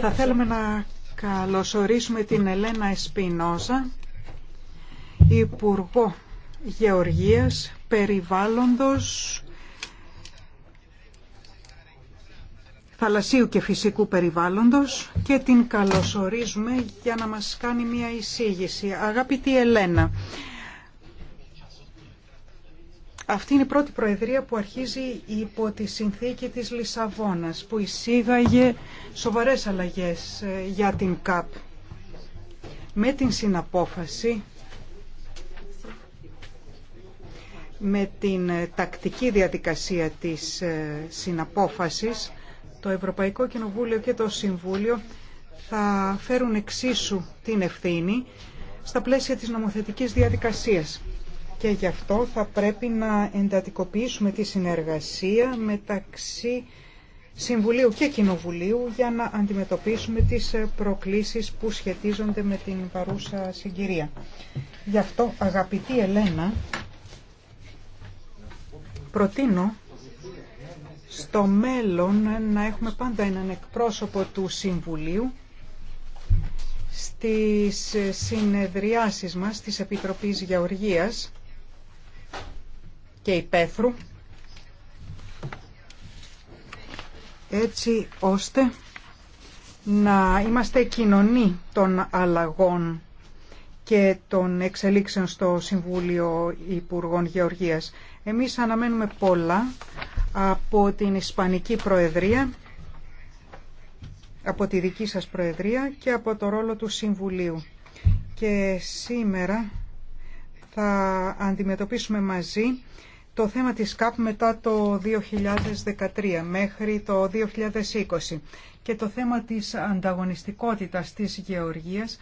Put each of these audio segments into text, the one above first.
Θα θέλουμε να καλωσορίσουμε την Ελένα Εσπινόζα, Υπουργό Γεωργίας, Περιβάλλοντος, Θαλασσίου και Φυσικού Περιβάλλοντος και την καλωσορίζουμε για να μας κάνει μια εισήγηση. Αγαπητή Ελένα, αυτή είναι η πρώτη προεδρία που αρχίζει υπό τη συνθήκη της Λισαβόνας, που εισήγαγε σοβαρές αλλαγές ε, για την ΚΑΠ. Με την συναπόφαση, με την ε, τακτική διαδικασία της ε, συναπόφασης, το Ευρωπαϊκό Κοινοβούλιο και το Συμβούλιο θα φέρουν εξίσου την ευθύνη στα πλαίσια της νομοθετικής διαδικασίας και γι' αυτό θα πρέπει να εντατικοποιήσουμε τη συνεργασία μεταξύ Συμβουλίου και Κοινοβουλίου για να αντιμετωπίσουμε τις ε, προκλήσεις που σχετίζονται με την παρούσα συγκυρία. Γι' αυτό, αγαπητή Ελένα, προτείνω στο μέλλον να έχουμε πάντα έναν εκπρόσωπο του Συμβουλίου στις ε, συνεδριάσεις μας της Επιτροπής Γεωργίας και υπαίθρου έτσι ώστε να είμαστε κοινωνοί των αλλαγών και των εξελίξεων στο Συμβούλιο Υπουργών Γεωργίας. Εμείς αναμένουμε πολλά από την Ισπανική Προεδρία, από τη δική σας Προεδρία και από το ρόλο του Συμβουλίου. Και σήμερα θα αντιμετωπίσουμε μαζί το θέμα της ΚΑΠ μετά το 2013 μέχρι το 2020 και το θέμα της ανταγωνιστικότητας της γεωργίας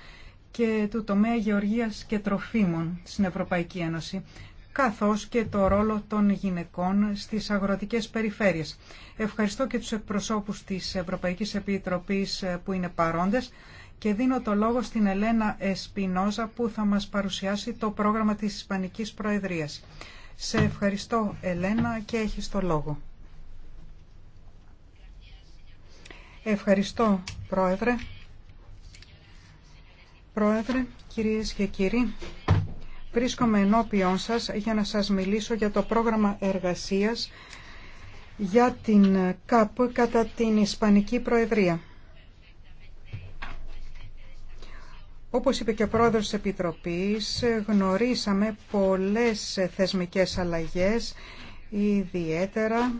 και του τομέα γεωργίας και τροφίμων στην Ευρωπαϊκή Ένωση καθώς και το ρόλο των γυναικών στις αγροτικές περιφέρειες. Ευχαριστώ και τους εκπροσώπους της Ευρωπαϊκής Επιτροπής που είναι παρόντες και δίνω το λόγο στην Ελένα Εσπινόζα που θα μας παρουσιάσει το πρόγραμμα της Ισπανικής Προεδρίας. Σε ευχαριστώ Ελένα και έχεις το λόγο. Ευχαριστώ Πρόεδρε. Πρόεδρε, κυρίες και κύριοι, βρίσκομαι ενώπιόν σας για να σας μιλήσω για το πρόγραμμα εργασίας για την ΚΑΠ κατά την Ισπανική Προεδρία. Όπως είπε και ο πρόεδρος της Επιτροπής, γνωρίσαμε πολλές θεσμικές αλλαγές, ιδιαίτερα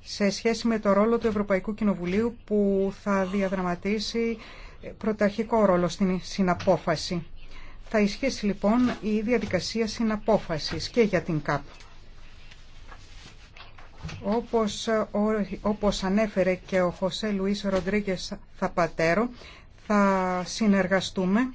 σε σχέση με το ρόλο του Ευρωπαϊκού Κοινοβουλίου που θα διαδραματίσει πρωταρχικό ρόλο στην συναπόφαση. Θα ισχύσει λοιπόν η διαδικασία συναπόφασης και για την ΚΑΠ. Όπως, όπως ανέφερε και ο Χωσέ Λουίς Ροντρίγκες Θαπατέρο, θα συνεργαστούμε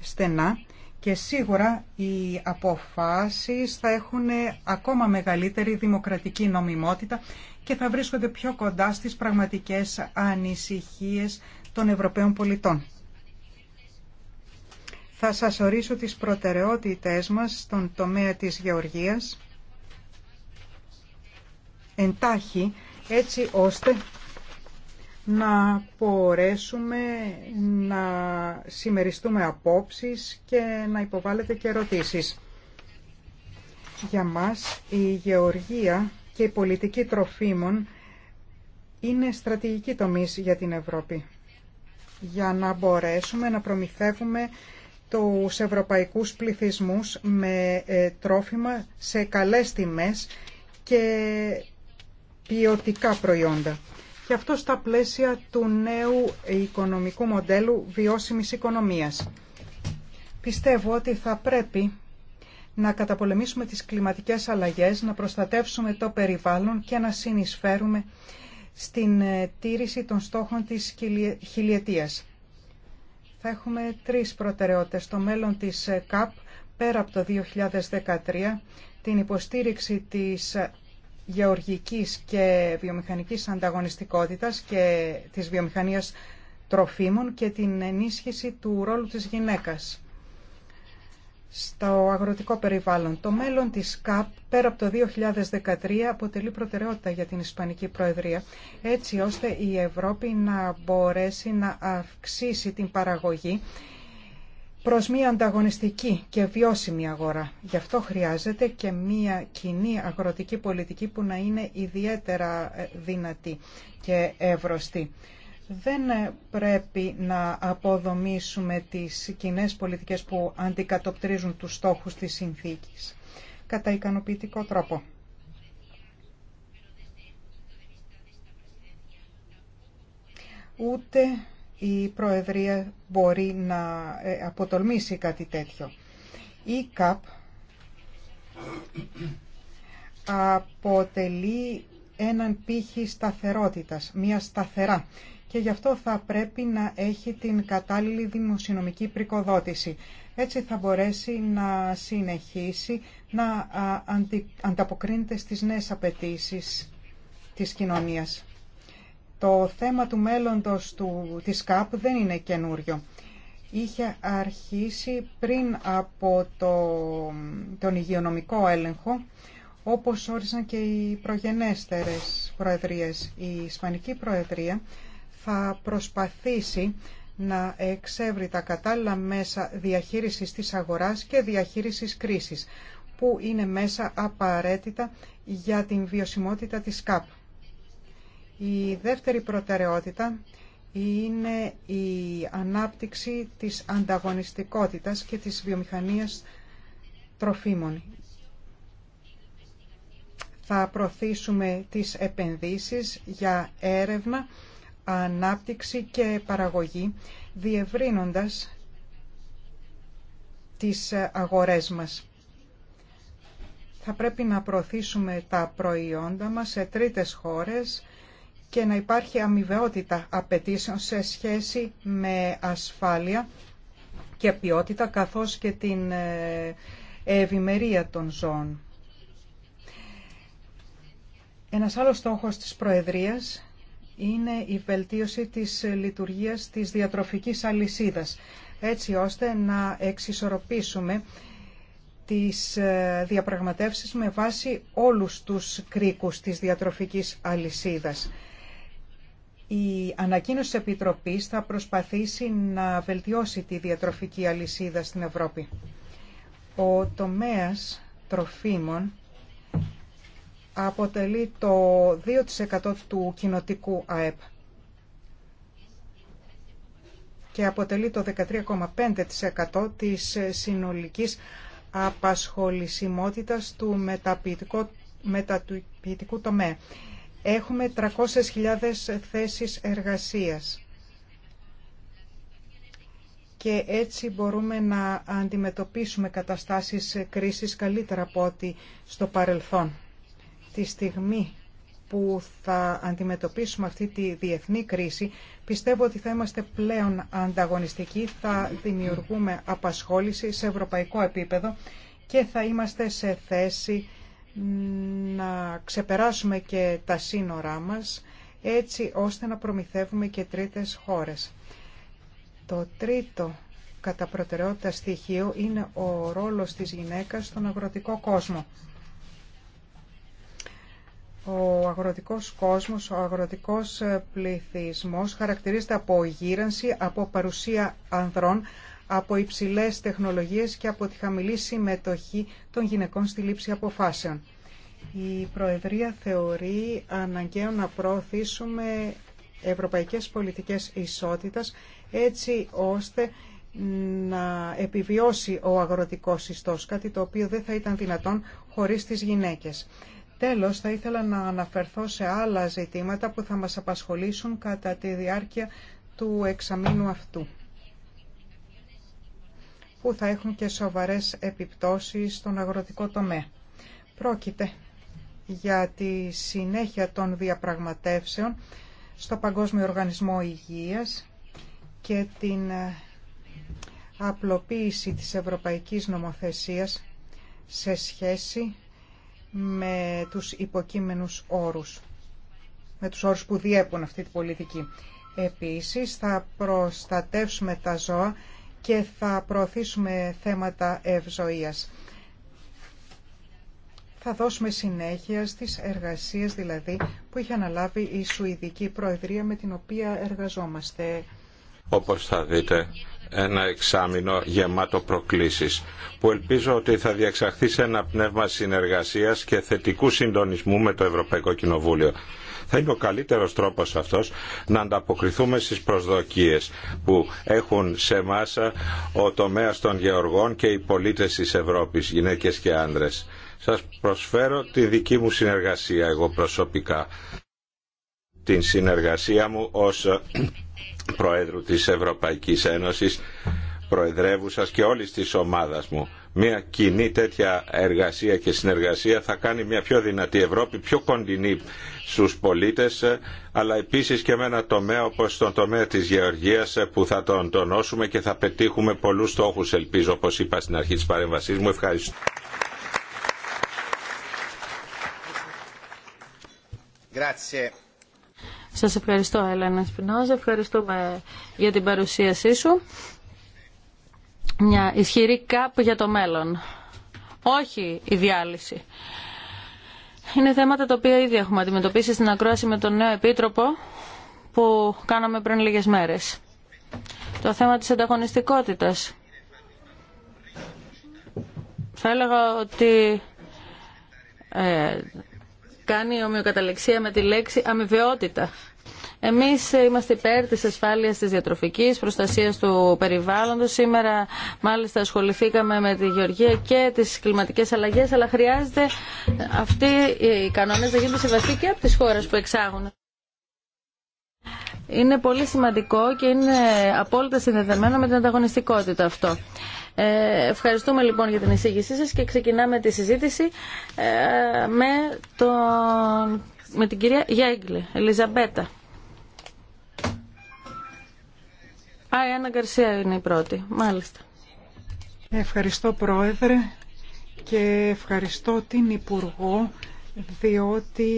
στενά και σίγουρα οι αποφάσεις θα έχουν ακόμα μεγαλύτερη δημοκρατική νομιμότητα και θα βρίσκονται πιο κοντά στις πραγματικές ανησυχίες των Ευρωπαίων πολιτών. Θα σας ορίσω τις προτεραιότητές μας στον τομέα της γεωργίας εντάχει έτσι ώστε να μπορέσουμε να συμμεριστούμε απόψεις και να υποβάλλετε και ερωτήσεις. Για μας η γεωργία και η πολιτική τροφίμων είναι στρατηγική τομής για την Ευρώπη. Για να μπορέσουμε να προμηθεύουμε τους ευρωπαϊκούς πληθυσμούς με ε, τρόφιμα σε καλές τιμές και ποιοτικά προϊόντα και αυτό στα πλαίσια του νέου οικονομικού μοντέλου βιώσιμης οικονομίας. Πιστεύω ότι θα πρέπει να καταπολεμήσουμε τις κλιματικές αλλαγές, να προστατεύσουμε το περιβάλλον και να συνεισφέρουμε στην ε, τήρηση των στόχων της χιλιετίας. Θα έχουμε τρεις προτεραιότητες. Το μέλλον της ε, ΚΑΠ πέρα από το 2013, την υποστήριξη της ε, γεωργικής και βιομηχανικής ανταγωνιστικότητας και της βιομηχανίας τροφίμων και την ενίσχυση του ρόλου της γυναίκας στο αγροτικό περιβάλλον. Το μέλλον της ΚΑΠ πέρα από το 2013 αποτελεί προτεραιότητα για την Ισπανική Προεδρία έτσι ώστε η Ευρώπη να μπορέσει να αυξήσει την παραγωγή προς μια ανταγωνιστική και βιώσιμη αγορά. Γι' αυτό χρειάζεται και μια κοινή αγροτική πολιτική που να είναι ιδιαίτερα ε, δυνατή και ευρωστή. Δεν ε, πρέπει να αποδομήσουμε τις κοινέ πολιτικές που αντικατοπτρίζουν τους στόχους της συνθήκης κατά ικανοποιητικό τρόπο. Ούτε η Προεδρία μπορεί να ε, αποτολμήσει κάτι τέτοιο. Η ΚΑΠ αποτελεί έναν πύχη σταθερότητας, μια σταθερά. Και γι' αυτό θα πρέπει να έχει την κατάλληλη δημοσιονομική πρικοδότηση. Έτσι θα μπορέσει να συνεχίσει να ανταποκρίνεται στις νέες απαιτήσεις της κοινωνίας. Το θέμα του μέλλοντος του, της ΚΑΠ δεν είναι καινούριο. Είχε αρχίσει πριν από το, τον υγειονομικό έλεγχο, όπως όρισαν και οι προγενέστερες προεδρίες. Η Ισπανική Προεδρία θα προσπαθήσει να εξεύρει τα κατάλληλα μέσα διαχείρισης της αγοράς και διαχείρισης κρίσης, που είναι μέσα απαραίτητα για την βιωσιμότητα της ΚΑΠ. Η δεύτερη προτεραιότητα είναι η ανάπτυξη της ανταγωνιστικότητας και της βιομηχανίας τροφίμων. Θα προωθήσουμε τις επενδύσεις για έρευνα, ανάπτυξη και παραγωγή, διευρύνοντας τις αγορές μας. Θα πρέπει να προωθήσουμε τα προϊόντα μας σε τρίτες χώρες, και να υπάρχει αμοιβαιότητα απαιτήσεων σε σχέση με ασφάλεια και ποιότητα καθώς και την ε, ευημερία των ζώων. Ένας άλλος στόχος της Προεδρίας είναι η βελτίωση της λειτουργίας της διατροφικής αλυσίδας, έτσι ώστε να εξισορροπήσουμε τις ε, διαπραγματεύσεις με βάση όλους τους κρίκους της διατροφικής αλυσίδας. Η ανακοίνωση της Επιτροπής θα προσπαθήσει να βελτιώσει τη διατροφική αλυσίδα στην Ευρώπη. Ο τομέας τροφίμων αποτελεί το 2% του κοινοτικού ΑΕΠ και αποτελεί το 13,5% της συνολικής απασχολησιμότητας του μεταποιητικού, τομέα. Έχουμε 300.000 θέσεις εργασίας και έτσι μπορούμε να αντιμετωπίσουμε καταστάσεις κρίσης καλύτερα από ό,τι στο παρελθόν. Τη στιγμή που θα αντιμετωπίσουμε αυτή τη διεθνή κρίση, πιστεύω ότι θα είμαστε πλέον ανταγωνιστικοί, θα δημιουργούμε απασχόληση σε ευρωπαϊκό επίπεδο και θα είμαστε σε θέση να ξεπεράσουμε και τα σύνορά μας έτσι ώστε να προμηθεύουμε και τρίτες χώρες. Το τρίτο κατά προτεραιότητα στοιχείο είναι ο ρόλος της γυναίκας στον αγροτικό κόσμο. Ο αγροτικός κόσμος, ο αγροτικός πληθυσμός χαρακτηρίζεται από γύρανση, από παρουσία ανδρών, από υψηλές τεχνολογίες και από τη χαμηλή συμμετοχή των γυναικών στη λήψη αποφάσεων. Η Προεδρία θεωρεί αναγκαίο να προωθήσουμε ευρωπαϊκές πολιτικές ισότητας έτσι ώστε να επιβιώσει ο αγροτικός ιστός, κάτι το οποίο δεν θα ήταν δυνατόν χωρίς τις γυναίκες. Τέλος, θα ήθελα να αναφερθώ σε άλλα ζητήματα που θα μας απασχολήσουν κατά τη διάρκεια του εξαμήνου αυτού που θα έχουν και σοβαρές επιπτώσεις στον αγροτικό τομέα. Πρόκειται για τη συνέχεια των διαπραγματεύσεων στο Παγκόσμιο Οργανισμό Υγείας και την ε, απλοποίηση της ευρωπαϊκής νομοθεσίας σε σχέση με τους υποκείμενους όρους, με τους όρους που διέπουν αυτή την πολιτική. Επίσης θα προστατεύσουμε τα ζώα και θα προωθήσουμε θέματα ευζοίας. Θα δώσουμε συνέχεια στις εργασίες δηλαδή που είχε αναλάβει η Σουηδική Προεδρία με την οποία εργαζόμαστε. Όπως θα δείτε, ένα εξάμεινο γεμάτο προκλήσεις που ελπίζω ότι θα διεξαχθεί σε ένα πνεύμα συνεργασίας και θετικού συντονισμού με το Ευρωπαϊκό Κοινοβούλιο θα είναι ο καλύτερος τρόπος αυτός να ανταποκριθούμε στις προσδοκίες που έχουν σε μάσα ο τομέας των γεωργών και οι πολίτες της Ευρώπης, γυναίκες και άνδρες. Σας προσφέρω τη δική μου συνεργασία εγώ προσωπικά. Την συνεργασία μου ως Προέδρου της Ευρωπαϊκής Ένωσης, προεδρεύουσα και όλης της ομάδας μου μια κοινή τέτοια εργασία και συνεργασία θα κάνει μια πιο δυνατή Ευρώπη, πιο κοντινή στους πολίτες, αλλά επίσης και με ένα τομέα όπως τον τομέα της γεωργίας που θα τον τονώσουμε και θα πετύχουμε πολλούς στόχους ελπίζω όπως είπα στην αρχή της παρέμβασής μου. Ευχαριστώ. Σας ευχαριστώ Έλενα Σπινόζα, ευχαριστούμε για την παρουσίασή σου μια ισχυρή ΚΑΠ για το μέλλον. Όχι η διάλυση. Είναι θέματα τα οποία ήδη έχουμε αντιμετωπίσει στην ακρόαση με τον νέο επίτροπο που κάναμε πριν λίγες μέρες. Το θέμα της ανταγωνιστικότητας. Θα έλεγα ότι ε, κάνει ομοιοκαταληξία με τη λέξη αμοιβαιότητα. Εμείς είμαστε υπέρ τη ασφάλεια τη διατροφικής, προστασία του περιβάλλοντος. Σήμερα μάλιστα ασχοληθήκαμε με τη γεωργία και τις κλιματικές αλλαγές, αλλά χρειάζεται αυτοί οι κανόνες να γίνουν σεβαστοί και από τις χώρες που εξάγουν. Είναι πολύ σημαντικό και είναι απόλυτα συνδεδεμένο με την ανταγωνιστικότητα αυτό. Ε, ευχαριστούμε λοιπόν για την εισήγησή σας και ξεκινάμε τη συζήτηση ε, με, τον, με την κυρία Ελίζα Ελιζαμπέτα. Α, η Άννα είναι η πρώτη. Μάλιστα. Ευχαριστώ Πρόεδρε και ευχαριστώ την Υπουργό διότι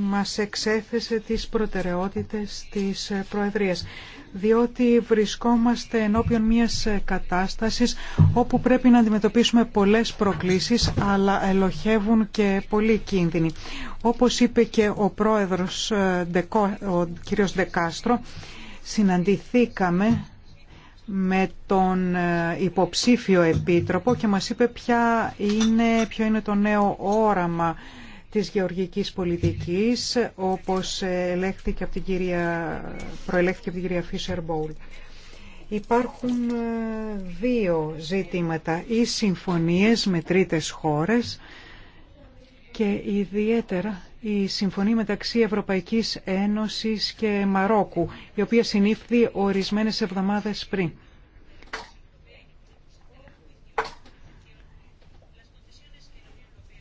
μας εξέθεσε τις προτεραιότητες της Προεδρίας διότι βρισκόμαστε ενώπιον μιας κατάστασης όπου πρέπει να αντιμετωπίσουμε πολλές προκλήσεις αλλά ελοχεύουν και πολλοί κίνδυνοι. Όπως είπε και ο πρόεδρος ε, ο κ. Ντεκάστρο συναντηθήκαμε με τον ε, υποψήφιο επίτροπο και μας είπε ποια είναι, ποιο είναι το νέο όραμα της γεωργικής πολιτικής όπως ελέγχθηκε από την κυρία, προελέχθηκε από την κυρία Φίσερ Μπόουλ. Υπάρχουν ε, δύο ζητήματα, ή συμφωνίες με τρίτες χώρες και ιδιαίτερα η συμφωνία μεταξύ Ευρωπαϊκής Ένωσης και Μαρόκου, η οποία συνήφθη ορισμένες εβδομάδες πριν.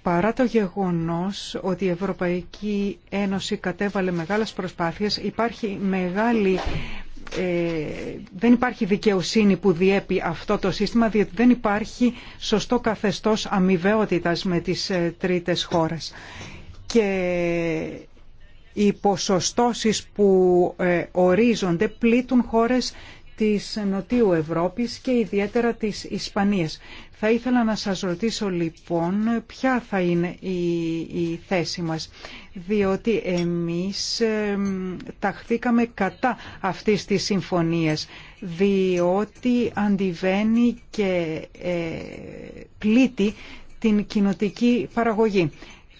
Παρά το γεγονός ότι η Ευρωπαϊκή Ένωση κατέβαλε μεγάλες προσπάθειες, υπάρχει μεγάλη ε, δεν υπάρχει δικαιοσύνη που διέπει αυτό το σύστημα διότι δεν υπάρχει σωστό καθεστώς αμοιβαιότητας με τις ε, τρίτες χώρες. Και οι ποσοστώσεις που ε, ορίζονται πλήττουν χώρες της Νοτιού Ευρώπης και ιδιαίτερα της Ισπανίας. Θα ήθελα να σας ρωτήσω λοιπόν ποια θα είναι η, η θέση μας διότι εμείς ταχθήκαμε κατά αυτής της συμφωνίας, διότι αντιβαίνει και ε, πλήττει την κοινοτική παραγωγή.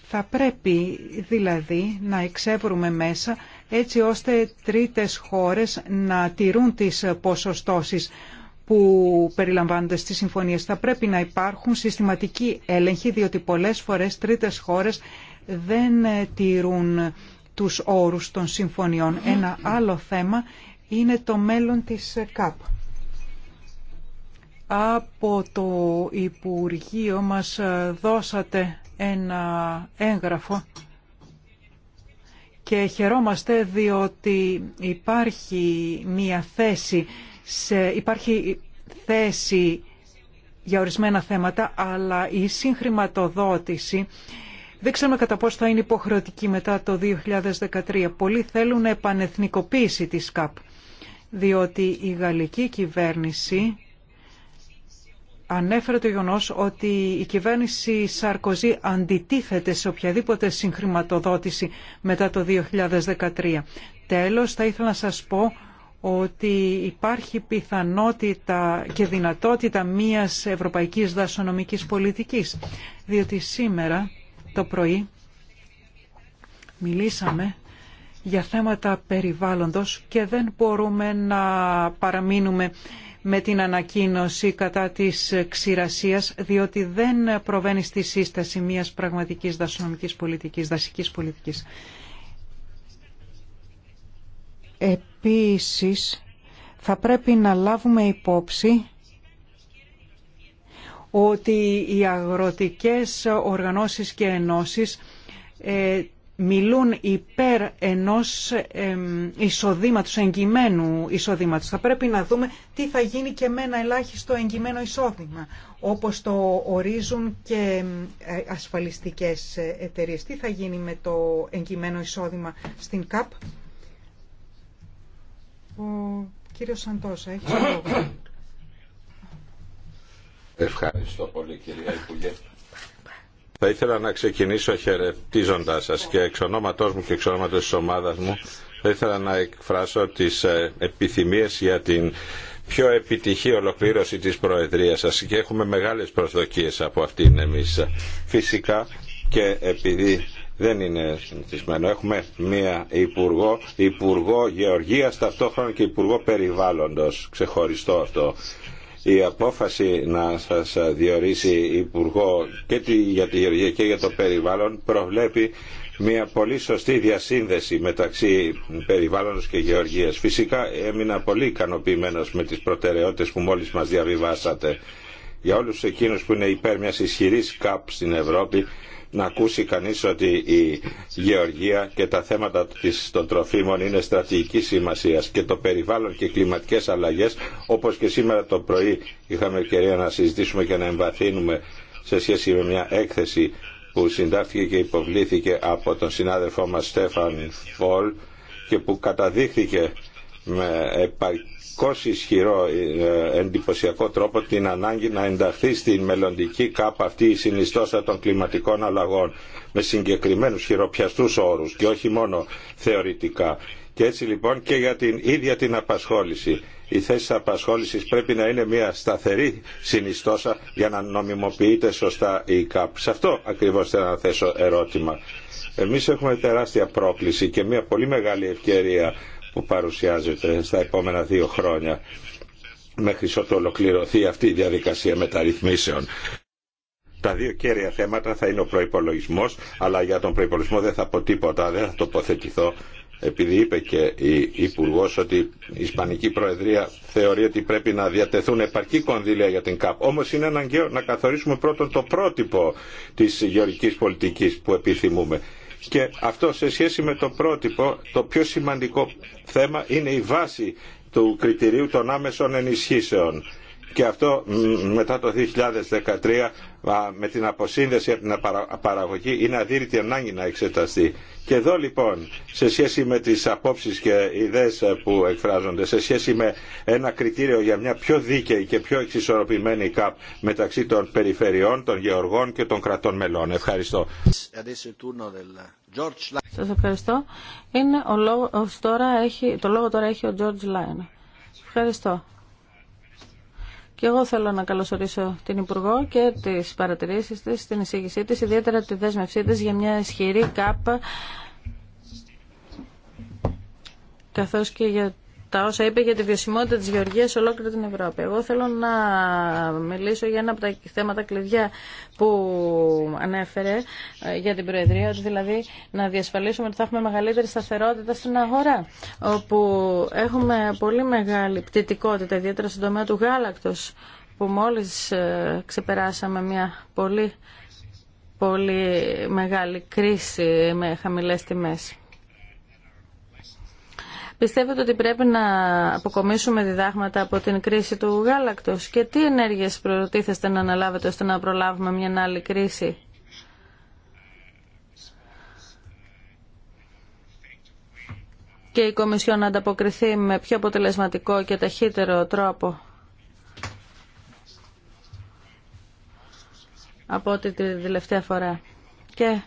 Θα πρέπει δηλαδή να εξεύρουμε μέσα έτσι ώστε τρίτες χώρες να τηρούν τις ποσοστώσεις που περιλαμβάνονται στις συμφωνίες. Θα πρέπει να υπάρχουν συστηματικοί έλεγχοι, διότι πολλές φορές τρίτες χώρες δεν ε, τηρούν τους όρους των συμφωνιών. Ένα άλλο θέμα είναι το μέλλον της ε, ΚΑΠ. Από το Υπουργείο μας ε, δώσατε ένα έγγραφο και χαιρόμαστε διότι υπάρχει μια θέση, σε, υπάρχει θέση για ορισμένα θέματα, αλλά η συγχρηματοδότηση δεν ξέρουμε κατά πόσο θα είναι υποχρεωτική μετά το 2013. Πολλοί θέλουν επανεθνικοποίηση της ΚΑΠ, διότι η γαλλική κυβέρνηση ανέφερε το γεγονό ότι η κυβέρνηση Σαρκοζή αντιτίθεται σε οποιαδήποτε συγχρηματοδότηση μετά το 2013. Τέλος, θα ήθελα να σας πω ότι υπάρχει πιθανότητα και δυνατότητα μίας ευρωπαϊκής δασονομικής πολιτικής, διότι σήμερα το πρωί μιλήσαμε για θέματα περιβάλλοντος και δεν μπορούμε να παραμείνουμε με την ανακοίνωση κατά της ξηρασίας, διότι δεν προβαίνει στη σύσταση μιας πραγματικής δασονομικής πολιτικής, δασικής πολιτικής. Επίσης, θα πρέπει να λάβουμε υπόψη ότι οι αγροτικές οργανώσεις και ενώσεις ε, μιλούν υπέρ ενός εισοδήματος, εγκυμένου εισοδήματος. Θα πρέπει να δούμε τι θα γίνει και με ένα ελάχιστο εγκυμένο εισόδημα, όπως το ορίζουν και ε, ασφαλιστικές εταιρείες. Τι θα γίνει με το εγκυμένο εισόδημα στην ΚΑΠ. Ο κύριος Σαντός, Ευχαριστώ πολύ κυρία Υπουργέ. Θα ήθελα να ξεκινήσω χαιρετίζοντά σας και εξ ονόματό μου και εξ ονόματο τη ομάδα μου θα ήθελα να εκφράσω τις ε, επιθυμίες για την πιο επιτυχή ολοκλήρωση της Προεδρίας σα. και έχουμε μεγάλες προσδοκίες από αυτήν εμεί Φυσικά και επειδή δεν είναι συνηθισμένο. Έχουμε μία υπουργό, υπουργό Γεωργίας ταυτόχρονα και υπουργό περιβάλλοντο. Ξεχωριστό αυτό η απόφαση να σας διορίσει υπουργό και για τη γεωργία και για το περιβάλλον προβλέπει μια πολύ σωστή διασύνδεση μεταξύ περιβάλλοντος και γεωργίας. Φυσικά έμεινα πολύ ικανοποιημένο με τις προτεραιότητες που μόλις μας διαβιβάσατε. Για όλους εκείνους που είναι υπέρ μιας ισχυρής ΚΑΠ στην Ευρώπη να ακούσει κανείς ότι η γεωργία και τα θέματα των τροφίμων είναι στρατηγική σημασία και το περιβάλλον και κλιματικές αλλαγές όπως και σήμερα το πρωί είχαμε ευκαιρία να συζητήσουμε και να εμβαθύνουμε σε σχέση με μια έκθεση που συντάχθηκε και υποβλήθηκε από τον συνάδελφό μας Στέφαν Φολ και που καταδείχθηκε με επαρκώς ισχυρό, ε, ε, εντυπωσιακό τρόπο την ανάγκη να ενταχθεί στην μελλοντική ΚΑΠ αυτή η συνιστόσα των κλιματικών αλλαγών με συγκεκριμένους χειροπιαστούς όρους και όχι μόνο θεωρητικά. Και έτσι λοιπόν και για την ίδια την απασχόληση. Η θέση απασχόλησης πρέπει να είναι μια σταθερή συνιστόσα για να νομιμοποιείται σωστά η ΚΑΠ. Σε αυτό ακριβώς θέλω να θέσω ερώτημα. Εμείς έχουμε τεράστια πρόκληση και μια πολύ μεγάλη ευκαιρία που παρουσιάζεται στα επόμενα δύο χρόνια μέχρι ότου ολοκληρωθεί αυτή η διαδικασία μεταρρυθμίσεων. Τα δύο κέρια θέματα θα είναι ο προπολογισμό, αλλά για τον προπολογισμό δεν θα πω τίποτα, δεν θα τοποθετηθώ. Επειδή είπε και η Υπουργό ότι η Ισπανική Προεδρία θεωρεί ότι πρέπει να διατεθούν επαρκή κονδύλια για την ΚΑΠ. Όμω είναι αναγκαίο να καθορίσουμε πρώτον το πρότυπο τη γεωργική πολιτική που επιθυμούμε. Και αυτό σε σχέση με το πρότυπο, το πιο σημαντικό θέμα είναι η βάση του κριτηρίου των άμεσων ενισχύσεων και αυτό μετά το 2013 με την αποσύνδεση από την παραγωγή είναι αδύρυτη ανάγκη να εξεταστεί. Και εδώ λοιπόν σε σχέση με τις απόψεις και ιδέες ε, που εκφράζονται, σε σχέση με ένα κριτήριο για μια πιο δίκαιη και πιο εξισορροπημένη ΚΑΠ μεταξύ των περιφερειών, των γεωργών και των κρατών μελών. Ευχαριστώ. Σας ευχαριστώ. Είναι το λόγο τώρα έχει ο George Lyon. Ευχαριστώ. Και εγώ θέλω να καλωσορίσω την Υπουργό και τι παρατηρήσει τη, την εισήγησή τη, ιδιαίτερα τη δέσμευσή τη για μια ισχυρή κάπα καθώ και για τα όσα είπε για τη βιωσιμότητα της γεωργίας σε ολόκληρη την Ευρώπη. Εγώ θέλω να μιλήσω για ένα από τα θέματα κλειδιά που ανέφερε ε, για την Προεδρία, ότι δηλαδή να διασφαλίσουμε ότι θα έχουμε μεγαλύτερη σταθερότητα στην αγορά, όπου έχουμε πολύ μεγάλη πτητικότητα, ιδιαίτερα στον τομέα του γάλακτος, που μόλις ε, ξεπεράσαμε μια πολύ, πολύ μεγάλη κρίση με χαμηλές τιμές. Πιστεύετε ότι πρέπει να αποκομίσουμε διδάγματα από την κρίση του γάλακτος και τι ενέργειες προτίθεστε να αναλάβετε ώστε να προλάβουμε μια άλλη κρίση. Και η Κομισιόν να ανταποκριθεί με πιο αποτελεσματικό και ταχύτερο τρόπο. από ό,τι την τελευταία φορά. Και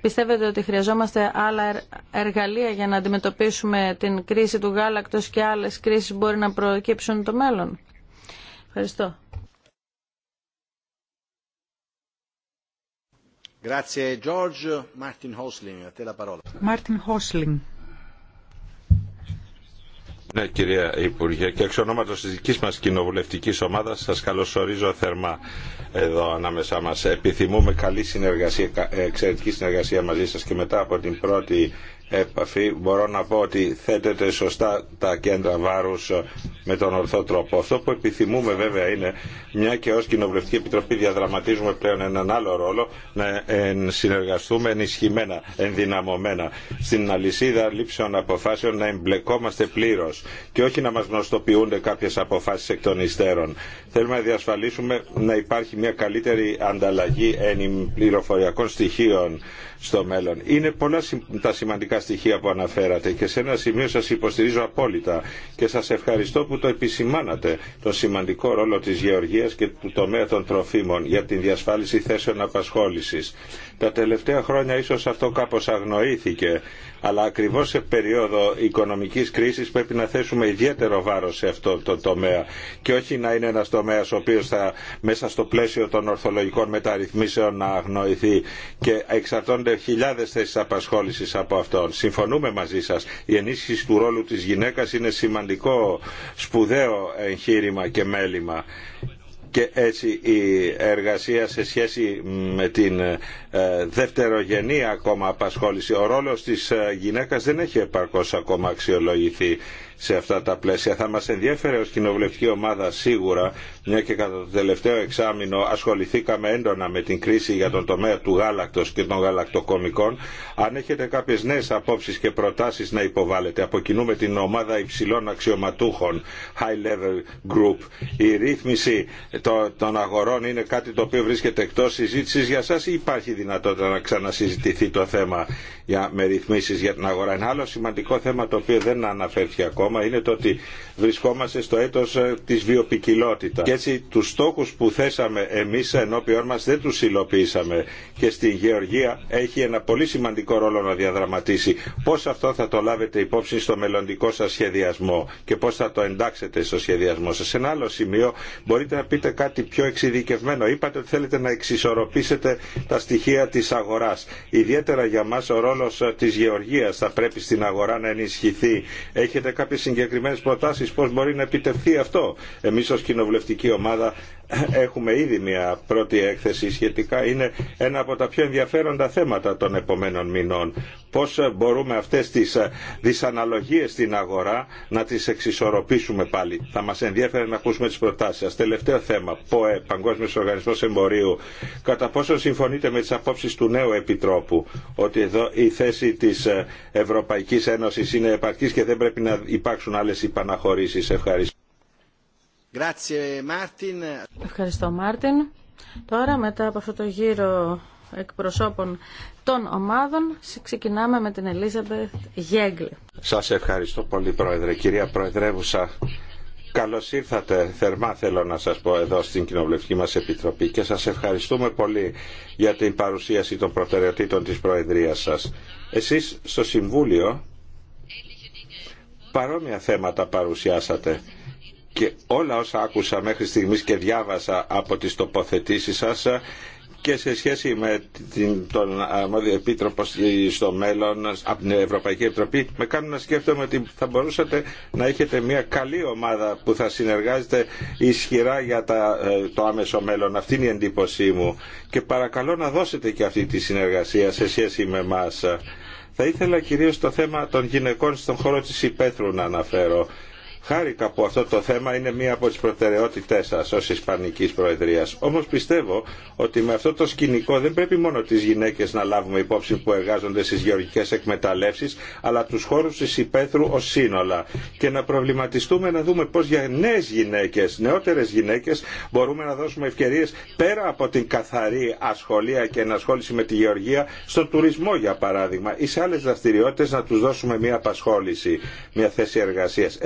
Πιστεύετε ότι χρειαζόμαστε άλλα εργαλεία για να αντιμετωπίσουμε την κρίση του γάλακτος και άλλες κρίσεις που μπορεί να προκύψουν το μέλλον. Ευχαριστώ. Grazie George. Martin Hosling, ναι, κυρία Υπουργέ, και εξ ονόματο τη δική μα κοινοβουλευτική ομάδα σα καλωσορίζω θερμά εδώ ανάμεσά μα. Επιθυμούμε καλή συνεργασία, ε, εξαιρετική συνεργασία μαζί σα και μετά από την πρώτη επαφή μπορώ να πω ότι θέτεται σωστά τα κέντρα βάρους ε, με τον ορθό τρόπο. Αυτό που επιθυμούμε βέβαια είναι, μια και ως Κοινοβουλευτική Επιτροπή διαδραματίζουμε πλέον έναν άλλο ρόλο, να συνεργαστούμε ενισχυμένα, ενδυναμωμένα. Στην αλυσίδα λήψεων αποφάσεων να εμπλεκόμαστε πλήρω και όχι να μας γνωστοποιούνται κάποιες αποφάσεις εκ των υστέρων. Θέλουμε να διασφαλίσουμε να υπάρχει μια καλύτερη ανταλλαγή πληροφοριακών στοιχείων στο μέλλον. Είναι πολλά τα σημαντικά στοιχεία που αναφέρατε και σε ένα σημείο σας υποστηρίζω απόλυτα και σας ευχαριστώ που το επισημάνατε τον σημαντικό ρόλο της γεωργίας και του τομέα των τροφίμων για την διασφάλιση θέσεων απασχόλησης. Τα τελευταία χρόνια ίσως αυτό κάπως αγνοήθηκε, αλλά ακριβώς σε περίοδο οικονομικής κρίσης πρέπει να θέσουμε ιδιαίτερο βάρος σε αυτό το τομέα και όχι να είναι ένας τομέας ο οποίος θα μέσα στο πλαίσιο των ορθολογικών μεταρρυθμίσεων να αγνοηθεί και εξαρτώνται χιλιάδες θέσεις απασχόλησης από αυτόν. Συμφωνούμε μαζί σας. Η ενίσχυση του ρόλου της γυναίκας είναι σημαντικό σπουδαίο εγχείρημα και μέλημα και έτσι η εργασία σε σχέση με την ε, δευτερογενή ακόμα απασχόληση. Ο ρόλος της ε, γυναίκας δεν έχει επαρκώς ακόμα αξιολογηθεί σε αυτά τα πλαίσια. Θα μας ενδιέφερε ως κοινοβουλευτική ομάδα σίγουρα μια και κατά το τελευταίο εξάμεινο ασχοληθήκαμε έντονα με την κρίση για τον τομέα του γάλακτος και των γαλακτοκομικών, αν έχετε κάποιες νέες απόψεις και προτάσεις να υποβάλλετε, αποκινούμε την ομάδα υψηλών αξιωματούχων, high level group. Η ρύθμιση των αγορών είναι κάτι το οποίο βρίσκεται εκτός συζήτησης για σας ή υπάρχει δυνατότητα να ξανασυζητηθεί το θέμα για, με ρυθμίσεις για την αγορά. Ένα άλλο σημαντικό θέμα το οποίο δεν αναφέρθηκε ακόμα είναι το ότι βρισκόμαστε στο έτος ε, της βιοπικιλότητας έτσι τους στόχους που θέσαμε εμείς ενώπιόν μας δεν τους υλοποιήσαμε και στη Γεωργία έχει ένα πολύ σημαντικό ρόλο να διαδραματίσει. Πώς αυτό θα το λάβετε υπόψη στο μελλοντικό σας σχεδιασμό και πώς θα το εντάξετε στο σχεδιασμό σας. Σε ένα άλλο σημείο μπορείτε να πείτε κάτι πιο εξειδικευμένο. Είπατε ότι θέλετε να εξισορροπήσετε τα στοιχεία της αγοράς. Ιδιαίτερα για μας ο ρόλος της Γεωργίας θα πρέπει στην αγορά να ενισχυθεί. Έχετε κάποιες συγκεκριμένες προτάσεις πώς μπορεί να επιτευχθεί αυτό. Εμείς ως κοινοβουλευτική η ομάδα έχουμε ήδη μια πρώτη έκθεση σχετικά είναι ένα από τα πιο ενδιαφέροντα θέματα των επομένων μηνών πώς μπορούμε αυτές τις δυσαναλογίες στην αγορά να τις εξισορροπήσουμε πάλι θα μας ενδιαφέρει να ακούσουμε τις προτάσεις σας τελευταίο θέμα ΠΟΕ, Παγκόσμιος Οργανισμός Εμπορίου κατά πόσο συμφωνείτε με τις απόψεις του νέου Επιτρόπου ότι εδώ η θέση της Ευρωπαϊκής Ένωσης είναι επαρκής και δεν πρέπει να υπάρξουν άλλες υπαναχωρήσεις ευχαριστώ Ευχαριστώ Μάρτιν. Τώρα μετά από αυτό το γύρο εκπροσώπων των ομάδων ξεκινάμε με την Ελίζαμπεθ Γέγκλη. Σας ευχαριστώ πολύ Πρόεδρε. Κυρία Προεδρεύουσα, καλώς ήρθατε. Θερμά θέλω να σας πω εδώ στην Κοινοβουλευτική μας Επιτροπή και σας ευχαριστούμε πολύ για την παρουσίαση των προτεραιοτήτων της Προεδρίας σας. Εσείς στο Συμβούλιο παρόμοια θέματα παρουσιάσατε και όλα όσα άκουσα μέχρι στιγμής και διάβασα από τις τοποθετήσεις σας και σε σχέση με την, τον αρμόδιο επίτροπο στο μέλλον από την Ευρωπαϊκή Επιτροπή με κάνουν να σκέφτομαι ότι θα μπορούσατε να έχετε μια καλή ομάδα που θα συνεργάζεται ισχυρά για τα, ε, το άμεσο μέλλον. Αυτή είναι η εντύπωσή μου και παρακαλώ να δώσετε και αυτή τη συνεργασία σε σχέση με εμά. Θα ήθελα κυρίως το θέμα των γυναικών στον χώρο της υπαίθρου να αναφέρω Χάρηκα που αυτό το θέμα είναι μία από τις προτεραιότητές σας ως Ισπανικής Προεδρίας. Όμως πιστεύω ότι με αυτό το σκηνικό δεν πρέπει μόνο τις γυναίκες να λάβουμε υπόψη που εργάζονται στις γεωργικές εκμεταλλεύσεις, αλλά τους χώρους της υπαίθρου ως σύνολα. Και να προβληματιστούμε να δούμε πώς για νέες γυναίκες, νεότερες γυναίκες, μπορούμε να δώσουμε ευκαιρίες πέρα από την καθαρή ασχολία και ενασχόληση με τη γεωργία, στον τουρισμό για παράδειγμα, ή σε άλλες δραστηριότητες να τους δώσουμε μία απασχόληση, μία θέση εργασίας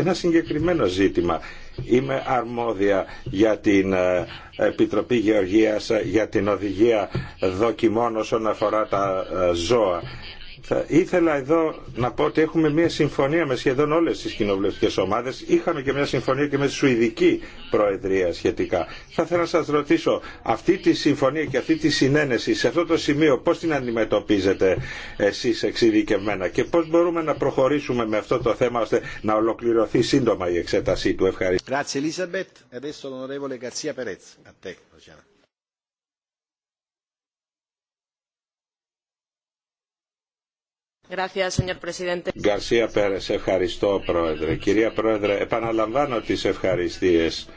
συγκεκριμένο ζήτημα. Είμαι αρμόδια για την ε, Επιτροπή Γεωργίας για την οδηγία δοκιμών όσον αφορά τα ε, ζώα θα ήθελα εδώ να πω ότι έχουμε μια συμφωνία με σχεδόν όλες τις κοινοβουλευτικές ομάδες. Είχαμε και μια συμφωνία και με τη Σουηδική Προεδρία σχετικά. Θα ήθελα να σας ρωτήσω, αυτή τη συμφωνία και αυτή τη συνένεση σε αυτό το σημείο πώς την αντιμετωπίζετε εσείς εξειδικευμένα και πώς μπορούμε να προχωρήσουμε με αυτό το θέμα ώστε να ολοκληρωθεί σύντομα η εξέτασή του. Ευχαριστώ. Γκαρσία Πέρες, ευχαριστώ Πρόεδρε. Κυρία Πρόεδρε, επαναλαμβάνω τις ευχαριστίες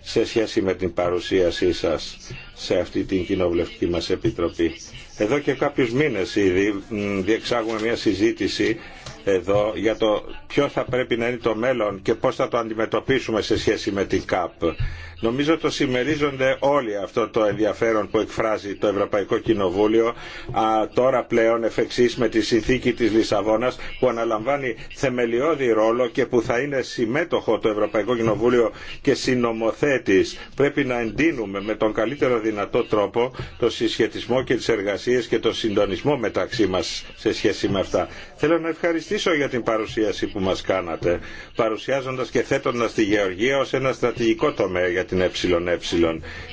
σε σχέση με την παρουσίασή σας σε αυτή την κοινοβουλευτική μας επιτροπή. Εδώ και κάποιους μήνες ήδη διεξάγουμε μια συζήτηση εδώ για το ποιο θα πρέπει να είναι το μέλλον και πώς θα το αντιμετωπίσουμε σε σχέση με την ΚΑΠ. Νομίζω το συμμερίζονται όλοι αυτό το ενδιαφέρον που εκφράζει το Ευρωπαϊκό Κοινοβούλιο α, τώρα πλέον εφ' με τη συνθήκη της Λισαβόνας που αναλαμβάνει θεμελιώδη ρόλο και που θα είναι συμμέτοχο το Ευρωπαϊκό Κοινοβούλιο και συνομοθέτης. Πρέπει να εντείνουμε με τον καλύτερο δυνατό τρόπο το συσχετισμό και τις εργασίες και το συντονισμό μεταξύ μας σε σχέση με αυτά. Θέλω να ευχαριστήσω ευχαριστήσω για την παρουσίαση που μας κάνατε, παρουσιάζοντας και θέτοντας τη γεωργία ως ένα στρατηγικό τομέα για την ΕΕ.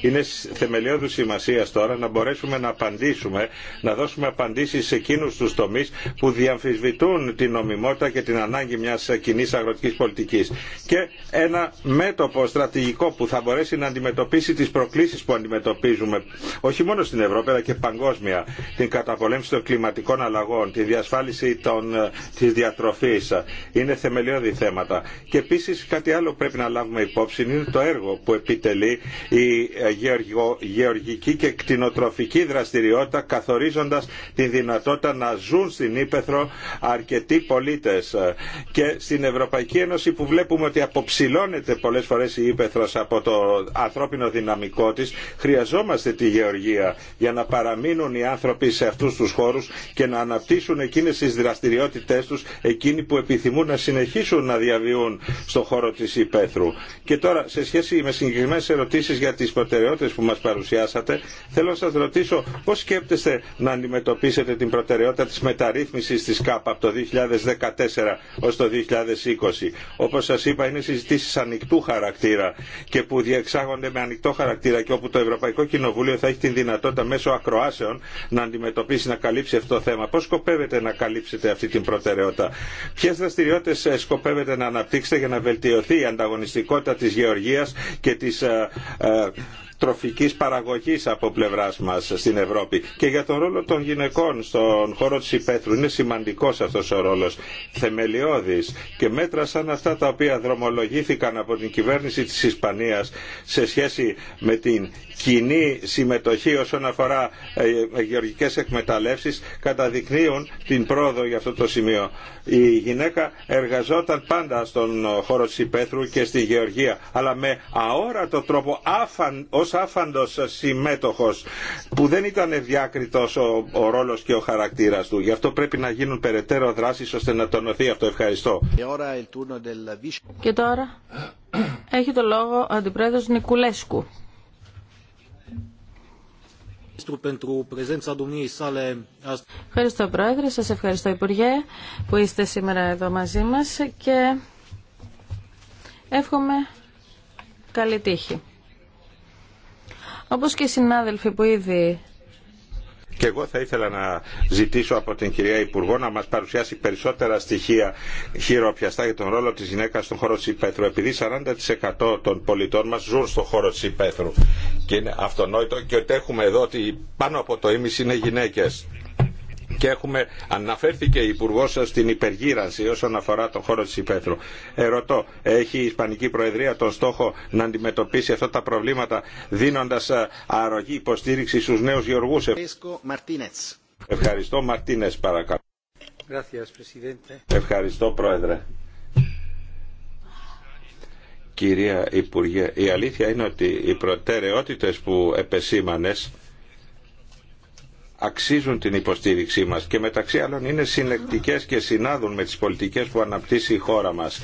Είναι θεμελιώδους σημασίας τώρα να μπορέσουμε να απαντήσουμε, να δώσουμε απαντήσεις σε εκείνους τους τομείς που διαμφισβητούν την νομιμότητα και την ανάγκη μιας κοινή αγροτικής πολιτικής. Και ένα μέτωπο στρατηγικό που θα μπορέσει να αντιμετωπίσει τις προκλήσεις που αντιμετωπίζουμε, όχι μόνο στην Ευρώπη αλλά και παγκόσμια, την καταπολέμηση των κλιματικών αλλαγών, τη διασφάλιση των, ε, της διατροφής. Είναι θεμελιώδη θέματα. Και επίσης κάτι άλλο πρέπει να λάβουμε υπόψη είναι το έργο που επιτελεί η ε, γεωργική και κτηνοτροφική δραστηριότητα καθορίζοντας τη δυνατότητα να ζουν στην Ήπεθρο αρκετοί πολίτες. Και στην Ευρωπαϊκή Ένωση που βλέπουμε ότι αποψηλώνεται πολλές φορές η Ήπεθρος από το ανθρώπινο δυναμικό της, χρειαζόμαστε τη γεωργία για να παραμείνουν οι άνθρωποι σε αυτούς τους χώρους και να αναπτύσσουν εκείνες τις δραστηριότητές τους τους εκείνοι που επιθυμούν να συνεχίσουν να διαβιούν στον χώρο της υπαίθρου. Και τώρα σε σχέση με συγκεκριμένες ερωτήσεις για τις προτεραιότητες που μας παρουσιάσατε θέλω να σας ρωτήσω πώς σκέπτεστε να αντιμετωπίσετε την προτεραιότητα της μεταρρύθμισης της ΚΑΠ από το 2014 ως το 2020. Όπως σας είπα είναι συζητήσεις ανοιχτού χαρακτήρα και που διεξάγονται με ανοιχτό χαρακτήρα και όπου το Ευρωπαϊκό Κοινοβούλιο θα έχει την δυνατότητα μέσω ακροάσεων να αντιμετωπίσει, να καλύψει αυτό το θέμα. Πώς σκοπεύετε να καλύψετε αυτή την προτεραιότητα πρώτα. Ποιε δραστηριότητε ε, σκοπεύετε να αναπτύξετε για να βελτιωθεί η ανταγωνιστικότητα τη γεωργία και τη ε, ε, τροφικής παραγωγής από πλευράς μας στην Ευρώπη και για τον ρόλο των γυναικών στον χώρο της υπαίθρου. Είναι σημαντικός αυτός ο ρόλος, θεμελιώδης και μέτρα σαν αυτά τα οποία δρομολογήθηκαν από την κυβέρνηση της Ισπανίας σε σχέση με την κοινή συμμετοχή όσον αφορά ε, ε, γεωργικές εκμεταλλεύσεις καταδεικνύουν την πρόοδο για αυτό το σημείο. Η γυναίκα εργαζόταν πάντα στον χώρο της υπαίθρου και στη γεωργία αλλά με αόρατο τρόπο άφαν, άφαντος συμμέτοχος που δεν ήταν διάκριτος ο, ο ρόλος και ο χαρακτήρας του. Γι' αυτό πρέπει να γίνουν περαιτέρω δράσεις ώστε να τονωθεί αυτό. Ευχαριστώ. Και τώρα έχει το λόγο ο Αντιπρόεδρος Νικουλέσκου. Ευχαριστώ Πρόεδρε, σας ευχαριστώ Υπουργέ που είστε σήμερα εδώ μαζί μας και εύχομαι καλή τύχη. Όπως και οι συνάδελφοι που ήδη και εγώ θα ήθελα να ζητήσω από την κυρία Υπουργό να μας παρουσιάσει περισσότερα στοιχεία χειροπιαστά για τον ρόλο της γυναίκας στον χώρο της Υπέθρου. Επειδή 40% των πολιτών μας ζουν στον χώρο της Υπέθρου. και είναι αυτονόητο και ότι έχουμε εδώ ότι πάνω από το ίμιση είναι γυναίκες και έχουμε, αναφέρθηκε η Υπουργό στην υπεργύρανση όσον αφορά τον χώρο τη υπαίθρου. Ερωτώ, έχει η Ισπανική Προεδρία τον στόχο να αντιμετωπίσει αυτά τα προβλήματα δίνοντα ε, αρρωγή υποστήριξη στου νέου γεωργού. Ευχαριστώ, Μαρτίνε, παρακαλώ. Ευχαριστώ, Πρόεδρε. Κυρία Υπουργέ, η αλήθεια είναι ότι οι προτεραιότητες που επεσήμανες αξίζουν την υποστήριξή μας και μεταξύ άλλων είναι συνεκτικές και συνάδουν με τις πολιτικές που αναπτύσσει η χώρα μας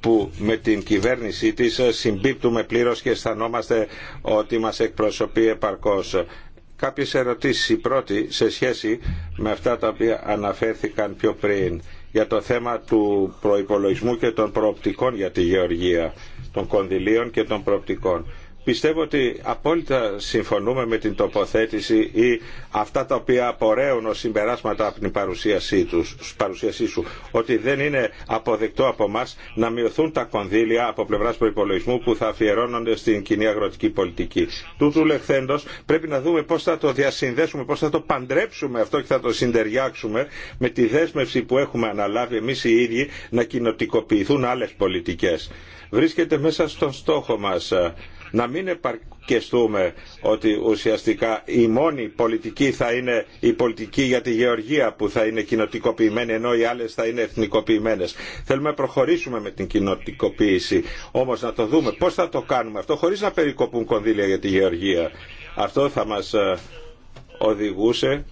που με την κυβέρνησή της συμπίπτουμε πλήρως και αισθανόμαστε ότι μας εκπροσωπεί επαρκώς. Κάποιες ερωτήσεις. Η πρώτη σε σχέση με αυτά τα οποία αναφέρθηκαν πιο πριν για το θέμα του προϋπολογισμού και των προοπτικών για τη γεωργία, των κονδυλίων και των προοπτικών. Πιστεύω ότι απόλυτα συμφωνούμε με την τοποθέτηση ή αυτά τα οποία απορρέουν ως συμπεράσματα από την παρουσίασή, τους, παρουσίασή σου, ότι δεν είναι αποδεκτό από εμά να μειωθούν τα κονδύλια από πλευράς προϋπολογισμού που θα αφιερώνονται στην κοινή αγροτική πολιτική. Τούτου λεχθέντος πρέπει να δούμε πώς θα το διασυνδέσουμε, πώς θα το παντρέψουμε αυτό και θα το συντεριάξουμε με τη δέσμευση που έχουμε αναλάβει εμείς οι ίδιοι να κοινοτικοποιηθούν άλλες πολιτικές. Βρίσκεται μέσα στον στόχο μας να μην επαρκεστούμε ότι ουσιαστικά η μόνη πολιτική θα είναι η πολιτική για τη γεωργία που θα είναι κοινοτικοποιημένη ενώ οι άλλες θα είναι εθνικοποιημένες. Θέλουμε να προχωρήσουμε με την κοινοτικοποίηση, όμως να το δούμε πώς θα το κάνουμε αυτό χωρίς να περικοπούν κονδύλια για τη γεωργία. Αυτό θα μας ε, οδηγούσε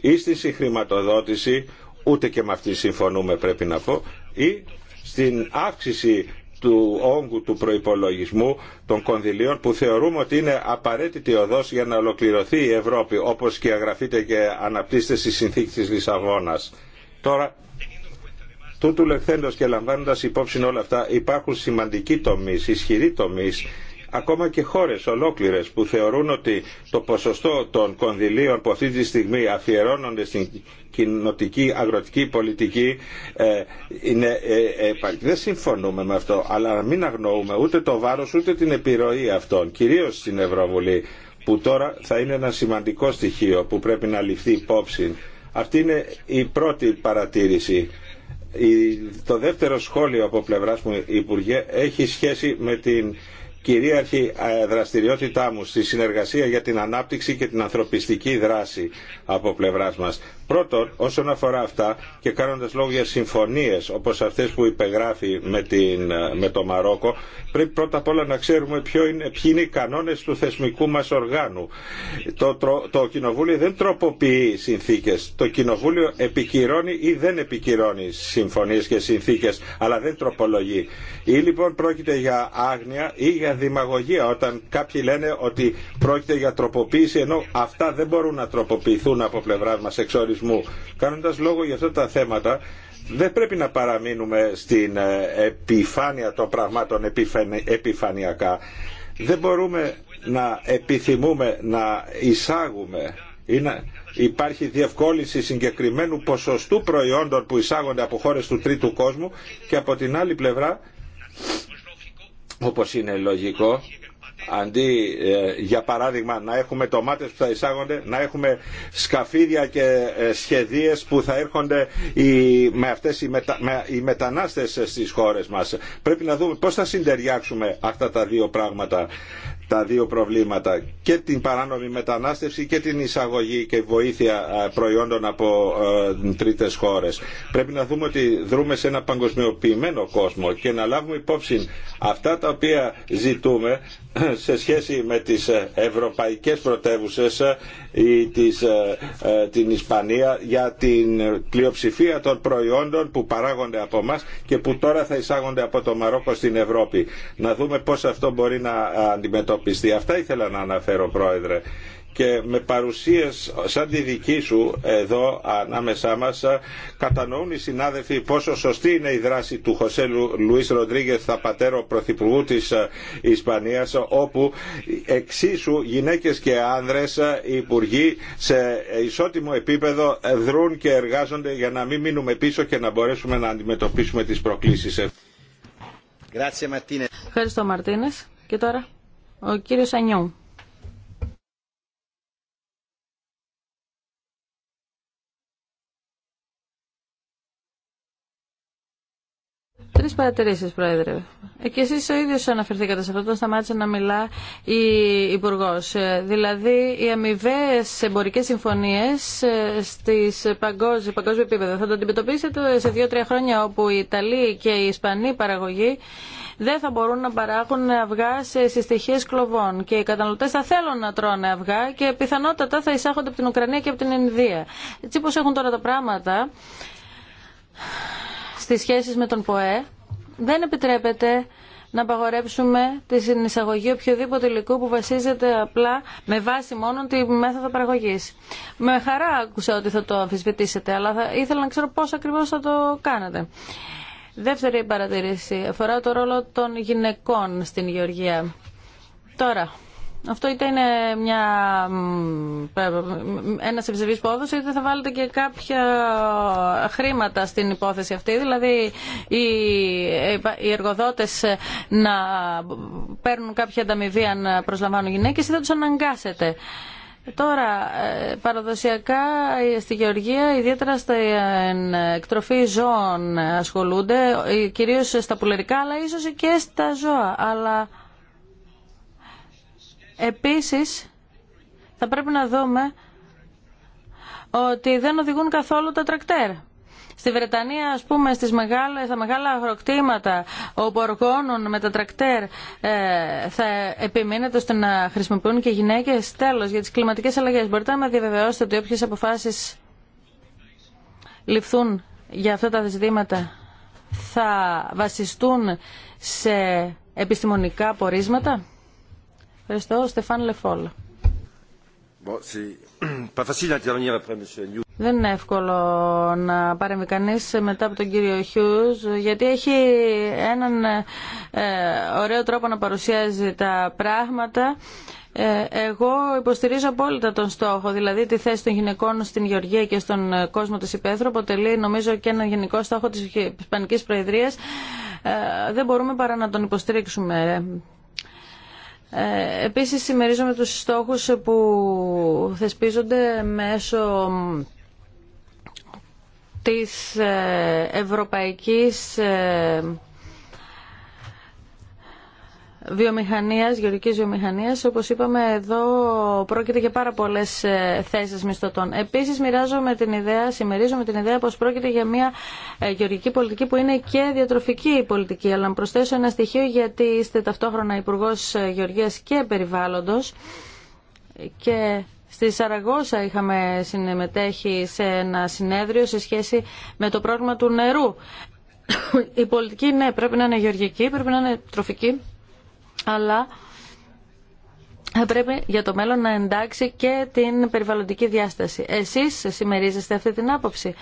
ή στη συγχρηματοδότηση, ούτε και με αυτή συμφωνούμε πρέπει να πω, ή στην αύξηση του όγκου του προϋπολογισμού των κονδυλίων που θεωρούμε ότι είναι απαραίτητη οδός για να ολοκληρωθεί η Ευρώπη όπως και αγραφείται και αναπτύσσεται στη συνθήκη της Λισαβόνας. Τώρα, τούτου λεχθέντος και λαμβάνοντας υπόψη όλα αυτά υπάρχουν σημαντικοί τομείς, ισχυροί τομείς ακόμα και χώρες ολόκληρες που θεωρούν ότι το ποσοστό των κονδυλίων που αυτή τη στιγμή αφιερώνονται στην κοινοτική αγροτική πολιτική ε, είναι ε, ε, Δεν συμφωνούμε με αυτό, αλλά μην αγνοούμε ούτε το βάρος ούτε την επιρροή αυτών, κυρίως στην Ευρωβουλή που τώρα θα είναι ένα σημαντικό στοιχείο που πρέπει να ληφθεί υπόψη. Αυτή είναι η πρώτη παρατήρηση. Το δεύτερο σχόλιο από πλευράς μου, Υπουργέ, έχει σχέση με την κυρίαρχη ε, δραστηριότητά μου στη συνεργασία για την ανάπτυξη και την ανθρωπιστική δράση από πλευράς μας. Πρώτον, όσον αφορά αυτά και κάνοντας λόγο για συμφωνίες όπως αυτές που υπεγράφει με, την, με το Μαρόκο, πρέπει πρώτα απ' όλα να ξέρουμε ποιο είναι, ποιοι είναι οι κανόνες του θεσμικού μας οργάνου. Το, το, το Κοινοβούλιο δεν τροποποιεί συνθήκες. Το Κοινοβούλιο επικυρώνει ή δεν επικυρώνει συμφωνίες και συνθήκες, αλλά δεν τροπολογεί. Ή λοιπόν πρόκειται για άγνοια ή για δημαγωγία όταν κάποιοι λένε ότι πρόκειται για τροποποίηση ενώ αυτά δεν μπορούν να τροποποιηθούν από πλευρά μας εξόρισμα Κανοντα Κάνοντας λόγο για αυτά τα θέματα, δεν πρέπει να παραμείνουμε στην ε, επιφάνεια των πραγμάτων επιφανειακά. Δεν μπορούμε να επιθυμούμε να εισάγουμε ή να υπάρχει διευκόλυνση συγκεκριμένου ποσοστού προϊόντων που εισάγονται από χώρες του τρίτου κόσμου και από την άλλη πλευρά, όπως είναι λογικό, αντί ε, για παράδειγμα να έχουμε ντομάτες που θα εισάγονται, να έχουμε σκαφίδια και ε, σχεδίες που θα έρχονται με αυτές οι, μετα, με, οι μετανάστες στις χώρες μας. Πρέπει να δούμε πώς θα συντεριάξουμε αυτά τα δύο πράγματα τα δύο προβλήματα και την παράνομη μετανάστευση και την εισαγωγή και βοήθεια ε, προϊόντων από ε, τρίτες χώρες. Πρέπει να δούμε ότι δρούμε σε ένα παγκοσμιοποιημένο κόσμο και να λάβουμε υπόψη αυτά τα οποία ζητούμε ε, σε σχέση με τις ευρωπαϊκές πρωτεύουσες ή τις, την Ισπανία για την πλειοψηφία των προϊόντων που παράγονται από εμά και που τώρα θα εισάγονται από το Μαρόκο στην Ευρώπη. Να δούμε πώς αυτό μπορεί να αντιμετωπίσει αντιμετωπιστεί. Αυτά ήθελα να αναφέρω πρόεδρε και με παρουσίες σαν τη δική σου εδώ ανάμεσά μας κατανοούν οι συνάδελφοι πόσο σωστή είναι η δράση του Χωσέ Λουίς Ροντρίγκες θα πατέρω πρωθυπουργού της ε, Ισπανίας όπου εξίσου γυναίκες και άνδρες ε, υπουργοί σε ισότιμο επίπεδο ε, δρούν και εργάζονται για να μην μείνουμε πίσω και να μπορέσουμε να αντιμετωπίσουμε τις προκλήσεις. Ευχαριστώ Μαρτίνες. Και τώρα ο κύριος Ανιού. Τρεις παρατηρήσεις, Πρόεδρε. Ε, και εσείς ο ίδιος αναφερθήκατε σε αυτό, όταν σταμάτησε να μιλά η Υπουργό. Ε, δηλαδή, οι αμοιβαίε εμπορικέ συμφωνίε ε, στι παγκόσμιο, παγκόσμιο επίπεδο. Θα το αντιμετωπίσετε σε δύο-τρία χρόνια όπου η Ιταλή και η Ισπανή παραγωγή δεν θα μπορούν να παράγουν αυγά σε συστοιχίε κλοβών. Και οι καταναλωτέ θα θέλουν να τρώνε αυγά και πιθανότατα θα εισάγονται από την Ουκρανία και από την Ινδία. Έτσι όπω έχουν τώρα τα πράγματα στις σχέσεις με τον ΠΟΕ, δεν επιτρέπεται να απαγορέψουμε τη συνεισαγωγή οποιοδήποτε υλικού που βασίζεται απλά με βάση μόνο τη μέθοδο παραγωγή. Με χαρά άκουσα ότι θα το αμφισβητήσετε, αλλά θα ήθελα να ξέρω πώ ακριβώ θα το κάνετε. Δεύτερη παρατηρήση αφορά το ρόλο των γυναικών στην Γεωργία. Τώρα, αυτό είτε είναι μια, ένας ευσεβής πόδος είτε θα βάλετε και κάποια χρήματα στην υπόθεση αυτή. Δηλαδή οι, οι εργοδότες να παίρνουν κάποια ανταμοιβή αν προσλαμβάνουν γυναίκες ή θα τους αναγκάσετε. Τώρα, ε, παραδοσιακά ε, στη Γεωργία, ιδιαίτερα στην ε, εκτροφή ζώων ασχολούνται, κυρίως στα πουλερικά, αλλά ίσως και στα ζώα. Αλλά επίσης θα πρέπει να δούμε ότι δεν οδηγούν καθόλου τα τρακτέρ. Στη Βρετανία, ας πούμε, στις μεγάλες, στα μεγάλα αγροκτήματα όπου οργώνουν με τα τρακτέρ ε, θα επιμείνετε ώστε να χρησιμοποιούν και γυναίκες. Τέλος, για τις κλιματικές αλλαγές. Μπορείτε να με διαβεβαιώσετε ότι όποιες αποφάσεις ληφθούν για αυτά τα ζητήματα θα βασιστούν σε επιστημονικά πορίσματα. Ευχαριστώ. Στεφάν Λεφόλ. Bon, δεν είναι εύκολο να παρέμβει κανεί μετά από τον κύριο Χιούς γιατί έχει έναν ε, ωραίο τρόπο να παρουσιάζει τα πράγματα. Ε, εγώ υποστηρίζω απόλυτα τον στόχο, δηλαδή τη θέση των γυναικών στην Γεωργία και στον κόσμο της υπαίθρου αποτελεί νομίζω και ένα γενικό στόχο της Ισπανικής Προεδρίας. Ε, δεν μπορούμε παρά να τον υποστηρίξουμε. Ε, επίσης, συμμερίζομαι τους στόχους που θεσπίζονται μέσω της ε, ευρωπαϊκής ε, βιομηχανίας, γεωργικής βιομηχανίας. Όπως είπαμε εδώ πρόκειται για πάρα πολλές ε, θέσεις μισθωτών. Επίσης μοιράζομαι την ιδέα, συμμερίζομαι την ιδέα πως πρόκειται για μια ε, γεωργική πολιτική που είναι και διατροφική πολιτική. Αλλά να προσθέσω ένα στοιχείο γιατί είστε ταυτόχρονα υπουργό ε, Γεωργίας και Περιβάλλοντος και Στη Σαραγώσα είχαμε συμμετέχει σε ένα συνέδριο σε σχέση με το πρόβλημα του νερού. Η πολιτική, ναι, πρέπει να είναι γεωργική, πρέπει να είναι τροφική, αλλά θα πρέπει για το μέλλον να εντάξει και την περιβαλλοντική διάσταση. Εσείς συμμερίζεστε αυτή την άποψη.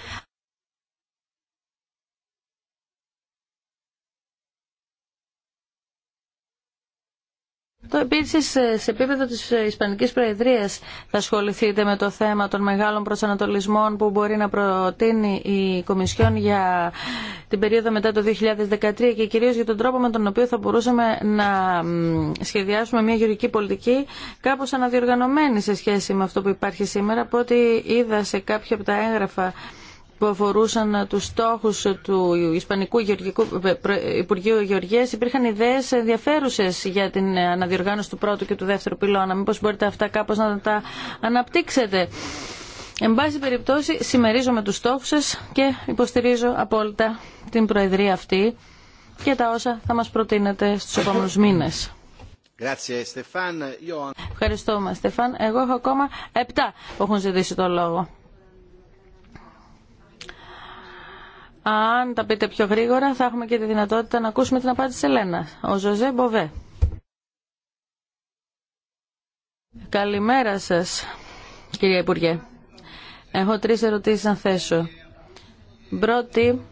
αυτό. Επίση, σε επίπεδο της Ισπανικής Προεδρίας θα ασχοληθείτε με το θέμα των μεγάλων προσανατολισμών που μπορεί να προτείνει η Κομισιόν για την περίοδο μετά το 2013 και κυρίως για τον τρόπο με τον οποίο θα μπορούσαμε να σχεδιάσουμε μια γεωργική πολιτική κάπως αναδιοργανωμένη σε σχέση με αυτό που υπάρχει σήμερα, από ό,τι είδα σε κάποια από τα έγγραφα που αφορούσαν ε, τους στόχους ε, του Ισπανικού Γεωργικού, ε, Υπουργείου Γεωργίας υπήρχαν ιδέες ενδιαφέρουσες για την αναδιοργάνωση του πρώτου και του δεύτερου πυλώνα. Μήπως μπορείτε αυτά κάπως να τα αναπτύξετε. Εν πάση περιπτώσει, συμμερίζομαι τους στόχους σας και υποστηρίζω απόλυτα την Προεδρία αυτή και τα όσα θα μας προτείνετε στους επόμενους μήνες. Ευχαριστώ, Στεφάν. Εγώ έχω ακόμα 7 που έχουν ζητήσει το λόγο. Αν τα πείτε πιο γρήγορα θα έχουμε και τη δυνατότητα να ακούσουμε την απάντηση της Ελένα. Ο Ζωζέ Μποβέ. Καλημέρα σας, κυρία Υπουργέ. Έχω τρεις ερωτήσεις να θέσω. Πρώτη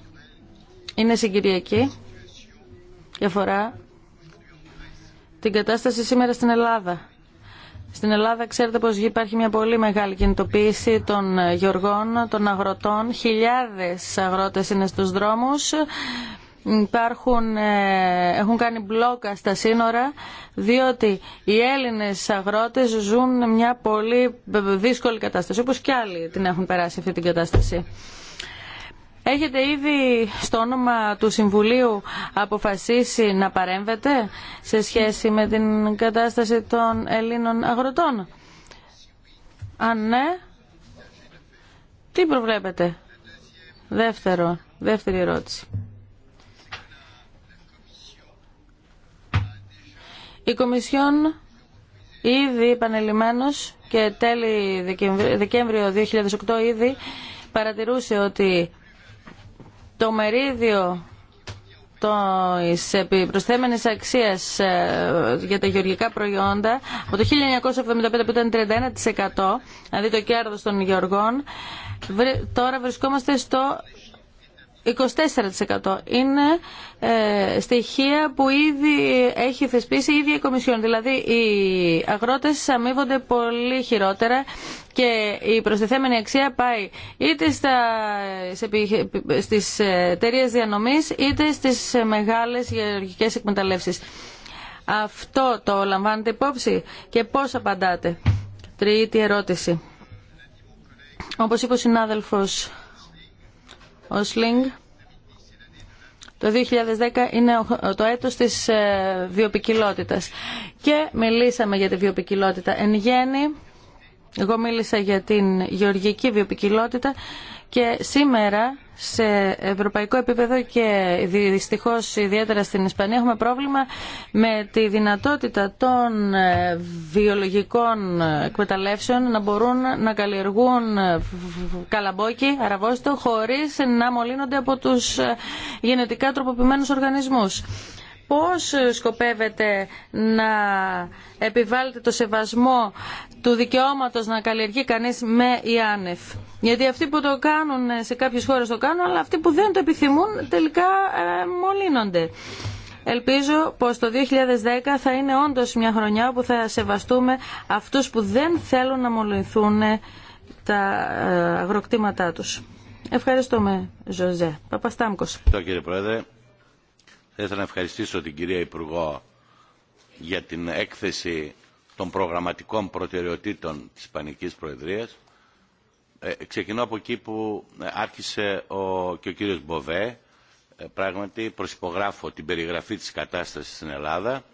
είναι συγκυριακή και αφορά την κατάσταση σήμερα στην Ελλάδα. Στην Ελλάδα ξέρετε πως υπάρχει μια πολύ μεγάλη κινητοποίηση των ε, γεωργών, των αγροτών. Χιλιάδες αγρότες είναι στους δρόμους. Υπάρχουν, ε, έχουν κάνει μπλόκα στα σύνορα διότι οι Έλληνες αγρότες ζουν μια πολύ ε, δύσκολη κατάσταση όπως κι άλλοι την έχουν περάσει αυτή την κατάσταση. Έχετε ήδη στο όνομα του Συμβουλίου αποφασίσει να παρέμβετε σε σχέση με την κατάσταση των Ελλήνων αγροτών. Αν ναι, τι προβλέπετε. Δεύτερο, δεύτερη ερώτηση. Η Κομισιόν ήδη επανελειμμένος και τέλη Δεκέμβριο 2008 ήδη παρατηρούσε ότι το μερίδιο τη προσθέμενης αξίας ε, για τα γεωργικά προϊόντα από το 1975 που ήταν 31% δηλαδή το κέρδος των γεωργών τώρα βρισκόμαστε στο 24% είναι ε, στοιχεία που ήδη έχει θεσπίσει η ίδια η Κομισιόν. Δηλαδή οι αγρότες αμείβονται πολύ χειρότερα και η προστιθέμενη αξία πάει είτε στα, στις ε, εταιρείε διανομής είτε στις μεγάλες γεωργικές εκμεταλλεύσεις. Αυτό το λαμβάνετε υπόψη και πώς απαντάτε. Τρίτη ερώτηση. Όπως είπε ο συνάδελφος Σλίνγκ. Το 2010 είναι το έτος της ε, βιοπικιλότητας. Και μιλήσαμε για τη βιοπικιλότητα εν γέννη. Εγώ μίλησα για την γεωργική βιοπικιλότητα και σήμερα σε ευρωπαϊκό επίπεδο και δυστυχώς ιδιαίτερα στην Ισπανία έχουμε πρόβλημα με τη δυνατότητα των ε, βιολογικών εκμεταλλεύσεων να μπορούν να καλλιεργούν ε, καλαμπόκι, αραβόστο χωρίς να μολύνονται από τους ε, γενετικά τροποποιημένους οργανισμούς πώς σκοπεύετε να επιβάλλετε το σεβασμό του δικαιώματος να καλλιεργεί κανείς με ή άνευ. Γιατί αυτοί που το κάνουν, ε, σε κάποιες χώρες το κάνουν, αλλά αυτοί που δεν το επιθυμούν τελικά ε, μολύνονται. Ελπίζω πως το 2010 θα είναι όντως μια χρονιά που θα σεβαστούμε αυτούς που δεν θέλουν να μολυνθούν ε, τα αγροκτήματά τους. Ευχαριστούμε, Ζωζέ. Παπαστάμκος. Ευχαριστώ κύριε Πρόεδρε. Θα ήθελα να ευχαριστήσω την κυρία Υπουργό για την έκθεση των προγραμματικών προτεραιοτήτων της Ισπανικής Προεδρίας. Ε, ξεκινώ από εκεί που ε, άρχισε ο, και ο κύριος Μποβέ. Ε, πράγματι προσυπογράφω την περιγραφή της κατάστασης στην Ελλάδα.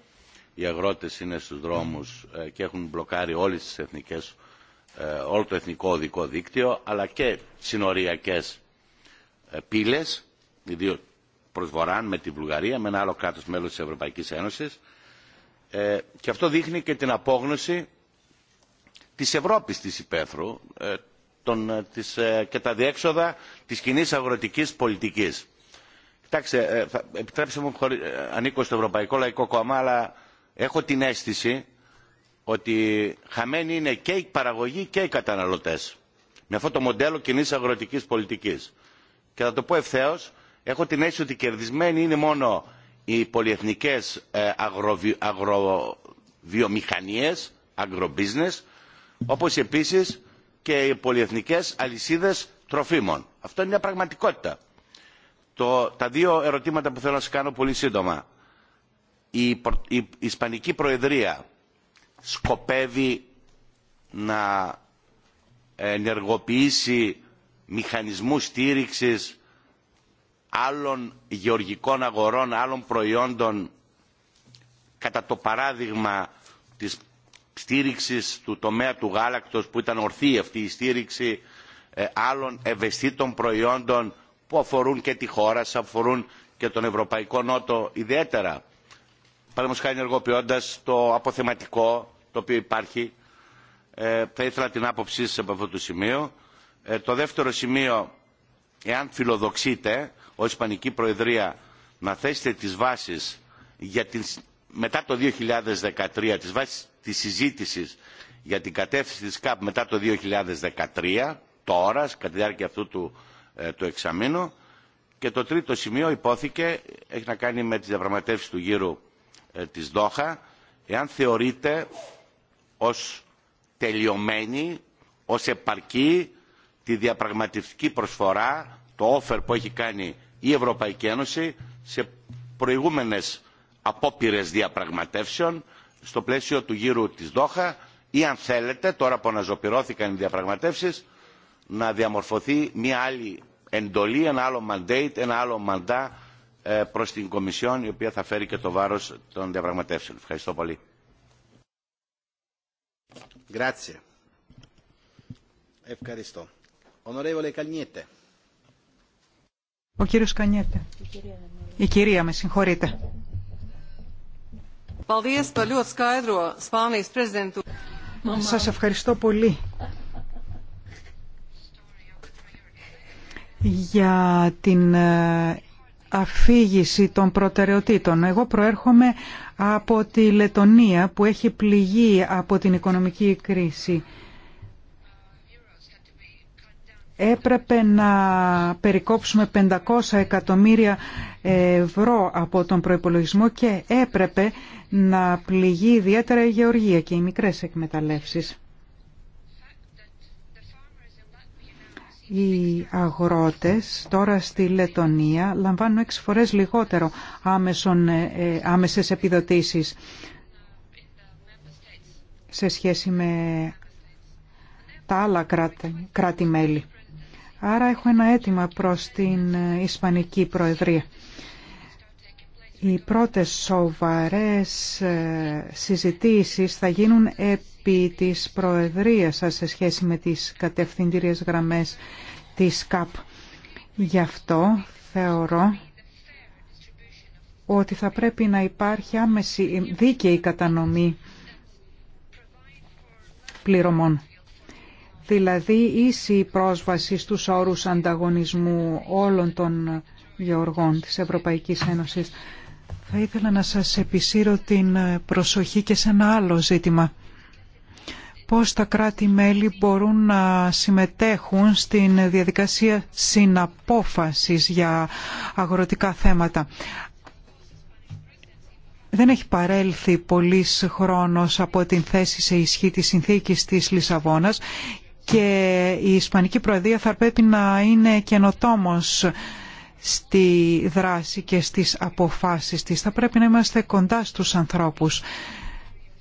Οι αγρότες είναι στους δρόμους ε, και έχουν μπλοκάρει όλες τις εθνικές, όλο το εθνικό οδικό δίκτυο αλλά και συνοριακές πύλες, ιδίως προς βορράν με τη Βουλγαρία, με ένα άλλο κράτος μέλος της Ευρωπαϊκής Ένωσης. Ε, και αυτό δείχνει και την απόγνωση της Ευρώπης της υπαίθρου ε, ε, της, ε, και τα διέξοδα της κοινή αγροτικής πολιτικής. Κοιτάξτε, επιτρέψτε μου, χωρί, ανήκω στο Ευρωπαϊκό Λαϊκό Κόμμα, αλλά έχω την αίσθηση ότι χαμένοι είναι και οι παραγωγοί και οι καταναλωτές με αυτό το μοντέλο κοινή αγροτικής πολιτικής. Και θα το πω ευθέως, έχω την αίσθηση ότι κερδισμένοι είναι μόνο οι πολυεθνικές ε, αγροβιομηχανιες agrobusiness, όπως επίσης και οι πολυεθνικές αλυσίδες τροφίμων. Αυτό είναι μια πραγματικότητα. Τα δύο ερωτήματα που θέλω να σας κάνω πολύ σύντομα. Η... η Ισπανική Προεδρία σκοπεύει να ενεργοποιήσει μηχανισμούς στήριξης άλλων γεωργικών αγορών, άλλων προϊόντων κατά το παράδειγμα της στήριξης του τομέα του γάλακτος που ήταν ορθή αυτή η στήριξη ε, άλλων ευαισθητών προϊόντων που αφορούν και τη χώρα, αφορούν και τον Ευρωπαϊκό Νότο ιδιαίτερα. Παραδείγματος χάρη ενεργοποιώντα το αποθεματικό το οποίο υπάρχει. Ε, θα ήθελα την άποψή σας από αυτό το σημείο. Ε, το δεύτερο σημείο, εάν φιλοδοξείτε, ω Ισπανική Προεδρία να θέσετε τις βάσεις για την, μετά το 2013, τις βάσεις της συζήτησης για την κατεύθυνση της ΚΑΠ μετά το 2013, τώρα, κατά τη διάρκεια αυτού του, ε, εξαμήνου. Και το τρίτο σημείο υπόθηκε, έχει να κάνει με τις διαπραγματεύσεις του γύρου ε, της Δόχα, εάν θεωρείται ως τελειωμένη, ως επαρκή τη διαπραγματευτική προσφορά, το όφερ που έχει κάνει η Ευρωπαϊκή Ένωση σε προηγούμενες απόπειρες διαπραγματεύσεων στο πλαίσιο του γύρου της Δόχα ή αν θέλετε, τώρα που αναζωπηρώθηκαν οι διαπραγματεύσεις, να διαμορφωθεί μια άλλη εντολή, ένα άλλο mandate, ένα άλλο μαντά ε, προς την Κομισιόν, η οποία θα φέρει και το βάρος των διαπραγματεύσεων. Ευχαριστώ πολύ. Grazie. Ευχαριστώ. Ο κύριος Κανιέτε. Η κυρία με συγχωρείτε. Σας ευχαριστώ πολύ για την ε, αφήγηση των προτεραιοτήτων. Εγώ προέρχομαι από τη Λετωνία που έχει πληγεί από την οικονομική κρίση έπρεπε να περικόψουμε 500 εκατομμύρια ευρώ από τον προϋπολογισμό και έπρεπε να πληγεί ιδιαίτερα η γεωργία και οι μικρές εκμεταλλεύσεις. Οι αγρότες τώρα στη Λετωνία λαμβάνουν έξι φορές λιγότερο άμεσον, ε, άμεσες επιδοτήσεις σε σχέση με τα άλλα κράτη-μέλη. Άρα έχω ένα αίτημα προς την ε, Ισπανική Προεδρία. Οι πρώτες σοβαρές ε, συζητήσεις θα γίνουν επί της Προεδρίας σας σε σχέση με τις κατευθυντήριες γραμμές της ΚΑΠ. Γι' αυτό θεωρώ ότι θα πρέπει να υπάρχει άμεση δίκαιη κατανομή πληρωμών δηλαδή ίση πρόσβαση στους όρους ανταγωνισμού όλων των γεωργών της Ευρωπαϊκής Ένωσης. Θα ήθελα να σας επισύρω την προσοχή και σε ένα άλλο ζήτημα. Πώς τα κράτη-μέλη μπορούν να συμμετέχουν στην διαδικασία συναπόφασης για αγροτικά θέματα. Δεν έχει παρέλθει πολύς χρόνος από την θέση σε ισχύ της συνθήκης της Λισαβόνας και η Ισπανική Προεδρία θα πρέπει να είναι καινοτόμος στη δράση και στις αποφάσεις της. Θα πρέπει να είμαστε κοντά στους ανθρώπους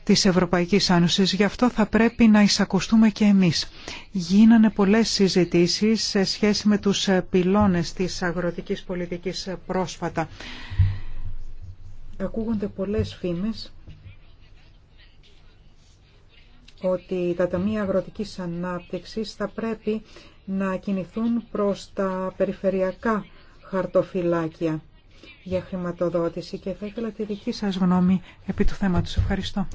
της Ευρωπαϊκής Άνωσης. Γι' αυτό θα πρέπει να εισακουστούμε και εμείς. Γίνανε πολλές συζητήσεις σε σχέση με τους πυλώνες της αγροτικής πολιτικής πρόσφατα. Ακούγονται πολλές φήμες ότι τα Ταμεία Αγροτικής Ανάπτυξης θα πρέπει να κινηθούν προς τα περιφερειακά χαρτοφυλάκια για χρηματοδότηση και θα ήθελα τη δική σας γνώμη επί του θέματος. Ευχαριστώ.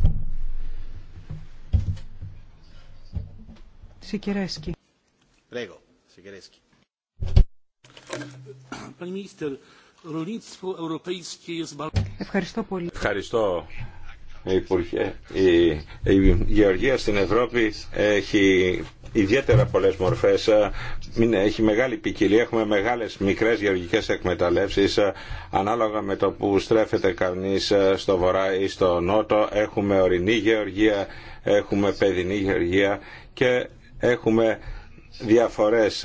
Σικερέσκι. Σικερέσκι. Ευχαριστώ πολύ. Ευχαριστώ η, γεωργία στην Ευρώπη έχει ιδιαίτερα πολλές μορφές, ε, έχει μεγάλη ποικιλία, έχουμε μεγάλες μικρές γεωργικές εκμεταλλεύσεις, ε, ανάλογα με το που στρέφεται κανείς ε, στο βορρά ή στο νότο, έχουμε ορεινή γεωργία, έχουμε παιδινή γεωργία και έχουμε διαφορές.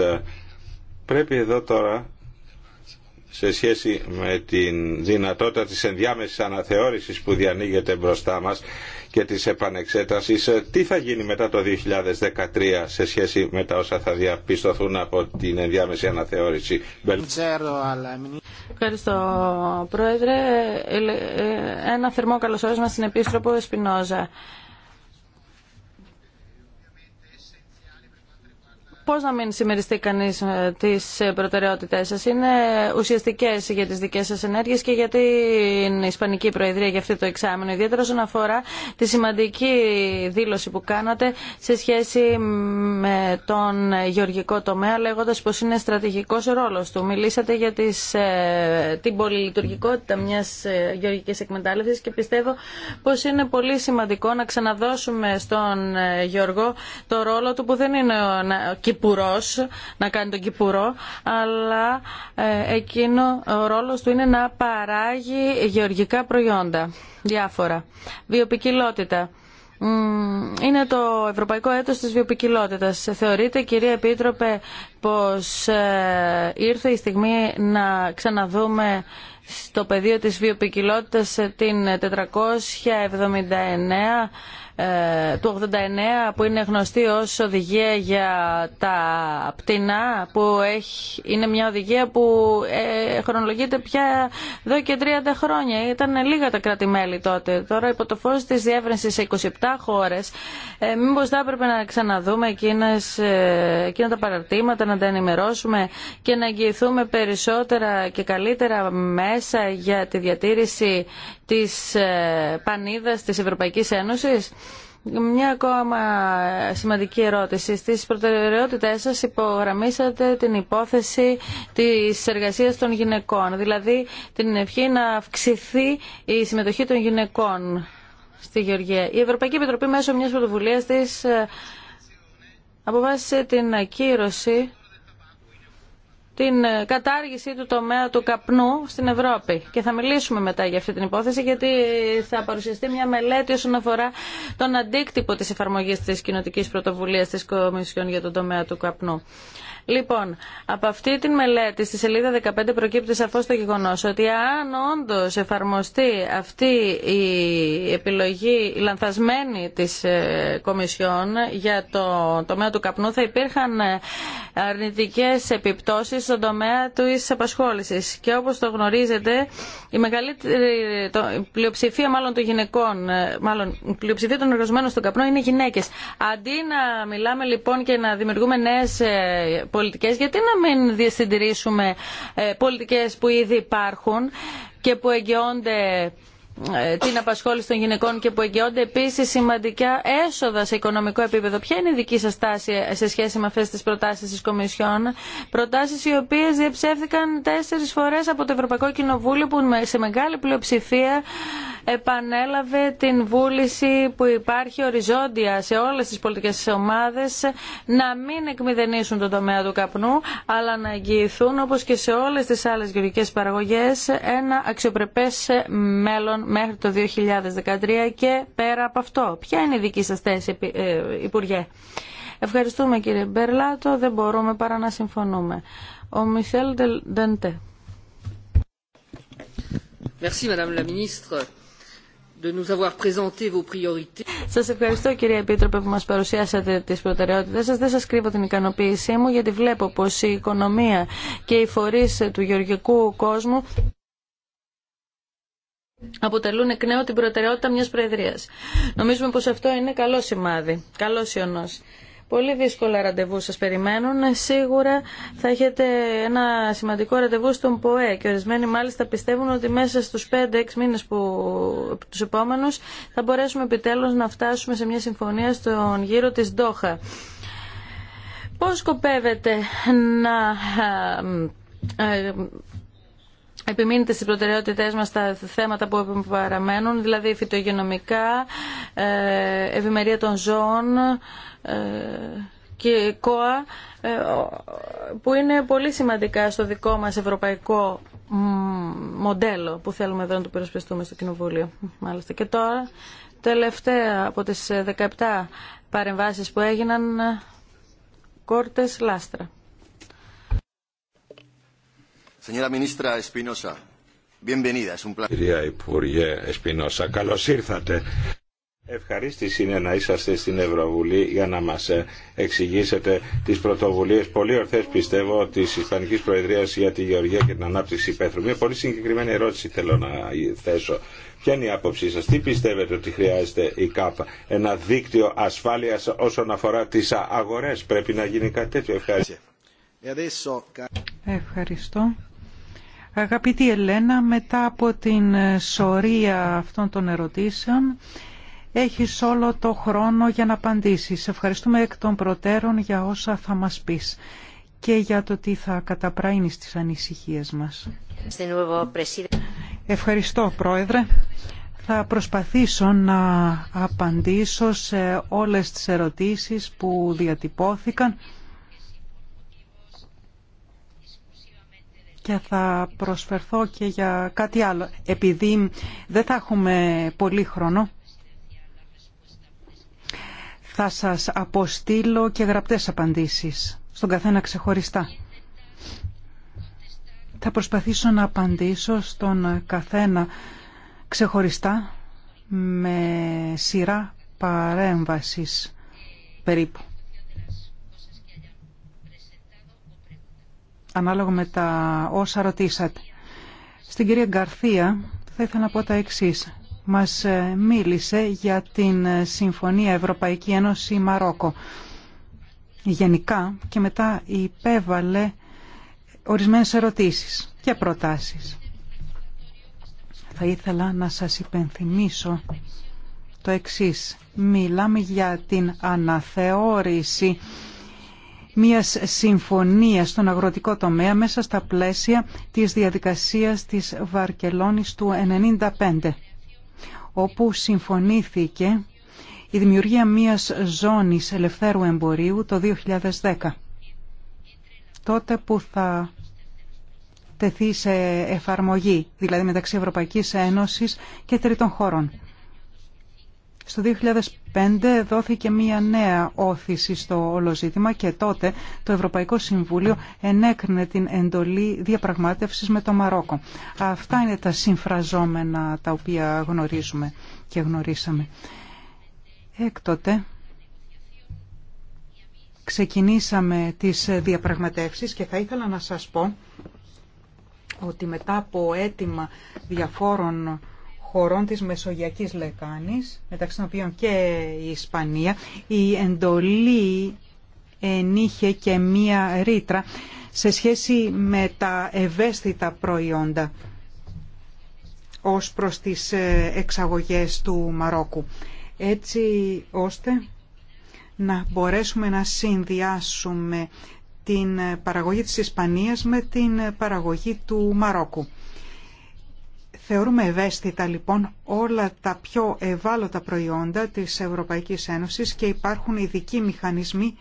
Πρέπει εδώ τώρα σε σχέση με την δυνατότητα της ενδιάμεσης αναθεώρησης που διανοίγεται μπροστά μας και της επανεξέτασης ε, τι θα γίνει μετά το 2013 σε σχέση με τα όσα θα διαπιστωθούν από την ενδιάμεση αναθεώρηση. Ευχαριστώ Πρόεδρε. Ε, ε, ένα θερμό καλωσόρισμα στην Επίστροπο Εσπινόζα. Πώς να μην συμμεριστεί κανείς ε, τις ε, προτεραιότητές σας. Είναι ουσιαστικές για τις δικές σας ενέργειες και για την Ισπανική Προεδρία για αυτό το εξάμεινο. Ιδιαίτερα όσον αφορά τη σημαντική δήλωση που κάνατε σε σχέση με τον γεωργικό τομέα λέγοντας πως είναι στρατηγικός ρόλος του. Μιλήσατε για τις, ε, την πολυλειτουργικότητα μιας γεωργικής εκμετάλλευσης και πιστεύω πως είναι πολύ σημαντικό να ξαναδώσουμε στον Γιώργο το ρόλο του που δεν είναι ο να κάνει τον κυπουρό, αλλά ε, εκείνο ο ρόλος του είναι να παράγει γεωργικά προϊόντα, διάφορα. Βιοπικιλότητα. Είναι το Ευρωπαϊκό Έτος της Βιοπικιλότητας. Θεωρείτε, κυρία Επίτροπε, πως ε, ήρθε η στιγμή να ξαναδούμε στο πεδίο της βιοπικιλότητας την 479 ε, του 89 που είναι γνωστή ως οδηγία για τα πτηνά που έχει, είναι μια οδηγία που ε, χρονολογείται πια εδώ και 30 χρόνια. Ήταν λίγα τα κράτη-μέλη τότε. Τώρα υπό το φως της διεύρυνσης σε 27 χώρες ε, μήπως θα έπρεπε να ξαναδούμε εκείνες, ε, εκείνα τα παραρτήματα, να τα ενημερώσουμε και να εγγυηθούμε περισσότερα και καλύτερα με μέσα ε, για τη διατήρηση της ε, πανίδας της Ευρωπαϊκής Ένωσης. Μια ακόμα σημαντική ερώτηση. Στις προτεραιότητές σας υπογραμμίσατε την υπόθεση της εργασίας των γυναικών, δηλαδή την ευχή να αυξηθεί η συμμετοχή των γυναικών στη Γεωργία. Η Ευρωπαϊκή Επιτροπή μέσω μιας πρωτοβουλίας της ε, αποφάσισε την ακύρωση την ε, κατάργηση του τομέα του καπνού στην Ευρώπη. Και θα μιλήσουμε μετά για αυτή την υπόθεση, γιατί θα παρουσιαστεί μια μελέτη όσον αφορά τον αντίκτυπο της εφαρμογής της κοινοτικής πρωτοβουλίας της Κομισιόν για τον τομέα του καπνού. Λοιπόν, από αυτή τη μελέτη στη σελίδα 15 προκύπτει σαφώς το γεγονός ότι αν όντω εφαρμοστεί αυτή η επιλογή λανθασμένη της ε, Κομισιόν για το τομέα του καπνού θα υπήρχαν ε, αρνητικές επιπτώσεις στον τομέα της απασχόληση. Και όπως το γνωρίζετε, η μεγαλύτερη η πλειοψηφία μάλλον των γυναικών, ε, μάλλον η πλειοψηφία των εργαζομένων στον καπνό είναι γυναίκε. Αντί να μιλάμε λοιπόν και να δημιουργούμε νέες πολιτικές. Γιατί να μην διασυντηρήσουμε ε, πολιτικές που ήδη υπάρχουν και που εγγυώνται ε, την απασχόληση των γυναικών και που εγγυώνται επίση σημαντικά έσοδα σε οικονομικό επίπεδο. Ποια είναι η δική σα τάση ε, σε σχέση με αυτέ τι προτάσει τη Κομισιόν, προτάσει οι οποίε διεψεύθηκαν τέσσερι φορέ από το Ευρωπαϊκό Κοινοβούλιο που σε μεγάλη πλειοψηφία επανέλαβε την βούληση που υπάρχει οριζόντια σε όλε τι πολιτικέ ομάδε να μην εκμηδενήσουν τον τομέα του καπνού, αλλά να εγγυηθούν όπω και σε όλε τι άλλε γεωργικέ παραγωγέ ένα αξιοπρεπέ μέλλον μέχρι το 2013 και πέρα από αυτό. Ποια είναι η δική σας θέση, ε, Υπουργέ. Ευχαριστούμε κύριε Μπερλάτο, δεν μπορούμε παρά να συμφωνούμε. Ο Μισελ Ντεντέ. Merci Madame Σας ευχαριστώ κύριε Επίτροπε που μας παρουσιάσατε τις προτεραιότητες σας. Δεν σας κρύβω την ικανοποίησή μου γιατί βλέπω πως η οικονομία και οι φορείς του γεωργικού κόσμου αποτελούν εκ νέου την προτεραιότητα μιας προεδρίας. Νομίζουμε πως αυτό είναι καλό σημάδι, καλό ιονός. Πολύ δύσκολα ραντεβού σας περιμένουν. Σίγουρα θα έχετε ένα σημαντικό ραντεβού στον ΠΟΕ και ορισμένοι μάλιστα πιστεύουν ότι μέσα στους 5-6 μήνες που τους επόμενους θα μπορέσουμε επιτέλους να φτάσουμε σε μια συμφωνία στον γύρο της Ντόχα. Πώς σκοπεύετε να ε, ε, επιμείνετε στις προτεραιότητές μας τα θέματα που παραμένουν, δηλαδή φυτογενομικά, ε, ευημερία των ζώων ε, και ΚΟΑ, ε, που είναι πολύ σημαντικά στο δικό μας ευρωπαϊκό μοντέλο που θέλουμε εδώ να το περισπιστούμε στο Κοινοβούλιο. Μάλιστα. Και τώρα, τελευταία από τις 17 παρεμβάσεις που έγιναν, κόρτες λάστρα. Señora Κυρία Υπουργέ Εσπινόσα, καλώς ήρθατε. Ευχαρίστηση είναι να είσαστε στην Ευρωβουλή για να μας ε, εξηγήσετε τις πρωτοβουλίες πολύ ορθές πιστεύω της Ισπανικής Προεδρίας για τη Γεωργία και την Ανάπτυξη Πέθρου. Μια πολύ συγκεκριμένη ερώτηση θέλω να θέσω. Ποια είναι η άποψή σας, τι πιστεύετε ότι χρειάζεται η ΚΑΠ, ένα δίκτυο ασφάλειας όσον αφορά τις αγορές, πρέπει να γίνει κάτι τέτοιο. Ευχαριστώ. Ευχαριστώ. Αγαπητή Ελένα, μετά από την ε, σωρία αυτών των ερωτήσεων, έχει όλο το χρόνο για να απαντήσεις. Ευχαριστούμε εκ των προτέρων για όσα θα μας πεις και για το τι θα καταπραίνεις τις ανησυχίες μας. Ευχαριστώ, Πρόεδρε. Θα προσπαθήσω να απαντήσω σε όλες τις ερωτήσεις που διατυπώθηκαν και θα προσφερθώ και για κάτι άλλο. Επειδή δεν θα έχουμε πολύ χρόνο, θα σας αποστείλω και γραπτές απαντήσεις, στον καθένα ξεχωριστά. Θα προσπαθήσω να απαντήσω στον καθένα ξεχωριστά με σειρά παρέμβασης περίπου. ανάλογα με τα όσα ρωτήσατε. Στην κυρία Γκαρθία θα ήθελα να πω τα εξής. Μας ε, μίλησε για την ε, Συμφωνία Ευρωπαϊκή Ένωση Μαρόκο γενικά και μετά υπέβαλε ορισμένες ερωτήσεις και προτάσεις. Θα ήθελα να σας υπενθυμίσω το εξής. Μιλάμε για την αναθεώρηση μιας συμφωνίας στον αγροτικό τομέα μέσα στα πλαίσια της διαδικασίας της Βαρκελόνης του 1995, όπου συμφωνήθηκε η δημιουργία μιας ζώνης ελευθέρου εμπορίου το 2010, τότε που θα τεθεί σε εφαρμογή, δηλαδή μεταξύ Ευρωπαϊκής Ένωσης και τρίτων χωρών. Στο 2005 δόθηκε μία νέα όθηση στο όλο ζήτημα και τότε το Ευρωπαϊκό Συμβούλιο ενέκρινε την εντολή διαπραγμάτευσης με το Μαρόκο. Αυτά είναι τα συμφραζόμενα τα οποία γνωρίζουμε και γνωρίσαμε. Έκτοτε ξεκινήσαμε τις διαπραγματεύσεις και θα ήθελα να σας πω ότι μετά από αίτημα διαφόρων χωρών της Μεσογειακής Λεκάνης, μεταξύ των οποίων και η Ισπανία, η εντολή ενήχε και μία ρήτρα σε σχέση με τα ευαίσθητα προϊόντα ως προς τις ε, εξαγωγές του Μαρόκου. Έτσι ώστε να μπορέσουμε να συνδυάσουμε την παραγωγή της Ισπανίας με την παραγωγή του Μαρόκου. Θεωρούμε ευαίσθητα λοιπόν όλα τα πιο ευάλωτα προϊόντα της Ευρωπαϊκής Ένωσης και υπάρχουν ειδικοί μηχανισμοί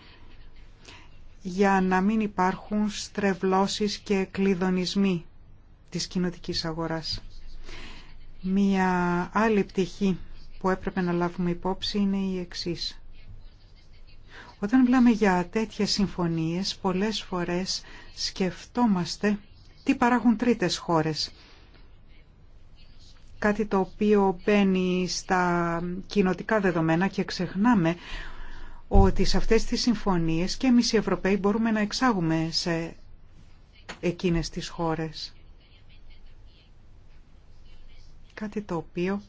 για να μην υπάρχουν στρεβλώσεις και κλειδονισμοί της κοινωτικής αγοράς. Μία άλλη πτυχή που έπρεπε να λάβουμε υπόψη είναι η εξής. Όταν μιλάμε για τέτοιες συμφωνίες, πολλές φορές σκεφτόμαστε τι παράγουν τρίτες χώρες κάτι το οποίο μπαίνει στα κοινοτικά δεδομένα και ξεχνάμε ότι σε αυτές τις συμφωνίες και εμείς οι Ευρωπαίοι μπορούμε να εξάγουμε σε εκείνες τις χώρες. Κάτι το οποίο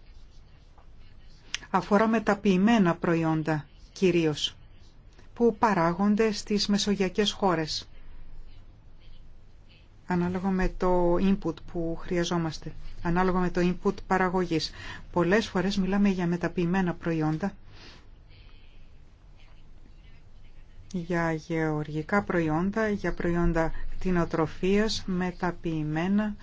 αφορά μεταποιημένα προϊόντα κυρίως που παράγονται στις μεσογειακές χώρες ανάλογα με το input που χρειαζόμαστε, ανάλογα με το input παραγωγής. Πολλές φορές μιλάμε για μεταποιημένα προϊόντα, για γεωργικά προϊόντα, για προϊόντα κτηνοτροφίας, μεταποιημένα,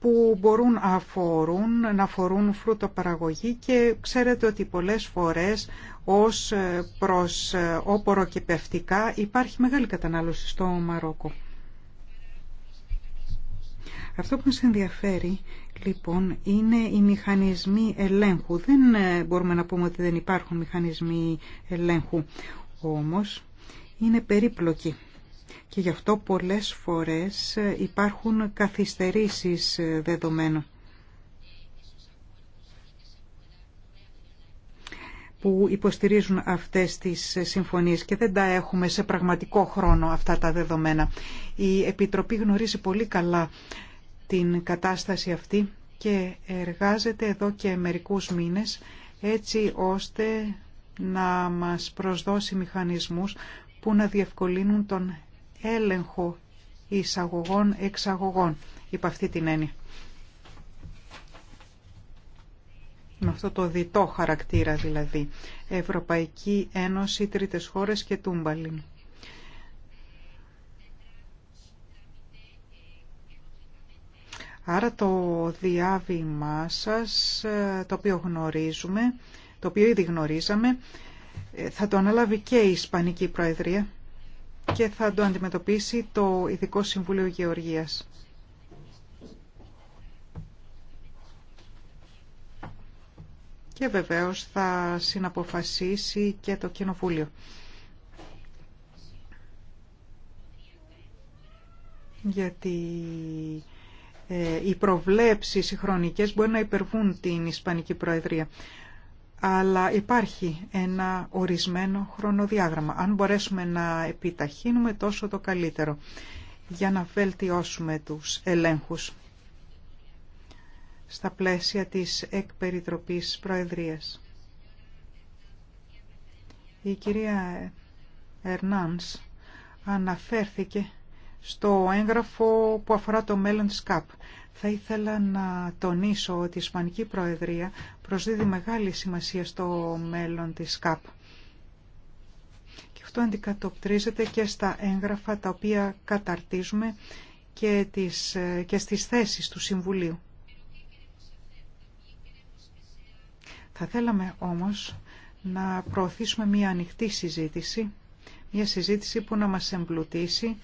που μπορούν αφορούν, να αφορούν παραγωγή και ξέρετε ότι πολλές φορές ως προς όπορο και πευτικά υπάρχει μεγάλη κατανάλωση στο Μαρόκο. Αυτό που μας ενδιαφέρει λοιπόν είναι οι μηχανισμοί ελέγχου. Δεν ε, μπορούμε να πούμε ότι δεν υπάρχουν μηχανισμοί ελέγχου. Όμως είναι περίπλοκοι και γι' αυτό πολλές φορές ε, υπάρχουν καθυστερήσεις ε, δεδομένων. που υποστηρίζουν αυτές τις συμφωνίες και δεν τα έχουμε σε πραγματικό χρόνο αυτά τα δεδομένα. Η Επιτροπή γνωρίζει πολύ καλά την κατάσταση αυτή και εργάζεται εδώ και μερικούς μήνες έτσι ώστε να μας προσδώσει μηχανισμούς που να διευκολύνουν τον έλεγχο εισαγωγών-εξαγωγών υπ' αυτή την έννοια. Με αυτό το διτό χαρακτήρα δηλαδή. Ευρωπαϊκή Ένωση, Τρίτες Χώρες και Τούμπαλιν. Άρα το διάβημά σας, ε, το οποίο γνωρίζουμε, το οποίο ήδη γνωρίζαμε, ε, θα το αναλάβει και η Ισπανική Προεδρία και θα το αντιμετωπίσει το Ειδικό Συμβούλιο Γεωργίας. Και βεβαίως θα συναποφασίσει και το Κοινοβούλιο. Γιατί ε, οι προβλέψεις οι χρονικές μπορεί να υπερβούν την Ισπανική Προεδρία. Αλλά υπάρχει ένα ορισμένο χρονοδιάγραμμα. Αν μπορέσουμε να επιταχύνουμε τόσο το καλύτερο για να βελτιώσουμε τους ελέγχους στα πλαίσια της εκπεριτροπής Προεδρίας. Η κυρία Ερνάνς αναφέρθηκε στο έγγραφο που αφορά το μέλλον της ΚΑΠ. Θα ήθελα να τονίσω ότι η Ισπανική Προεδρία προσδίδει μεγάλη σημασία στο μέλλον της ΚΑΠ. Και αυτό αντικατοπτρίζεται και στα έγγραφα τα οποία καταρτίζουμε και, τις, και στις θέσεις του Συμβουλίου. Θα θέλαμε όμως να προωθήσουμε μια ανοιχτή συζήτηση, μια συζήτηση που να μας εμπλουτίσει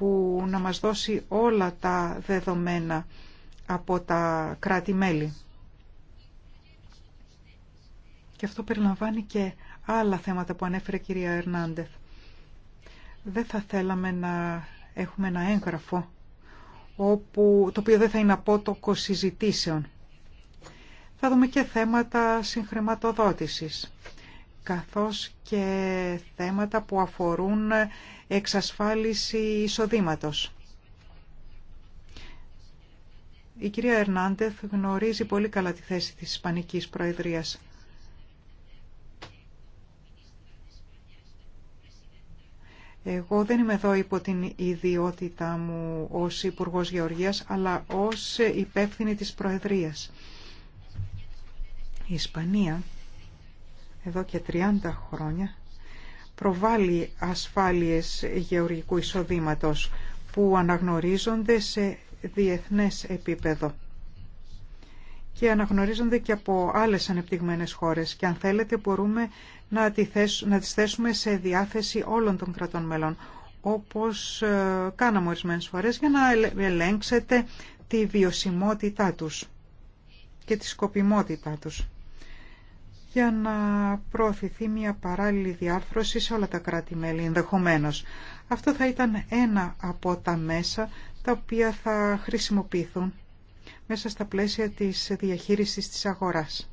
που να μας δώσει όλα τα δεδομένα από τα κράτη-μέλη. Και αυτό περιλαμβάνει και άλλα θέματα που ανέφερε η κυρία Ερνάντεθ. Δεν θα θέλαμε να έχουμε ένα έγγραφο όπου, το οποίο δεν θα είναι απότοκο συζητήσεων. Θα δούμε και θέματα συγχρηματοδότησης καθώς και θέματα που αφορούν εξασφάλιση εισοδήματος. Η κυρία Ερνάντεθ γνωρίζει πολύ καλά τη θέση της Ισπανικής Προεδρίας. Εγώ δεν είμαι εδώ υπό την ιδιότητά μου ως Υπουργός Γεωργίας, αλλά ως υπεύθυνη της Προεδρίας. Η Ισπανία εδώ και 30 χρόνια προβάλλει ασφάλειες γεωργικού εισοδήματος που αναγνωρίζονται σε διεθνές επίπεδο και αναγνωρίζονται και από άλλες ανεπτυγμένες χώρες και αν θέλετε μπορούμε να, να τις θέσουμε σε διάθεση όλων των κρατών μελών όπως ε, κάναμε ορισμένες φορές για να ελέγξετε τη βιωσιμότητά τους και τη σκοπιμότητά τους για να προωθηθεί μια παράλληλη διάρθρωση σε όλα τα κράτη-μέλη ενδεχομένως. Αυτό θα ήταν ένα από τα μέσα τα οποία θα χρησιμοποιηθούν μέσα στα πλαίσια της διαχείρισης της αγοράς.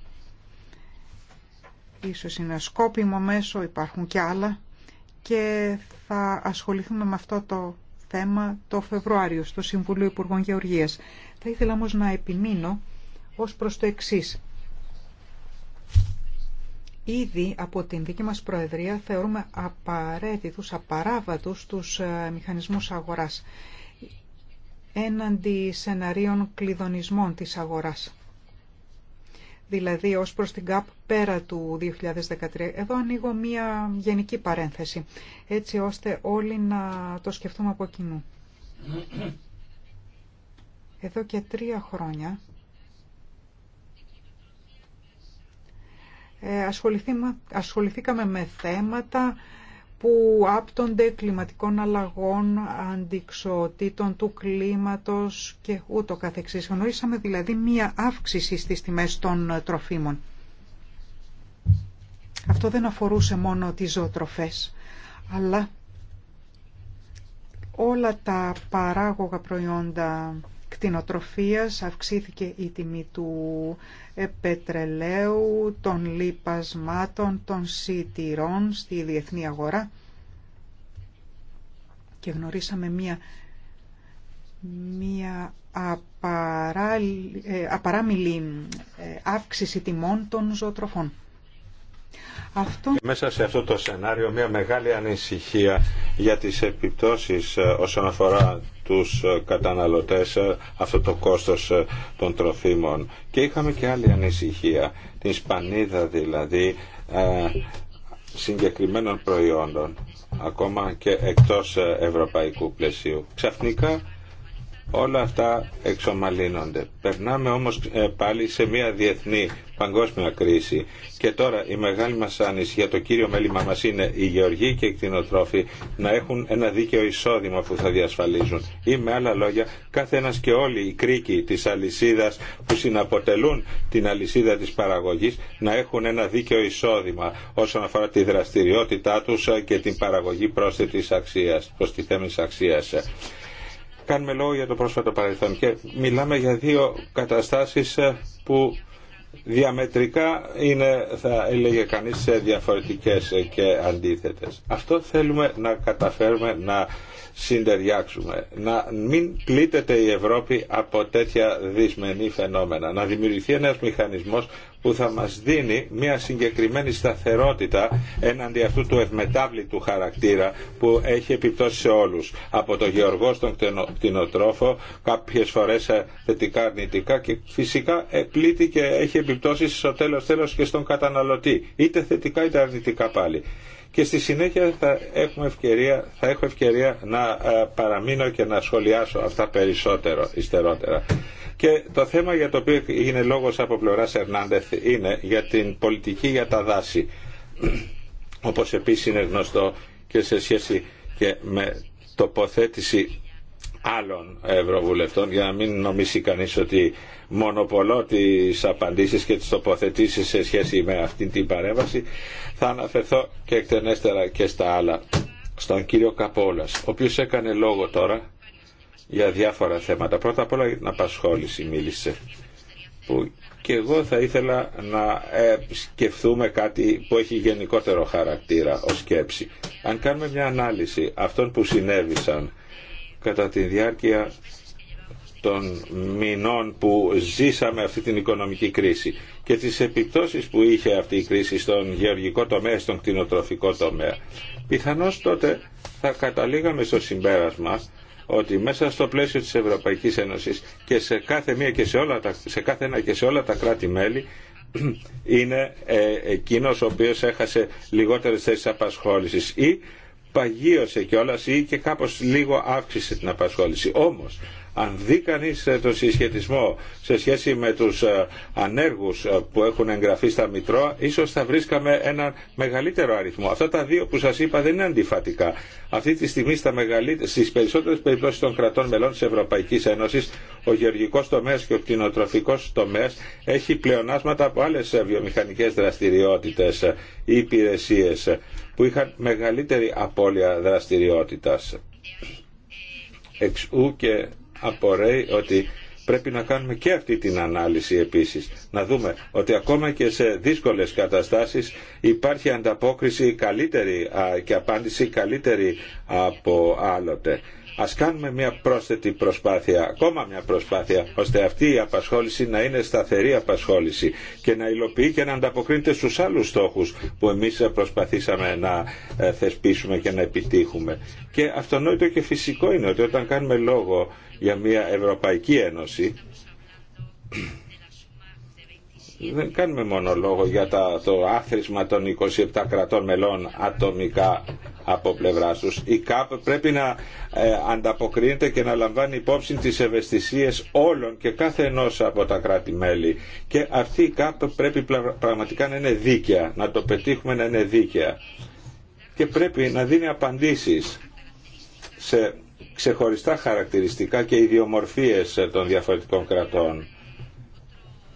Ίσως είναι σκόπιμο μέσο, υπάρχουν και άλλα και θα ασχοληθούμε με αυτό το θέμα το Φεβρουάριο στο Συμβουλίο Υπουργών Γεωργίας. Θα ήθελα όμως να επιμείνω ως προς το εξής. Ήδη από την δική μας Προεδρία θεωρούμε απαραίτητους, απαράβατους τους ε, μηχανισμούς αγοράς έναντι σεναρίων κλειδονισμών της αγοράς. Δηλαδή ως προς την ΚΑΠ πέρα του 2013. Εδώ ανοίγω μία γενική παρένθεση, έτσι ώστε όλοι να το σκεφτούμε από κοινού. Εδώ και τρία χρόνια Ε, ασχοληθήκαμε με θέματα που άπτονται κλιματικών αλλαγών, αντικσοτήτων του κλίματος και ούτω καθεξής. Γνωρίσαμε δηλαδή μία αύξηση στις τιμές των τροφίμων. Αυτό δεν αφορούσε μόνο τις ζωοτροφές, αλλά όλα τα παράγωγα προϊόντα κτηνοτροφίας, αυξήθηκε η τιμή του ε, πετρελαίου, των λιπασμάτων, των σιτηρών στη διεθνή αγορά και γνωρίσαμε μία, μία ε, απαράμιλη ε, αύξηση τιμών των ζωοτροφών. Αυτό... Μέσα σε αυτό το σενάριο μια μεγάλη ανησυχία για τις επιπτώσεις ε, όσον αφορά τους ε, καταναλωτές ε, αυτό το κόστος των τροφίμων. Και είχαμε και άλλη ανησυχία, την σπανίδα δηλαδή συγκεκριμένων προϊόντων ακόμα και εκτός ευρωπαϊκού πλαισίου. Ξαφνικά όλα αυτά εξομαλύνονται. Περνάμε όμως πάλι σε μια διεθνή παγκόσμια κρίση και τώρα η μεγάλη μας για το κύριο μέλημα μα είναι οι γεωργοί και οι κτηνοτρόφοι να έχουν ένα δίκαιο εισόδημα που θα διασφαλίζουν. Ή με άλλα λόγια, κάθε ένα και όλοι οι κρίκοι τη αλυσίδα που συναποτελούν την αλυσίδα τη παραγωγή να έχουν ένα δίκαιο εισόδημα όσον αφορά τη δραστηριότητά του και την παραγωγή πρόσθετης αξίας, προστιθέμενη αξία. κάνουμε λόγο για το πρόσφατο παρελθόν και μιλάμε για δύο καταστάσεις που διαμετρικά είναι θα έλεγε κανείς διαφορετικές και αντίθετες. Αυτό θέλουμε να καταφέρουμε να συντεριάξουμε. Να μην πλήτεται η Ευρώπη από τέτοια δυσμενή φαινόμενα. Να δημιουργηθεί ένας μηχανισμός που θα μας δίνει μια συγκεκριμένη σταθερότητα έναντι αυτού του ευμετάβλητου χαρακτήρα που έχει επιπτώσει σε όλους. Από το γεωργό στον κτηνοτρόφο, κάποιες φορές ε, θετικά αρνητικά και φυσικά πλήττει και έχει επιπτώσει στο τέλος τέλος και στον καταναλωτή, είτε θετικά είτε αρνητικά πάλι και στη συνέχεια θα, έχουμε ευκαιρία, θα έχω ευκαιρία να ε, παραμείνω και να σχολιάσω αυτά περισσότερο, ιστερότερα. Και το θέμα για το οποίο είναι λόγος από πλευρά Ερνάντεθ είναι για την πολιτική για τα δάση. Όπως επίσης είναι γνωστό και σε σχέση και με τοποθέτηση άλλων ευρωβουλευτών για να μην νομίσει κανείς ότι μονοπολώ τις απαντήσεις και τις τοποθετήσεις σε σχέση με αυτή την παρέμβαση θα αναφερθώ και εκτενέστερα και στα άλλα στον κύριο Καπόλας ο οποίος έκανε λόγο τώρα για διάφορα θέματα. Πρώτα απ' όλα για την απασχόληση μίλησε που και εγώ θα ήθελα να ε, σκεφτούμε κάτι που έχει γενικότερο χαρακτήρα ως σκέψη. Αν κάνουμε μια ανάλυση αυτών που συνέβησαν κατά τη διάρκεια των μηνών που ζήσαμε αυτή την οικονομική κρίση και τις επιπτώσεις που είχε αυτή η κρίση στον γεωργικό τομέα, στον κτηνοτροφικό τομέα. Πιθανώς τότε θα καταλήγαμε στο συμπέρασμα ότι μέσα στο πλαίσιο της Ευρωπαϊκής Ένωσης και σε κάθε, μία και σε όλα τα, σε κάθε ένα και σε όλα τα κράτη-μέλη είναι ε, εκείνος ο οποίος έχασε λιγότερες θέσεις απασχόλησης ή παγίωσε κιόλας ή και κάπως λίγο αύξησε την απασχόληση. Όμως αν δει κανεί ε, τον συσχετισμό σε σχέση με του ε, ανέργου ε, που έχουν εγγραφεί στα Μητρώα, ίσω θα βρίσκαμε ένα μεγαλύτερο αριθμό. Αυτά τα δύο που σα είπα δεν είναι αντιφατικά. Αυτή τη στιγμή Στι περισσότερε περιπτώσει των κρατών μελών τη Ευρωπαϊκή Ένωση, ο γεωργικό τομέα και ο κτηνοτροφικό τομέας έχει πλεονάσματα από άλλε βιομηχανικέ δραστηριότητε ή υπηρεσίε που είχαν μεγαλύτερη απώλεια δραστηριότητα και απορρέει ότι πρέπει να κάνουμε και αυτή την ανάλυση επίσης. Να δούμε ότι ακόμα και σε δύσκολες καταστάσεις υπάρχει ανταπόκριση καλύτερη και απάντηση καλύτερη από άλλοτε. Ας κάνουμε μια πρόσθετη προσπάθεια, ακόμα μια προσπάθεια, ώστε αυτή η απασχόληση να είναι σταθερή απασχόληση και να υλοποιεί και να ανταποκρίνεται στους άλλους στόχους που εμείς προσπαθήσαμε να ε, θεσπίσουμε και να επιτύχουμε. Και αυτονόητο και φυσικό είναι ότι όταν κάνουμε λόγο για μια Ευρωπαϊκή Ένωση δεν κάνουμε μόνο λόγο για το άθροισμα των 27 κρατών μελών ατομικά από πλευρά του. Η ΚΑΠ πρέπει να ε, ανταποκρίνεται και να λαμβάνει υπόψη τι ευαισθησίε όλων και κάθε ενό από τα κράτη-μέλη. Και αυτή η ΚΑΠ πρέπει πραγματικά να είναι δίκαια, να το πετύχουμε να είναι δίκαια. Και πρέπει να δίνει απαντήσει σε ξεχωριστά χαρακτηριστικά και ιδιομορφίες των διαφορετικών κρατών.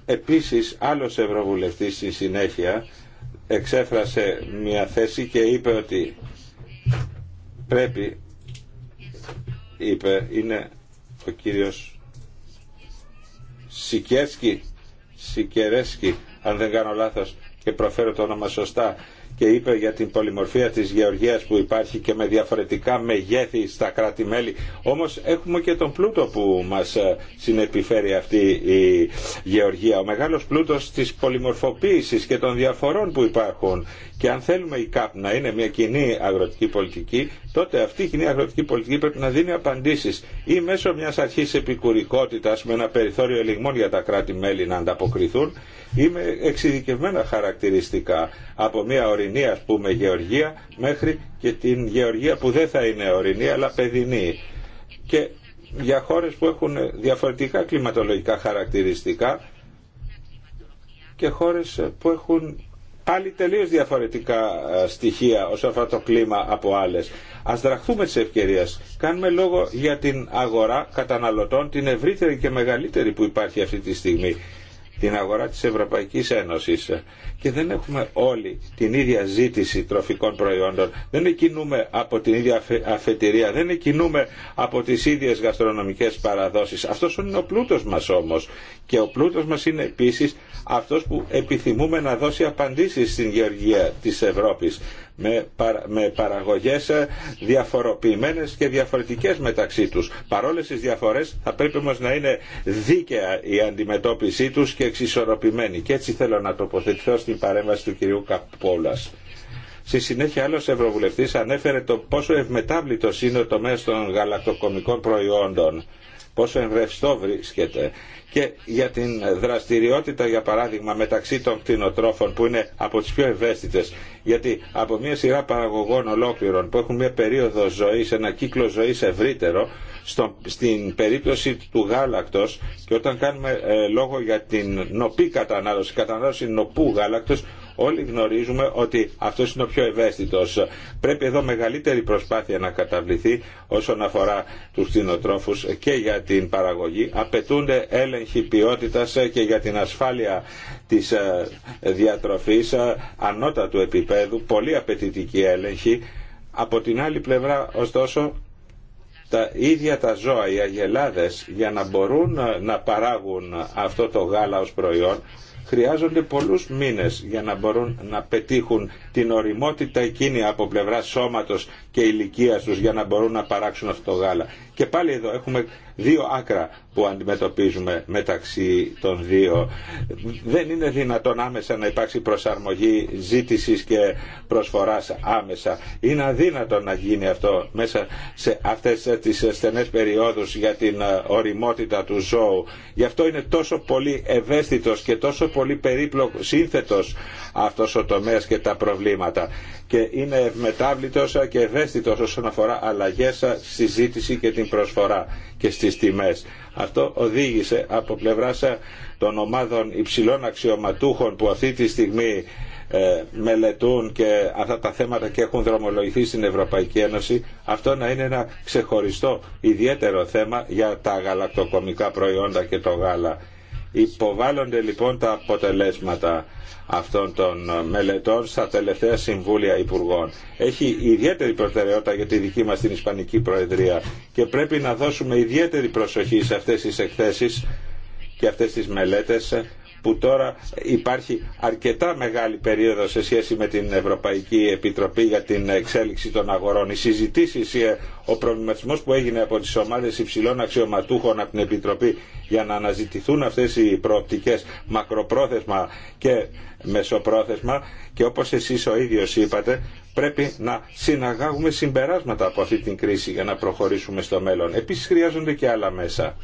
Επίσης, άλλος Ευρωβουλευτής στη συνέχεια εξέφρασε μια θέση και είπε ότι πρέπει, είπε, είναι ο κύριος Σικέρσκι, Σικερέσκι, αν δεν κάνω λάθος και προφέρω το όνομα σωστά, και είπε για την πολυμορφία της γεωργίας που υπάρχει και με διαφορετικά μεγέθη στα κράτη-μέλη. Όμως έχουμε και τον πλούτο που μας ε, συνεπιφέρει αυτή η γεωργία. Ο μεγάλος πλούτος της πολυμορφοποίησης και των διαφορών που υπάρχουν. Και αν θέλουμε η ΚΑΠ να είναι μια κοινή αγροτική πολιτική, τότε αυτή η κοινή αγροτική πολιτική πρέπει να δίνει απαντήσεις ή μέσω μιας αρχής επικουρικότητας με ένα περιθώριο ελιγμών για τα κράτη-μέλη να ανταποκριθούν ή με εξειδικευμένα χαρακτηριστικά από μια ορεινή ορεινή ας πούμε γεωργία μέχρι και την γεωργία που δεν θα είναι ορεινή αλλά παιδινή. Και για χώρες που έχουν διαφορετικά κλιματολογικά χαρακτηριστικά και χώρες που έχουν πάλι τελείως διαφορετικά ε, στοιχεία όσον αφορά το κλίμα από άλλες. Ας δραχθούμε τις ευκαιρίες. Κάνουμε λόγο για την αγορά καταναλωτών, την ευρύτερη και μεγαλύτερη που υπάρχει αυτή τη στιγμή την αγορά της Ευρωπαϊκής Ένωσης και δεν έχουμε όλοι την ίδια ζήτηση τροφικών προϊόντων, δεν εκινούμε από την ίδια αφετηρία, δεν εκινούμε από τις ίδιες γαστρονομικές παραδόσεις. Αυτός είναι ο πλούτος μας όμως και ο πλούτος μας είναι επίσης αυτός που επιθυμούμε να δώσει απαντήσεις στην γεωργία της Ευρώπης με, παρα, με παραγωγές ε, διαφοροποιημένες και διαφορετικές μεταξύ τους. Παρόλες τις διαφορές θα πρέπει όμως να είναι δίκαια η αντιμετώπιση τους και εξισορροπημένη. Και έτσι θέλω να τοποθετηθώ στην παρέμβαση του κυρίου Καπόλας. Στη συνέχεια άλλος Ευρωβουλευτής ανέφερε το πόσο ευμετάβλητος είναι ο τομέας των γαλακτοκομικών προϊόντων πόσο εμβρευστό βρίσκεται και για την δραστηριότητα για παράδειγμα μεταξύ των κτηνοτρόφων που είναι από τις πιο ευαίσθητες γιατί από μια σειρά παραγωγών ολόκληρων που έχουν μια περίοδο ζωής, ένα κύκλο ζωής ευρύτερο στην περίπτωση του γάλακτος και όταν κάνουμε ε, λόγο για την νοπή κατανάλωση, κατανάλωση νοπού γάλακτος, όλοι γνωρίζουμε ότι αυτός είναι ο πιο ευαίσθητος. Πρέπει εδώ μεγαλύτερη προσπάθεια να καταβληθεί όσον αφορά τους κτηνοτρόφους και για την παραγωγή. Απαιτούνται έλεγχοι ποιότητας και για την ασφάλεια της ε, διατροφής ε, ανώτατου επίπεδου, πολύ απαιτητική έλεγχη. Από την άλλη πλευρά, ωστόσο, τα ίδια τα ζώα, οι αγελάδες, για να μπορούν ε, να παράγουν αυτό το γάλα ως προϊόν, χρειάζονται πολλούς μήνες για να μπορούν να πετύχουν την οριμότητα εκείνη από πλευρά σώματος και ηλικία τους για να μπορούν να παράξουν αυτό το γάλα. Και πάλι εδώ έχουμε δύο άκρα που αντιμετωπίζουμε μεταξύ των δύο. Δεν είναι δυνατόν άμεσα να υπάρξει προσαρμογή ζήτησης και προσφοράς άμεσα. Είναι αδύνατο να γίνει αυτό μέσα σε αυτές τις στενές περιόδους για την οριμότητα του ζώου. Γι' αυτό είναι τόσο πολύ ευαίσθητος και τόσο πολύ περίπλοκο σύνθετος αυτός ο τομέας και τα προβλήματα και είναι ευμετάβλητο και ευαίσθητο όσον αφορά αλλαγές στη ζήτηση και την προσφορά και στις τιμέ. Αυτό οδήγησε από πλευρά των ομάδων υψηλών αξιωματούχων που αυτή τη στιγμή ε, μελετούν και αυτά τα θέματα και έχουν δρομολογηθεί στην Ευρωπαϊκή Ένωση αυτό να είναι ένα ξεχωριστό ιδιαίτερο θέμα για τα γαλακτοκομικά προϊόντα και το γάλα Υποβάλλονται λοιπόν τα αποτελέσματα αυτών των μελετών στα τελευταία Συμβούλια Υπουργών. Έχει ιδιαίτερη προτεραιότητα για τη δική μας την Ισπανική Προεδρία και πρέπει να δώσουμε ιδιαίτερη προσοχή σε αυτές τις εκθέσεις και αυτές τις μελέτες που τώρα υπάρχει αρκετά μεγάλη περίοδο σε σχέση με την Ευρωπαϊκή Επιτροπή για την εξέλιξη των αγορών. Οι συζητήσει, ε, ο προβληματισμό που έγινε από τι ομάδε υψηλών αξιωματούχων από την Επιτροπή για να αναζητηθούν αυτέ οι προοπτικέ μακροπρόθεσμα και μεσοπρόθεσμα και όπω εσείς ο ίδιο είπατε πρέπει να συναγάγουμε συμπεράσματα από αυτή την κρίση για να προχωρήσουμε στο μέλλον. Επίση χρειάζονται και άλλα μέσα.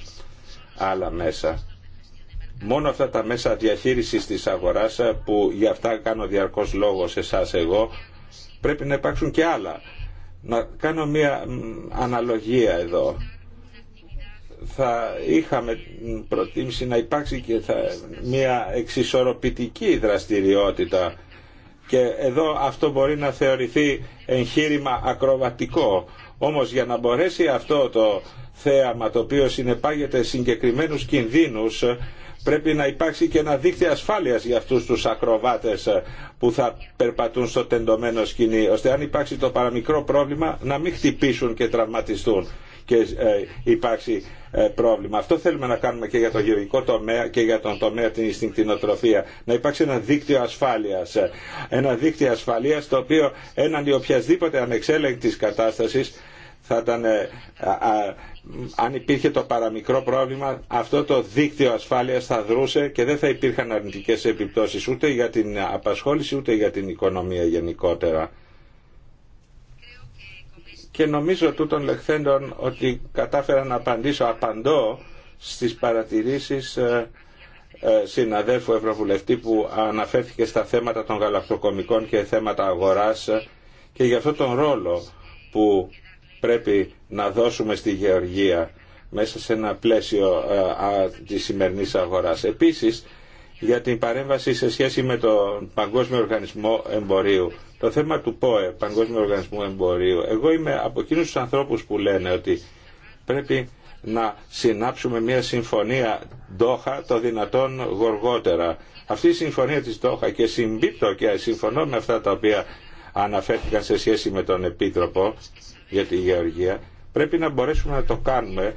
Άλλα μέσα μόνο αυτά τα μέσα διαχείρισης της αγοράς ε, που για αυτά κάνω διαρκώς λόγο σε εσά εγώ πρέπει να υπάρξουν και άλλα. Να κάνω μια αναλογία εδώ. Θα είχαμε προτίμηση να υπάρξει και θα μια εξισορροπητική δραστηριότητα και εδώ αυτό μπορεί να θεωρηθεί εγχείρημα ακροβατικό. Όμως για να μπορέσει αυτό το θέαμα το οποίο συνεπάγεται συγκεκριμένους κινδύνους Πρέπει να υπάρξει και ένα δίκτυο ασφάλειας για αυτούς τους ακροβάτες ε, που θα περπατούν στο τεντωμένο σκηνή, ώστε αν υπάρξει το παραμικρό πρόβλημα να μην χτυπήσουν και τραυματιστούν και ε, υπάρξει ε, πρόβλημα. Αυτό θέλουμε να κάνουμε και για το γεωργικό τομέα και για τον τομέα στην κτηνοτροφία. Να υπάρξει ένα δίκτυο ασφάλεια. Ένα δίκτυο ασφαλεία το οποίο έναντι οποιασδήποτε ανεξέλεγκτη κατάσταση θα ήταν αν υπήρχε το παραμικρό πρόβλημα, αυτό το δίκτυο ασφάλειας θα δρούσε και δεν θα υπήρχαν αρνητικές επιπτώσεις ούτε για την απασχόληση ούτε για την οικονομία γενικότερα. Και νομίζω τούτων λεχθέντων ότι κατάφερα να απαντήσω, απαντώ στις παρατηρήσεις ε, ε, συναδέλφου Ευρωβουλευτή που αναφέρθηκε στα θέματα των γαλακτοκομικών και θέματα αγοράς ε, και για αυτόν τον ρόλο που πρέπει να δώσουμε στη γεωργία μέσα σε ένα πλαίσιο ε, της σημερινής αγοράς. Επίσης, για την παρέμβαση σε σχέση με τον Παγκόσμιο Οργανισμό Εμπορίου. Το θέμα του ΠΟΕ, Παγκόσμιο Οργανισμό Εμπορίου, εγώ είμαι από εκείνους τους ανθρώπους που λένε ότι πρέπει να συνάψουμε μια συμφωνία Ντόχα το δυνατόν γοργότερα. Αυτή η συμφωνία της Ντόχα και συμπίπτω και συμφωνώ με αυτά τα οποία αναφέρθηκαν σε σχέση με τον Επίτροπο για τη γεωργία, πρέπει να μπορέσουμε να το κάνουμε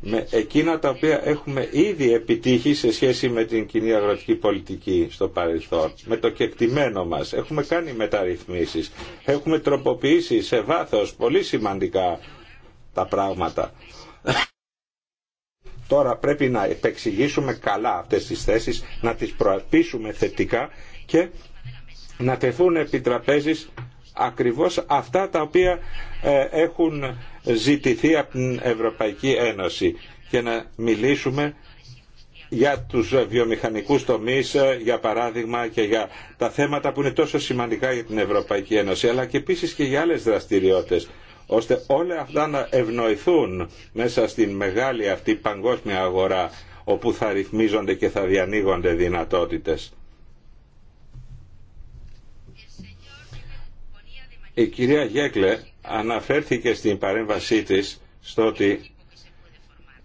με εκείνα τα οποία έχουμε ήδη επιτύχει σε σχέση με την κοινή αγροτική πολιτική στο παρελθόν, με το κεκτημένο μας. Έχουμε κάνει μεταρρυθμίσεις, έχουμε τροποποιήσει σε βάθος πολύ σημαντικά τα πράγματα. Τώρα πρέπει να επεξηγήσουμε καλά αυτές τις θέσεις, να τις προαπίσουμε θετικά και να τεθούν επιτραπέζεις ακριβώς αυτά τα οποία ε, έχουν ζητηθεί από την Ευρωπαϊκή Ένωση και να μιλήσουμε για τους βιομηχανικούς τομείς, ε, για παράδειγμα, και για τα θέματα που είναι τόσο σημαντικά για την Ευρωπαϊκή Ένωση, αλλά και επίσης και για άλλες δραστηριότητες, ώστε όλα αυτά να ευνοηθούν μέσα στην μεγάλη αυτή παγκόσμια αγορά, όπου θα ρυθμίζονται και θα διανοίγονται δυνατότητες. Η κυρία Γέκλε αναφέρθηκε στην παρέμβασή της στο ότι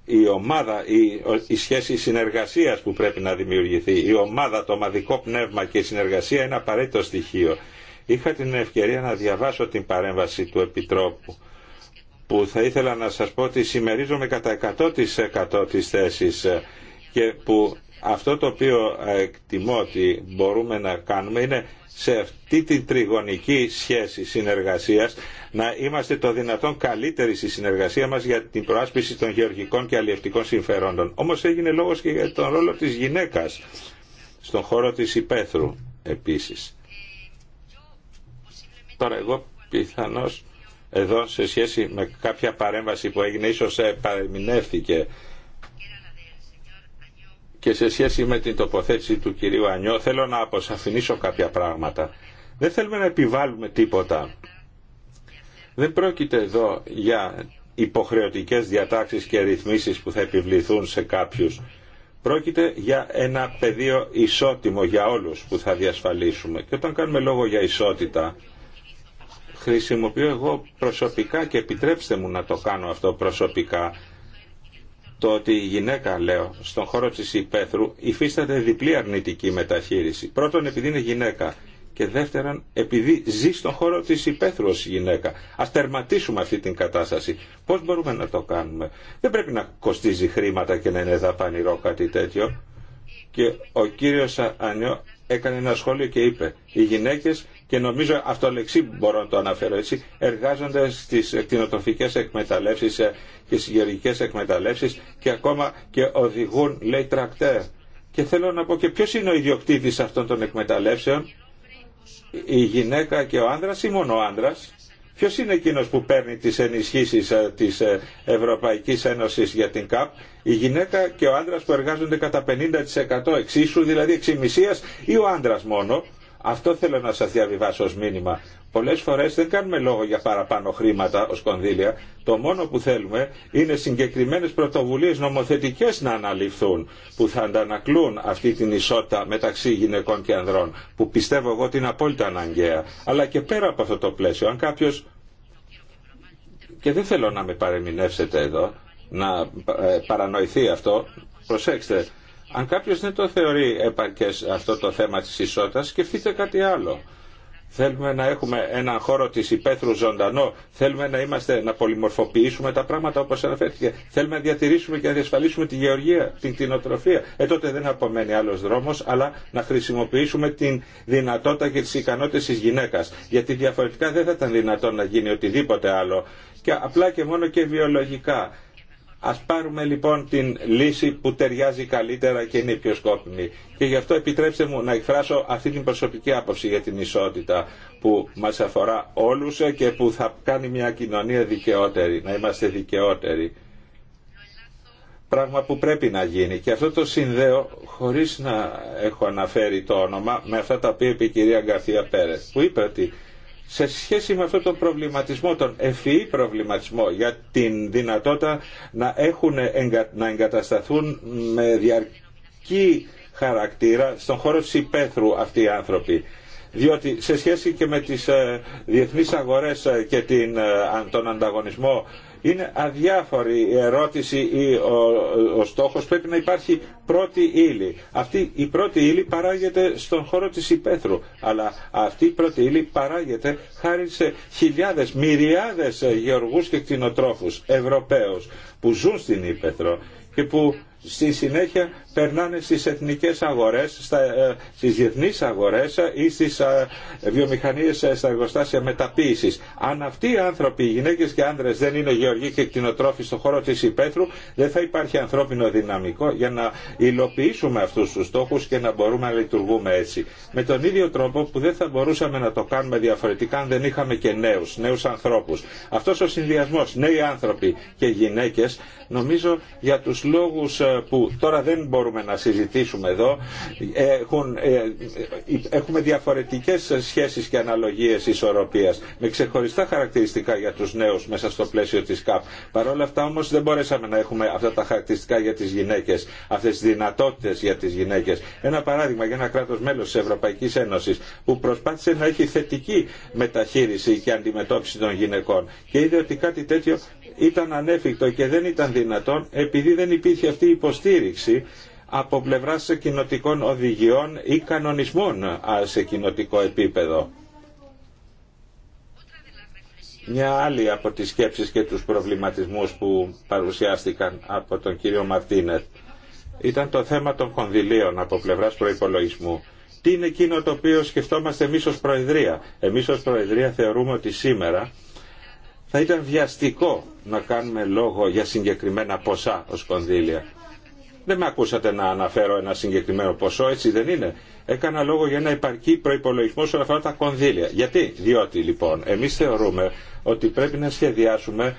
η ομάδα, η, η σχέση συνεργασίας που πρέπει να δημιουργηθεί, η ομάδα, το ομαδικό πνεύμα και η συνεργασία είναι απαραίτητο στοιχείο. Είχα την ευκαιρία να διαβάσω την παρέμβαση του Επιτρόπου που θα ήθελα να σας πω ότι συμμερίζομαι κατά 100% της θέσεις ε, και που αυτό το οποίο ε, εκτιμώ ότι μπορούμε να κάνουμε είναι σε αυτή την τριγωνική σχέση συνεργασίας να είμαστε το δυνατόν καλύτεροι στη συνεργασία μας για την προάσπιση των γεωργικών και αλλιευτικών συμφερόντων. Όμως έγινε λόγος και για τον ρόλο της γυναίκας στον χώρο της υπαίθρου επίσης. Τώρα εγώ πιθανώς εδώ σε σχέση με κάποια παρέμβαση που έγινε ίσως παρεμεινεύθηκε και σε σχέση με την τοποθέτηση του κυρίου Ανιώ θέλω να αποσαφηνίσω κάποια πράγματα. Δεν θέλουμε να επιβάλλουμε τίποτα. Δεν πρόκειται εδώ για υποχρεωτικές διατάξεις και ρυθμίσεις που θα επιβληθούν σε κάποιους. Πρόκειται για ένα πεδίο ισότιμο για όλους που θα διασφαλίσουμε. Και όταν κάνουμε λόγο για ισότητα, χρησιμοποιώ εγώ προσωπικά και επιτρέψτε μου να το κάνω αυτό προσωπικά το ότι η γυναίκα, λέω, στον χώρο της υπαίθρου υφίσταται διπλή αρνητική μεταχείριση. Πρώτον, επειδή είναι γυναίκα και δεύτερον επειδή ζει στον χώρο της υπαίθρου ως γυναίκα. Ας τερματίσουμε αυτή την κατάσταση. Πώς μπορούμε να το κάνουμε. Δεν πρέπει να κοστίζει χρήματα και να είναι δαπανηρό κάτι τέτοιο. Και ο κύριος Ανιώ έκανε ένα σχόλιο και είπε οι γυναίκες και νομίζω αυτό λεξί μπορώ να το αναφέρω έτσι, εργάζονται στις κτηνοτροφικές εκμεταλλεύσεις και ε, στις γεωργικές εκμεταλλεύσεις και ακόμα και οδηγούν, λέει, τρακτέρ. Και θέλω να πω και ποιος είναι ο ιδιοκτήτης αυτών των εκμεταλλεύσεων, η γυναίκα και ο άνδρας ή μόνο ο άνδρας. Ποιος είναι εκείνος που παίρνει τις ενισχύσεις ε, της ε, Ευρωπαϊκής Ένωσης για την ΚΑΠ, η γυναίκα και ο άνδρας που εργάζονται κατά 50% εξίσου, δηλαδή εξημισίας ή ο άνδρας μόνο αυτό θέλω να σας διαβιβάσω ως μήνυμα. Πολλές φορές δεν κάνουμε λόγο για παραπάνω χρήματα ως κονδύλια. Το μόνο που θέλουμε είναι συγκεκριμένες πρωτοβουλίες νομοθετικές να αναλυφθούν που θα αντανακλούν αυτή την ισότητα μεταξύ γυναικών και ανδρών που πιστεύω εγώ ότι είναι απόλυτα αναγκαία. Αλλά και πέρα από αυτό το πλαίσιο, αν κάποιο. και δεν θέλω να με παρεμηνεύσετε εδώ, να ε, παρανοηθεί αυτό, προσέξτε, αν κάποιο δεν το θεωρεί επαρκέ αυτό το θέμα της ισότητας, σκεφτείτε κάτι άλλο. Θέλουμε να έχουμε έναν χώρο τη υπαίθρου ζωντανό. Θέλουμε να, είμαστε, να πολυμορφοποιήσουμε τα πράγματα όπω αναφέρθηκε. Θέλουμε να διατηρήσουμε και να διασφαλίσουμε τη γεωργία, την κτηνοτροφία. Ε, τότε δεν απομένει άλλο δρόμο, αλλά να χρησιμοποιήσουμε την δυνατότητα και τι ικανότητες τη γυναίκα. Γιατί διαφορετικά δεν θα ήταν δυνατόν να γίνει οτιδήποτε άλλο. Και απλά και μόνο και βιολογικά Ας πάρουμε λοιπόν την λύση που ταιριάζει καλύτερα και είναι πιο σκόπιμη. Και γι' αυτό επιτρέψτε μου να εκφράσω αυτή την προσωπική άποψη για την ισότητα που μας αφορά όλους και που θα κάνει μια κοινωνία δικαιότερη, να είμαστε δικαιότεροι. Πράγμα που πρέπει να γίνει. Και αυτό το συνδέω, χωρίς να έχω αναφέρει το όνομα, με αυτά τα οποία είπε η κυρία Γκαρθία Πέρες, που είπε ότι σε σχέση με αυτόν τον προβληματισμό, τον ευφυή προβληματισμό για την δυνατότητα να, έχουν, να εγκατασταθούν με διαρκή χαρακτήρα στον χώρο της υπαίθρου αυτοί οι άνθρωποι. Διότι σε σχέση και με τις ε, διεθνείς αγορές ε, και την, ε, τον ανταγωνισμό είναι αδιάφορη η ερώτηση ή ο, στόχος. Πρέπει να υπάρχει πρώτη ύλη. Αυτή η πρώτη ύλη παράγεται στον χώρο της υπαίθρου. Αλλά αυτή η πρώτη ύλη παράγεται χάρη σε χιλιάδες, μυριάδες γεωργούς και κτηνοτρόφους Ευρωπαίους που ζουν στην υπαίθρο και που στη συνέχεια περνάνε στις εθνικές αγορές, στα, ε, στις διεθνείς αγορές ή στις ε, βιομηχανίες ε, στα εργοστάσια μεταποίησης. Αν αυτοί οι άνθρωποι, οι γυναίκες και άνδρες δεν είναι γεωργοί και κτηνοτρόφοι στον χώρο της υπαίθρου, δεν θα υπάρχει ανθρώπινο δυναμικό για να υλοποιήσουμε αυτούς τους στόχους και να μπορούμε να λειτουργούμε έτσι. Με τον ίδιο τρόπο που δεν θα μπορούσαμε να το κάνουμε διαφορετικά αν δεν είχαμε και νέους, νέους ανθρώπους. Αυτός ο συνδυασμός νέοι άνθρωποι και γυναίκες νομίζω για τους λόγους που τώρα δεν μπορούμε μπορούμε να συζητήσουμε εδώ. Έχουν, ε, έχουμε διαφορετικές σχέσεις και αναλογίες ισορροπίας με ξεχωριστά χαρακτηριστικά για τους νέους μέσα στο πλαίσιο της ΚΑΠ. Παρ' όλα αυτά όμως δεν μπορέσαμε να έχουμε αυτά τα χαρακτηριστικά για τις γυναίκες, αυτές τις δυνατότητες για τις γυναίκες. Ένα παράδειγμα για ένα κράτος μέλος της Ευρωπαϊκής Ένωσης που προσπάθησε να έχει θετική μεταχείριση και αντιμετώπιση των γυναικών και είδε ότι κάτι τέτοιο ήταν ανέφικτο και δεν ήταν δυνατόν επειδή δεν υπήρχε αυτή η υποστήριξη από πλευρά κοινοτικών οδηγιών ή κανονισμών σε κοινοτικό επίπεδο. Μια άλλη από τις σκέψεις και τους προβληματισμούς που παρουσιάστηκαν από τον κύριο Μαρτίνετ ήταν το θέμα των κονδυλίων από πλευράς προϋπολογισμού. Τι είναι εκείνο το οποίο σκεφτόμαστε εμείς ως Προεδρία. Εμείς ως Προεδρία θεωρούμε ότι σήμερα θα ήταν βιαστικό να κάνουμε λόγο για συγκεκριμένα ποσά ως κονδύλια. Δεν με ακούσατε να αναφέρω ένα συγκεκριμένο ποσό, έτσι δεν είναι. Έκανα λόγο για ένα υπαρκή προπολογισμό όσον αφορά τα κονδύλια. Γιατί, διότι λοιπόν, εμεί θεωρούμε ότι πρέπει να σχεδιάσουμε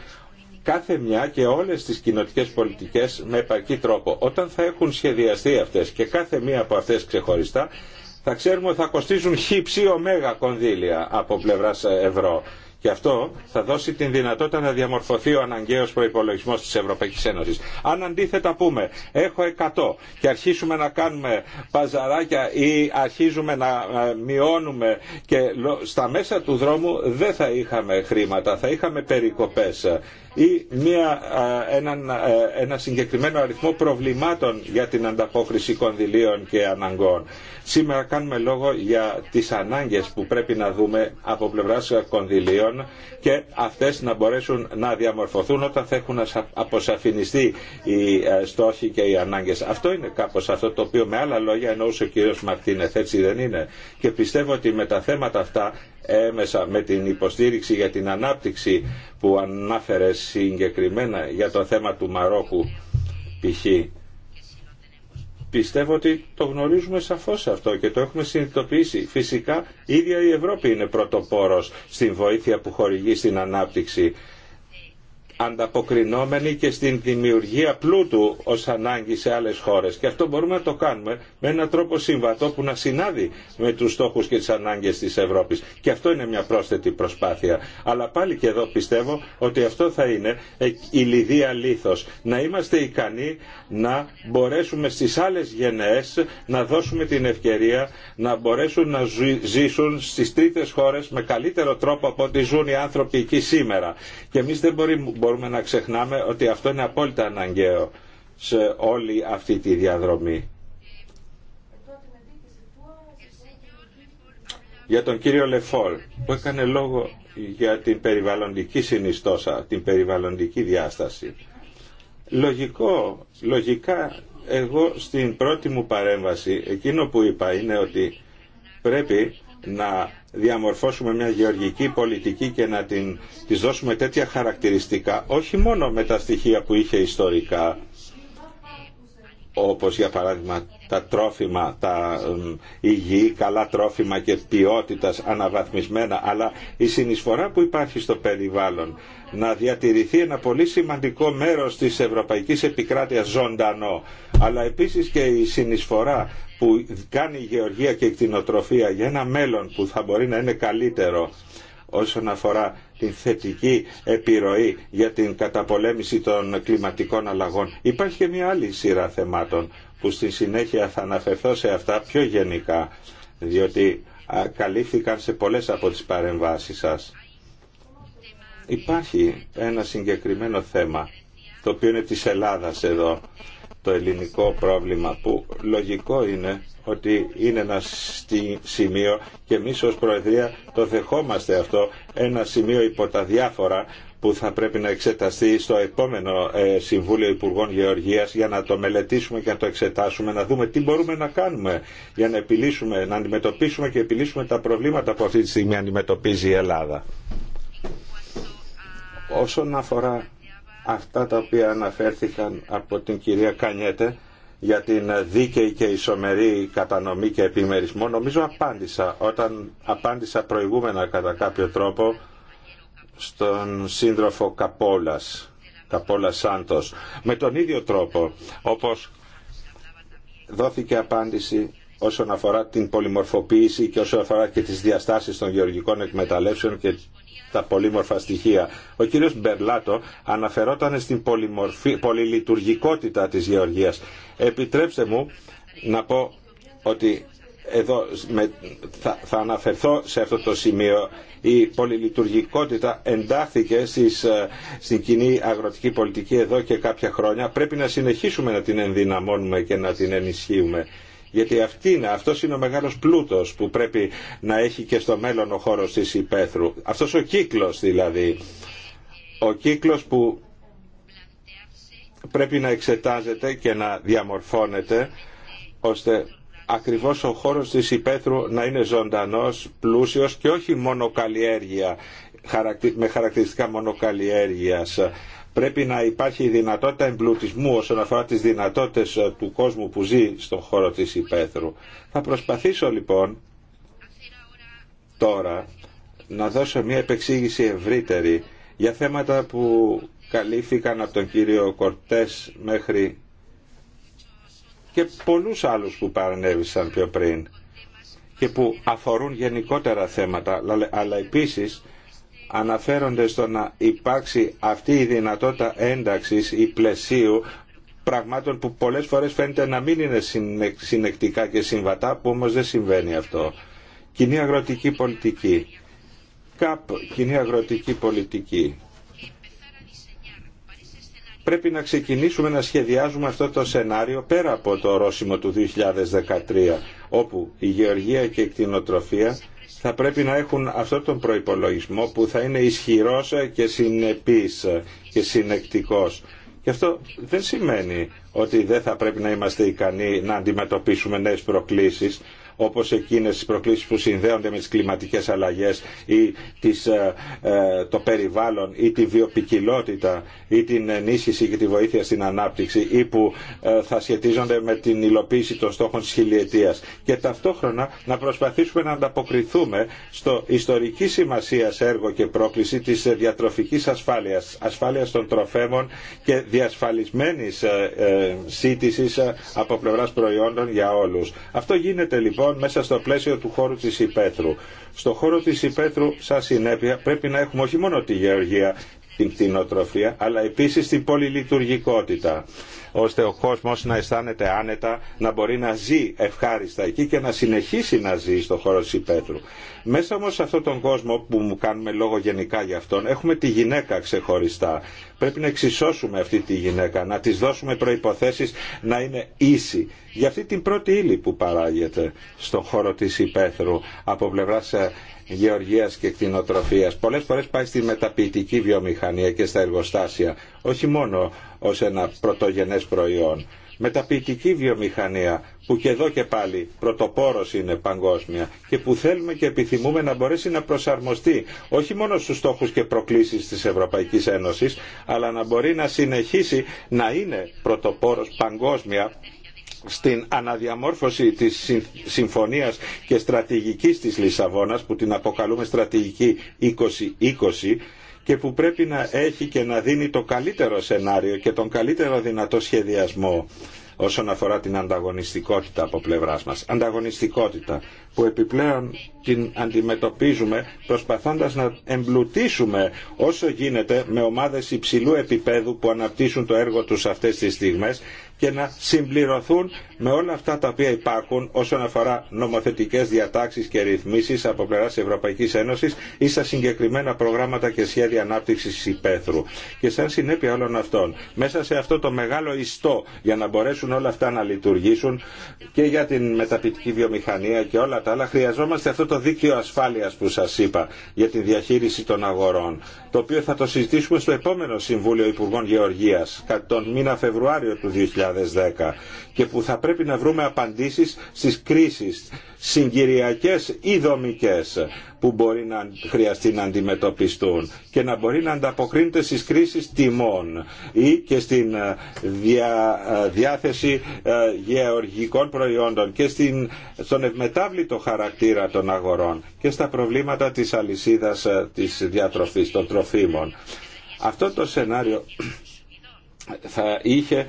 κάθε μια και όλες τις κοινοτικέ πολιτικές με επαρκή τρόπο. Όταν θα έχουν σχεδιαστεί αυτές και κάθε μία από αυτέ ξεχωριστά, θα ξέρουμε ότι θα κοστίζουν χ ψ κονδύλια από πλευρά ευρώ. Και αυτό θα δώσει την δυνατότητα να διαμορφωθεί ο αναγκαίο προπολογισμό τη Ευρωπαϊκή Ένωση. Αν αντίθετα πούμε, έχω 100 και αρχίσουμε να κάνουμε παζαράκια ή αρχίζουμε να ε, μειώνουμε και στα μέσα του δρόμου δεν θα είχαμε χρήματα, θα είχαμε περικοπές ή μια, έναν, ένα συγκεκριμένο αριθμό προβλημάτων για την ανταπόκριση κονδυλίων και αναγκών. Σήμερα κάνουμε λόγο για τις ανάγκες που πρέπει να δούμε από πλευράς κονδυλίων και αυτές να μπορέσουν να διαμορφωθούν όταν θα έχουν αποσαφινιστεί οι ε, στόχοι και οι ανάγκες. Αυτό είναι κάπως αυτό το οποίο με άλλα λόγια εννοούσε ο κύριος Μαρτίνεθ, έτσι δεν είναι. Και πιστεύω ότι με τα θέματα αυτά έμεσα με την υποστήριξη για την ανάπτυξη που ανάφερε συγκεκριμένα για το θέμα του Μαρόκου π.χ. Πιστεύω ότι το γνωρίζουμε σαφώς αυτό και το έχουμε συνειδητοποιήσει. Φυσικά, ίδια η Ευρώπη είναι πρωτοπόρος στην βοήθεια που χορηγεί στην ανάπτυξη ανταποκρινόμενοι και στην δημιουργία πλούτου ως ανάγκη σε άλλες χώρες. Και αυτό μπορούμε να το κάνουμε με έναν τρόπο συμβατό που να συνάδει με τους στόχους και τις ανάγκες της Ευρώπης. Και αυτό είναι μια πρόσθετη προσπάθεια. Αλλά πάλι και εδώ πιστεύω ότι αυτό θα είναι η λιδία λήθος. Να είμαστε ικανοί να μπορέσουμε στις άλλες γενναίες να δώσουμε την ευκαιρία να μπορέσουν να ζήσουν στις τρίτες χώρες με καλύτερο τρόπο από ό,τι ζουν οι άνθρωποι εκεί σήμερα. Και εμείς δεν μπορούμε μπορούμε να ξεχνάμε ότι αυτό είναι απόλυτα αναγκαίο σε όλη αυτή τη διαδρομή. Για τον κύριο Λεφόλ που έκανε λόγο για την περιβαλλοντική συνιστόσα, την περιβαλλοντική διάσταση. Λογικό, λογικά εγώ στην πρώτη μου παρέμβαση εκείνο που είπα είναι ότι πρέπει να διαμορφώσουμε μια γεωργική πολιτική και να την, της δώσουμε τέτοια χαρακτηριστικά, όχι μόνο με τα στοιχεία που είχε ιστορικά, όπως για παράδειγμα τα τρόφιμα, τα υγιή, καλά τρόφιμα και ποιότητας αναβαθμισμένα, αλλά η συνεισφορά που υπάρχει στο περιβάλλον να διατηρηθεί ένα πολύ σημαντικό μέρος της ευρωπαϊκής επικράτειας ζωντανό αλλά επίσης και η συνεισφορά που κάνει η γεωργία και η κτηνοτροφία για ένα μέλλον που θα μπορεί να είναι καλύτερο όσον αφορά την θετική επιρροή για την καταπολέμηση των κλιματικών αλλαγών. Υπάρχει και μια άλλη σειρά θεμάτων που στη συνέχεια θα αναφερθώ σε αυτά πιο γενικά, διότι καλύφθηκαν σε πολλές από τις παρεμβάσεις σας. Υπάρχει ένα συγκεκριμένο θέμα, το οποίο είναι της Ελλάδας εδώ, το ελληνικό πρόβλημα, που λογικό είναι ότι είναι ένα σημείο και εμεί ως Προεδρία το δεχόμαστε αυτό, ένα σημείο υπό τα διάφορα που θα πρέπει να εξεταστεί στο επόμενο ε, Συμβούλιο Υπουργών Γεωργίας για να το μελετήσουμε και να το εξετάσουμε, να δούμε τι μπορούμε να κάνουμε για να, επιλύσουμε, να αντιμετωπίσουμε και επιλύσουμε τα προβλήματα που αυτή τη στιγμή αντιμετωπίζει η Ελλάδα. Όσον αφορά αυτά τα οποία αναφέρθηκαν από την κυρία Κανιέτε για την δίκαιη και ισομερή κατανομή και επιμερισμό, νομίζω απάντησα όταν απάντησα προηγούμενα κατά κάποιο τρόπο στον σύντροφο Καπόλας, Καπόλας Σάντος. Με τον ίδιο τρόπο, όπως δόθηκε απάντηση όσον αφορά την πολυμορφοποίηση και όσον αφορά και τις διαστάσεις των γεωργικών εκμεταλλεύσεων και τα πολύμορφα στοιχεία. Ο κύριος Μπερλάτο αναφερόταν στην πολυλειτουργικότητα της γεωργίας. Επιτρέψτε μου να πω ότι εδώ με, θα, αναφερθώ σε αυτό το σημείο. Η πολυλειτουργικότητα εντάχθηκε στις, ε, στην κοινή αγροτική πολιτική εδώ και κάποια χρόνια. Πρέπει να συνεχίσουμε να την ενδυναμώνουμε και να την ενισχύουμε γιατί αυτή, αυτός είναι ο μεγάλος πλούτος που πρέπει να έχει και στο μέλλον ο χώρος της υπαίθρου. Αυτός ο κύκλος δηλαδή, ο κύκλος που πρέπει να εξετάζεται και να διαμορφώνεται ώστε ακριβώς ο χώρος της υπαίθρου να είναι ζωντανός, πλούσιος και όχι μόνο με χαρακτηριστικά μονοκαλλιέργειας πρέπει να υπάρχει η δυνατότητα εμπλουτισμού όσον αφορά τις δυνατότητες ε, του κόσμου που ζει στον χώρο της υπαίθρου. Θα προσπαθήσω λοιπόν τώρα να δώσω μια επεξήγηση ευρύτερη για θέματα που καλύφθηκαν από τον κύριο Κορτές μέχρι και πολλούς άλλους που παρενέβησαν πιο πριν και που αφορούν γενικότερα θέματα αλλά επίσης αναφέρονται στο να υπάρξει αυτή η δυνατότητα ένταξης ή πλαισίου πραγμάτων που πολλές φορές φαίνεται να μην είναι συνεκτικά και συμβατά που όμως δεν συμβαίνει αυτό. Κοινή αγροτική πολιτική. ΚΑΠ, κοινή αγροτική πολιτική. Πρέπει να ξεκινήσουμε να σχεδιάζουμε αυτό το σενάριο πέρα από το ορόσημο του 2013, όπου η γεωργία και η κτηνοτροφία θα πρέπει να έχουν αυτόν τον προϋπολογισμό που θα είναι ισχυρός και συνεπής και συνεκτικός. Και αυτό δεν σημαίνει ότι δεν θα πρέπει να είμαστε ικανοί να αντιμετωπίσουμε νέες προκλήσεις, όπω εκείνε τι προκλήσει που συνδέονται με τι κλιματικέ αλλαγέ ή τις, ε, ε, το περιβάλλον ή τη βιοπικιλότητα ή την ενίσχυση και τη βοήθεια στην ανάπτυξη ή που ε, θα σχετίζονται με την υλοποίηση των στόχων τη χιλιετία. Και ταυτόχρονα να προσπαθήσουμε να ανταποκριθούμε στο ιστορική σημασία έργο και πρόκληση τη διατροφική ασφάλεια, ασφάλεια των τροφέμων και διασφαλισμένη σύντηση από πλευρά προϊόντων για όλου. Αυτό γίνεται λοιπόν Λοιπόν μέσα στο πλαίσιο του χώρου της υπέθρου. Στο χώρο της Υπέτρου, σαν συνέπεια, πρέπει να έχουμε όχι μόνο τη γεωργία, την κτηνοτροφία, αλλά επίσης την πολυλειτουργικότητα, ώστε ο κόσμος να αισθάνεται άνετα, να μπορεί να ζει ευχάριστα εκεί και να συνεχίσει να ζει στο χώρο της Υπέτρου. Μέσα όμως σε αυτόν τον κόσμο που μου κάνουμε λόγο γενικά για αυτόν, έχουμε τη γυναίκα ξεχωριστά Πρέπει να εξισώσουμε αυτή τη γυναίκα, να της δώσουμε προϋποθέσεις να είναι ίση. Για αυτή την πρώτη ύλη που παράγεται στον χώρο της υπαίθρου από πλευράς ε, γεωργίας και κτηνοτροφίας. Πολλές φορές πάει στη μεταποιητική βιομηχανία και στα εργοστάσια, όχι μόνο ως ένα πρωτογενές προϊόν μεταποιητική βιομηχανία που και εδώ και πάλι πρωτοπόρος είναι παγκόσμια και που θέλουμε και επιθυμούμε να μπορέσει να προσαρμοστεί όχι μόνο στους στόχους και προκλήσεις της Ευρωπαϊκής Ένωσης αλλά να μπορεί να συνεχίσει να είναι πρωτοπόρος παγκόσμια στην αναδιαμόρφωση της συμφωνίας και στρατηγικής της Λισαβόνας που την αποκαλούμε στρατηγική 2020 και που πρέπει να έχει και να δίνει το καλύτερο σενάριο και τον καλύτερο δυνατό σχεδιασμό όσον αφορά την ανταγωνιστικότητα από πλευράς μας. Ανταγωνιστικότητα που επιπλέον την αντιμετωπίζουμε προσπαθώντας να εμπλουτίσουμε όσο γίνεται με ομάδες υψηλού επίπεδου που αναπτύσσουν το έργο τους αυτές τις στιγμές και να συμπληρωθούν με όλα αυτά τα οποία υπάρχουν όσον αφορά νομοθετικές διατάξεις και ρυθμίσεις από πλευράς Ευρωπαϊκής Ένωσης ή στα συγκεκριμένα προγράμματα και σχέδια ανάπτυξης υπαίθρου. Και σαν συνέπεια όλων αυτών, μέσα σε αυτό το μεγάλο ιστό για να μπορέσουν όλα αυτά να λειτουργήσουν και για την μεταπητική βιομηχανία και όλα τα άλλα, χρειαζόμαστε αυτό το δίκαιο ασφάλειας που σας είπα για τη διαχείριση των αγορών το οποίο θα το συζητήσουμε στο επόμενο Συμβούλιο Υπουργών Γεωργίας κατά τον μήνα Φεβρουάριο του 2010 και που θα πρέπει να βρούμε απαντήσεις στις κρίσεις συγκυριακές ή δομικές που μπορεί να χρειαστεί να αντιμετωπιστούν και να μπορεί να ανταποκρίνεται στις κρίσεις τιμών ή και στην ε, ε, διάθεση ε, γεωργικών προϊόντων και στον ευμετάβλητο χαρακτήρα των αγορών και στα προβλήματα της αλυσίδας της διατροφής των τροφίμων. Αυτό το σενάριο θα είχε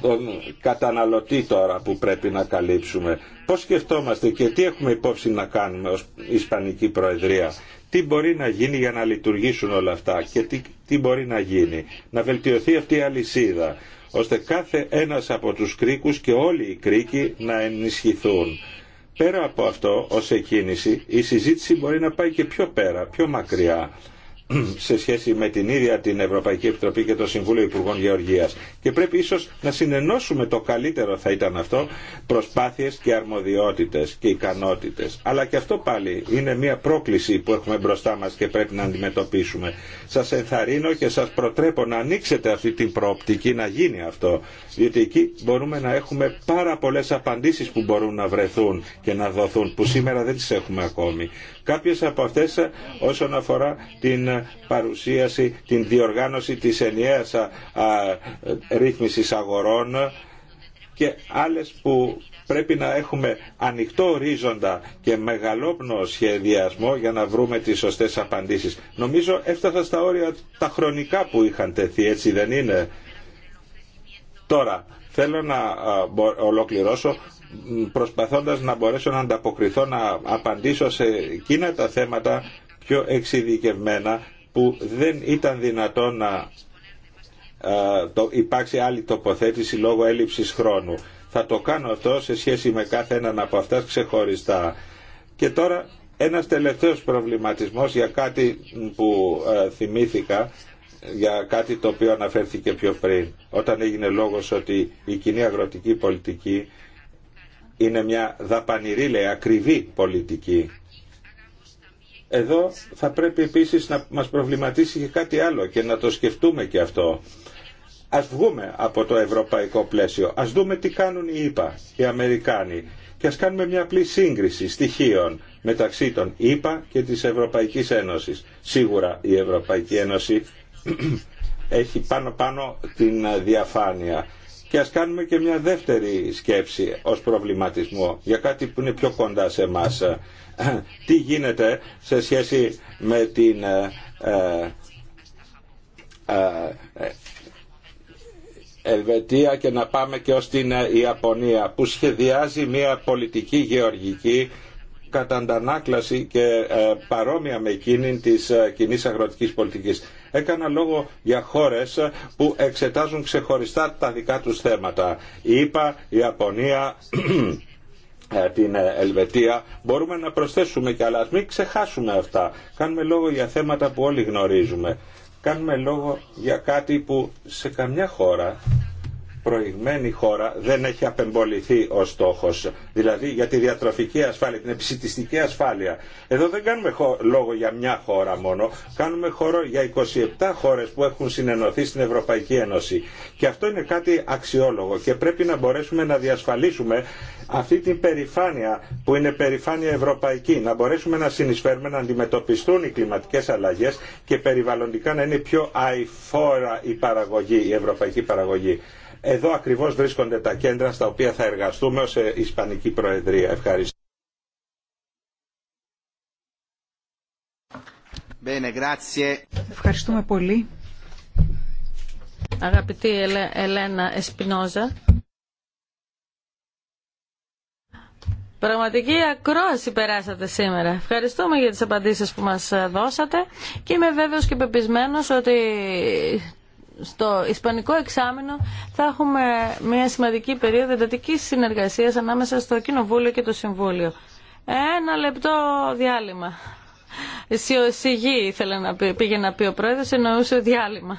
τον καταναλωτή τώρα που πρέπει να καλύψουμε. Πώς σκεφτόμαστε και τι έχουμε υπόψη να κάνουμε ως Ισπανική Προεδρία. Τι μπορεί να γίνει για να λειτουργήσουν όλα αυτά και τι, τι μπορεί να γίνει. Να βελτιωθεί αυτή η αλυσίδα ώστε κάθε ένας από τους κρίκους και όλοι οι κρίκοι να ενισχυθούν. Πέρα από αυτό ως εκκίνηση η συζήτηση μπορεί να πάει και πιο πέρα, πιο μακριά σε σχέση με την ίδια την Ευρωπαϊκή Επιτροπή και το Συμβούλιο Υπουργών Γεωργίας. Και πρέπει ίσως να συνενώσουμε το καλύτερο θα ήταν αυτό προσπάθειες και αρμοδιότητες και ικανότητες. Αλλά και αυτό πάλι είναι μια πρόκληση που έχουμε μπροστά μας και πρέπει να αντιμετωπίσουμε. Σας ενθαρρύνω και σας προτρέπω να ανοίξετε αυτή την προοπτική να γίνει αυτό. Διότι εκεί μπορούμε να έχουμε πάρα πολλές απαντήσεις που μπορούν να βρεθούν και να δοθούν που σήμερα δεν τις έχουμε ακόμη. Κάποιες από αυτές ε, όσον αφορά την ε, παρουσίαση, την διοργάνωση της ενιαίας ρύθμισης αγορών και άλλες που πρέπει να έχουμε ανοιχτό ορίζοντα και μεγαλόπνοο σχεδιασμό για να βρούμε τις σωστές απαντήσεις. Νομίζω έφτασα στα όρια τα χρονικά που είχαν τεθεί, έτσι δεν είναι. Τώρα, θέλω να ολοκληρώσω προσπαθώντας να μπορέσω να ανταποκριθώ, να απαντήσω σε εκείνα τα θέματα πιο εξειδικευμένα που δεν ήταν δυνατό να το, υπάρξει άλλη τοποθέτηση λόγω έλλειψης χρόνου. Θα το κάνω αυτό σε σχέση με κάθε έναν από αυτά ξεχωριστά. Και τώρα ένας τελευταίος προβληματισμός για κάτι που θυμήθηκα, για κάτι το οποίο αναφέρθηκε πιο πριν, όταν έγινε λόγος ότι η κοινή αγροτική πολιτική είναι μια δαπανηρή, λέει, ακριβή πολιτική. Εδώ θα πρέπει επίσης να μας προβληματίσει και κάτι άλλο και να το σκεφτούμε και αυτό. Ας βγούμε από το ευρωπαϊκό πλαίσιο, ας δούμε τι κάνουν οι ΙΠΑ, οι Αμερικάνοι και ας κάνουμε μια απλή σύγκριση στοιχείων μεταξύ των ΙΠΑ και της Ευρωπαϊκής Ένωσης. Σίγουρα η Ευρωπαϊκή Ένωση έχει πάνω πάνω την διαφάνεια και ας κάνουμε και μια δεύτερη σκέψη ως προβληματισμό για κάτι που είναι πιο κοντά σε μας. Τι γίνεται σε σχέση με την ε, ε, ε, Ελβετία και να πάμε και ως την Ιαπωνία που σχεδιάζει μια πολιτική γεωργική κατά και παρόμοια με εκείνη της κοινής αγροτικής πολιτικής. Έκανα λόγο για χώρες που εξετάζουν ξεχωριστά τα δικά τους θέματα. Είπα, η Ιαπωνία, ε, την ε, Ελβετία μπορούμε να προσθέσουμε κι αλλά μην ξεχάσουμε αυτά κάνουμε λόγο για θέματα που όλοι γνωρίζουμε κάνουμε λόγο για κάτι που σε καμιά χώρα προηγμένη χώρα δεν έχει απεμποληθεί ο στόχος. Δηλαδή για τη διατροφική ασφάλεια, την επισητιστική ασφάλεια. Εδώ δεν κάνουμε λόγο για μια χώρα μόνο, κάνουμε χώρο για 27 χώρες που έχουν συνενωθεί στην Ευρωπαϊκή Ένωση. Και αυτό είναι κάτι αξιόλογο και πρέπει να μπορέσουμε να διασφαλίσουμε αυτή την περηφάνεια που είναι περηφάνεια ευρωπαϊκή, να μπορέσουμε να συνεισφέρουμε να αντιμετωπιστούν οι κλιματικές αλλαγές και περιβαλλοντικά να είναι πιο αηφόρα η παραγωγή, η ευρωπαϊκή παραγωγή. Εδώ ακριβώς βρίσκονται τα κέντρα στα οποία θα εργαστούμε ως Ισπανική Προεδρία. Ευχαριστώ. Ευχαριστούμε πολύ. Αγαπητή Ελένα Εσπινόζα. Πραγματική ακρόαση περάσατε σήμερα. Ευχαριστούμε για τις απαντήσεις που μας δώσατε και είμαι βέβαιος και πεπισμένος ότι στο Ισπανικό εξάμεινο θα έχουμε μια σημαντική περίοδο εντατική συνεργασίας ανάμεσα στο Κοινοβούλιο και το Συμβούλιο. Ένα λεπτό διάλειμμα. Σιωσιγή ήθελε να πήγε να πει ο πρόεδρος, εννοούσε διάλειμμα.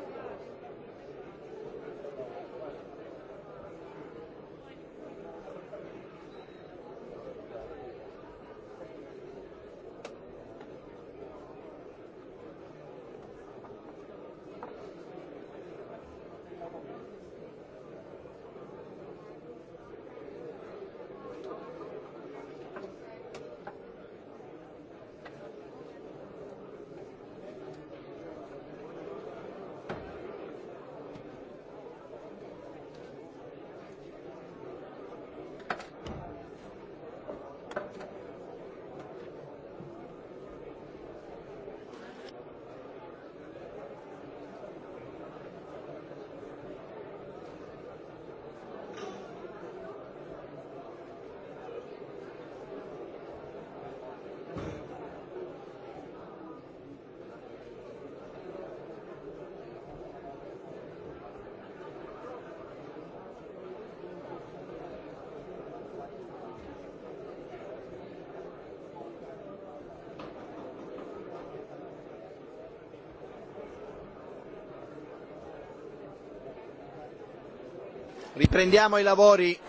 Riprendiamo i lavori.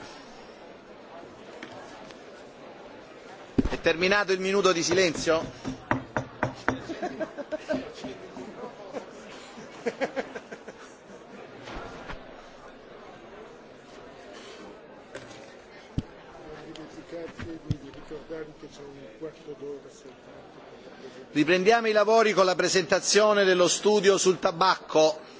È terminato il minuto di silenzio? Riprendiamo i lavori con la presentazione dello studio sul tabacco.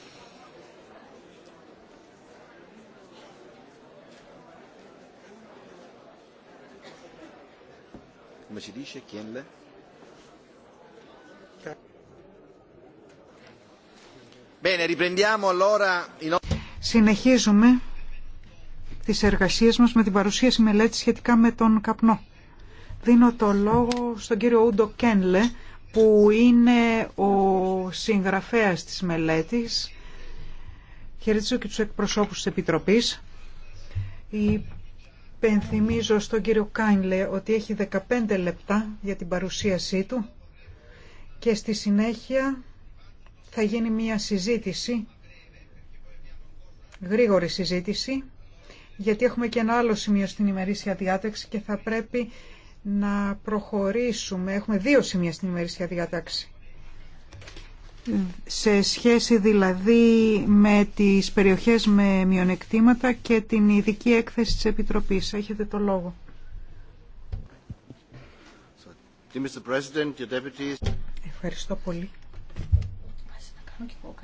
Συνεχίζουμε τις εργασίες μας με την παρουσίαση μελέτης σχετικά με τον καπνό. Δίνω το λόγο στον κύριο Ούντο Κένλε που είναι ο συγγραφέας της μελέτης. Χαιρετίζω και τους εκπροσώπους της Επιτροπής υπενθυμίζω στον κύριο Κάινλε ότι έχει 15 λεπτά για την παρουσίασή του και στη συνέχεια θα γίνει μια συζήτηση, γρήγορη συζήτηση, γιατί έχουμε και ένα άλλο σημείο στην ημερήσια διάταξη και θα πρέπει να προχωρήσουμε. Έχουμε δύο σημεία στην ημερήσια διάταξη σε σχέση δηλαδή με τις περιοχές με μειονεκτήματα και την ειδική έκθεση της Επιτροπής. Έχετε το λόγο. Ευχαριστώ πολύ. Να κάνω κι εγώ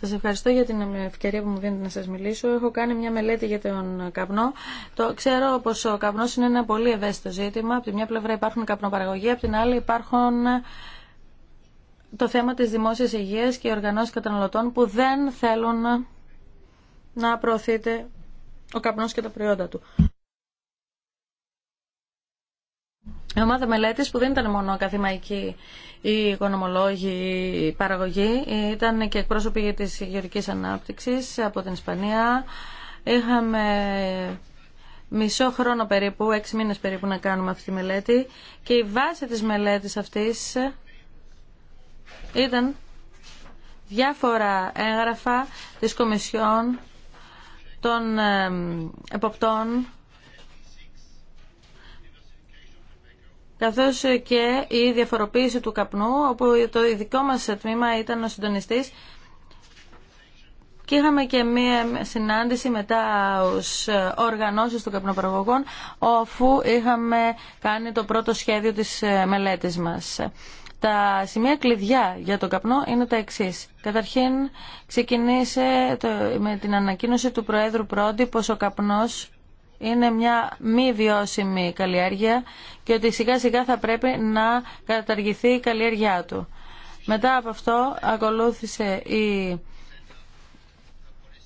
Σας ευχαριστώ για την ευκαιρία που μου δίνετε να σας μιλήσω. Έχω κάνει μια μελέτη για τον καπνό. Το ξέρω πως ο καπνός είναι ένα πολύ ευαίσθητο ζήτημα. Από τη μια πλευρά υπάρχουν καπνοπαραγωγοί, από την άλλη υπάρχουν το θέμα της δημόσιας υγείας και οι οργανώσεις καταναλωτών που δεν θέλουν να προωθείται ο καπνός και τα προϊόντα του. Η ομάδα μελέτη που δεν ήταν μόνο καθημαϊκή ή οικονομολόγοι, παραγωγή, ήταν και εκπρόσωποι τη γεωρική ανάπτυξη από την Ισπανία. Είχαμε μισό χρόνο περίπου, έξι μήνες περίπου να κάνουμε αυτή τη μελέτη και η βάση της μελέτης αυτής ήταν διάφορα έγγραφα της Κομισιόν των ε, Εποπτών καθώς και η διαφοροποίηση του καπνού, όπου το δικό μας τμήμα ήταν ο συντονιστής και είχαμε και μία συνάντηση μετά ως οργανώσεις των καπνοπαραγωγών, αφού είχαμε κάνει το πρώτο σχέδιο της μελέτης μας. Τα σημεία κλειδιά για τον καπνό είναι τα εξή. Καταρχήν ξεκινήσε με την ανακοίνωση του Προέδρου Πρόντι πως ο καπνός είναι μια μη βιώσιμη καλλιέργεια και ότι σιγά σιγά θα πρέπει να καταργηθεί η καλλιέργειά του. Μετά από αυτό ακολούθησε η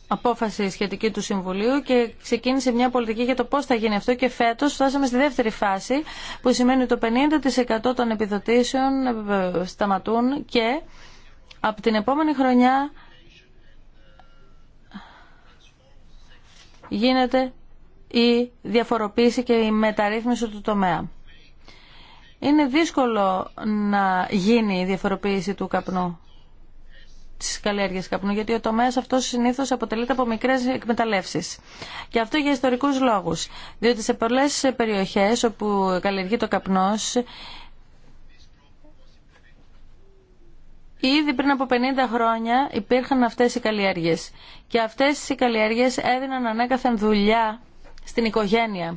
απόφαση σχετική του Συμβουλίου και ξεκίνησε μια πολιτική για το πώς θα γίνει αυτό και φέτος φτάσαμε στη δεύτερη φάση που σημαίνει ότι το 50% των επιδοτήσεων ε, ε, σταματούν και από την επόμενη χρονιά γίνεται η διαφοροποίηση και η μεταρρύθμιση του τομέα. Είναι δύσκολο να γίνει η διαφοροποίηση του καπνού, της καλλιέργειας καπνού, γιατί ο τομέας αυτός συνήθως αποτελείται από μικρές εκμεταλλεύσεις. Και αυτό για ιστορικούς λόγους, διότι σε πολλές περιοχές όπου καλλιεργεί το καπνός, Ήδη πριν από 50 χρόνια υπήρχαν αυτές οι καλλιέργειες και αυτές οι καλλιέργειες έδιναν ανέκαθεν δουλειά στην οικογένεια.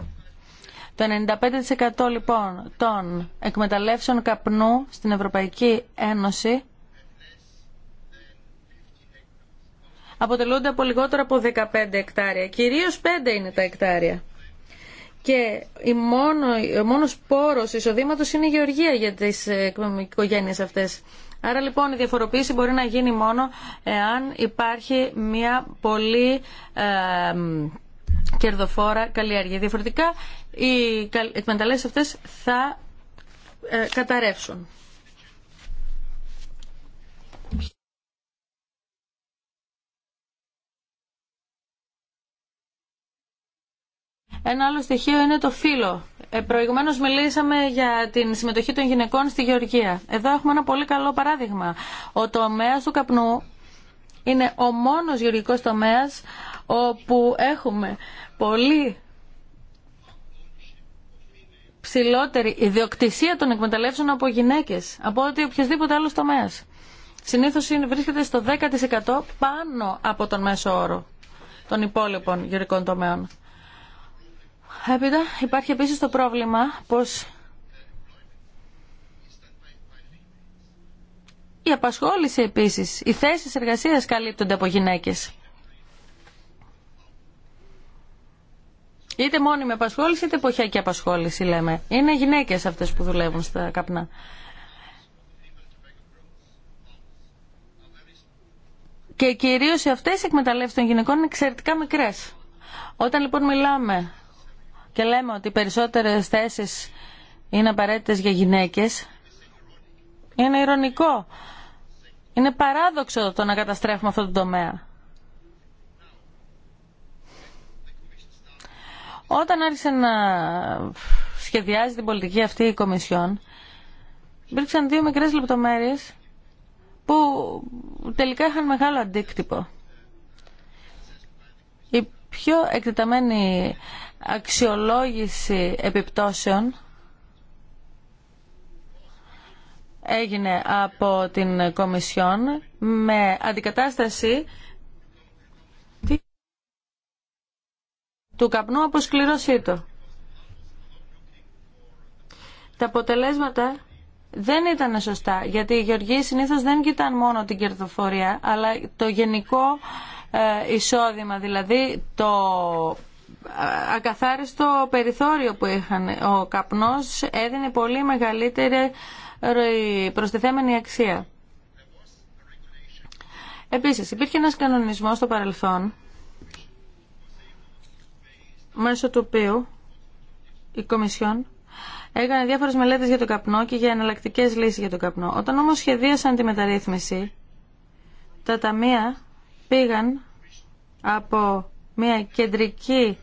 Το 95% λοιπόν των εκμεταλλεύσεων καπνού στην Ευρωπαϊκή Ένωση αποτελούνται από λιγότερο από 15 εκτάρια. Κυρίως 5 είναι τα εκτάρια. Και η μόνο, ο μόνος πόρος εισοδήματος είναι η γεωργία για τις ε, οικογένειες αυτές. Άρα λοιπόν η διαφοροποίηση μπορεί να γίνει μόνο εάν υπάρχει μια πολύ ε, κερδοφόρα καλλιέργεια. Διαφορετικά οι εκμεταλλεύσει αυτέ θα ε, καταρρεύσουν. Ένα άλλο στοιχείο είναι το φύλλο. Ε, Προηγουμένω μιλήσαμε για την συμμετοχή των γυναικών στη Γεωργία. Εδώ έχουμε ένα πολύ καλό παράδειγμα. Ο τομέα του καπνού είναι ο μόνο γεωργικό τομέα όπου έχουμε πολύ ψηλότερη ιδιοκτησία των εκμεταλλεύσεων από γυναίκες, από ότι οποιοδήποτε άλλος τομέας. Συνήθως βρίσκεται στο 10% πάνω από τον μέσο όρο των υπόλοιπων γεωρικών τομέων. Έπειτα υπάρχει επίσης το πρόβλημα πως η απασχόληση επίσης, οι θέσεις εργασίας καλύπτονται από γυναίκες. Είτε μόνιμη απασχόληση είτε εποχιακή απασχόληση λέμε. Είναι γυναίκες αυτές που δουλεύουν στα καπνά. Και κυρίως οι αυτές οι εκμεταλλεύσεις των γυναικών είναι εξαιρετικά μικρές. Όταν λοιπόν μιλάμε και λέμε ότι οι περισσότερες θέσεις είναι απαραίτητες για γυναίκες, είναι ηρωνικό. Είναι παράδοξο το να καταστρέφουμε αυτό το τομέα. Όταν άρχισε να σχεδιάζει την πολιτική αυτή η Κομισιόν, υπήρξαν δύο μικρές λεπτομέρειες που τελικά είχαν μεγάλο αντίκτυπο. Η πιο εκτεταμένη αξιολόγηση επιπτώσεων έγινε από την Κομισιόν με αντικατάσταση του καπνού από σκληρό Τα αποτελέσματα δεν ήταν σωστά, γιατί οι γεωργοί συνήθως δεν κοιτάνε μόνο την κερδοφορία, αλλά το γενικό ε, εισόδημα, δηλαδή το ε, ακαθάριστο περιθώριο που είχαν ο καπνός έδινε πολύ μεγαλύτερη προστιθέμενη αξία. Επίσης, υπήρχε ένας κανονισμός στο παρελθόν μέσω του οποίου η Κομισιόν έκανε διάφορες μελέτες για τον καπνό και για εναλλακτικέ λύσεις για τον καπνό. Όταν όμως σχεδίασαν τη μεταρρύθμιση, τα ταμεία πήγαν από μια κεντρική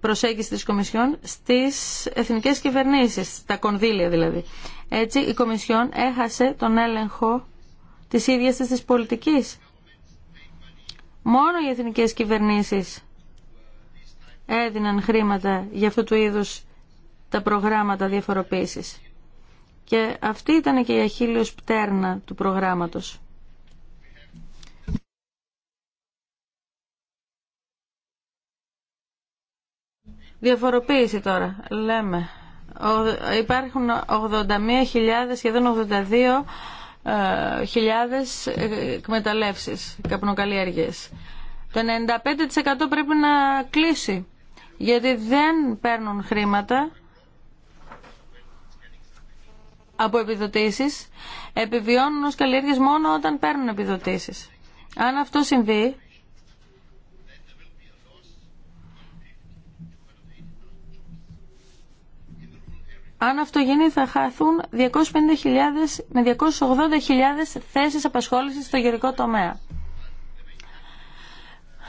προσέγγιση της Κομισιόν στις εθνικές κυβερνήσεις, τα κονδύλια δηλαδή. Έτσι η Κομισιόν έχασε τον έλεγχο της ίδιας της πολιτικής. Μόνο οι εθνικές κυβερνήσεις έδιναν χρήματα για αυτού του είδους τα προγράμματα διαφοροποίησης. Και αυτή ήταν και η αχίλιος πτέρνα του προγράμματος. Διαφοροποίηση τώρα, λέμε. Υπάρχουν 81.000, σχεδόν 82.000 ε, ε, εκμεταλλεύσεις, καπνοκαλλιέργειες. Το 95% πρέπει να κλείσει γιατί δεν παίρνουν χρήματα από επιδοτήσεις, επιβιώνουν ως καλλιέργειες μόνο όταν παίρνουν επιδοτήσεις. Αν αυτό συμβεί, αν αυτό γίνει θα χαθούν 250.000 με 280.000 θέσεις απασχόλησης στο γεωρικό τομέα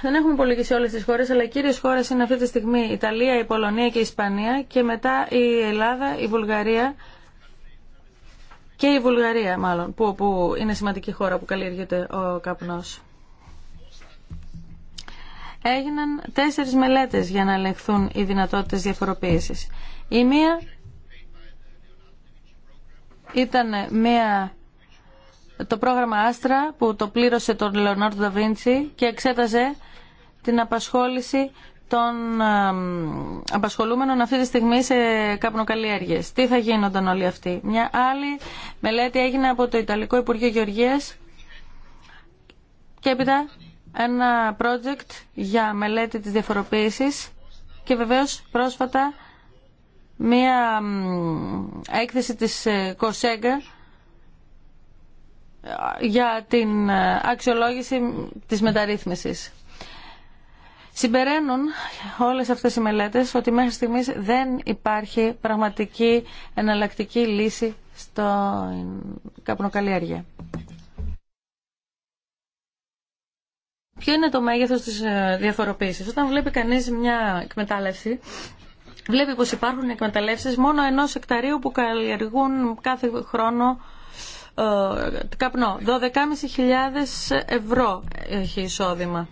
δεν έχουμε πολύ και σε όλες τις χώρες, αλλά κύριε χώρε είναι αυτή τη στιγμή η Ιταλία, η Πολωνία και η Ισπανία και μετά η Ελλάδα, η Βουλγαρία και η Βουλγαρία μάλλον, που, που είναι σημαντική χώρα που καλλιεργείται ο καπνός. Έγιναν τέσσερις μελέτες για να ελεγχθούν οι δυνατότητε διαφοροποίησης. Η μία ήταν μία το πρόγραμμα Άστρα που το πλήρωσε τον Λεωνάρντο Νταβίντσι και εξέταζε την απασχόληση των απασχολούμενων αυτή τη στιγμή σε καπνοκαλλιέργειες. Τι θα γίνονταν όλοι αυτοί. Μια άλλη μελέτη έγινε από το Ιταλικό Υπουργείο Γεωργίας και έπειτα ένα project για μελέτη της διαφοροποίησης και βεβαίως πρόσφατα μία έκθεση της ε, Κοσέγκα ε, για την ε, αξιολόγηση της μεταρρύθμισης. Συμπεραίνουν όλες αυτές οι μελέτες ότι μέχρι στιγμής δεν υπάρχει πραγματική εναλλακτική λύση στο καπνοκαλλιέργεια. Ποιο είναι το μέγεθος της ε, διαφοροποίησης. Όταν βλέπει κανείς μια εκμετάλλευση, βλέπει πως υπάρχουν εκμεταλλεύσεις μόνο ενός εκταρίου που καλλιεργούν κάθε χρόνο ε, καπνό. 12.500 ευρώ έχει εισόδημα.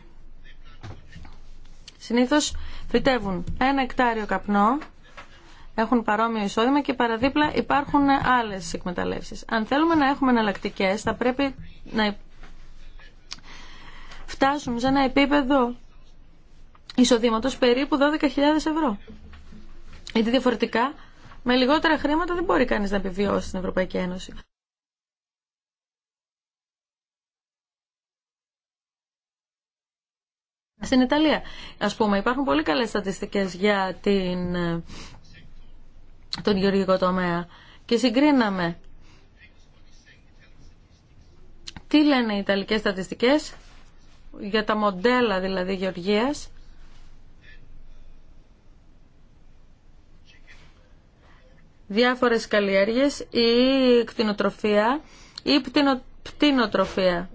Συνήθως φυτεύουν ένα εκτάριο καπνό, έχουν παρόμοιο εισόδημα και παραδίπλα υπάρχουν άλλες εκμεταλλεύσεις. Αν θέλουμε να έχουμε εναλλακτικέ, θα πρέπει να φτάσουν σε ένα επίπεδο εισοδήματος περίπου 12.000 ευρώ. Γιατί διαφορετικά με λιγότερα χρήματα δεν μπορεί κανείς να επιβιώσει στην Ευρωπαϊκή Ένωση. Στην Ιταλία, ας πούμε, υπάρχουν πολύ καλές στατιστικές για ε, τον γεωργικό τομέα και συγκρίναμε τι λένε οι Ιταλικές στατιστικές για τα μοντέλα δηλαδή γεωργίας διάφορες καλλιέργειες ή κτηνοτροφία ή πτηνοτροφία.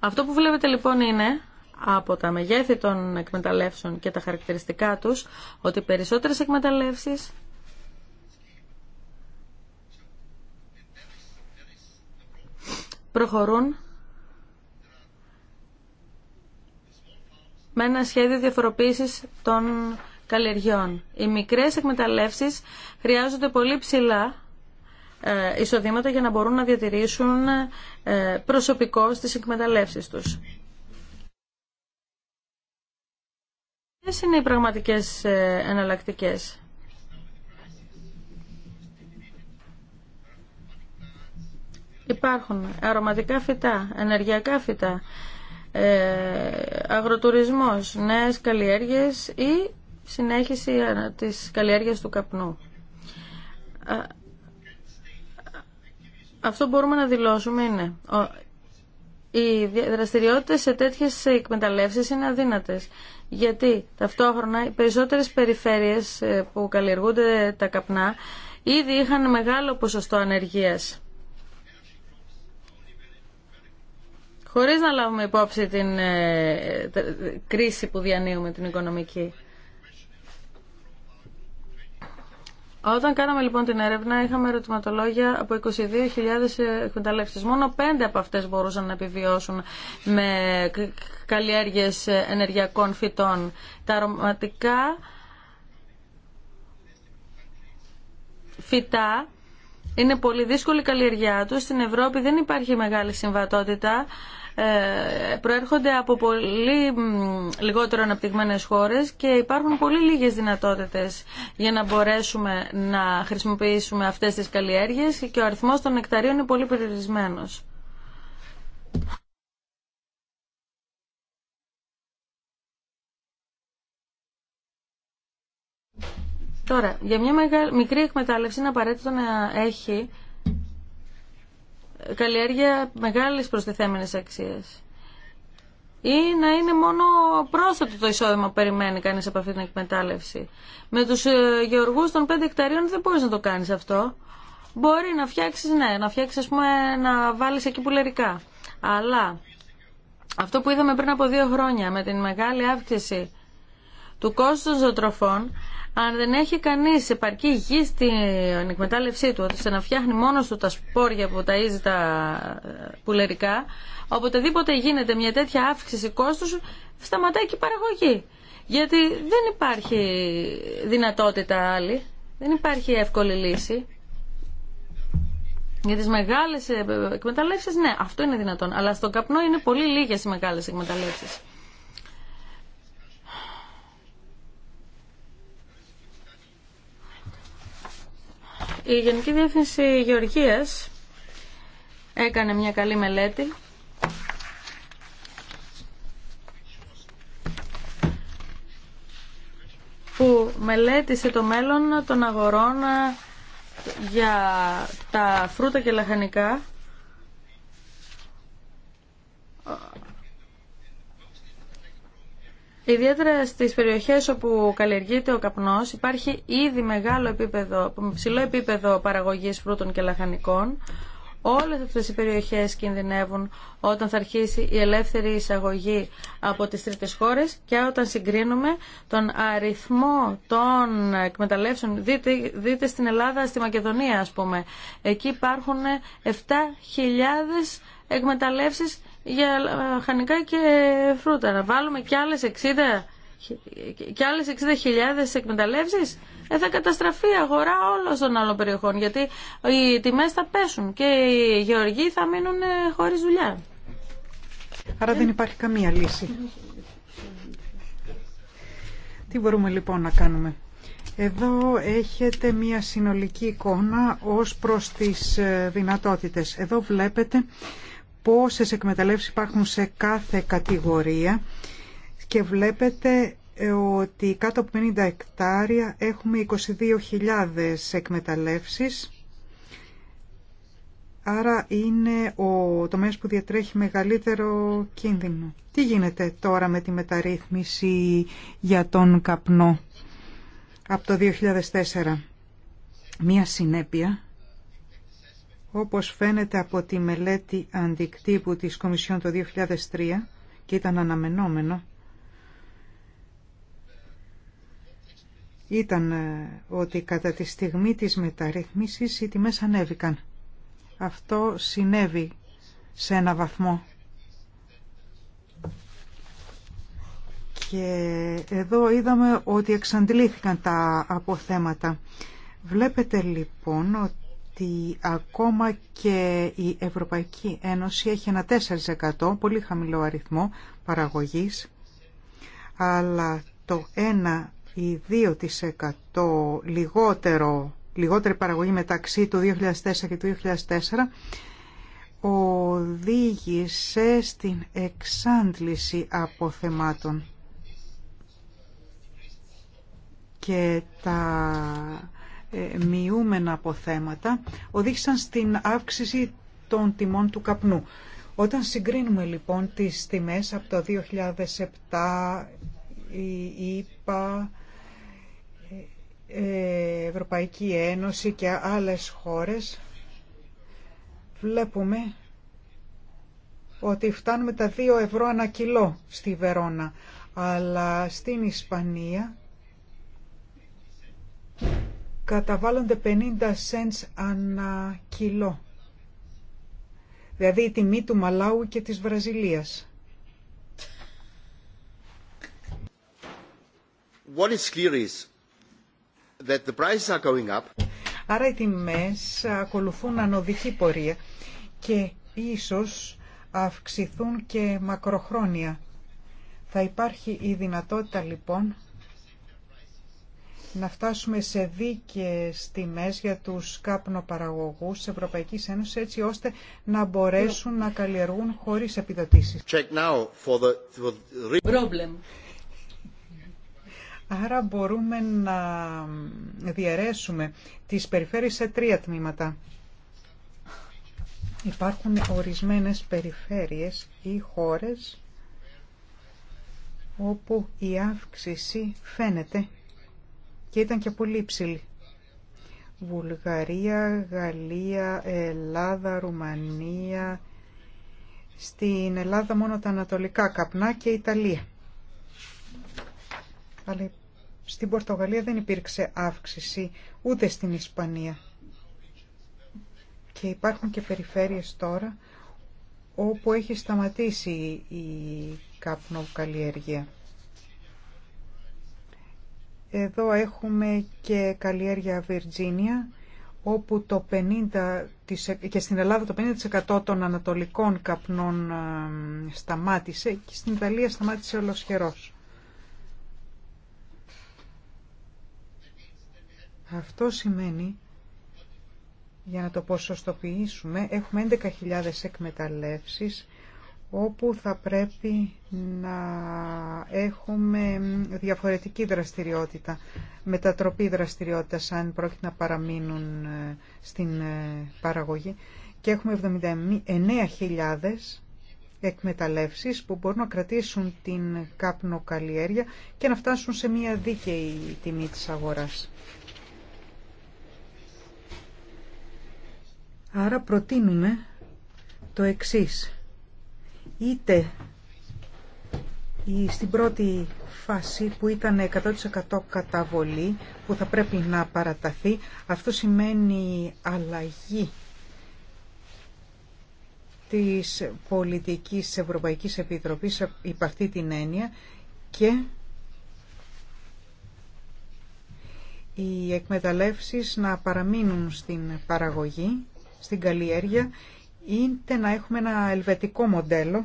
Αυτό που βλέπετε λοιπόν είναι από τα μεγέθη των εκμεταλλεύσεων και τα χαρακτηριστικά τους ότι περισσότερες εκμεταλλεύσεις προχωρούν με ένα σχέδιο διαφοροποίησης των καλλιεργιών. Οι μικρές εκμεταλλεύσεις χρειάζονται πολύ ψηλά ε, εισοδήματα για να μπορούν να διατηρήσουν ε, προσωπικό στις εκμεταλλεύσεις τους. Ποιε είναι οι πραγματικές ε, εναλλακτικές. Υπάρχουν αρωματικά φυτά, ενεργειακά φυτά, αγροτουρισμός, νέες καλλιέργειες ή συνέχιση της καλλιέργειας του καπνού αυτό που μπορούμε να δηλώσουμε είναι οι δραστηριότητες σε τέτοιες εκμεταλλεύσεις είναι αδύνατες. Γιατί ταυτόχρονα οι περισσότερες περιφέρειες ε, που καλλιεργούνται τα καπνά ήδη είχαν μεγάλο ποσοστό ανεργίας. Χωρίς να λάβουμε υπόψη την ε, κρίση που διανύουμε την οικονομική. Όταν κάναμε λοιπόν την έρευνα είχαμε ερωτηματολόγια από 22.000 εκμεταλλεύσει. Μόνο πέντε από αυτές μπορούσαν να επιβιώσουν με καλλιέργειες ενεργειακών φυτών. Τα αρωματικά φυτά είναι πολύ δύσκολη η καλλιεργιά τους. Στην Ευρώπη δεν υπάρχει μεγάλη συμβατότητα ε, προέρχονται από πολύ λιγότερο αναπτυγμένες χώρες και υπάρχουν πολύ λίγες δυνατότητες για να μπορέσουμε να χρησιμοποιήσουμε αυτές τις καλλιέργειες και ο αριθμός των νεκταρίων είναι πολύ περιορισμένος. Τώρα, για μια μικρή εκμετάλλευση είναι απαραίτητο να έχει καλλιέργεια μεγάλης προστιθέμενης αξίας ή να είναι μόνο πρόσθετο το εισόδημα που περιμένει κανείς από αυτή την εκμετάλλευση. Με τους ε, γεωργούς των 5 εκταρίων δεν μπορείς να το κάνεις αυτό. Μπορεί να φτιάξεις, ναι, να φτιάξεις ας πούμε να βάλεις εκεί πουλερικά. Αλλά αυτό που είδαμε πριν από δύο χρόνια με την μεγάλη αύξηση του κόστου των ζωοτροφών, αν δεν έχει κανεί επαρκή γη στην εκμετάλλευσή του, ώστε να φτιάχνει μόνο του τα σπόρια που ταζει τα ε, πουλερικά, οποτεδήποτε γίνεται μια τέτοια αύξηση κόστου, σταματάει και η παραγωγή. Γιατί δεν υπάρχει δυνατότητα άλλη, δεν υπάρχει εύκολη λύση. Για τι μεγάλε εκμεταλλεύσει, ναι, αυτό είναι δυνατόν. Αλλά στον καπνό είναι πολύ λίγε οι μεγάλε εκμεταλλεύσει. Η Γενική Διεύθυνση Γεωργίας έκανε μια καλή μελέτη που μελέτησε το μέλλον των αγορών για τα φρούτα και λαχανικά Ιδιαίτερα στις περιοχές όπου καλλιεργείται ο καπνός υπάρχει ήδη μεγάλο επίπεδο, ψηλό επίπεδο παραγωγής φρούτων και λαχανικών. Όλες αυτές οι περιοχές κινδυνεύουν όταν θα αρχίσει η ελεύθερη εισαγωγή από τις τρίτες χώρες και όταν συγκρίνουμε τον αριθμό των εκμεταλλεύσεων, δείτε, δείτε στην Ελλάδα, στη Μακεδονία ας πούμε, εκεί υπάρχουν 7.000 εκμεταλλεύσεις για χανικά και φρούτα. Να βάλουμε κι άλλες 60 και άλλε 60.000 εκμεταλλεύσει, ε, θα καταστραφεί η αγορά όλων των άλλων περιοχών. Γιατί οι τιμές θα πέσουν και οι γεωργοί θα μείνουν ε, χωρίς δουλειά. Άρα δεν υπάρχει καμία λύση. Τι μπορούμε λοιπόν να κάνουμε. Εδώ έχετε μία συνολική εικόνα ως προς τις ε, δυνατότητες. Εδώ βλέπετε πόσες εκμεταλλεύσεις υπάρχουν σε κάθε κατηγορία και βλέπετε ε, ότι κάτω από 50 εκτάρια έχουμε 22.000 εκμεταλλεύσεις. Άρα είναι ο τομέας που διατρέχει μεγαλύτερο κίνδυνο. Τι γίνεται τώρα με τη μεταρρύθμιση για τον καπνό από το 2004. Μία συνέπεια όπως φαίνεται από τη μελέτη αντικτύπου της Κομισιόν το 2003 και ήταν αναμενόμενο, ήταν ε, ότι κατά τη στιγμή της μεταρρύθμισης οι τιμές ανέβηκαν. Αυτό συνέβη σε ένα βαθμό. Και εδώ είδαμε ότι εξαντλήθηκαν τα αποθέματα. Βλέπετε λοιπόν ότι ότι ακόμα και η Ευρωπαϊκή Ένωση έχει ένα 4% πολύ χαμηλό αριθμό παραγωγής αλλά το 1 ή 2% λιγότερο, λιγότερη παραγωγή μεταξύ του 2004 και του 2004 οδήγησε στην εξάντληση αποθεμάτων και τα μειούμενα αποθέματα οδήγησαν στην αύξηση των τιμών του καπνού. Όταν συγκρίνουμε λοιπόν τις τιμές από το 2007 η ΕΠΑ, ΕΕ, ε, Ευρωπαϊκή Ένωση και άλλες χώρες βλέπουμε ότι φτάνουμε τα 2 ευρώ ανά κιλό στη Βερόνα αλλά στην Ισπανία καταβάλλονται 50 cents ανά κιλό. Δηλαδή η τιμή του Μαλάου και της Βραζιλίας. What is clear is that the prices are going up. Άρα οι τιμές ακολουθούν ανωδική πορεία και ίσως αυξηθούν και μακροχρόνια. Θα υπάρχει η δυνατότητα λοιπόν να φτάσουμε σε δίκαιες τιμές για τους καπνοπαραγωγούς της Ευρωπαϊκής Ένωσης έτσι ώστε να μπορέσουν να καλλιεργούν χωρίς επιδοτήσεις. Άρα μπορούμε να διαιρέσουμε τις περιφέρειες σε τρία τμήματα. Υπάρχουν ορισμένες περιφέρειες ή χώρες όπου η αύξηση φαίνεται και ήταν και πολύ υψηλή. Βουλγαρία, Γαλλία, Ελλάδα, Ρουμανία, στην Ελλάδα μόνο τα ανατολικά καπνά και Ιταλία. Αλλά στην Πορτογαλία δεν υπήρξε αύξηση, ούτε στην Ισπανία. Και υπάρχουν και περιφέρειες τώρα όπου έχει σταματήσει η καπνοκαλλιέργεια. Εδώ έχουμε και καλλιέργεια Βιρτζίνια, όπου το 50% και στην Ελλάδα το 50% των ανατολικών καπνών ε, σταμάτησε και στην Ιταλία σταμάτησε ολοσχερός. Αυτό σημαίνει, για να το ποσοστοποιήσουμε, έχουμε 11.000 εκμεταλλεύσεις όπου θα πρέπει να έχουμε διαφορετική δραστηριότητα, μετατροπή δραστηριότητα, αν πρόκειται να παραμείνουν ε, στην ε, παραγωγή και έχουμε 79.000 εκμεταλλεύσεις που μπορούν να κρατήσουν την κάπνο καλλιέργεια και να φτάσουν σε μια δίκαιη τιμή της αγοράς. Άρα προτείνουμε το εξής είτε στην πρώτη φάση που ήταν 100% καταβολή που θα πρέπει να παραταθεί αυτό σημαίνει αλλαγή της πολιτικής της Ευρωπαϊκής Επιτροπής υπ' αυτή την έννοια και οι εκμεταλλεύσεις να παραμείνουν στην παραγωγή, στην καλλιέργεια είτε να έχουμε ένα ελβετικό μοντέλο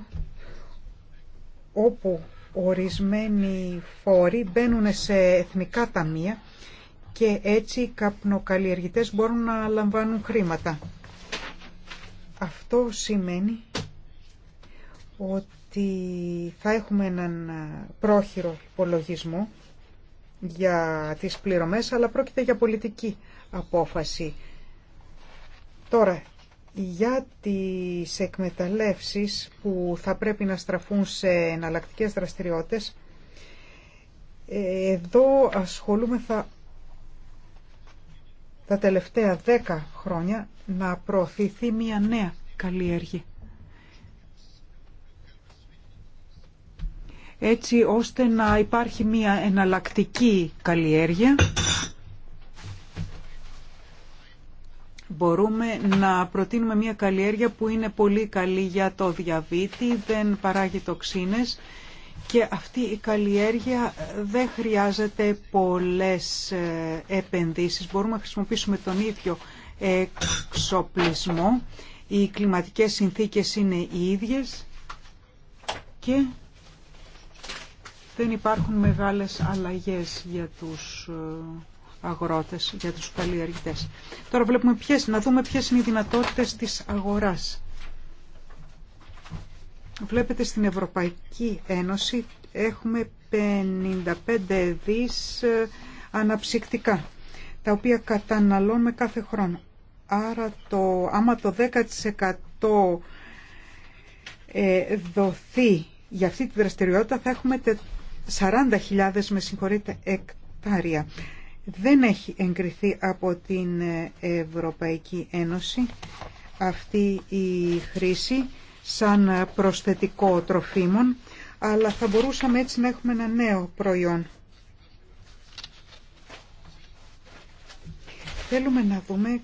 όπου ορισμένοι φόροι μπαίνουν σε εθνικά ταμεία και έτσι οι καπνοκαλλιεργητές μπορούν να λαμβάνουν χρήματα. Αυτό σημαίνει ότι θα έχουμε έναν πρόχειρο υπολογισμό για τις πληρωμές, αλλά πρόκειται για πολιτική απόφαση. Τώρα, για τις εκμεταλλεύσεις που θα πρέπει να στραφούν σε εναλλακτικέ δραστηριότητες ε, εδώ θα τα τελευταία δέκα χρόνια να προωθηθεί μια νέα καλλιέργεια. Έτσι ώστε να υπάρχει μια εναλλακτική καλλιέργεια μπορούμε να προτείνουμε μια καλλιέργεια που είναι πολύ καλή για το διαβήτη, δεν παράγει τοξίνες και αυτή η καλλιέργεια δεν χρειάζεται πολλές ε, επενδύσεις. Μπορούμε να χρησιμοποιήσουμε τον ίδιο εξοπλισμό. Οι κλιματικές συνθήκες είναι οι ίδιες και δεν υπάρχουν μεγάλες αλλαγές για τους ε, αγρότες, για τους καλλιεργητές. Τώρα βλέπουμε ποιες, να δούμε ποιες είναι οι δυνατότητες της αγοράς. Βλέπετε στην Ευρωπαϊκή Ένωση έχουμε 55 δις ε, αναψυκτικά, τα οποία καταναλώνουμε κάθε χρόνο. Άρα το, άμα το 10% ε, δοθεί για αυτή τη δραστηριότητα θα έχουμε 40.000 με συγχωρείτε εκτάρια δεν έχει εγκριθεί από την Ευρωπαϊκή Ένωση αυτή η χρήση σαν προσθετικό τροφίμων, αλλά θα μπορούσαμε έτσι να έχουμε ένα νέο προϊόν. Θέλουμε να δούμε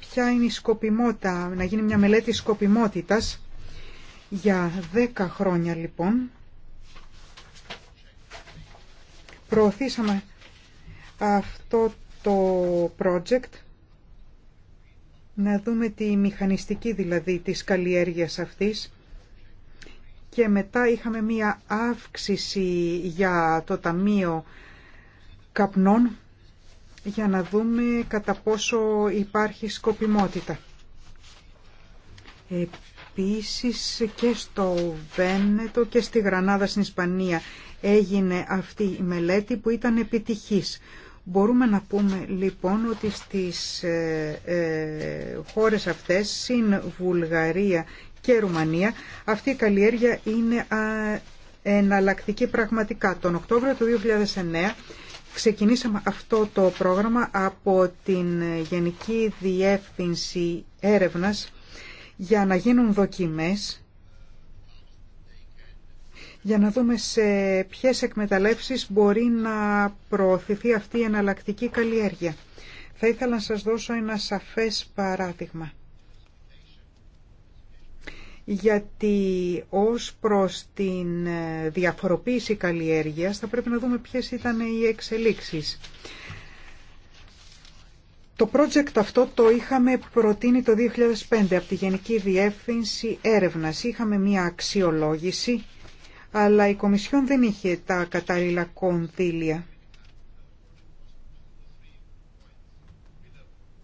ποια είναι η σκοπιμότητα, να γίνει μια μελέτη σκοπιμότητας για 10 χρόνια λοιπόν. Προωθήσαμε αυτό το project, να δούμε τη μηχανιστική δηλαδή της καλλιέργειας αυτής και μετά είχαμε μία αύξηση για το Ταμείο Καπνών για να δούμε κατά πόσο υπάρχει σκοπιμότητα. Επίσης και στο Βένετο και στη Γρανάδα στην Ισπανία έγινε αυτή η μελέτη που ήταν επιτυχής. Μπορούμε να πούμε λοιπόν ότι στις ε, ε, χώρες αυτές, συν Βουλγαρία και Ρουμανία, αυτή η καλλιέργεια είναι α, εναλλακτική πραγματικά. Τον Οκτώβριο του 2009 ξεκινήσαμε αυτό το πρόγραμμα από την Γενική Διεύθυνση Έρευνας για να γίνουν δοκιμές για να δούμε σε ποιες εκμεταλλεύσεις μπορεί να προωθηθεί αυτή η εναλλακτική καλλιέργεια. Θα ήθελα να σας δώσω ένα σαφές παράδειγμα. Γιατί ως προς την διαφοροποίηση καλλιέργειας θα πρέπει να δούμε ποιες ήταν οι εξελίξεις. Το project αυτό το είχαμε προτείνει το 2005 από τη Γενική Διεύθυνση Έρευνας. Είχαμε μία αξιολόγηση αλλά η Κομισιόν δεν είχε τα κατάλληλα κονδύλια.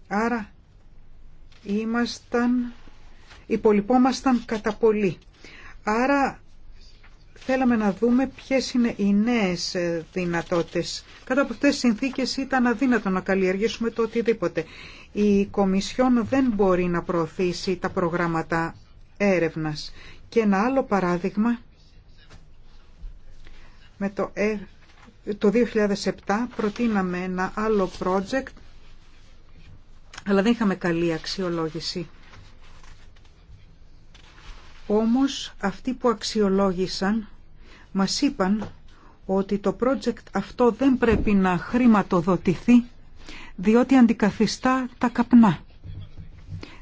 Άρα ήμασταν, υπολοιπόμασταν κατά πολύ. Άρα θέλαμε να δούμε ποιες είναι οι νέες δυνατότητες. Κατά από αυτές τις συνθήκες ήταν αδύνατο να καλλιεργήσουμε το οτιδήποτε. Η Κομισιόν δεν μπορεί να προωθήσει τα προγράμματα έρευνας. Και ένα άλλο παράδειγμα με το, ε, το 2007 προτείναμε ένα άλλο project, αλλά δεν είχαμε καλή αξιολόγηση. Όμως αυτοί που αξιολόγησαν μας είπαν ότι το project αυτό δεν πρέπει να χρηματοδοτηθεί διότι αντικαθιστά τα καπνά.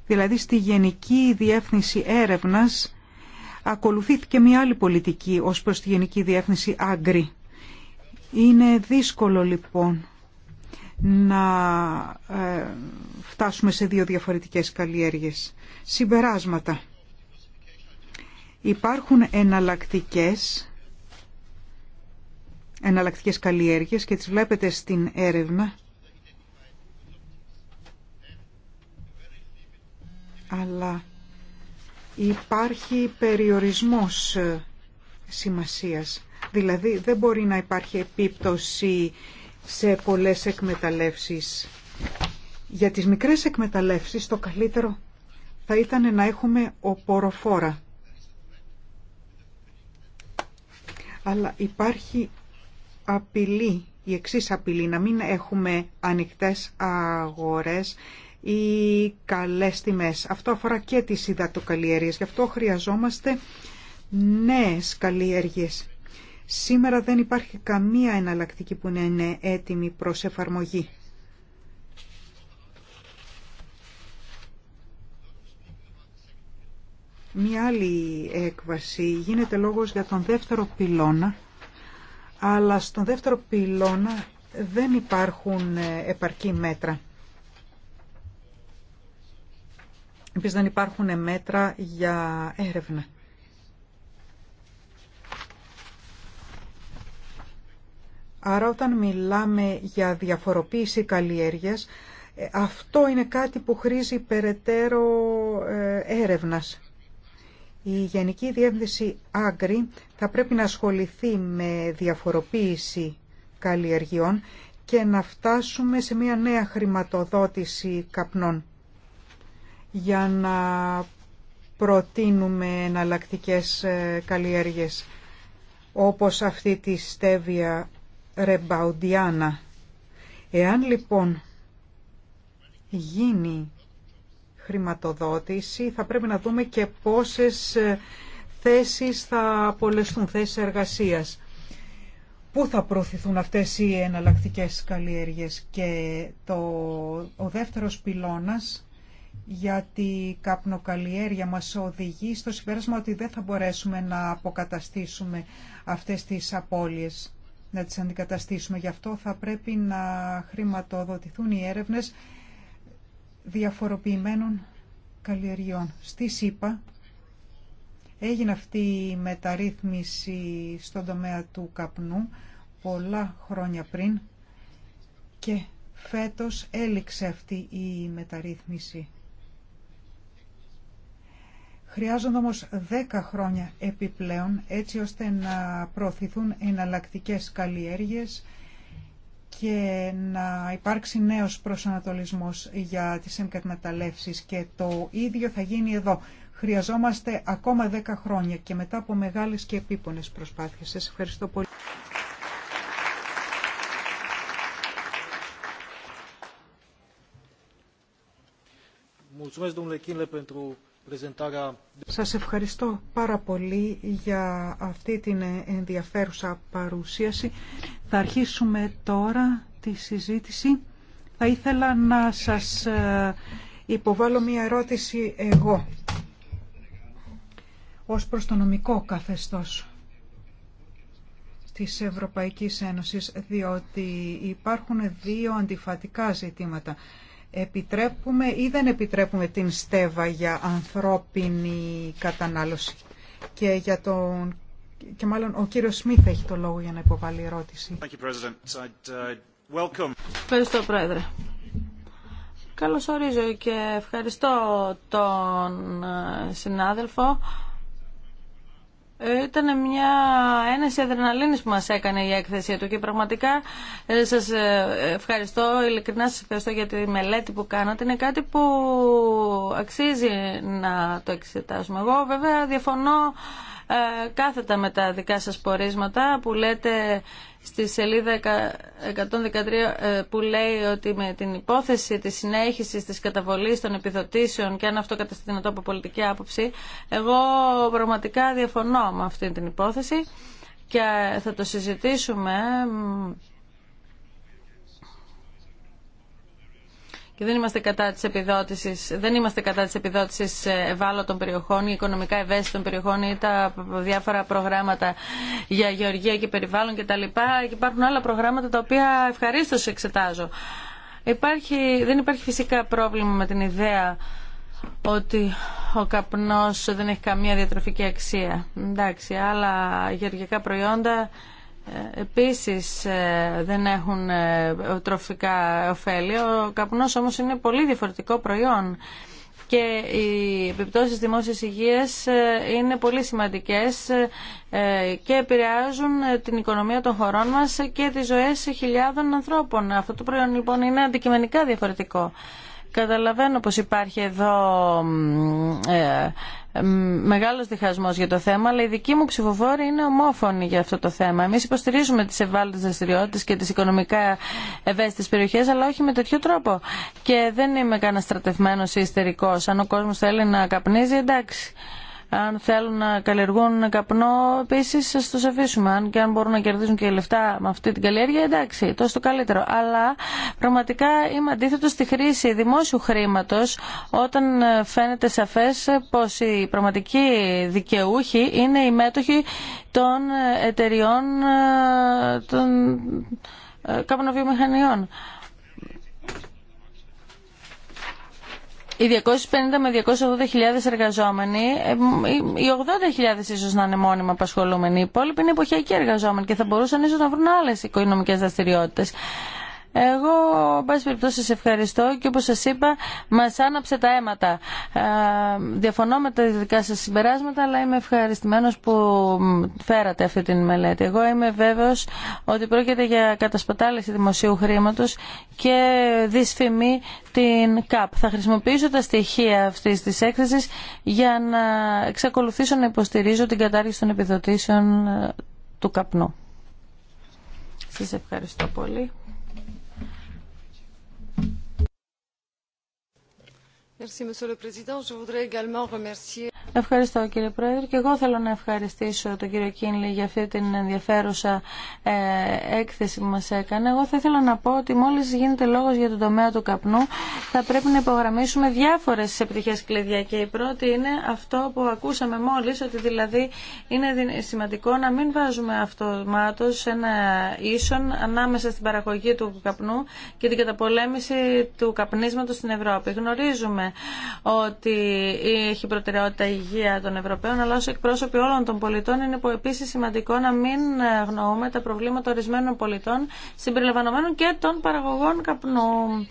Δηλαδή στη Γενική Διεύθυνση Έρευνας ακολουθήθηκε μια άλλη πολιτική ως προς τη Γενική Διεύθυνση Άγκρη. Είναι δύσκολο λοιπόν να ε, φτάσουμε σε δύο διαφορετικές καλλιέργειες. Συμπεράσματα. Υπάρχουν εναλλακτικές, εναλλακτικές καλλιέργειες και τις βλέπετε στην έρευνα. Αλλά υπάρχει περιορισμός ε, σημασίας. Δηλαδή δεν μπορεί να υπάρχει επίπτωση σε πολλές εκμεταλλεύσεις. Για τις μικρές εκμεταλλεύσεις το καλύτερο θα ήταν να έχουμε οποροφόρα. Αλλά υπάρχει απειλή, η εξής απειλή, να μην έχουμε ανοιχτές αγορές οι καλές τιμές. Αυτό αφορά και τις υδατοκαλλιέργειες. Γι' αυτό χρειαζόμαστε νέες καλλιέργειες. Σήμερα δεν υπάρχει καμία εναλλακτική που να είναι έτοιμη προς εφαρμογή. Μία άλλη έκβαση γίνεται λόγος για τον δεύτερο πυλώνα, αλλά στον δεύτερο πυλώνα δεν υπάρχουν επαρκή μέτρα. Επίσης δεν υπάρχουν μέτρα για έρευνα. Άρα όταν μιλάμε για διαφοροποίηση καλλιέργειας, ε, αυτό είναι κάτι που χρήζει περαιτέρω ε, έρευνας. Η Γενική Διεύθυνση Άγκρη θα πρέπει να ασχοληθεί με διαφοροποίηση καλλιεργειών και να φτάσουμε σε μια νέα χρηματοδότηση καπνών για να προτείνουμε εναλλακτικέ ε, καλλιέργειες όπως αυτή τη στέβια ρεμπαουντιάνα. Εάν λοιπόν γίνει χρηματοδότηση θα πρέπει να δούμε και πόσες ε, θέσεις θα απολεστούν, θέσεις εργασίας. Πού θα προωθηθούν αυτές οι εναλλακτικές καλλιέργειες και το, ο δεύτερος πυλώνας γιατί η καπνοκαλλιέργεια μας οδηγεί στο συμπέρασμα ότι δεν θα μπορέσουμε να αποκαταστήσουμε αυτές τις απώλειες, να τις αντικαταστήσουμε. Γι' αυτό θα πρέπει να χρηματοδοτηθούν οι έρευνες διαφοροποιημένων καλλιεργιών. Στη ΣΥΠΑ έγινε αυτή η μεταρρύθμιση στον τομέα του καπνού πολλά χρόνια πριν και φέτος έληξε αυτή η μεταρρύθμιση. Χρειάζονται όμως 10 χρόνια επιπλέον έτσι ώστε να προωθηθούν εναλλακτικέ καλλιέργειες και να υπάρξει νέος προσανατολισμός για τις εγκαταλεύσεις και το ίδιο θα γίνει εδώ. Χρειαζόμαστε ακόμα 10 χρόνια και μετά από μεγάλες και επίπονες προσπάθειες. Σας ευχαριστώ πολύ. Mulțumesc, domnule pentru σας ευχαριστώ πάρα πολύ για αυτή την ενδιαφέρουσα παρουσίαση. Θα αρχίσουμε τώρα τη συζήτηση. Θα ήθελα να σας ε, υποβάλω μία ερώτηση εγώ ως προς το νομικό καθεστώς της Ευρωπαϊκής Ένωσης, διότι υπάρχουν δύο αντιφατικά ζητήματα επιτρέπουμε ή δεν επιτρέπουμε την στέβα για ανθρώπινη κατανάλωση. Και, για τον... και μάλλον ο κύριος Σμίθ έχει το λόγο για να υποβάλει ερώτηση. Uh, ευχαριστώ, Πρόεδρε. Καλώς ορίζω και ευχαριστώ τον ε, συνάδελφο ήταν μια ένεση αδρεναλίνης που μας έκανε η έκθεση του και πραγματικά ε, σας ε, ευχαριστώ, ειλικρινά σας ευχαριστώ για τη μελέτη που κάνατε. Είναι κάτι που αξίζει να το εξετάσουμε. Εγώ βέβαια διαφωνώ ε, κάθετα με τα δικά σας πορίσματα που λέτε στη σελίδα 113 ε, που λέει ότι με την υπόθεση της συνέχισης της καταβολής των επιδοτήσεων και αν αυτό καταστεί από πολιτική άποψη εγώ πραγματικά διαφωνώ με αυτή την υπόθεση και θα το συζητήσουμε και δεν είμαστε κατά της επιδότησης, δεν είμαστε κατά της επιδότησης ευάλωτων περιοχών ή οικονομικά ευαίσθητων περιοχών ή τα διάφορα προγράμματα για γεωργία και περιβάλλον κτλ. Και υπάρχουν άλλα προγράμματα τα οποία ευχαρίστως εξετάζω. Υπάρχει, δεν υπάρχει φυσικά πρόβλημα με την ιδέα ότι ο καπνός δεν έχει καμία διατροφική αξία. Εντάξει, άλλα γεωργικά προϊόντα επίσης ε, δεν έχουν ε, τροφικά ωφέλη. Ο καπνός όμως είναι πολύ διαφορετικό προϊόν και οι επιπτώσεις δημόσιας υγείας ε, είναι πολύ σημαντικές και επηρεάζουν την οικονομία των χωρών μας και τις ζωές χιλιάδων ανθρώπων. Αυτό το προϊόν λοιπόν είναι αντικειμενικά διαφορετικό. Καταλαβαίνω πως υπάρχει εδώ ε, μεγάλος διχασμός για το θέμα, αλλά η δική μου ψηφοφόρη είναι ομόφωνη για αυτό το θέμα. Εμείς υποστηρίζουμε τις ευάλωτες δραστηριότητε και τις οικονομικά ευαίσθητες περιοχές, αλλά όχι με τέτοιο τρόπο. Και δεν είμαι κανένα στρατευμένος ή ιστερικός. Αν ο κόσμος θέλει να καπνίζει, εντάξει. Αν θέλουν να καλλιεργούν καπνό, επίση α του αφήσουμε. Αν και αν μπορούν να κερδίζουν και λεφτά με αυτή την καλλιέργεια, εντάξει, τόσο το καλύτερο. Αλλά πραγματικά είμαι αντίθετο στη χρήση δημόσιου χρήματο όταν ε, φαίνεται σαφέ ε, πω οι πραγματικοί δικαιούχοι είναι η μέτοχη των ε, εταιριών των καπνοβιομηχανιών. οι 250 με 280.000 εργαζόμενοι, οι 80.000 ίσως να είναι μόνιμα απασχολούμενοι, οι υπόλοιποι είναι εποχιακοί εργαζόμενοι και θα μπορούσαν ίσως να βρουν άλλες οικονομικέ δραστηριότητε. Εγώ, εν πάση περιπτώσει, σε ευχαριστώ και όπως σας είπα, μα άναψε τα αίματα. Ε, διαφωνώ με τα δικά σα συμπεράσματα, αλλά είμαι ευχαριστημένος που φέρατε αυτή την μελέτη. Εγώ είμαι βέβαιος ότι πρόκειται για κατασπατάληση δημοσίου χρήματο και δυσφημεί την ΚΑΠ. Θα χρησιμοποιήσω τα στοιχεία αυτή της έκθεση για να εξακολουθήσω να υποστηρίζω την κατάργηση των επιδοτήσεων ε, του καπνού. Σας ευχαριστώ πολύ. Ευχαριστώ κύριε Πρόεδρε και εγώ θέλω να ευχαριστήσω τον κύριο Κίνλι για αυτή την ενδιαφέρουσα ε, έκθεση που μας έκανε. Εγώ θα ήθελα να πω ότι μόλις γίνεται λόγος για τον τομέα του καπνού θα πρέπει να υπογραμμίσουμε διάφορες επιτυχίες κλειδιά και η πρώτη είναι αυτό που ακούσαμε μόλις ότι δηλαδή είναι σημαντικό να μην βάζουμε αυτομάτως ένα ίσον ανάμεσα στην παραγωγή του καπνού και την καταπολέμηση του καπνίσματος στην Ευρώπη. Γνωρίζουμε ότι έχει προτεραιότητα η υγεία των Ευρωπαίων, αλλά ως εκπρόσωποι όλων των πολιτών είναι που επίσης σημαντικό να μην γνωρούμε τα προβλήματα ορισμένων πολιτών συμπεριλαμβανομένων και των παραγωγών καπνού.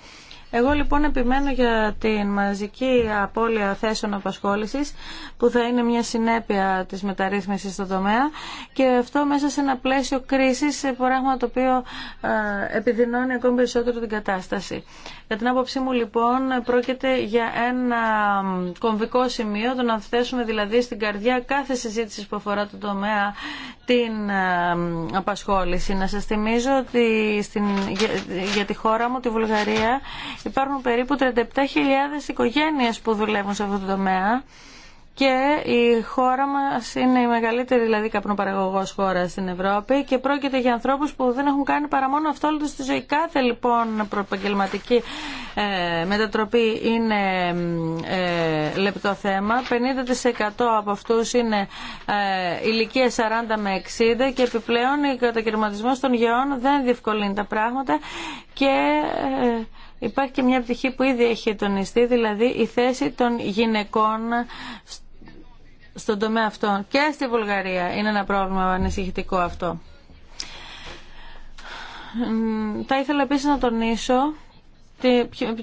Εγώ λοιπόν επιμένω για την μαζική απώλεια θέσεων απασχόλησης που θα είναι μια συνέπεια της μεταρρύθμισης στο τομέα και αυτό μέσα σε ένα πλαίσιο κρίσης, πράγμα το οποίο ε, επιδεινώνει ακόμη περισσότερο την κατάσταση. Για την άποψή μου λοιπόν πρόκειται για ένα κομβικό σημείο, το να θέσουμε δηλαδή στην καρδιά κάθε συζήτηση που αφορά το τομέα την ε, απασχόληση. Να σας θυμίζω ότι στην, για, τη χώρα μου, τη Βουλγαρία, υπάρχουν περίπου 37.000 οικογένειες που δουλεύουν σε αυτό το τομέα και η χώρα μας είναι η μεγαλύτερη δηλαδή καπνοπαραγωγός χώρα στην Ευρώπη και πρόκειται για ανθρώπους που δεν έχουν κάνει παρά μόνο αυτό όλο τους ζωή. Κάθε λοιπόν προπαγγελματική ε, μετατροπή είναι ε, λεπτό θέμα. 50% από αυτούς είναι ε, ηλικία 40 με 60 και επιπλέον ο κατακαιρματισμός των γεών δεν διευκολύνει τα πράγματα και... Ε, υπάρχει και μια πτυχή που ήδη έχει τονιστεί, δηλαδή η θέση των γυναικών στον τομέα αυτό και στη Βουλγαρία είναι ένα πρόβλημα ανησυχητικό αυτό. Θα ήθελα επίσης να τονίσω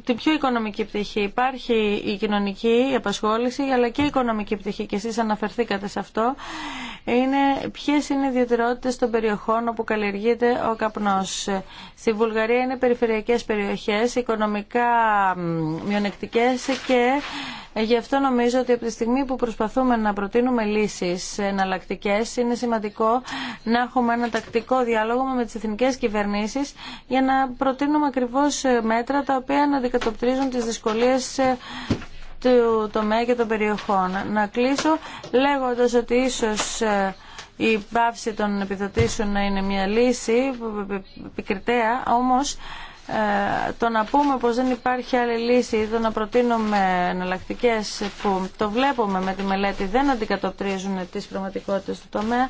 την πιο οικονομική πτυχή. Υπάρχει η κοινωνική απασχόληση, αλλά και η οικονομική πτυχή και εσείς αναφερθήκατε σε αυτό. Είναι ποιες είναι οι ιδιαιτερότητες των περιοχών όπου καλλιεργείται ο καπνός. Στη Βουλγαρία είναι περιφερειακές περιοχές, οικονομικά μειονεκτικές και ε, γι' αυτό νομίζω ότι από τη στιγμή που προσπαθούμε να προτείνουμε λύσεις εναλλακτικέ, είναι σημαντικό να έχουμε ένα τακτικό διάλογο με τις εθνικέ κυβερνήσει για να προτείνουμε ακριβώ ε, μέτρα τα οποία να αντικατοπτρίζουν τις δυσκολίες ε, του τομέα και των περιοχών. Να κλείσω λέγοντα ότι ίσως η πάυση των επιδοτήσεων να είναι μια λύση επικριτέα, όμως ε, το να πούμε πως δεν υπάρχει άλλη λύση ή το να προτείνουμε εναλλακτικέ που το βλέπουμε με τη μελέτη δεν αντικατοπτρίζουν τις πραγματικότητες του τομέα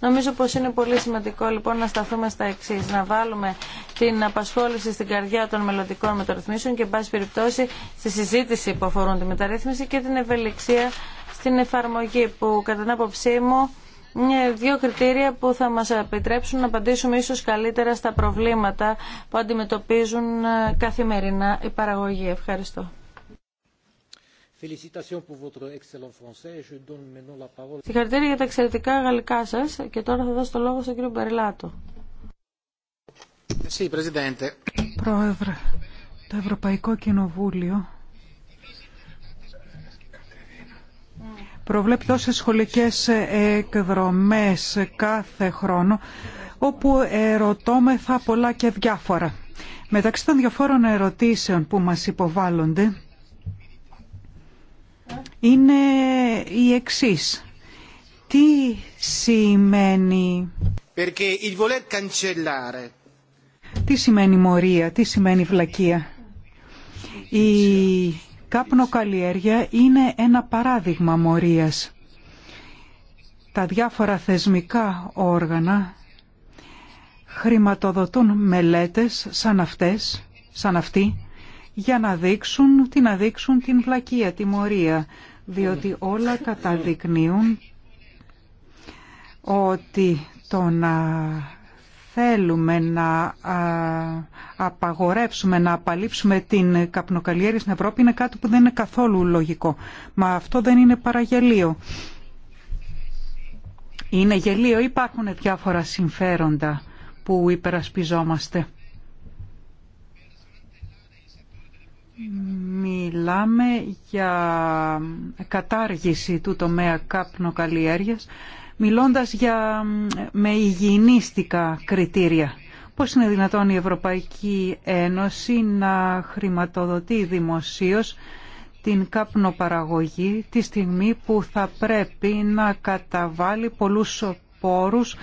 νομίζω πως είναι πολύ σημαντικό λοιπόν να σταθούμε στα εξή, να βάλουμε την απασχόληση στην καρδιά των μελλοντικών μεταρρυθμίσεων και εν πάση περιπτώσει στη συζήτηση που αφορούν τη μεταρρύθμιση και την ευελιξία στην εφαρμογή που κατά την άποψή μου ε, δύο κριτήρια που θα μας επιτρέψουν να απαντήσουμε ίσως καλύτερα στα προβλήματα που αντιμετωπίζουν ε, καθημερινά η παραγωγή. Ευχαριστώ. Συγχαρητήρια για τα εξαιρετικά γαλλικά σας και τώρα θα δώσω το λόγο στον κύριο Μπεριλάτο. Πρόεδρε, το Ευρωπαϊκό Κοινοβούλιο προβλέπει τόσες σχολικές εκδρομές κάθε χρόνο όπου ερωτώμεθα πολλά και διάφορα. Μεταξύ των διαφόρων ερωτήσεων που μας υποβάλλονται είναι η εξής. Τι σημαίνει... Τι σημαίνει μορία, τι σημαίνει βλακεία. Η καλλιέργεια είναι ένα παράδειγμα μορίας. Τα διάφορα θεσμικά όργανα χρηματοδοτούν μελέτες σαν αυτές, σαν αυτή, για να δείξουν, την να δείξουν την βλακεία, τη μορία, διότι όλα καταδεικνύουν ότι το να θέλουμε να απαγορεύσουμε, να απαλείψουμε την καπνοκαλλιέργεια στην Ευρώπη είναι κάτι που δεν είναι καθόλου λογικό. Μα αυτό δεν είναι παραγελίο. Είναι γελίο, υπάρχουν διάφορα συμφέροντα που υπερασπιζόμαστε. Μιλάμε για κατάργηση του τομέα καπνοκαλλιέργειας μιλώντας για, με υγιεινίστικα κριτήρια. Πώς είναι δυνατόν η Ευρωπαϊκή Ένωση να χρηματοδοτεί δημοσίως την καπνοπαραγωγή τη στιγμή που θα πρέπει να καταβάλει πολλούς πόρους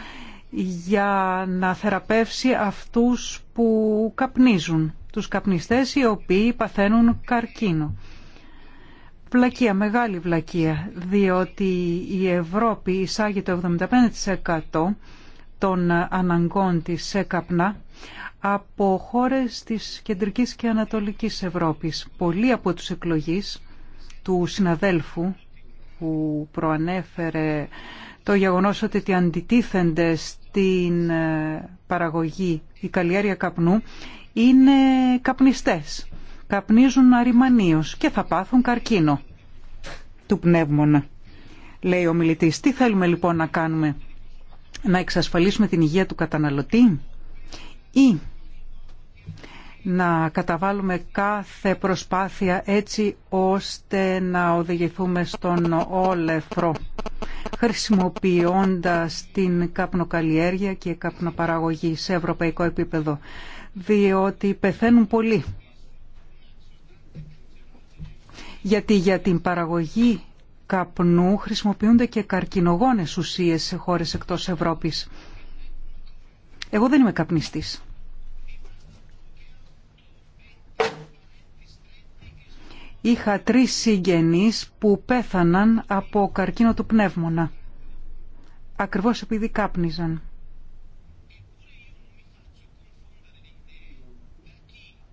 για να θεραπεύσει αυτούς που καπνίζουν, τους καπνιστές οι οποίοι παθαίνουν καρκίνο. Βλακία, μεγάλη βλακία, διότι η Ευρώπη εισάγει το 75% των αναγκών της σε καπνά από χώρες της Κεντρικής και Ανατολικής Ευρώπης. Πολλοί από τους εκλογείς του συναδέλφου που προανέφερε το γεγονός ότι αντιτίθενται στην ε, παραγωγή η καλλιέργεια καπνού είναι καπνιστές καπνίζουν αριμανίως και θα πάθουν καρκίνο του πνεύμονα. Λέει ο μιλητής, τι θέλουμε λοιπόν να κάνουμε, να εξασφαλίσουμε την υγεία του καταναλωτή ή να καταβάλουμε κάθε προσπάθεια έτσι ώστε να οδηγηθούμε στον όλεφρο χρησιμοποιώντας την καπνοκαλλιέργεια και καπνοπαραγωγή σε ευρωπαϊκό επίπεδο διότι πεθαίνουν πολλοί γιατί για την παραγωγή καπνού χρησιμοποιούνται και καρκινογόνες ουσίες σε χώρες εκτός Ευρώπης. Εγώ δεν είμαι καπνιστής. Είχα τρεις συγγενείς που πέθαναν από καρκίνο του πνεύμονα. Ακριβώς επειδή κάπνιζαν.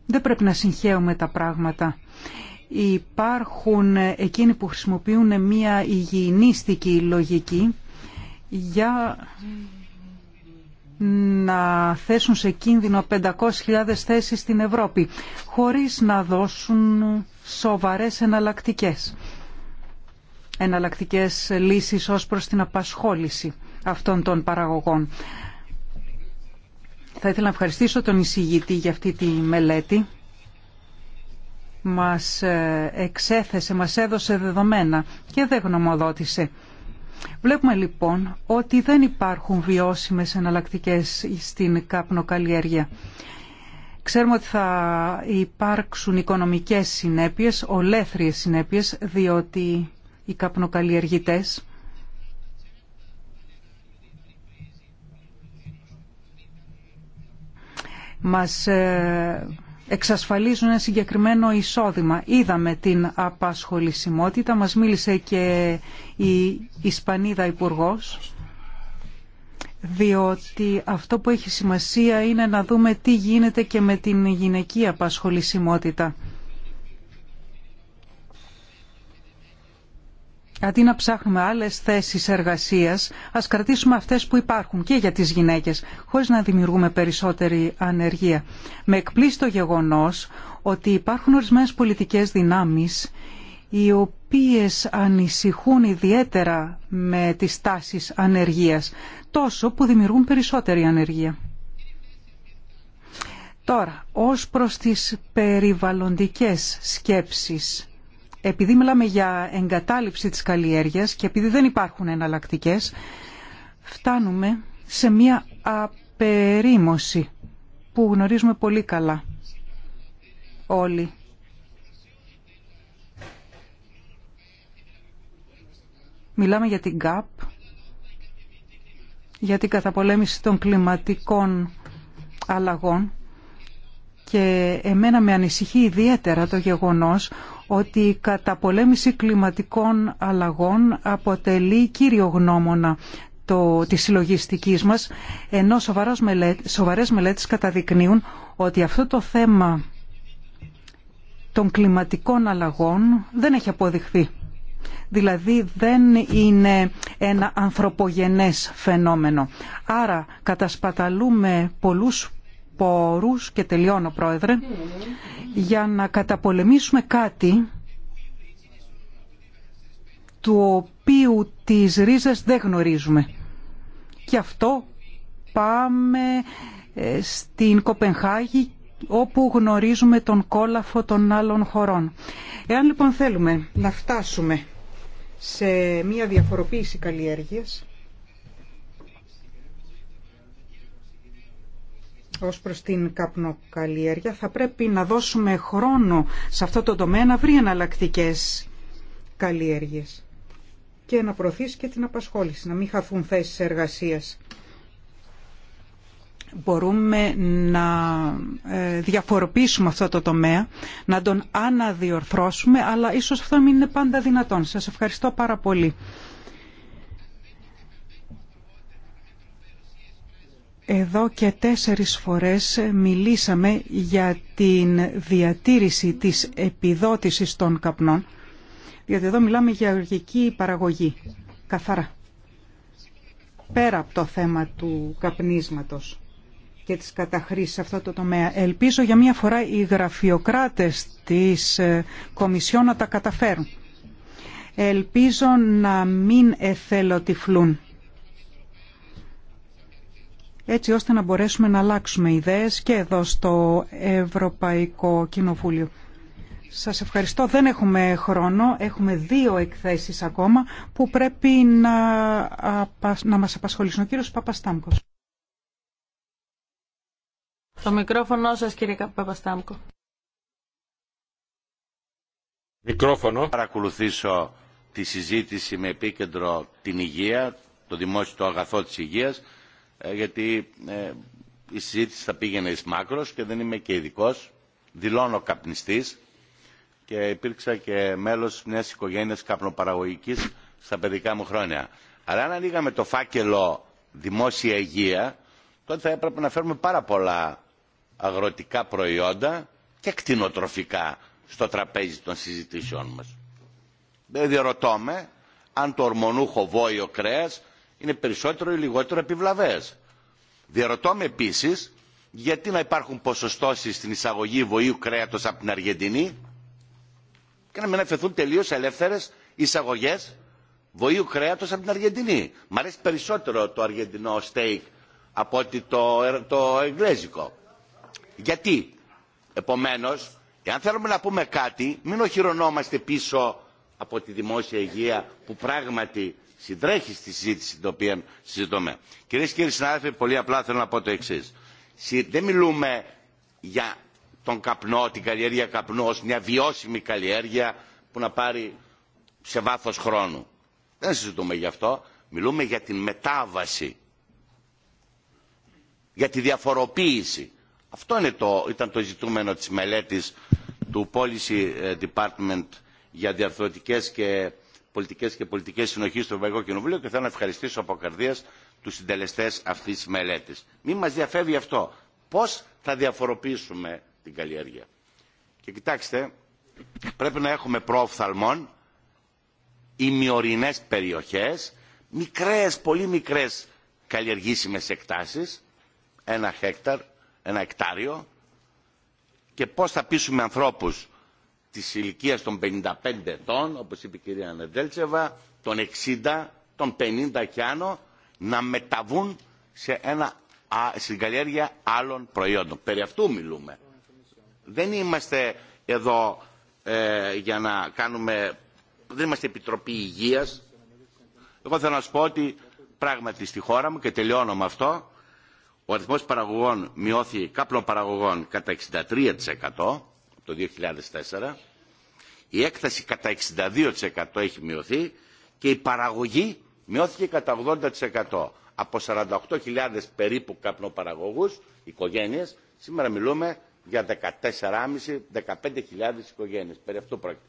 Δεν πρέπει να συγχαίουμε τα πράγματα υπάρχουν εκείνοι που χρησιμοποιούν μια υγιεινίστικη λογική για να θέσουν σε κίνδυνο 500.000 θέσεις στην Ευρώπη χωρίς να δώσουν σοβαρές εναλλακτικές εναλλακτικές λύσεις ως προς την απασχόληση αυτών των παραγωγών. Θα ήθελα να ευχαριστήσω τον εισηγητή για αυτή τη μελέτη μας ε, εξέθεσε, μας έδωσε δεδομένα και δεν γνωμοδότησε. Βλέπουμε λοιπόν ότι δεν υπάρχουν βιώσιμες εναλλακτικές στην καπνοκαλλιέργεια. Ξέρουμε ότι θα υπάρξουν οικονομικές συνέπειες, ολέθριες συνέπειες, διότι οι καπνοκαλλιεργητές μας ε, εξασφαλίζουν ένα συγκεκριμένο εισόδημα. Είδαμε την απασχολησιμότητα, μας μίλησε και η Ισπανίδα Υπουργός, διότι αυτό που έχει σημασία είναι να δούμε τι γίνεται και με την γυναική απασχολησιμότητα. Αντί να ψάχνουμε άλλες θέσεις εργασίας, α κρατήσουμε αυτές που υπάρχουν και για τις γυναίκες, χωρίς να δημιουργούμε περισσότερη ανεργία. Με εκπλήσει το γεγονός ότι υπάρχουν ορισμένες πολιτικές δυνάμεις οι οποίες ανησυχούν ιδιαίτερα με τις τάσεις ανεργίας, τόσο που δημιουργούν περισσότερη ανεργία. Τώρα, ως προς τις περιβαλλοντικές σκέψεις επειδή μιλάμε για εγκατάλειψη της καλλιέργειας και επειδή δεν υπάρχουν εναλλακτικέ, φτάνουμε σε μια απερίμωση που γνωρίζουμε πολύ καλά όλοι. Μιλάμε για την ΚΑΠ, για την καταπολέμηση των κλιματικών αλλαγών και εμένα με ανησυχεί ιδιαίτερα το γεγονός ότι η καταπολέμηση κλιματικών αλλαγών αποτελεί κύριο γνώμονα το, της συλλογιστικής μας, ενώ σοβαρές μελέτες, σοβαρές μελέτες καταδεικνύουν ότι αυτό το θέμα των κλιματικών αλλαγών δεν έχει αποδειχθεί. Δηλαδή δεν είναι ένα ανθρωπογενές φαινόμενο. Άρα κατασπαταλούμε πολλούς πόρους, και τελειώνω πρόεδρε, για να καταπολεμήσουμε κάτι του οποίου τις ρίζες δεν γνωρίζουμε. Και αυτό πάμε ε, στην Κοπενχάγη όπου γνωρίζουμε τον κόλαφο των άλλων χωρών. Εάν λοιπόν θέλουμε να φτάσουμε σε μια διαφοροποίηση καλλιέργειας, ως προς την καπνοκαλλιέργεια. Θα πρέπει να δώσουμε χρόνο σε αυτό το τομέα να βρει εναλλακτικέ καλλιέργειες και να προωθήσει και την απασχόληση, να μην χαθούν θέσεις εργασίας. Μπορούμε να ε, διαφοροποιήσουμε αυτό το τομέα, να τον αναδιορθώσουμε, αλλά ίσως αυτό μην είναι πάντα δυνατόν. Σας ευχαριστώ πάρα πολύ. εδώ και τέσσερις φορές μιλήσαμε για την διατήρηση της επιδότησης των καπνών, γιατί εδώ μιλάμε για οργική παραγωγή, καθαρά, πέρα από το θέμα του καπνίσματος και της καταχρήσης σε αυτό το τομέα. Ελπίζω για μία φορά οι γραφειοκράτες της ε, Κομισιόν να τα καταφέρουν. Ελπίζω να μην εθελοτυφλούν έτσι ώστε να μπορέσουμε να αλλάξουμε ιδέες και εδώ στο Ευρωπαϊκό Κοινοβούλιο. Σας ευχαριστώ. Δεν έχουμε χρόνο. Έχουμε δύο εκθέσεις ακόμα που πρέπει να, να μας απασχολήσουν. Ο κύριος Παπαστάμκος. Το μικρόφωνο σας κύριε Παπαστάμκο. Μικρόφωνο. Παρακολουθήσω τη συζήτηση με επίκεντρο την υγεία, το δημόσιο αγαθό της υγείας ε, γιατί ε, η συζήτηση θα πήγαινε εις μάκρος και δεν είμαι και ειδικό. δηλώνω καπνιστής και υπήρξα και μέλος μιας οικογένειας καπνοπαραγωγικής στα παιδικά μου χρόνια. Αλλά αν ανοίγαμε το φάκελο δημόσια υγεία, τότε θα έπρεπε να φέρουμε πάρα πολλά αγροτικά προϊόντα και κτηνοτροφικά στο τραπέζι των συζητήσεών μας. Δεν διερωτώ αν το ορμονούχο ο κρέας είναι περισσότερο ή λιγότερο επιβλαβές. Διαρωτώ με επίσης γιατί να υπάρχουν ποσοστώσεις στην εισαγωγή βοήου κρέατος από την Αργεντινή και να μην αφαιθούν τελείως ελεύθερες εισαγωγές βοήου κρέατος από την Αργεντινή. Μ' αρέσει περισσότερο το αργεντινό στέικ από ότι το, το εγγλέζικο. Γιατί, επομένως, εάν θέλουμε να πούμε κάτι, μην οχυρωνόμαστε πίσω από τη δημόσια υγεία που πράγματι συντρέχει στη συζήτηση την οποία συζητούμε. Κυρίε και κύριοι συνάδελφοι, πολύ απλά θέλω να πω το εξή. Δεν μιλούμε για τον καπνό, την καλλιέργεια καπνού ως μια βιώσιμη καλλιέργεια που να πάρει σε βάθος χρόνου. Δεν συζητούμε γι' αυτό. Μιλούμε για την μετάβαση. Για τη διαφοροποίηση. Αυτό είναι το, ήταν το ζητούμενο της μελέτης του Policy ε, Department για διαρθρωτικές και πολιτικέ και πολιτικέ συνοχή στο Ευρωπαϊκό Κοινοβούλιο και θέλω να ευχαριστήσω από καρδία του συντελεστέ αυτή τη μελέτη. Μην μα διαφεύγει αυτό. Πώ θα διαφοροποιήσουμε την καλλιέργεια. Και κοιτάξτε, πρέπει να έχουμε προοφθαλμών ημιορεινές περιοχές, μικρές, πολύ μικρές καλλιεργήσιμες εκτάσεις, ένα χέκταρ, ένα εκτάριο, και πώς θα πείσουμε ανθρώπους τη ηλικία των 55 ετών, όπως είπε η κυρία Νεντέλτσεβα, των 60, των 50 και άνω, να μεταβούν σε ένα, στην καλλιέργεια άλλων προϊόντων. Περί αυτού μιλούμε. Δεν είμαστε εδώ ε, για να κάνουμε... Δεν είμαστε Επιτροπή Υγείας. Εγώ θέλω να σου πω ότι πράγματι στη χώρα μου, και τελειώνω με αυτό, ο αριθμός παραγωγών μειώθηκε, κάπλων παραγωγών, κατά 63% το 2004, η έκταση κατά 62% έχει μειωθεί και η παραγωγή μειώθηκε κατά 80%. Από 48.000 περίπου καπνοπαραγωγούς, οικογένειες, σήμερα μιλούμε για 14.500-15.000 οικογένειες.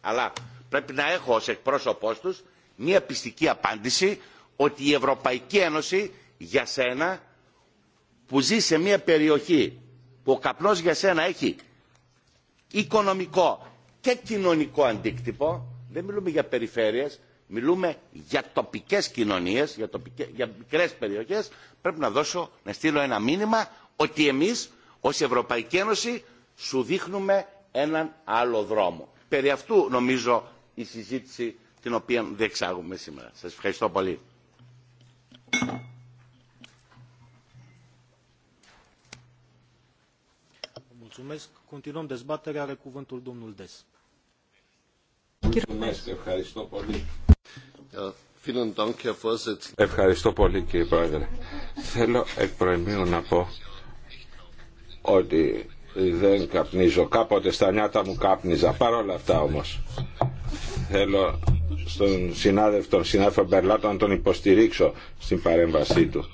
Αλλά πρέπει να έχω ως εκπρόσωπός τους μία πιστική απάντηση ότι η Ευρωπαϊκή Ένωση για σένα που ζει σε μία περιοχή που ο καπνός για σένα έχει οικονομικό και κοινωνικό αντίκτυπο, δεν μιλούμε για περιφέρειες, μιλούμε για τοπικές κοινωνίες, για, τοπικές, για μικρές περιοχές, πρέπει να, δώσω, να στείλω ένα μήνυμα ότι εμείς ως Ευρωπαϊκή Ένωση σου δείχνουμε έναν άλλο δρόμο. Περί αυτού νομίζω η συζήτηση την οποία διεξάγουμε σήμερα. Σας ευχαριστώ πολύ ευχαριστώ πολύ. κύριε Πρόεδρε. Θέλω εκ προημίου να πω ότι δεν καπνίζω. Κάποτε στα νιάτα μου κάπνιζα. Παρ' όλα αυτά όμως θέλω στον συνάδελφο, τον συνάδελφο Μπερλάτο να τον υποστηρίξω στην παρέμβασή του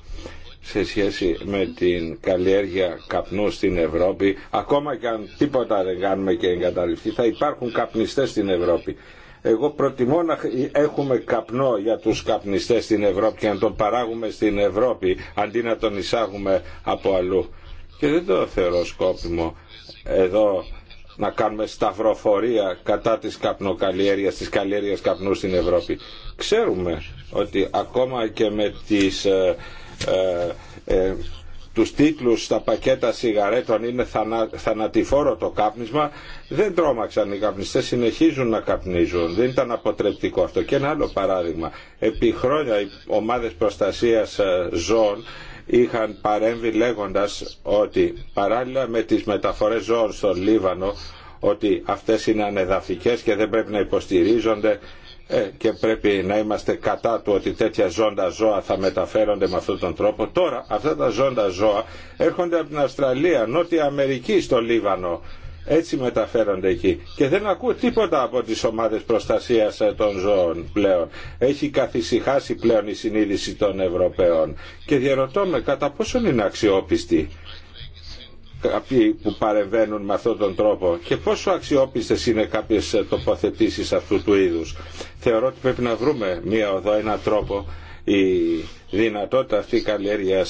σε σχέση με την καλλιέργεια καπνού στην Ευρώπη. Ακόμα και αν τίποτα δεν κάνουμε και εγκαταλειφθεί, θα υπάρχουν καπνιστές στην Ευρώπη. Εγώ προτιμώ να έχουμε καπνό για τους καπνιστές στην Ευρώπη και να τον παράγουμε στην Ευρώπη αντί να τον εισάγουμε από αλλού. Και δεν το θεωρώ σκόπιμο εδώ να κάνουμε σταυροφορία κατά της καπνοκαλλιέργειας, της καλλιέργειας καπνού στην Ευρώπη. Ξέρουμε ότι ακόμα και με τις ε, ε, ε, τους τίτλους στα πακέτα σιγαρέτων είναι θανα, θανατηφόρο το κάπνισμα δεν τρόμαξαν οι καπνιστές συνεχίζουν να καπνίζουν δεν ήταν αποτρεπτικό αυτό και ένα άλλο παράδειγμα επί χρόνια οι ομάδες προστασίας ε, ζώων είχαν παρέμβει λέγοντας ότι παράλληλα με τις μεταφορές ζώων στον Λίβανο ότι αυτές είναι ανεδαφικές και δεν πρέπει να υποστηρίζονται ε, και πρέπει να είμαστε κατά του ότι τέτοια ζώντα ζώα θα μεταφέρονται με αυτόν τον τρόπο. Τώρα αυτά τα ζώντα ζώα έρχονται από την Αυστραλία, Νότια Αμερική στο Λίβανο. Έτσι μεταφέρονται εκεί. Και δεν ακούω τίποτα από τις ομάδες προστασίας ε, των ζώων πλέον. Έχει καθησυχάσει πλέον η συνείδηση των Ευρωπαίων. Και διαρωτώ με κατά πόσον είναι αξιόπιστοι κάποιοι που παρεβαίνουν με αυτόν τον τρόπο και πόσο αξιόπιστες είναι κάποιες τοποθετήσεις αυτού του είδους. Θεωρώ ότι πρέπει να βρούμε μία οδό, έναν τρόπο η δυνατότητα αυτή καλλιέργεια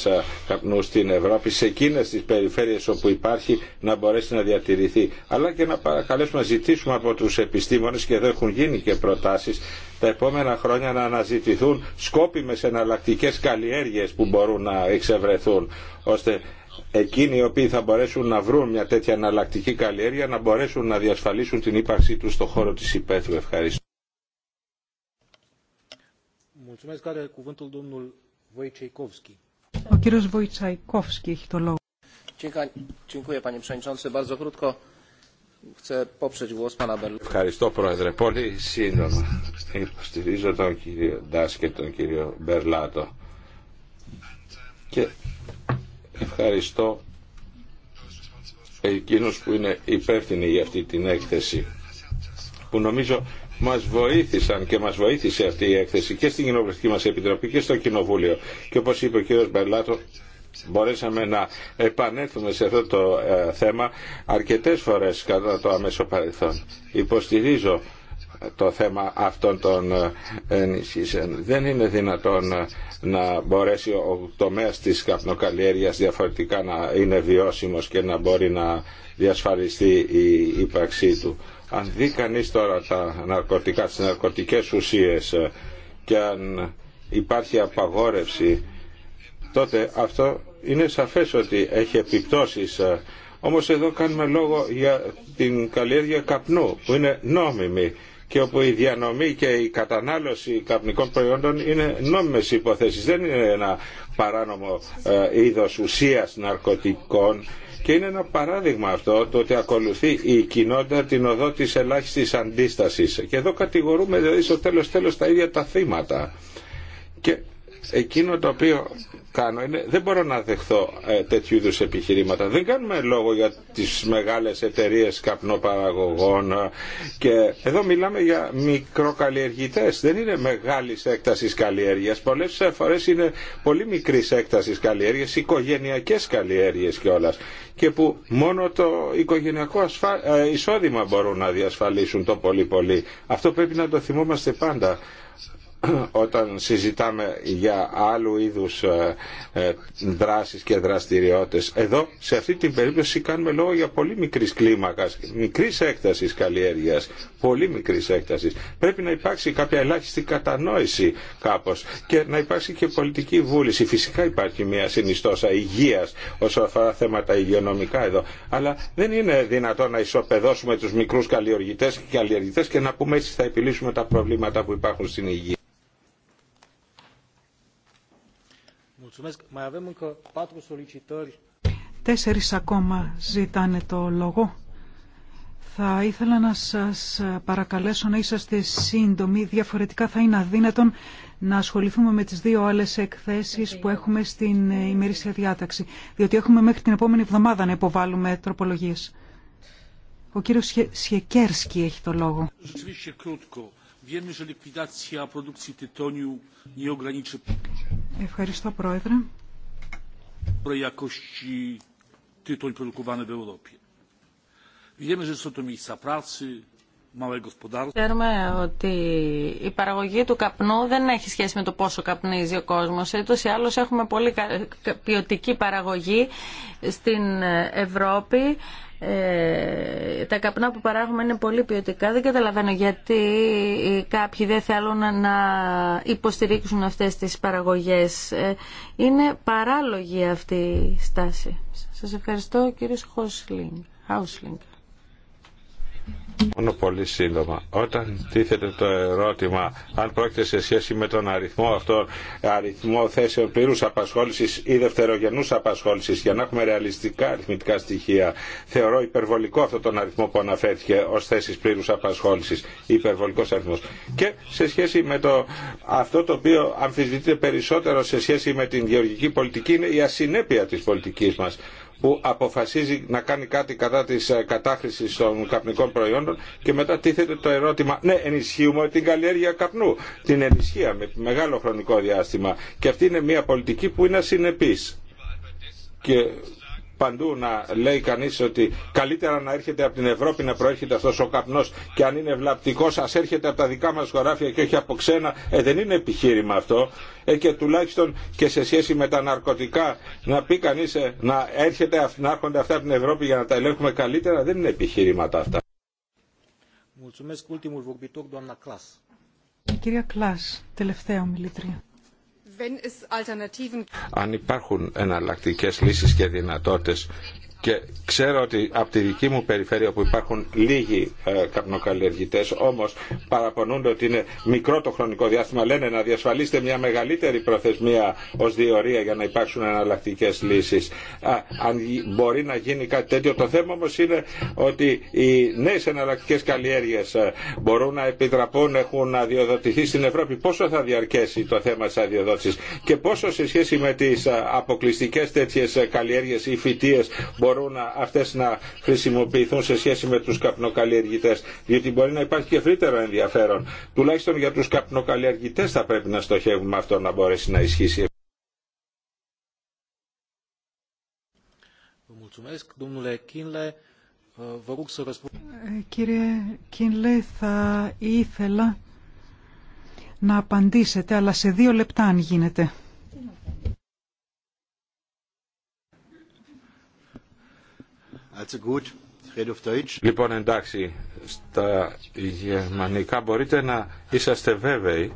καπνού στην Ευρώπη σε εκείνες τις περιφέρειες όπου υπάρχει να μπορέσει να διατηρηθεί αλλά και να παρακαλέσουμε να ζητήσουμε από τους επιστήμονες και εδώ έχουν γίνει και προτάσεις τα επόμενα χρόνια να αναζητηθούν σκόπιμες εναλλακτικές καλλιέργειες που μπορούν να εξευρεθούν ώστε εκείνοι οι οποίοι θα μπορέσουν να βρουν μια τέτοια εναλλακτική καλλιέργεια να μπορέσουν να διασφαλίσουν την ύπαρξή τους στον χώρο της υπαίθρου. Ευχαριστώ. Ο κύριος Βοητσαϊκόφσκι έχει το λόγο. Ευχαριστώ Πρόεδρε. Πολύ σύντομα υποστηρίζω τον κύριο Ντάσκε, και τον κύριο Μπερλάτο. Και Ευχαριστώ εκείνους που είναι υπεύθυνοι για αυτή την έκθεση που νομίζω μας βοήθησαν και μας βοήθησε αυτή η έκθεση και στην Κοινοβουλευτική μας Επιτροπή και στο Κοινοβούλιο και όπως είπε ο κύριος Μπερλάτο μπορέσαμε να επανέλθουμε σε αυτό το ε, θέμα αρκετές φορές κατά το αμέσο παρελθόν. Υποστηρίζω το θέμα αυτών των ε, ενισχύσεων. Δεν είναι δυνατόν ε, να μπορέσει ο τομέας της καπνοκαλλιέργειας διαφορετικά να είναι βιώσιμος και να μπορεί να διασφαλιστεί η ύπαρξή του. Αν δει κανεί τώρα τα ναρκωτικά, τις ναρκωτικές ουσίες ε, και αν υπάρχει απαγόρευση, τότε αυτό είναι σαφές ότι έχει επιπτώσεις όμως εδώ κάνουμε λόγο για την καλλιέργεια καπνού που είναι νόμιμη και όπου η διανομή και η κατανάλωση καπνικών προϊόντων είναι νόμιμες υποθέσεις. Δεν είναι ένα παράνομο ε, είδος ουσίας ναρκωτικών και είναι ένα παράδειγμα αυτό το ότι ακολουθεί η κοινότητα την οδό της ελάχιστης αντίστασης. Και εδώ κατηγορούμε δηλαδή στο τέλος τέλος τα ίδια τα θύματα εκείνο το οποίο κάνω είναι δεν μπορώ να δεχθώ ε, τέτοιου είδου επιχειρήματα. Δεν κάνουμε λόγο για τις μεγάλες εταιρείες καπνοπαραγωγών ε, και εδώ μιλάμε για μικροκαλλιεργητές. Δεν είναι μεγάλης έκτασης καλλιέργειας. Πολλές φορές είναι πολύ μικρής έκτασης καλλιέργειας, οικογενειακές καλλιέργειες κιόλα. και που μόνο το οικογενειακό ε, εισόδημα μπορούν να διασφαλίσουν το πολύ πολύ. Αυτό πρέπει να το θυμόμαστε πάντα όταν συζητάμε για άλλου είδους ε, ε, δράσεις και δραστηριότητες. Εδώ, σε αυτή την περίπτωση, κάνουμε λόγο για πολύ μικρής κλίμακας, μικρής έκτασης καλλιέργειας, πολύ μικρής έκτασης. Πρέπει να υπάρξει κάποια ελάχιστη κατανόηση κάπως και να υπάρξει και πολιτική βούληση. Φυσικά υπάρχει μια συνιστόσα υγείας όσον αφορά θέματα υγειονομικά εδώ, αλλά δεν είναι δυνατό να ισοπεδώσουμε τους μικρούς καλλιεργητές και καλλιεργητές και να πούμε έτσι θα επιλύσουμε τα προβλήματα που υπάρχουν στην υγεία. Mulțumesc. Τέσσερις ακόμα ζητάνε το λόγο. Θα ήθελα να σας παρακαλέσω να είσαστε σύντομοι, διαφορετικά θα είναι αδύνατον να ασχοληθούμε με τις δύο άλλες εκθέσεις που έχουμε στην ημερήσια διάταξη, διότι έχουμε μέχρι την επόμενη εβδομάδα να υποβάλουμε τροπολογίες. Ο κύριος Σιεκέρσκι έχει το λόγο. Wiemy, że likwidacja produkcji tytoniu nie ograniczy Ευχαριστώ, jakości tytoń produkowany w Europie. Wiemy, że są to miejsca pracy, Ξέρουμε ότι η παραγωγή του καπνού δεν έχει σχέση με το πόσο καπνίζει ο κόσμος. Έτως ή άλλως έχουμε πολύ ποιοτική παραγωγή στην Ευρώπη. Ε, τα καπνά που παράγουμε είναι πολύ ποιοτικά. Δεν καταλαβαίνω γιατί κάποιοι δεν θέλουν να υποστηρίξουν αυτές τις παραγωγές. Ε, είναι παράλογη αυτή η στάση. Σας ευχαριστώ κύριε Χόσλινγκ. Μόνο πολύ σύντομα. Όταν τίθεται το ερώτημα αν πρόκειται σε σχέση με τον αριθμό αυτό, αριθμό θέσεων πλήρου απασχόληση ή δευτερογενού απασχόληση, για να έχουμε ρεαλιστικά αριθμητικά στοιχεία, θεωρώ υπερβολικό αυτό τον αριθμό που αναφέρθηκε ω θέσει πλήρου απασχόληση. Υπερβολικό αριθμό. Και σε σχέση με το, αυτό το οποίο αμφισβητείται περισσότερο σε σχέση με την γεωργική πολιτική είναι η ασυνέπεια τη πολιτική μα που αποφασίζει να κάνει κάτι κατά της ε, κατάχρησης των καπνικών προϊόντων και μετά τίθεται το ερώτημα ναι ενισχύουμε την καλλιέργεια καπνού την ενισχύαμε με μεγάλο χρονικό διάστημα και αυτή είναι μια πολιτική που είναι ασυνεπής και παντού να λέει κανείς ότι καλύτερα να έρχεται από την Ευρώπη να προέρχεται αυτός ο καπνός και αν είναι βλαπτικός ας έρχεται από τα δικά μας χωράφια και όχι από ξένα ε, δεν είναι επιχείρημα αυτό ε, και τουλάχιστον και σε σχέση με τα ναρκωτικά να πει κανείς ε, να, έρχεται, να έρχονται αυτά από την Ευρώπη για να τα ελέγχουμε καλύτερα δεν είναι επιχείρηματα αυτά. Κυρία Κλάς, τελευταία ομιλήτρια αν υπάρχουν εναλλακτικές λύσεις και δυνατότητες και ξέρω ότι από τη δική μου περιφέρεια που υπάρχουν λίγοι ε, καπνοκαλλιεργητές όμως παραπονούνται ότι είναι μικρό το χρονικό διάστημα λένε να διασφαλίσετε μια μεγαλύτερη προθεσμία ως διορία για να υπάρξουν εναλλακτικέ λύσεις. αν μπορεί να γίνει κάτι τέτοιο. Το θέμα όμως είναι ότι οι νέες εναλλακτικέ καλλιέργειες ε, μπορούν να επιτραπούν, έχουν αδειοδοτηθεί στην Ευρώπη. Πόσο θα διαρκέσει το θέμα της αδειοδότησης και πόσο σε σχέση με τις ε, αποκλειστικέ τέτοιε ε, καλλιέργειες ή φυτίες μπορούν αυτές να χρησιμοποιηθούν σε σχέση με τους καπνοκαλλιεργητές. Διότι μπορεί να υπάρχει και ευρύτερο ενδιαφέρον. Τουλάχιστον για τους καπνοκαλλιεργητές θα πρέπει να στοχεύουμε αυτό να μπορέσει να ισχύσει. Ε, κύριε Κίνλε, θα ήθελα να απαντήσετε, αλλά σε δύο λεπτά αν γίνεται. Λοιπόν εντάξει, στα γερμανικά μπορείτε να είσαστε βέβαιοι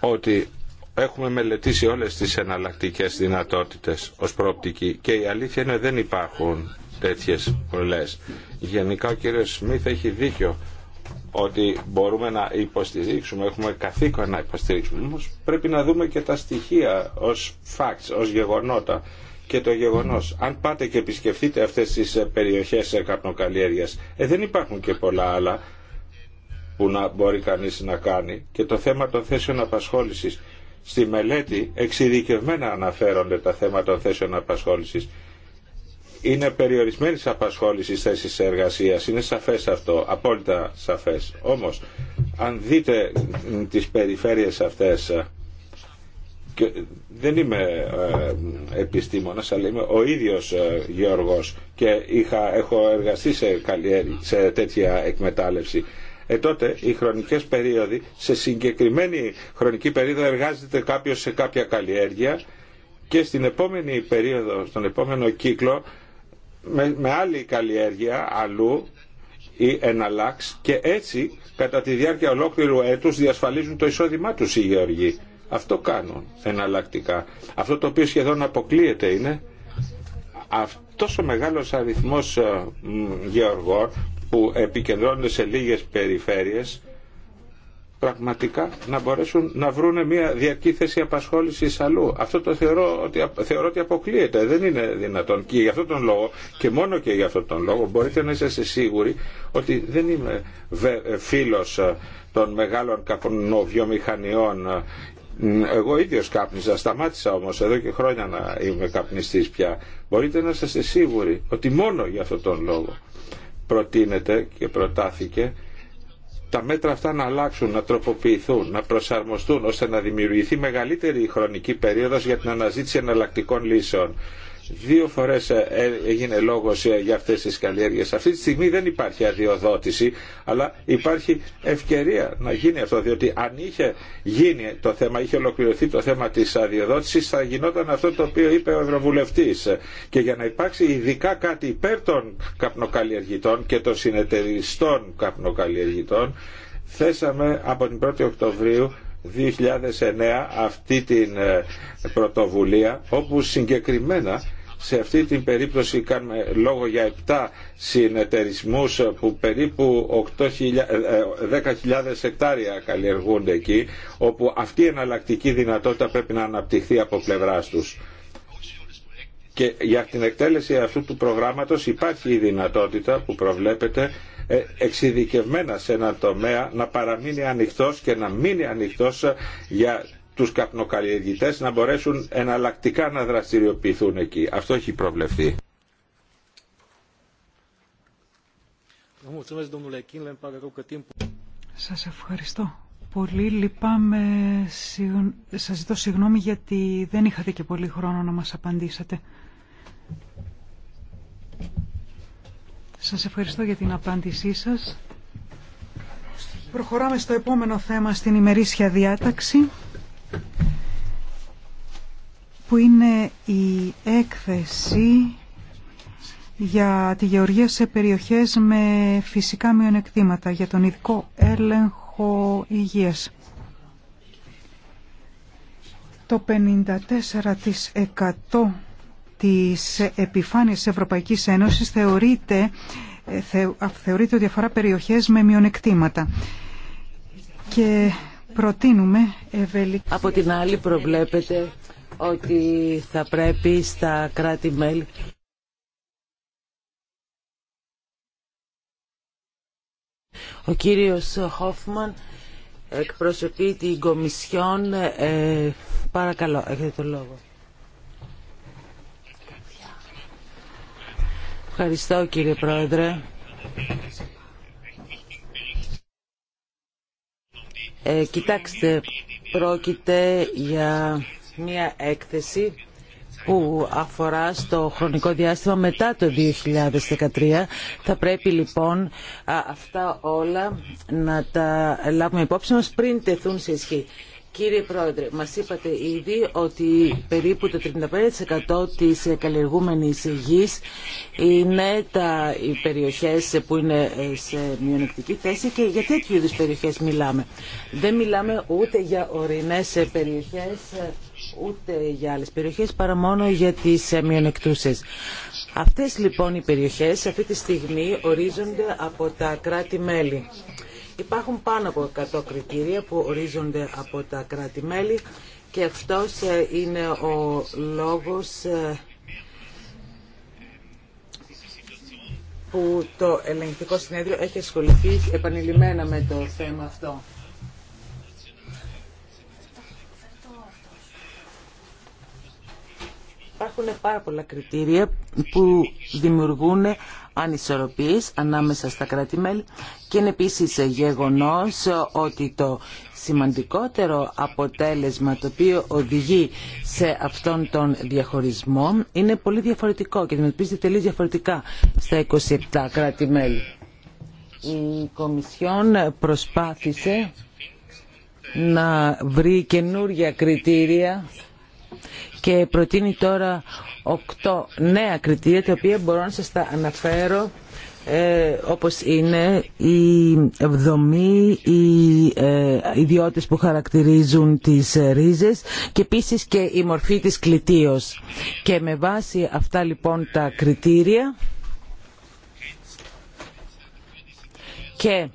ότι έχουμε μελετήσει όλες τις εναλλακτικές δυνατότητες ως πρόπτικη και η αλήθεια είναι δεν υπάρχουν τέτοιες πολλές. Γενικά ο κύριος Σμίθ έχει δίκιο ότι μπορούμε να υποστηρίξουμε, έχουμε καθήκον να υποστηρίξουμε. Όμως πρέπει να δούμε και τα στοιχεία ως facts, ως γεγονότα και το γεγονός αν πάτε και επισκεφτείτε αυτές τις ε, περιοχές ε, καπνοκαλλιέργειας ε, δεν υπάρχουν και πολλά άλλα που να μπορεί κανείς να κάνει και το θέμα των θέσεων απασχόλησης στη μελέτη εξειδικευμένα αναφέρονται τα θέματα των θέσεων απασχόλησης είναι περιορισμένη απασχόληση θέσει εργασία. Είναι σαφέ αυτό, απόλυτα σαφέ. Όμω, αν δείτε τι περιφέρειε αυτέ, δεν είμαι ε, επιστήμονας αλλά είμαι ο ίδιος ε, και είχα, έχω εργαστεί σε, σε τέτοια εκμετάλλευση ε, τότε οι χρονικές περίοδοι σε συγκεκριμένη χρονική περίοδο εργάζεται κάποιος σε κάποια καλλιέργεια και στην επόμενη περίοδο, στον επόμενο κύκλο με, με άλλη καλλιέργεια αλλού ή εναλλάξ και έτσι κατά τη διάρκεια ολόκληρου έτους διασφαλίζουν το εισόδημά τους οι γεωργοί αυτό κάνουν εναλλακτικά. Αυτό το οποίο σχεδόν αποκλείεται είναι αυτός ο μεγάλος αριθμός ε, γεωργών που επικεντρώνονται σε λίγες περιφέρειες πραγματικά να μπορέσουν να βρουν μια διαρκή θέση απασχόληση αλλού. Αυτό το θεωρώ ότι, θεωρώ ότι αποκλείεται. Δεν είναι δυνατόν. Και για αυτόν τον λόγο, και μόνο και για αυτόν τον λόγο, μπορείτε να είστε σίγουροι ότι δεν είμαι ε, φίλο ε, των μεγάλων καπνοβιομηχανιών εγώ ίδιος κάπνιζα, σταμάτησα όμως εδώ και χρόνια να είμαι καπνιστής πια. Μπορείτε να είστε σίγουροι ότι μόνο για αυτόν τον λόγο προτείνεται και προτάθηκε τα μέτρα αυτά να αλλάξουν, να τροποποιηθούν, να προσαρμοστούν ώστε να δημιουργηθεί μεγαλύτερη χρονική περίοδος για την αναζήτηση εναλλακτικών λύσεων. Δύο φορές ε, ε, έγινε λόγο ε, για αυτές τις καλλιέργειες. Αυτή τη στιγμή δεν υπάρχει αδειοδότηση, αλλά υπάρχει ευκαιρία να γίνει αυτό, διότι αν είχε γίνει το θέμα, είχε ολοκληρωθεί το θέμα της αδειοδότηση, θα γινόταν αυτό το οποίο είπε ο Ευρωβουλευτή. Και για να υπάρξει ειδικά κάτι υπέρ των καπνοκαλλιεργητών και των συνεταιριστών καπνοκαλλιεργητών, θέσαμε από την 1η Οκτωβρίου 2009 αυτή την ε, πρωτοβουλία όπου συγκεκριμένα σε αυτή την περίπτωση κάνουμε λόγο για 7 συνεταιρισμούς ε, που περίπου 10.000 ε, εκτάρια καλλιεργούνται εκεί όπου αυτή η εναλλακτική δυνατότητα πρέπει να αναπτυχθεί από πλευράς τους. Και για την εκτέλεση αυτού του προγράμματος υπάρχει η δυνατότητα που προβλέπεται ε, εξειδικευμένα σε ένα τομέα να παραμείνει ανοιχτός και να μείνει ανοιχτός για τους καπνοκαλλιεργητές να μπορέσουν εναλλακτικά να δραστηριοποιηθούν εκεί. Αυτό έχει προβλεφθεί. Σας ευχαριστώ. Πολύ λυπάμαι, σας ζητώ συγγνώμη γιατί δεν είχατε και πολύ χρόνο να μας απαντήσετε. Σας ευχαριστώ για την απάντησή σας. Προχωράμε στο επόμενο θέμα στην ημερήσια διάταξη που είναι η έκθεση για τη γεωργία σε περιοχές με φυσικά μειονεκτήματα για τον ειδικό έλεγχο υγείας. Το 54% της επιφάνειας της Ευρωπαϊκής Ένωσης θεωρείται, ε, θεωρείται ότι αφορά περιοχές με μειονεκτήματα. Και προτείνουμε ευελιξία. Από την άλλη προβλέπετε ότι θα πρέπει στα κράτη-μέλη Ο κύριος Χόφμαν εκπροσωπεί την Κομισιόν. Ε, παρακαλώ, έχετε το λόγο. Ευχαριστώ κύριε Πρόεδρε. Ε, κοιτάξτε, πρόκειται για μια έκθεση που αφορά στο χρονικό διάστημα μετά το 2013. Θα πρέπει λοιπόν αυτά όλα να τα λάβουμε υπόψη μας πριν τεθούν σε ισχύ. Κύριε Πρόεδρε, μας είπατε ήδη ότι περίπου το 35% της καλλιεργούμενης γης είναι τα, οι περιοχές που είναι ε, σε μειονεκτική θέση και για τέτοιου είδους περιοχές μιλάμε. Δεν μιλάμε ούτε για ορεινές περιοχές, ούτε για άλλες περιοχές, παρά μόνο για τις μειονεκτούσες. Αυτές λοιπόν οι περιοχές αυτή τη στιγμή ορίζονται από τα κράτη-μέλη. Υπάρχουν πάνω από 100 κριτήρια που ορίζονται από τα κράτη-μέλη και αυτός ε, είναι ο λόγος ε, που το ελεγκτικό συνέδριο έχει ασχοληθεί επανειλημμένα με το θέμα αυτό. Υπάρχουν πάρα πολλά κριτήρια που δημιουργούν ανισορροπίες ανάμεσα στα κράτη-μέλη και είναι επίσης γεγονός ότι το σημαντικότερο αποτέλεσμα το οποίο οδηγεί σε αυτόν τον διαχωρισμό είναι πολύ διαφορετικό και αντιμετωπίζεται τελείω διαφορετικά στα 27 κράτη-μέλη. Η Κομισιόν προσπάθησε να βρει καινούργια κριτήρια και προτείνει τώρα οκτώ νέα κριτήρια τα οποία μπορώ να σας τα αναφέρω ε, όπως είναι η δομή, οι ε, ιδιότητες που χαρακτηρίζουν τις ρίζες και επίσης και η μορφή της κλητίος. Και με βάση αυτά λοιπόν τα κριτήρια και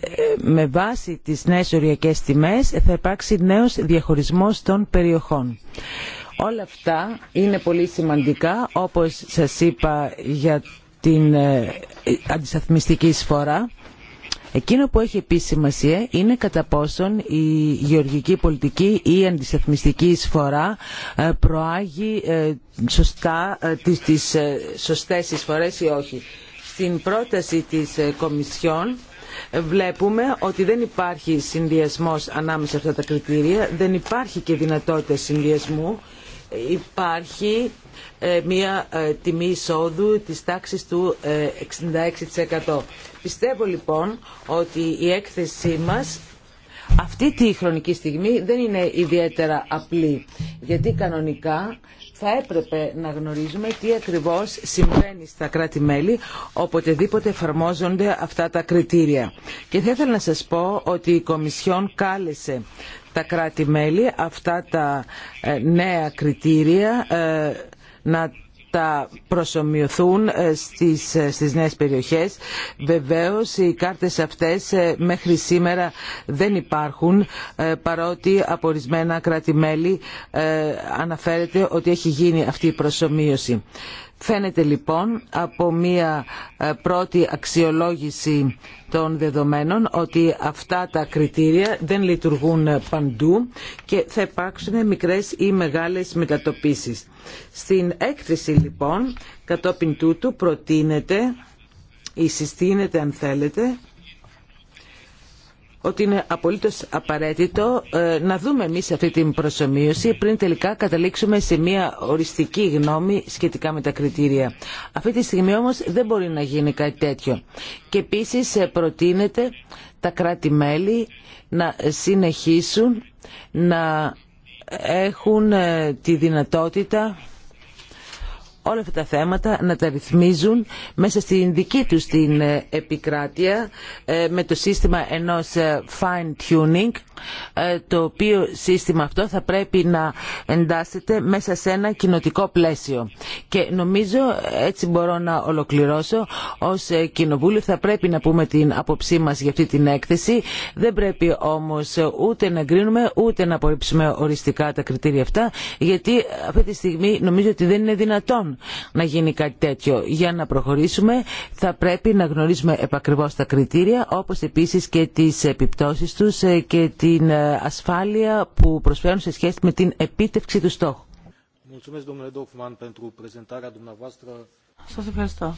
ε, με βάση τις νέες οριακές τιμές θα υπάρξει νέος διαχωρισμός των περιοχών. Όλα αυτά είναι πολύ σημαντικά, όπως σας είπα για την ε, αντισταθμιστική εισφορά. Εκείνο που έχει επίσημα σημασία είναι κατά πόσον η γεωργική πολιτική ή η αντισταθμιστική εισφορά ε, προάγει ε, σωστά τις, τις σωστές εισφορές ή όχι. Στην πρόταση της Κομισιόν βλέπουμε ότι δεν υπάρχει συνδυασμός ανάμεσα σε αυτά τα κριτήρια, δεν υπάρχει και δυνατότητα συνδυασμού υπάρχει ε, μια ε, τιμή εισόδου της τάξης του 66%. Ε, Πιστεύω λοιπόν ότι η έκθεσή μας αυτή τη χρονική στιγμή δεν είναι ιδιαίτερα απλή, γιατί κανονικά θα έπρεπε να γνωρίζουμε τι ακριβώς συμβαίνει στα κράτη-μέλη οποτεδήποτε εφαρμόζονται αυτά τα κριτήρια. Και θα ήθελα να σας πω ότι η Κομισιόν κάλεσε τα κράτη-μέλη αυτά τα ε, νέα κριτήρια ε, να τα προσωμιωθούν ε, στις, στις νέες περιοχές. Βεβαίως οι κάρτες αυτές μέχρι σήμερα δεν υπάρχουν παρότι από ορισμένα κράτη-μέλη αναφέρεται ότι έχει γίνει αυτή η προσωμείωση. Φαίνεται λοιπόν από μία ε, πρώτη αξιολόγηση των δεδομένων ότι αυτά τα κριτήρια δεν λειτουργούν παντού και θα υπάρξουν μικρές ή μεγάλες μετατοπίσεις. Στην έκθεση λοιπόν κατόπιν τούτου προτείνεται ή συστήνεται αν θέλετε ότι είναι απολύτως απαραίτητο ε, να δούμε εμείς αυτή την προσωμείωση πριν τελικά καταλήξουμε σε μια οριστική γνώμη σχετικά με τα κριτήρια. Αυτή τη στιγμή όμως δεν μπορεί να γίνει κάτι τέτοιο. Και επίσης ε, προτείνεται τα κράτη-μέλη να συνεχίσουν να έχουν ε, τη δυνατότητα όλα αυτά τα θέματα να τα ρυθμίζουν μέσα στην δική τους την ε, επικράτεια ε, με το σύστημα ενός ε, fine tuning ε, το οποίο σύστημα αυτό θα πρέπει να εντάσσεται μέσα σε ένα κοινοτικό πλαίσιο. Και νομίζω, έτσι μπορώ να ολοκληρώσω, ως Κοινοβούλιο θα πρέπει να πούμε την άποψή μας για αυτή την έκθεση. Δεν πρέπει όμως ούτε να γκρίνουμε ούτε να απορρίψουμε οριστικά τα κριτήρια αυτά, γιατί αυτή τη στιγμή νομίζω ότι δεν είναι δυνατόν να γίνει κάτι τέτοιο. Για να προχωρήσουμε θα πρέπει να γνωρίσουμε επακριβώς τα κριτήρια, όπως επίσης και τις επιπτώσεις τους ε, και την ε, ασφάλεια που προσφέρουν σε σχέση με την επίτευξη του στόχου. Σας ευχαριστώ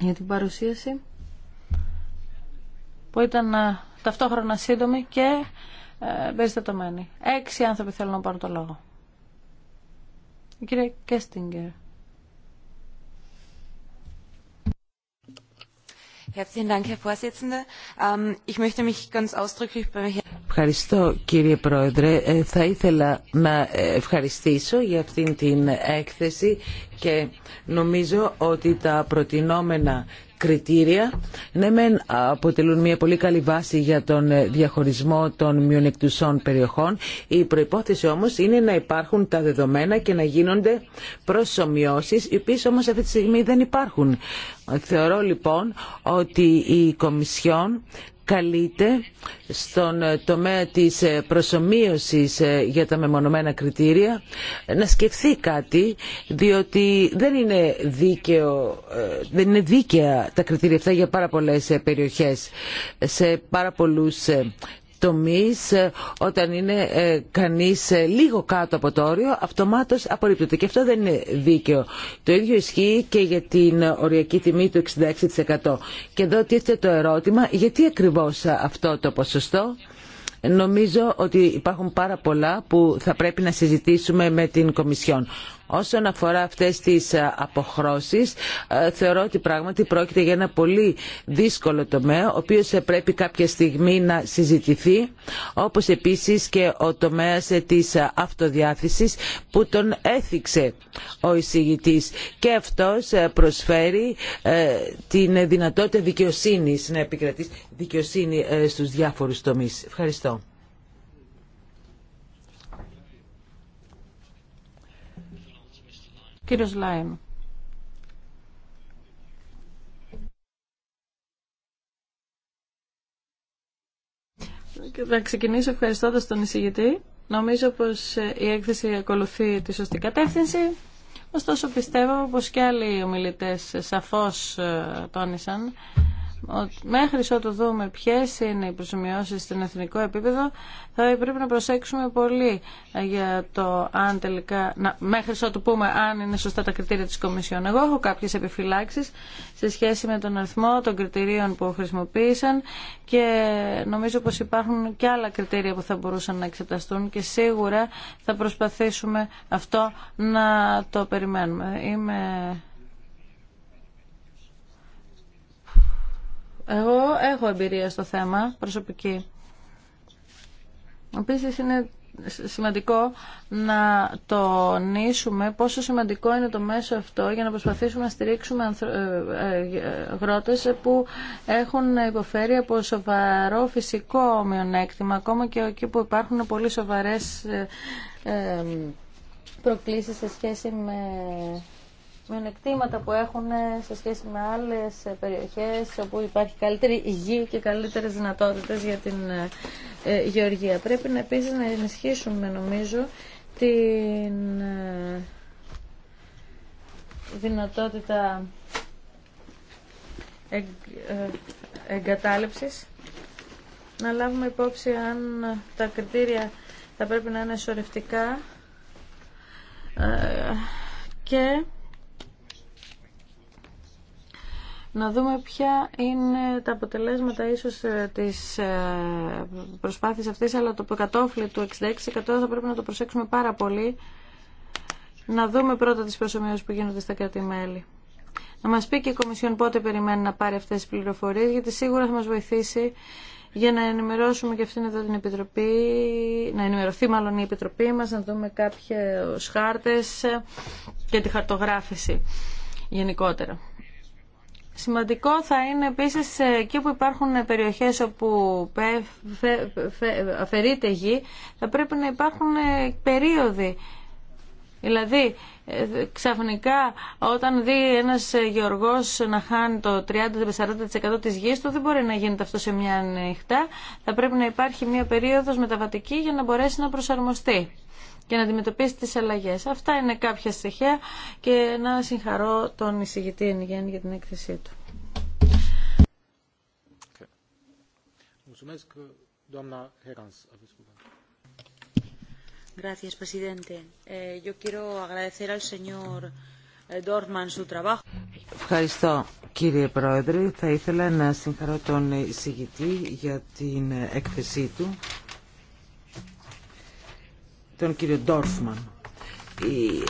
για την παρουσίαση που ήταν ε, ταυτόχρονα σύντομη και ε, περιστατωμένη. Έξι άνθρωποι θέλουν να πάρουν το λόγο. Η κυρία Κέστιγκερ. Ευχαριστώ κύριε Πρόεδρε. Ε, θα ήθελα να ε, ευχαριστήσω για αυτήν την έκθεση και νομίζω ότι τα προτινόμενα κριτήρια ναι μεν αποτελούν μια πολύ καλή βάση για τον ε, διαχωρισμό των μειονεκτουσών περιοχών. Η προϋπόθεση όμως είναι να υπάρχουν τα δεδομένα και να γίνονται προσωμιώσεις, οι οποίες όμως αυτή τη στιγμή δεν υπάρχουν. Θεωρώ λοιπόν ότι η Κομισιόν καλείται στον ε, τομέα της ε, προσωμείωσης ε, για τα μεμονωμένα κριτήρια να σκεφτεί κάτι διότι δεν είναι, δίκαιο, δεν είναι δίκαια τα κριτήρια αυτά για πάρα πολλές περιοχές σε πάρα πολλούς τομείς ε, όταν είναι ε, κανείς ε, λίγο κάτω από το όριο αυτομάτως απορρίπτεται και αυτό δεν είναι δίκαιο. Το ίδιο ισχύει και για την οριακή τιμή του 66%. Και εδώ τίθεται το ερώτημα γιατί ακριβώς αυτό το ποσοστό Νομίζω ότι υπάρχουν πάρα πολλά που θα πρέπει να συζητήσουμε με την Κομισιόν. Όσον αφορά αυτές τις ε, αποχρώσεις, ε, θεωρώ ότι πράγματι πρόκειται για ένα πολύ δύσκολο τομέα, ο οποίος ε, πρέπει κάποια στιγμή να συζητηθεί, όπως επίσης και ο τομέας της αυτοδιάθεσης που τον έθιξε ο εισηγητής. Και αυτός προσφέρει την δυνατότητα δικαιοσύνης να επικρατήσει δικαιοσύνη στους διάφορους τομείς. Ευχαριστώ. Κύριος Λάιμ. Θα ξεκινήσω ευχαριστώντας τον εισηγητή. Νομίζω πως ε, η έκθεση ακολουθεί τη σωστή κατεύθυνση. Ωστόσο πιστεύω πως και άλλοι ομιλητές ε, σαφώς ε, τόνισαν μέχρι ότου δούμε ποιε είναι οι προσωμιώσει στην εθνικό επίπεδο θα πρέπει να προσέξουμε πολύ ε, για το αν τελικά να, μέχρι ότου πούμε αν είναι σωστά τα κριτήρια της Κομισιόν. Εγώ έχω κάποιες επιφυλάξεις σε σχέση με τον αριθμό των κριτηρίων που χρησιμοποίησαν και νομίζω πως υπάρχουν και άλλα κριτήρια που θα μπορούσαν να εξεταστούν και σίγουρα θα προσπαθήσουμε αυτό να το περιμένουμε. Είμαι Εγώ έχω εμπειρία στο θέμα προσωπική. Επίση είναι σημαντικό να τονίσουμε πόσο σημαντικό είναι το μέσο αυτό για να προσπαθήσουμε να στηρίξουμε ε, ε, γρότες που έχουν υποφέρει από σοβαρό φυσικό μειονέκτημα ακόμα και εκεί που υπάρχουν πολύ σοβαρές ε, προκλήσεις σε σχέση με μειονεκτήματα που έχουν σε σχέση με άλλες περιοχές όπου υπάρχει καλύτερη υγεία και καλύτερες δυνατότητες για την ε, γεωργία. Πρέπει να επίσης να ενισχύσουμε νομίζω την ε, δυνατότητα εγ, ε, να λάβουμε υπόψη αν τα κριτήρια θα πρέπει να είναι σωρευτικά και να δούμε ποια είναι τα αποτελέσματα ίσως ε, της ε, προσπάθειας αυτής, αλλά το κατόφλι του 66% θα πρέπει να το προσέξουμε πάρα πολύ, να δούμε πρώτα τις προσωμιώσεις που γίνονται στα κράτη-μέλη. Να μας πει και η Κομισιόν πότε περιμένει να πάρει αυτές τις πληροφορίες, γιατί σίγουρα θα μας βοηθήσει για να ενημερώσουμε και αυτήν εδώ την Επιτροπή, να ενημερωθεί μάλλον η Επιτροπή μας, να δούμε κάποιες χάρτες και τη χαρτογράφηση γενικότερα. Σημαντικό θα είναι επίσης εκεί που υπάρχουν περιοχές όπου αφαιρείται γη θα πρέπει να υπάρχουν περίοδοι. Δηλαδή ε, ξαφνικά όταν δει ένας γεωργός να χάνει το 30-40% της γης του δεν μπορεί να γίνεται αυτό σε μια νυχτά. Θα πρέπει να υπάρχει μια περίοδος μεταβατική για να μπορέσει να προσαρμοστεί και να αντιμετωπίσει τις αλλαγές. Αυτά είναι κάποια στοιχεία και να συγχαρώ τον εισηγητή Ενιγέν για την έκθεσή του. Eh, eh, Ευχαριστώ κύριε Πρόεδρε. Θα ήθελα να συγχαρώ τον εισηγητή για την ε, έκθεσή του τον κύριο Ντόρφμαν. Η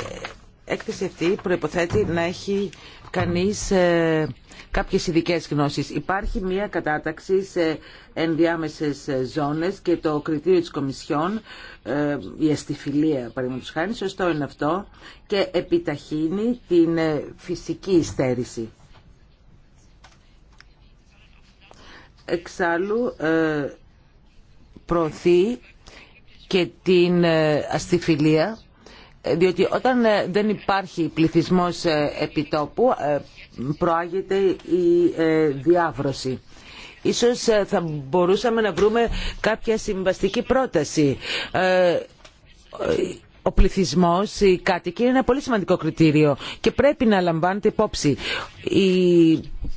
έκθεση αυτή προϋποθέτει να έχει κανείς ε, κάποιες ειδικέ γνώσεις. Υπάρχει μια κατάταξη σε ενδιάμεσες ζώνες και το κριτήριο της Κομισιόν, ε, η αστιφιλία παραδείγματος χάρη, σωστό είναι αυτό, και επιταχύνει την ε, φυσική υστέρηση. Εξάλλου προωθεί και την ε, αστιφιλία ε, διότι όταν ε, δεν υπάρχει πληθυσμός επιτόπου προάγεται η διάβρωση. Ίσως θα μπορούσαμε να βρούμε κάποια συμβαστική πρόταση ο πληθυσμός, οι κάτοικοι είναι ένα πολύ σημαντικό κριτήριο και πρέπει να λαμβάνεται υπόψη. Οι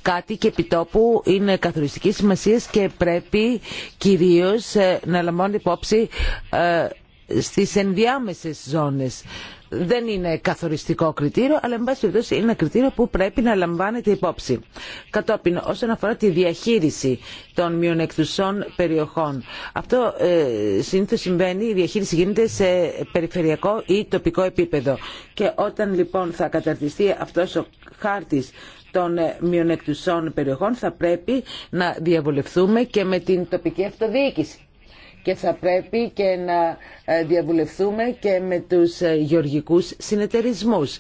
κάτοικοι επιτόπου είναι καθοριστική σημασία και πρέπει κυρίως ε, να λαμβάνετε υπόψη ε, στις ενδιάμεσες ζώνες δεν είναι καθοριστικό κριτήριο, αλλά εν πάση περιπτώσει είναι ένα κριτήριο που πρέπει να λαμβάνεται υπόψη. Κατόπιν, όσον αφορά τη διαχείριση των μειονεκτουσών περιοχών. Αυτό ε, συνήθως συμβαίνει, η διαχείριση γίνεται σε περιφερειακό ή τοπικό επίπεδο. Και όταν λοιπόν θα καταρτιστεί αυτός ο χάρτης των ε, μειονεκτουσών περιοχών θα πρέπει να διαβολευτούμε και με την τοπική αυτοδιοίκηση και θα πρέπει και να ε, διαβουλευτούμε και με τους ε, γεωργικούς συνεταιρισμούς.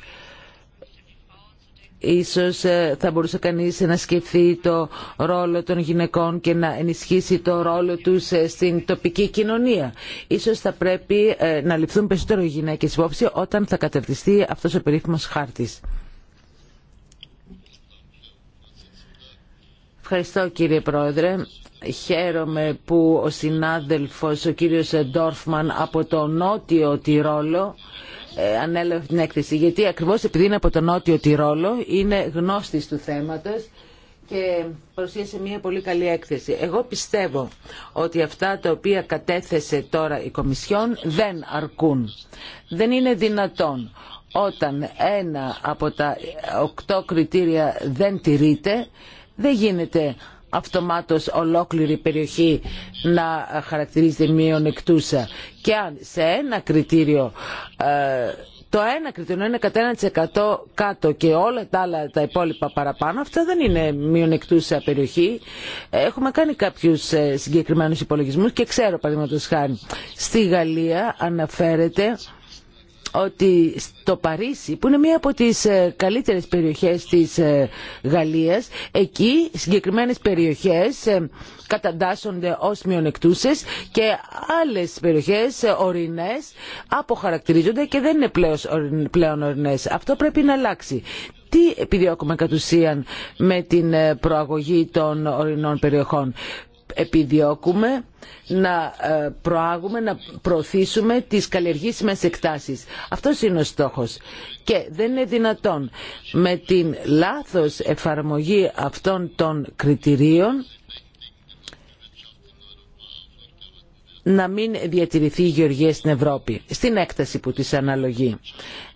Ίσως ε, θα μπορούσε κανείς να σκεφτεί το ρόλο των γυναικών και να ενισχύσει το ρόλο τους στην τοπική κοινωνία. Ίσως θα πρέπει να ληφθούν περισσότερο οι γυναίκες υπόψη όταν θα καταρτιστεί αυτός ο περίφημος χάρτης. Ευχαριστώ κύριε Πρόεδρε. Χαίρομαι που ο συνάδελφος, ο κύριος Ντόρφμαν από το νότιο Τυρόλο ε, ανέλαβε την έκθεση. Γιατί ακριβώς επειδή είναι από το νότιο Τυρόλο είναι γνώστης του θέματος και παρουσίασε μια πολύ καλή έκθεση. Εγώ πιστεύω ότι αυτά τα οποία κατέθεσε τώρα η Κομισιόν δεν αρκούν. Δεν είναι δυνατόν όταν ένα από τα οκτώ κριτήρια δεν τηρείται, δεν γίνεται αυτομάτως ολόκληρη περιοχή να χαρακτηρίζεται μειονεκτούσα. Και αν σε ένα κριτήριο ε, το ένα κριτήριο είναι κατά 1% κάτω και όλα τα άλλα τα υπόλοιπα παραπάνω, αυτά δεν είναι μειονεκτούσα περιοχή. Έχουμε κάνει κάποιους ε, συγκεκριμένους υπολογισμούς και ξέρω, παραδείγματος χάρη, στη Γαλλία αναφέρεται ότι στο Παρίσι, που είναι μία από τις ε, καλύτερες περιοχές της ε, Γαλλίας, εκεί συγκεκριμένες περιοχές ε, καταντάσσονται ως μειονεκτούσες και άλλες περιοχές ορεινές αποχαρακτηρίζονται και δεν είναι πλέον ορεινές. Αυτό πρέπει να αλλάξει. Τι επιδιώκουμε κατ' ουσίαν με την προαγωγή των ορεινών περιοχών επιδιώκουμε να ε, προάγουμε, να προωθήσουμε τις καλλιεργήσιμες εκτάσεις. Αυτός είναι ο στόχος. Και δεν είναι δυνατόν με την λάθος εφαρμογή αυτών των κριτηρίων να μην διατηρηθεί η γεωργία στην Ευρώπη, στην έκταση που της αναλογεί.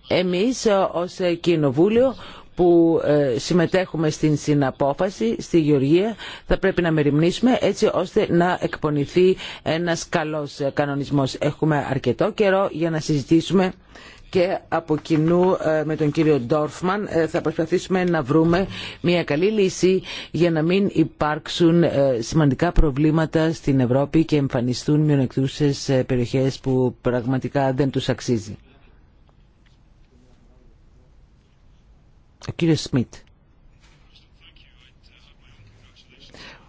Εμείς ε, ως Κοινοβούλιο που ε, συμμετέχουμε στην συναπόφαση, στη Γεωργία, θα πρέπει να μεριμνήσουμε έτσι ώστε να εκπονηθεί ένας καλός κανονισμός. Έχουμε αρκετό καιρό για να συζητήσουμε και από κοινού ε, με τον κύριο Ντόρφμαν ε, θα προσπαθήσουμε να βρούμε μια καλή λύση για να μην υπάρξουν σημαντικά προβλήματα στην Ευρώπη και εμφανιστούν μειονεκτούσες περιοχές που πραγματικά δεν τους αξίζει. Κύριε Σμιτ.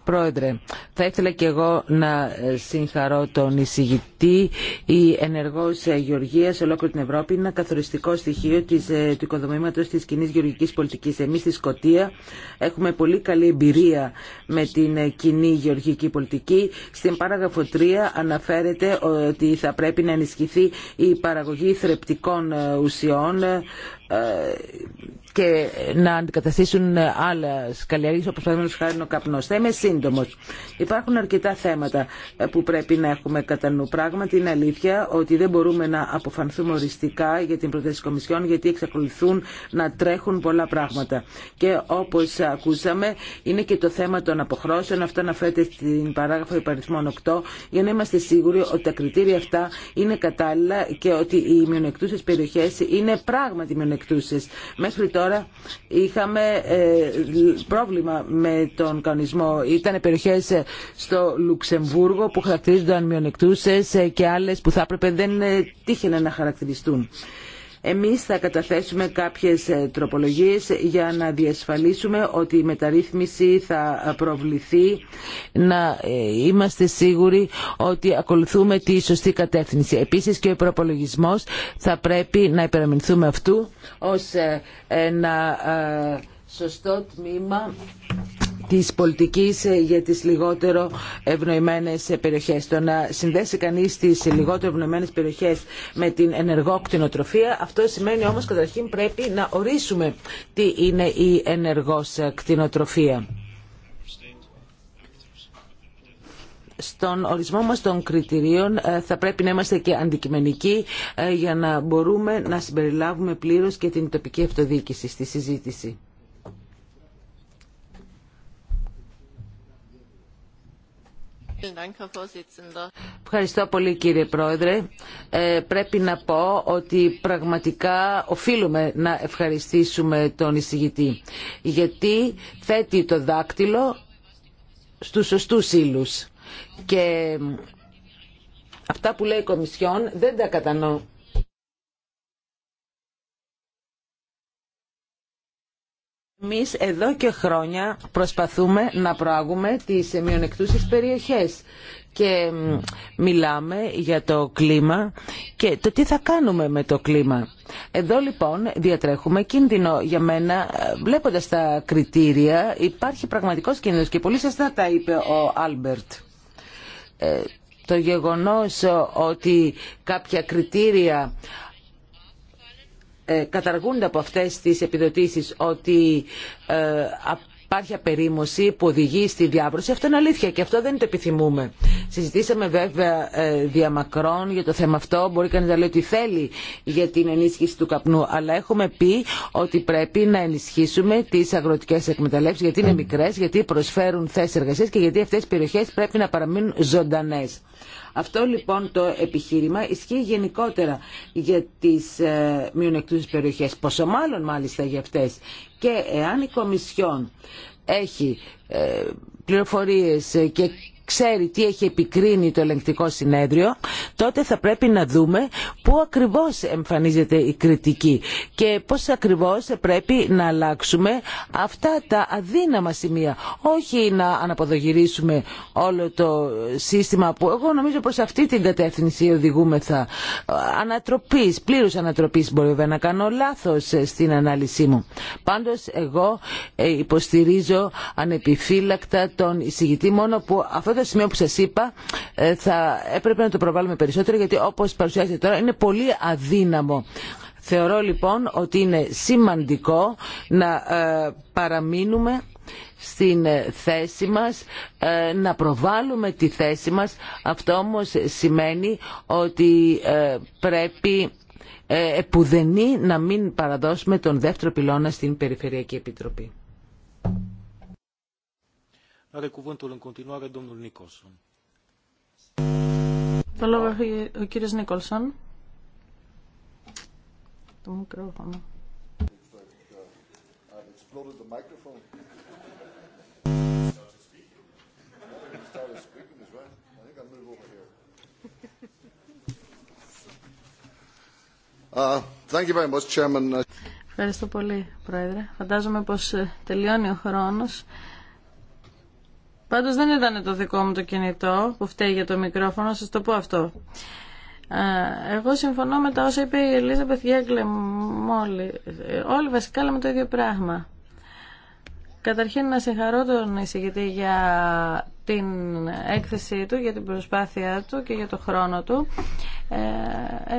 Πρόεδρε, θα ήθελα και εγώ να συγχαρώ τον εισηγητή. Η ενεργός γεωργία σε ολόκληρη την Ευρώπη είναι ένα καθοριστικό στοιχείο της, ε, του οικοδομήματος της κοινή γεωργικής πολιτικής. Εμείς στη Σκοτία έχουμε πολύ καλή εμπειρία με την ε, κοινή γεωργική πολιτική. Στην παράγραφο 3 αναφέρεται ε, ότι θα πρέπει να ενισχυθεί η παραγωγή θρεπτικών ουσιών και να αντικαταστήσουν άλλα καλλιέργειε όπω παραδείγματος χάρη ο καπνό. Θα είμαι σύντομο. Υπάρχουν αρκετά θέματα που πρέπει να έχουμε κατά νου. Πράγματι είναι αλήθεια ότι δεν μπορούμε να αποφανθούμε οριστικά για την προθέση Κομισιόν γιατί εξακολουθούν να τρέχουν πολλά πράγματα. Και όπω ακούσαμε είναι και το θέμα των αποχρώσεων. Αυτό αναφέρεται στην παράγραφο υπαριθμών 8 για να είμαστε σίγουροι ότι τα κριτήρια αυτά είναι κατάλληλα και ότι οι μειονεκτούσε περιοχέ είναι πράγματι μειονεκτούσε. Μέχρι τώρα είχαμε ε, πρόβλημα με τον κανονισμό. Ήταν περιοχέ ε, στο Λουξεμβούργο που χαρακτηρίζονταν μειονεκτούσε ε, και άλλε που θα έπρεπε δεν τύχαιναν να χαρακτηριστούν. Εμείς θα καταθέσουμε κάποιες ε, τροπολογίες για να διασφαλίσουμε ότι η μεταρρύθμιση θα ε, προβληθεί, να ε, είμαστε σίγουροι ότι ακολουθούμε τη σωστή κατεύθυνση. Επίσης και ο προπολογισμός θα πρέπει να υπεραμεινθούμε αυτού ως ένα σωστό τμήμα της πολιτικής ε, για τις λιγότερο ευνοημένες ε, περιοχές. Το να συνδέσει κανείς τις λιγότερο ευνοημένες περιοχές με την ενεργό κτηνοτροφία, αυτό σημαίνει όμως καταρχήν πρέπει να ορίσουμε τι είναι η ενεργός ε, κτηνοτροφία. στον ορισμό μας των κριτηρίων θα πρέπει να είμαστε και αντικειμενικοί για να μπορούμε να συμπεριλάβουμε πλήρως και την τοπική αυτοδιοίκηση στη συζήτηση. Ευχαριστώ πολύ κύριε Πρόεδρε. Ε, πρέπει να πω ότι πραγματικά οφείλουμε να ευχαριστήσουμε τον εισηγητή γιατί θέτει το δάκτυλο στους σωστούς ύλου. και αυτά που λέει η Κομισιόν δεν τα κατανοώ Εμεί εδώ και χρόνια προσπαθούμε να προάγουμε τις μειονεκτούσε περιοχές και μιλάμε για το κλίμα και το τι θα κάνουμε με το κλίμα. Εδώ λοιπόν διατρέχουμε κίνδυνο για μένα βλέποντας τα κριτήρια υπάρχει πραγματικός κίνδυνος και πολύ σωστά τα είπε ο Άλμπερτ. Ε, το γεγονός ότι κάποια κριτήρια ε, καταργούνται από αυτές τις επιδοτήσεις ότι ε, υπάρχει απερίμωση που οδηγεί στη διάβρωση. Αυτό είναι αλήθεια και αυτό δεν το επιθυμούμε. Συζητήσαμε βέβαια ε, διαμακρών για το θέμα αυτό. Μπορεί κανείς να λέει ότι θέλει για την ενίσχυση του καπνού. Αλλά έχουμε πει ότι πρέπει να ενισχύσουμε τις αγροτικές εκμεταλλεύσεις γιατί είναι μικρές, γιατί προσφέρουν θέσεις εργασίας και γιατί αυτές οι περιοχές πρέπει να παραμείνουν ζωντανές. Αυτό λοιπόν το επιχείρημα ισχύει γενικότερα για τις ε, μειονεκτούς περιοχές, πόσο μάλλον μάλιστα για αυτές. Και εάν η Κομισιόν έχει ε, πληροφορίες ε, και ξέρει τι έχει επικρίνει το ελεγκτικό συνέδριο, τότε θα πρέπει να δούμε πού ακριβώς εμφανίζεται η κριτική και πώς ακριβώς πρέπει να αλλάξουμε αυτά τα αδύναμα σημεία. Όχι να αναποδογυρίσουμε όλο το σύστημα που εγώ νομίζω προς αυτή την κατεύθυνση οδηγούμεθα. Ανατροπής, πλήρους ανατροπής μπορεί βέβαια να κάνω λάθος στην ανάλυση μου. Πάντως εγώ ε, υποστηρίζω ανεπιφύλακτα τον εισηγητή μόνο που εγω νομιζω προς αυτη την κατευθυνση οδηγουμεθα ανατροπης πληρους ανατροπης μπορει να κανω λαθος στην αναλυση μου παντως εγω υποστηριζω ανεπιφυλακτα τον εισηγητη μονο που αυτο το σημείο που σας είπα ε, θα έπρεπε να το προβάλλουμε περισσότερο γιατί όπως παρουσιάζεται τώρα είναι πολύ αδύναμο. Θεωρώ λοιπόν ότι είναι σημαντικό να ε, παραμείνουμε στην ε, θέση μας, να προβάλλουμε τη θέση μας. Αυτό όμως σημαίνει ότι πρέπει επουδενή να μην παραδώσουμε τον δεύτερο πυλώνα στην Περιφερειακή Επιτροπή. Are cuvântul Νίκολσον. Το μικρόφωνο. Ευχαριστώ πολύ, Πρόεδρε. Φαντάζομαι πως ε, τελειώνει ο χρόνος. Πάντως δεν ήταν το δικό μου το κινητό που φταίει για το μικρόφωνο, σας το πω αυτό. Ε, εγώ συμφωνώ με τα όσα είπε η Ελίζα Πεθιέγκλε μόλι. Ε, όλοι βασικά λέμε το ίδιο πράγμα. Καταρχήν να συγχαρώ τον εισηγητή για την έκθεσή του, για την προσπάθειά του και για το χρόνο του. Ε,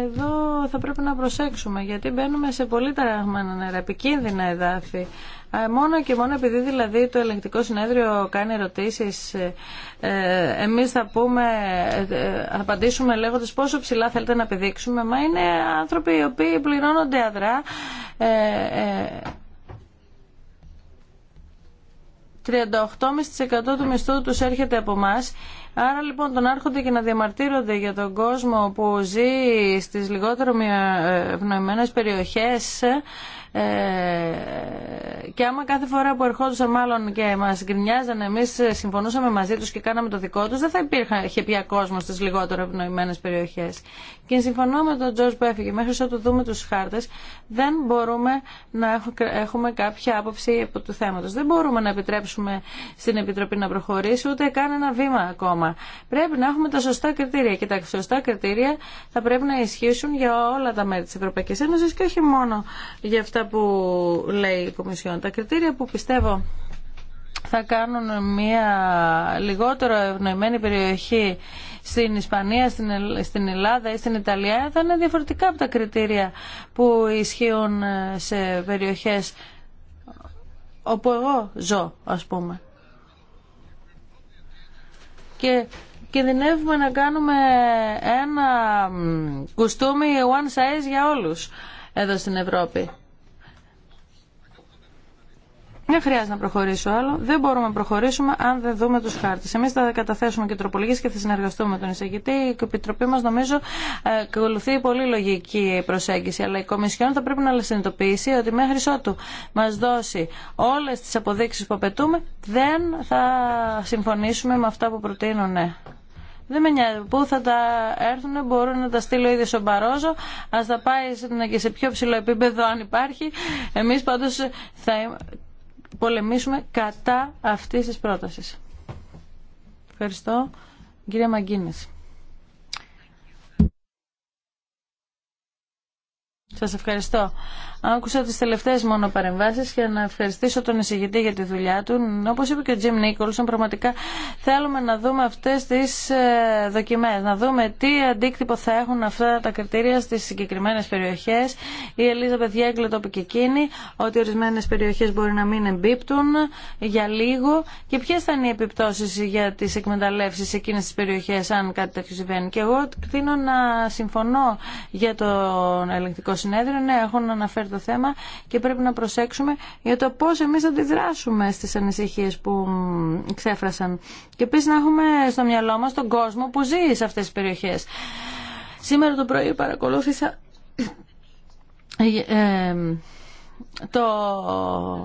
εδώ θα πρέπει να προσέξουμε γιατί μπαίνουμε σε πολύ ταραγμένα νερά, επικίνδυνα εδάφη. Ε, μόνο και μόνο επειδή δηλαδή το ελεγκτικό συνέδριο κάνει ερωτήσεις, ε, ε, εμείς θα πούμε, θα απαντήσουμε λέγοντας πόσο ψηλά θέλετε να επιδείξουμε, μα είναι άνθρωποι οι οποίοι πληρώνονται αδρά. 38,5% του μισθού τους έρχεται από εμά. Άρα λοιπόν τον άρχονται και να διαμαρτύρονται για τον κόσμο που ζει στις λιγότερο ευνοημένες περιοχές ε, και άμα κάθε φορά που ερχόντουσαν μάλλον και μα γκρινιάζαν εμεί συμφωνούσαμε μαζί του και κάναμε το δικό του. δεν θα υπήρχε πια κόσμο στι λιγότερο ευνοημένε περιοχέ. Και συμφωνώ με τον Τζορτ που έφυγε, μέχρι ότου δούμε του χάρτε δεν μπορούμε να έχουμε κάποια άποψη από του θέματο. Δεν μπορούμε να επιτρέψουμε στην Επιτροπή να προχωρήσει ούτε καν ένα βήμα ακόμα. Πρέπει να έχουμε τα σωστά κριτήρια και τα σωστά κριτήρια θα πρέπει να ισχύσουν για όλα τα μέρη τη Ευρωπαϊκή Ένωση και όχι μόνο για αυτά που λέει η Κομισιόν. Τα κριτήρια που πιστεύω θα κάνουν μια λιγότερο ευνοημένη περιοχή στην Ισπανία, στην Ελλάδα ή στην Ιταλία θα είναι διαφορετικά από τα κριτήρια που ισχύουν ε, σε περιοχές όπου εγώ ζω, ας πούμε. Και κινδυνεύουμε να κάνουμε ένα κουστούμι one size για όλους εδώ στην Ευρώπη. Δεν χρειάζεται να προχωρήσω άλλο. Δεν μπορούμε να προχωρήσουμε αν δεν δούμε του χάρτε. Εμεί θα καταθέσουμε και τροπολογίε και θα συνεργαστούμε με τον εισαγητή. Η Επιτροπή μα, νομίζω, ακολουθεί πολύ λογική προσέγγιση. Αλλά η Κομισιόν θα πρέπει να συνειδητοποιήσει ότι μέχρι ότου μα δώσει όλε τι αποδείξει που απαιτούμε, δεν θα συμφωνήσουμε με αυτά που προτείνουν. Ναι. Δεν με νοιάζει. Πού θα τα έρθουν, μπορούν να τα στείλω ήδη στον παρόζο, Α τα πάει και σε πιο ψηλό επίπεδο, αν υπάρχει. Εμεί πάντω θα πολεμήσουμε κατά αυτή τη πρόταση. Ευχαριστώ. Κύριε Μαγκίνη. Σα ευχαριστώ. Άκουσα τι τελευταίε μόνο παρεμβάσει για να ευχαριστήσω τον εισηγητή για τη δουλειά του. Όπω είπε και ο Τζιμ Νίκολσον, πραγματικά θέλουμε να δούμε αυτέ τι ε, δοκιμέ, να δούμε τι αντίκτυπο θα έχουν αυτά τα κριτήρια στι συγκεκριμένε περιοχέ. Η Ελίζα Πεδιέγκλε το είπε και εκείνη, ότι ορισμένε περιοχέ μπορεί να μην εμπίπτουν για λίγο και ποιε θα είναι οι επιπτώσει για τι εκμεταλλεύσεις σε εκείνες τις περιοχές αν κάτι τέτοιο συμβαίνει. Και εγώ κλείνω να συμφωνώ για το ελεγκτικό συνέδριο. Ναι, έχουν αναφέρει το θέμα και πρέπει να προσέξουμε για το πώς εμείς αντιδράσουμε στις ανησυχίες που ξέφρασαν. Και επίση να έχουμε στο μυαλό μας τον κόσμο που ζει σε αυτές τις περιοχές. Σήμερα το πρωί παρακολούθησα ε, το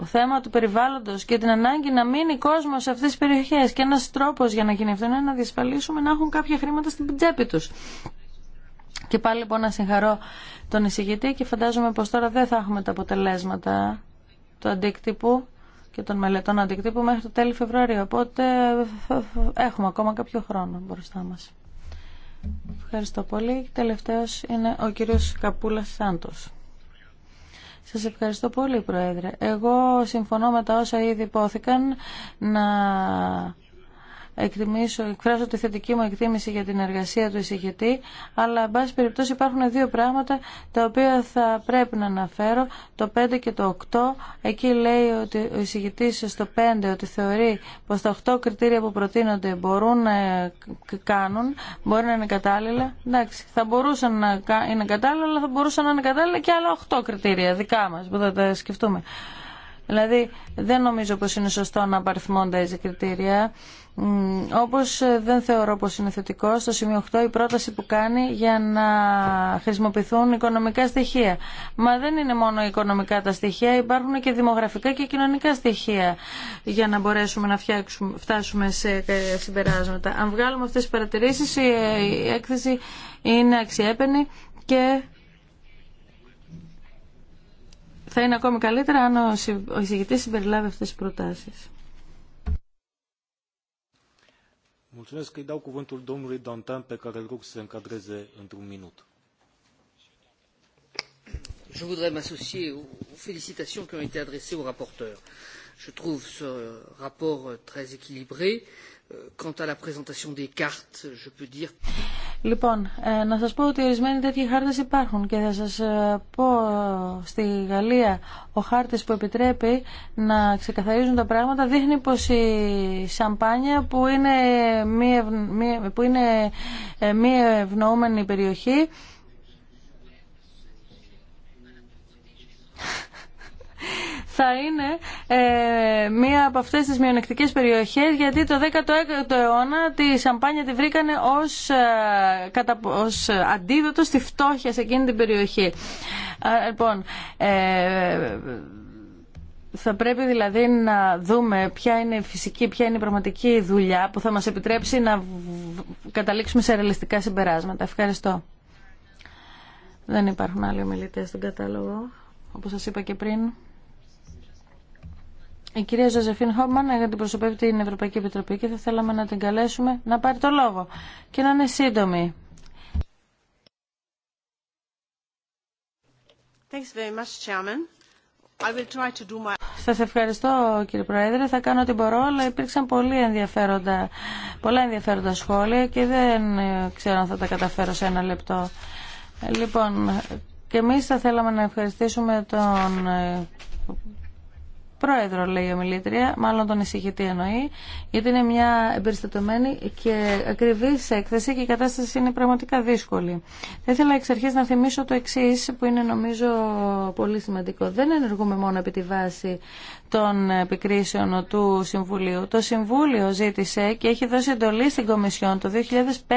θέμα του περιβάλλοντος και την ανάγκη να μείνει κόσμος σε αυτές τις περιοχές και ένας τρόπος για να γίνει αυτό είναι να διασφαλίσουμε να έχουν κάποια χρήματα στην τσέπη τους. Και πάλι λοιπόν να συγχαρώ τον εισηγητή και φαντάζομαι πως τώρα δεν θα έχουμε τα αποτελέσματα του αντίκτυπου και των μελετών αντικτύπου μέχρι το τέλη Φεβρουαρίου. Οπότε έχουμε ακόμα κάποιο χρόνο μπροστά μας. Ευχαριστώ πολύ. Τελευταίος είναι ο κύριος Καπούλας Σάντος. Σας ευχαριστώ πολύ, Πρόεδρε. Εγώ συμφωνώ με τα όσα ήδη υπόθηκαν να εκτιμήσω, εκφράζω τη θετική μου εκτίμηση για την εργασία του εισηγητή, αλλά εν πάση περιπτώσει υπάρχουν δύο πράγματα τα οποία θα πρέπει να αναφέρω, το 5 και το 8. Εκεί λέει ότι ο εισηγητή στο 5 ότι θεωρεί πω τα 8 κριτήρια που προτείνονται μπορούν να ε, κάνουν, μπορεί να είναι κατάλληλα. Εντάξει, θα μπορούσαν να είναι κατάλληλα, αλλά θα μπορούσαν να είναι κατάλληλα και άλλα 8 κριτήρια δικά μα που θα τα σκεφτούμε. Δηλαδή δεν νομίζω πως είναι σωστό να απαριθμώνται τα κριτήρια. Όπως ε, δεν θεωρώ πως είναι θετικό, στο σημείο 8 η πρόταση που κάνει για να χρησιμοποιηθούν οικονομικά στοιχεία. Μα δεν είναι μόνο οικονομικά τα στοιχεία, υπάρχουν και δημογραφικά και κοινωνικά στοιχεία για να μπορέσουμε να φτάσουμε σε ε, συμπεράσματα. Αν βγάλουμε αυτές τις παρατηρήσεις, ε, η έκθεση είναι αξιέπαινη και θα είναι ακόμη καλύτερα αν ο συμπεριλάβει αυτές τις προτάσεις. Mulțumesc. Îi dau cuvântul domnului Dantan, pe care îl rog să se încadreze într-un minut. Je voudrais m'associer aux félicitations qui ont été adressées au rapporteur. Je trouve ce rapport très équilibré Λοιπόν, να σας πω ότι ορισμένοι τέτοιοι χάρτες υπάρχουν και θα σας ε, πω ε, στη Γαλλία ο χάρτης που επιτρέπει να ξεκαθαρίζουν τα πράγματα δείχνει πως η Σαμπάνια που είναι μη, που είναι ε, μη ευνοούμενη περιοχή θα είναι ε, μία από αυτές τις μειονεκτικές περιοχές γιατί το 16ο αιώνα τη σαμπάνια τη βρήκανε ε, ως, αντίδοτο στη φτώχεια σε εκείνη την περιοχή. λοιπόν, ε, θα πρέπει δηλαδή να δούμε ποια είναι η φυσική, ποια είναι η πραγματική δουλειά που θα μας επιτρέψει να καταλήξουμε σε ρεαλιστικά συμπεράσματα. Ευχαριστώ. Δεν υπάρχουν άλλοι ομιλητές στον κατάλογο, όπως σας είπα και πριν. Η ε, κυρία Ζωζεφίν Χόμαν αντιπροσωπεύει την Ευρωπαϊκή Επιτροπή και θα θέλαμε να την καλέσουμε να πάρει το λόγο και να είναι σύντομη. Σα Σας ευχαριστώ κύριε Πρόεδρε. Θα κάνω ό,τι μπορώ, αλλά υπήρξαν πολύ ενδιαφέροντα, πολλά ενδιαφέροντα σχόλια και δεν ε, ξέρω αν θα τα καταφέρω σε ένα λεπτό. Ε, λοιπόν, και εμείς θα θέλαμε να ευχαριστήσουμε τον πρόεδρο, λέει η ομιλήτρια, μάλλον τον εισηγητή εννοεί, γιατί είναι μια εμπεριστατωμένη και ακριβή έκθεση και η κατάσταση είναι πραγματικά δύσκολη. Θα ήθελα εξ αρχή να θυμίσω το εξή, που είναι νομίζω πολύ σημαντικό. Δεν ενεργούμε μόνο επί τη βάση των επικρίσεων του Συμβουλίου. Το Συμβούλιο ζήτησε και έχει δώσει εντολή στην Κομισιόν το 2005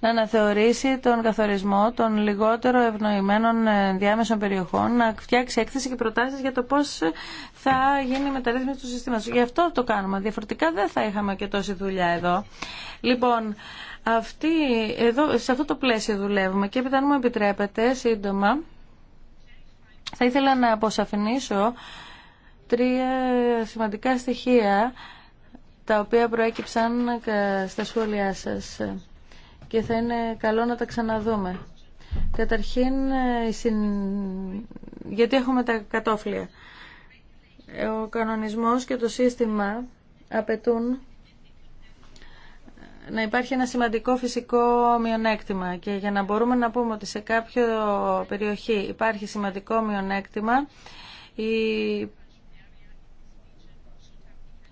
να αναθεωρήσει τον καθορισμό των λιγότερο ευνοημένων διάμεσων περιοχών, να φτιάξει έκθεση και προτάσεις για το πώς θα γίνει η μεταρρύθμιση του συστήματος. Γι' αυτό το κάνουμε. Διαφορετικά δεν θα είχαμε και τόση δουλειά εδώ. Λοιπόν, αυτή, εδώ, σε αυτό το πλαίσιο δουλεύουμε και επειδή αν μου επιτρέπετε σύντομα θα ήθελα να αποσαφηνίσω τρία σημαντικά στοιχεία τα οποία προέκυψαν στα σχόλιά σας και θα είναι καλό να τα ξαναδούμε. Καταρχήν, ε, γιατί έχουμε τα κατόφλια. Ε, ο κανονισμός και το σύστημα απαιτούν να υπάρχει ένα σημαντικό φυσικό μειονέκτημα και για να μπορούμε να πούμε ότι σε κάποιο περιοχή υπάρχει σημαντικό μειονέκτημα η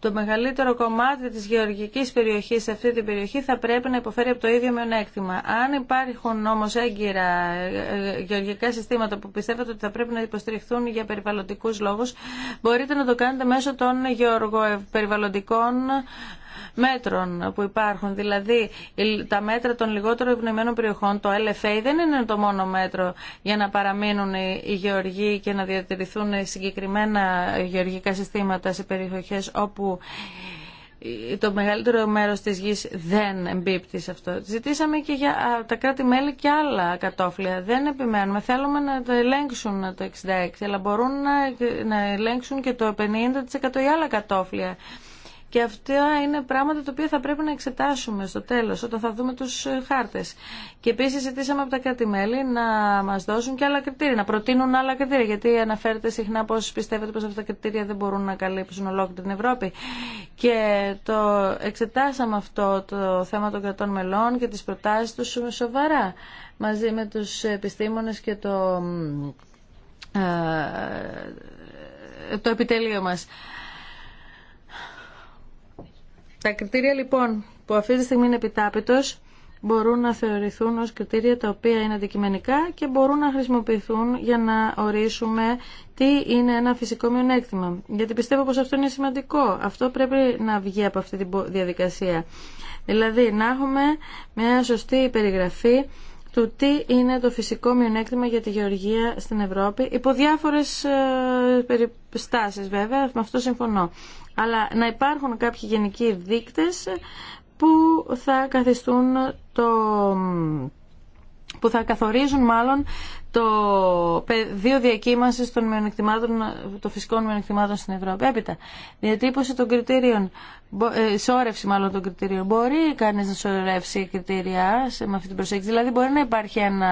το μεγαλύτερο κομμάτι της γεωργικής περιοχής σε αυτή την περιοχή θα πρέπει να υποφέρει από το ίδιο μειονέκτημα. Αν υπάρχουν όμως έγκυρα ε, ε, γεωργικά συστήματα που πιστεύετε ότι θα πρέπει να υποστηριχθούν για περιβαλλοντικούς λόγους, μπορείτε να το κάνετε μέσω των γεωργοπεριβαλλοντικών ε, μέτρων που υπάρχουν. Δηλαδή, τα μέτρα των λιγότερο ευνοημένων περιοχών, το LFA, δεν είναι το μόνο μέτρο για να παραμείνουν οι γεωργοί και να διατηρηθούν συγκεκριμένα γεωργικά συστήματα σε περιοχές όπου το μεγαλύτερο μέρος της γης δεν εμπίπτει σε αυτό. Ζητήσαμε και για τα κράτη-μέλη και άλλα κατόφλια. Δεν επιμένουμε. Θέλουμε να το ελέγξουν το 66, αλλά μπορούν να, να ελέγξουν και το 50% ή άλλα κατόφλια. Και αυτά είναι πράγματα τα οποία θα πρέπει να εξετάσουμε στο τέλος, όταν θα δούμε τους ε, χάρτες. Και επίσης ζητήσαμε από τα κρατημέλη να μας δώσουν και άλλα κριτήρια, να προτείνουν άλλα κριτήρια, γιατί αναφέρεται συχνά πως πιστεύετε πως αυτά τα κριτήρια δεν μπορούν να καλύψουν ολόκληρη την Ευρώπη. Και το εξετάσαμε αυτό το θέμα των κρατών μελών και τις προτάσεις τους σοβαρά, μαζί με τους επιστήμονες και το ε, το επιτελείο μας. Τα κριτήρια λοιπόν που αυτή τη στιγμή είναι επιτάπητος μπορούν να θεωρηθούν ως κριτήρια τα οποία είναι αντικειμενικά και μπορούν να χρησιμοποιηθούν για να ορίσουμε τι είναι ένα φυσικό μειονέκτημα. Γιατί πιστεύω πως αυτό είναι σημαντικό. Αυτό πρέπει να βγει από αυτή τη διαδικασία. Δηλαδή να έχουμε μια σωστή περιγραφή του τι είναι το φυσικό μειονέκτημα για τη γεωργία στην Ευρώπη, υπό διάφορες ε, περιστάσεις βέβαια, με αυτό συμφωνώ αλλά να υπάρχουν κάποιοι γενικοί δείκτες που θα καθιστούν το που θα καθορίζουν μάλλον το πεδίο διακύμανσης των, των φυσικών μειονεκτημάτων στην Ευρώπη. Έπειτα, διατύπωση των κριτήριων, ε, σώρευση μάλλον των κριτήριων. Μπορεί κανείς να σωρεύσει κριτήρια σε, με αυτή την προσέγγιση. Δηλαδή μπορεί να υπάρχει ένα,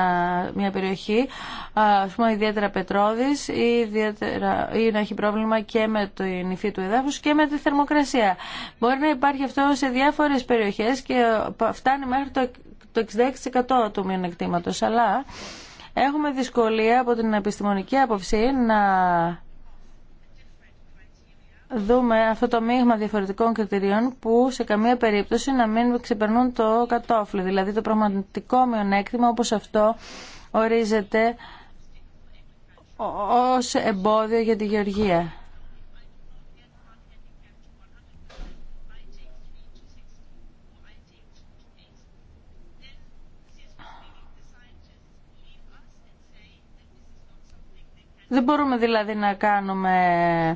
μια περιοχή, ας πούμε ιδιαίτερα πετρώδης ή, ιδιαίτερα, ή να έχει πρόβλημα και με το νηφί του εδάφους και με τη θερμοκρασία. Μπορεί να υπάρχει αυτό σε διάφορες περιοχές και ε, φτάνει μέχρι το το 66% του μειονεκτήματος, αλλά έχουμε δυσκολία από την επιστημονική άποψη να δούμε αυτό το μείγμα διαφορετικών κριτηρίων που σε καμία περίπτωση να μην ξεπερνούν το κατόφλι, δηλαδή το πραγματικό μειονέκτημα όπως αυτό ορίζεται ως εμπόδιο για τη γεωργία. Δεν μπορούμε δηλαδή να κάνουμε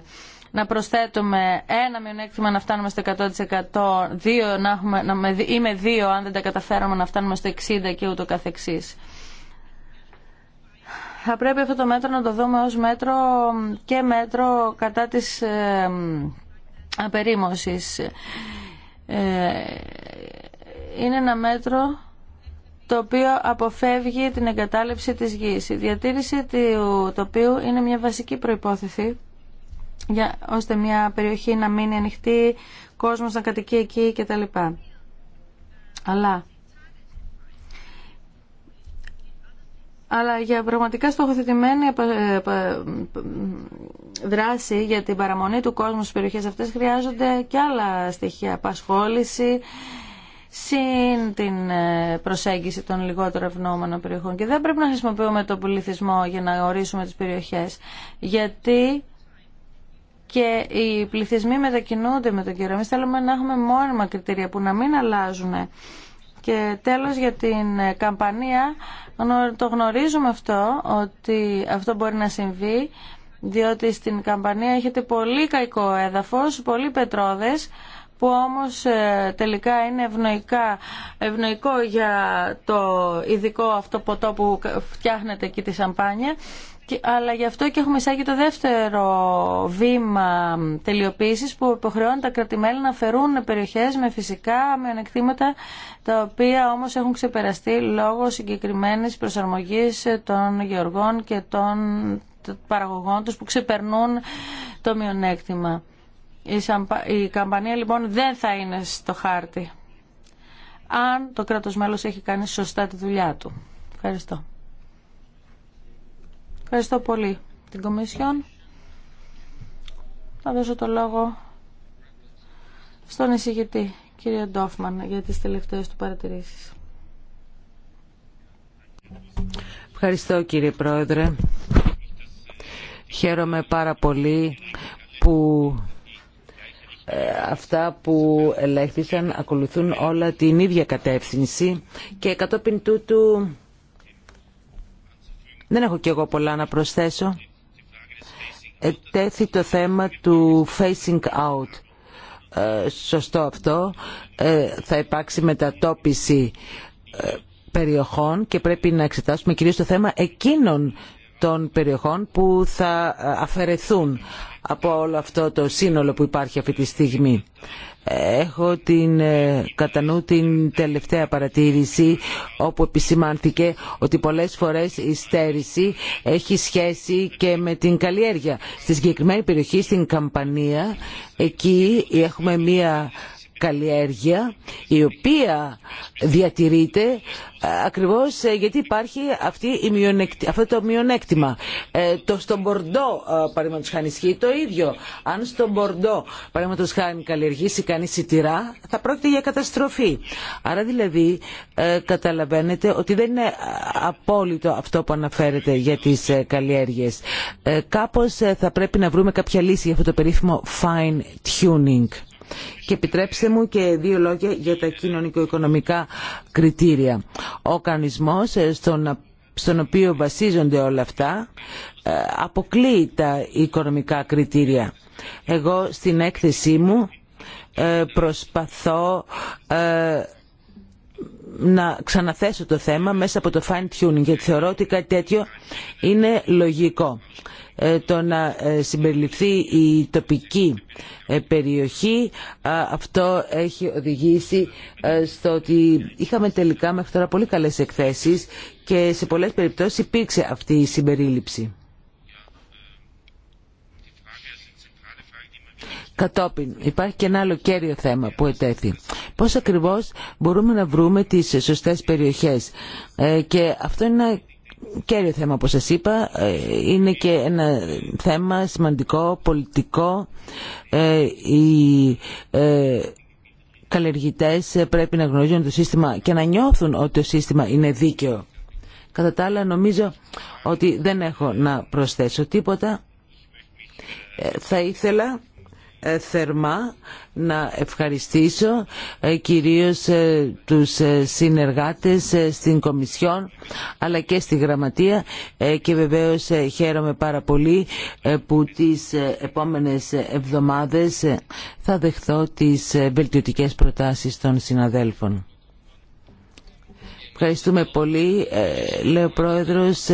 να προσθέτουμε ένα μειονέκτημα να φτάνουμε στο 100%, δύο να έχουμε, να με, ή με δύο αν δεν τα καταφέραμε να φτάνουμε στο 60% και ούτω καθεξής. Θα πρέπει αυτό το μέτρο να το δούμε ως μέτρο και μέτρο κατά της ε, απερίμωσης. Ε, είναι ένα μέτρο το οποίο αποφεύγει την εγκατάλειψη της γης. Η διατήρηση του τοπίου είναι μια βασική προϋπόθεση για, ώστε μια περιοχή να μείνει ανοιχτή, κόσμος να κατοικεί εκεί κτλ. Αλλά αλλά για πραγματικά στοχοθετημένη δράση για την παραμονή του κόσμου στις περιοχές αυτές χρειάζονται και άλλα στοιχεία, απασχόληση, συν την ε, προσέγγιση των λιγότερο ευνόμενων περιοχών. Και δεν πρέπει να χρησιμοποιούμε τον πληθυσμό για να ορίσουμε τις περιοχές, γιατί και οι πληθυσμοί μετακινούνται με τον καιρό. Εμείς θέλουμε να έχουμε μόνιμα κριτήρια που να μην αλλάζουν. Και τέλος για την ε, καμπανία, το γνωρίζουμε αυτό, ότι αυτό μπορεί να συμβεί, διότι στην καμπανία έχετε πολύ καϊκό έδαφος, πολύ πετρόδες, που όμως ε, τελικά είναι ευνοϊκά, ευνοϊκό για το ειδικό αυτό ποτό που φτιάχνεται εκεί τη σαμπάνια. Αλλά γι' αυτό και έχουμε εισάγει το δεύτερο βήμα τελειοποίησης που υποχρεώνει τα κρατημέλη να φερούν περιοχές με φυσικά με ανεκτήματα τα οποία όμως έχουν ξεπεραστεί λόγω συγκεκριμένης προσαρμογής των γεωργών και των παραγωγών τους που ξεπερνούν το μειονέκτημα. Η καμπανία λοιπόν δεν θα είναι στο χάρτη αν το κράτος μέλος έχει κάνει σωστά τη δουλειά του. Ευχαριστώ. Ευχαριστώ πολύ την Κομισιόν. Θα δώσω το λόγο στον εισηγητή, κύριο Ντόφμαν, για τις τελευταίες του παρατηρήσεις. Ευχαριστώ κύριε Πρόεδρε. Χαίρομαι πάρα πολύ που ε, αυτά που ελέγχθησαν ακολουθούν όλα την ίδια κατεύθυνση και κατόπιν τούτου δεν έχω κι εγώ πολλά να προσθέσω. Ε, τέθη το θέμα του facing out. Ε, σωστό αυτό. θα υπάρξει μετατόπιση περιοχών και πρέπει να εξετάσουμε κυρίως το θέμα εκείνων των περιοχών που θα αφαιρεθούν από όλο αυτό το σύνολο που υπάρχει αυτή τη στιγμή. Έχω την, ε, κατά νου την τελευταία παρατήρηση όπου επισημάνθηκε ότι πολλές φορές η στέρηση έχει σχέση και με την καλλιέργεια. Στη συγκεκριμένη περιοχή, στην Καμπανία, εκεί έχουμε μία καλλιέργεια η οποία διατηρείται ε, ακριβώς ε, γιατί υπάρχει αυτή η αυτό το μειονέκτημα. Ε, το στον Μπορντό, ε, παραδείγματος χάνει, ισχύει το ίδιο. Αν στον Μπορντό, παραδείγματος χάνει, καλλιεργήσει κανείς σιτηρά, θα πρόκειται για καταστροφή. Άρα δηλαδή καταλαβαίνετε ότι δεν είναι απόλυτο αυτό που αναφέρετε για τις ε, καλλιέργειες. κάπως θα πρέπει να βρούμε κάποια λύση για αυτό το περίφημο fine tuning. Και επιτρέψτε μου και δύο λόγια για τα κοινωνικο-οικονομικά κριτήρια. Ο κανονισμός ε, στον στον οποίο βασίζονται όλα αυτά, ε, αποκλείει τα οικονομικά κριτήρια. Εγώ στην έκθεσή μου ε, προσπαθώ να ξαναθέσω το θέμα μέσα από το fine tuning γιατί θεωρώ ότι κάτι τέτοιο είναι λογικό. Ε, το να ε, συμπεριληφθεί η τοπική ε, περιοχή αυτό έχει οδηγήσει στο ότι είχαμε τελικά μέχρι τώρα πολύ καλές εκθέσεις και σε πολλές περιπτώσεις υπήρξε αυτή η συμπερίληψη. Κατόπιν υπάρχει και ένα άλλο κέριο θέμα που ετέθη. Πώς ακριβώς μπορούμε να βρούμε τις σωστές περιοχές. και αυτό είναι ένα κέριο θέμα όπως σας είπα ε, είναι και ένα θέμα σημαντικό, πολιτικό ε, οι ε, καλλιεργητές πρέπει να γνωρίζουν το σύστημα και να νιώθουν ότι το σύστημα είναι δίκαιο κατά τα άλλα νομίζω ότι δεν έχω να προσθέσω τίποτα θα ήθελα ε, θερμά να ευχαριστήσω ε, κυρίως ε, τους συνεργάτες στην Κομισιόν αλλά και στη Γραμματεία και βεβαίως χαίρομαι πάρα πολύ που τις επόμενες εβδομάδες θα δεχθώ τις βελτιωτικές προτάσεις των συναδέλφων. Ευχαριστούμε πολύ, λέει ο Πρόεδρος.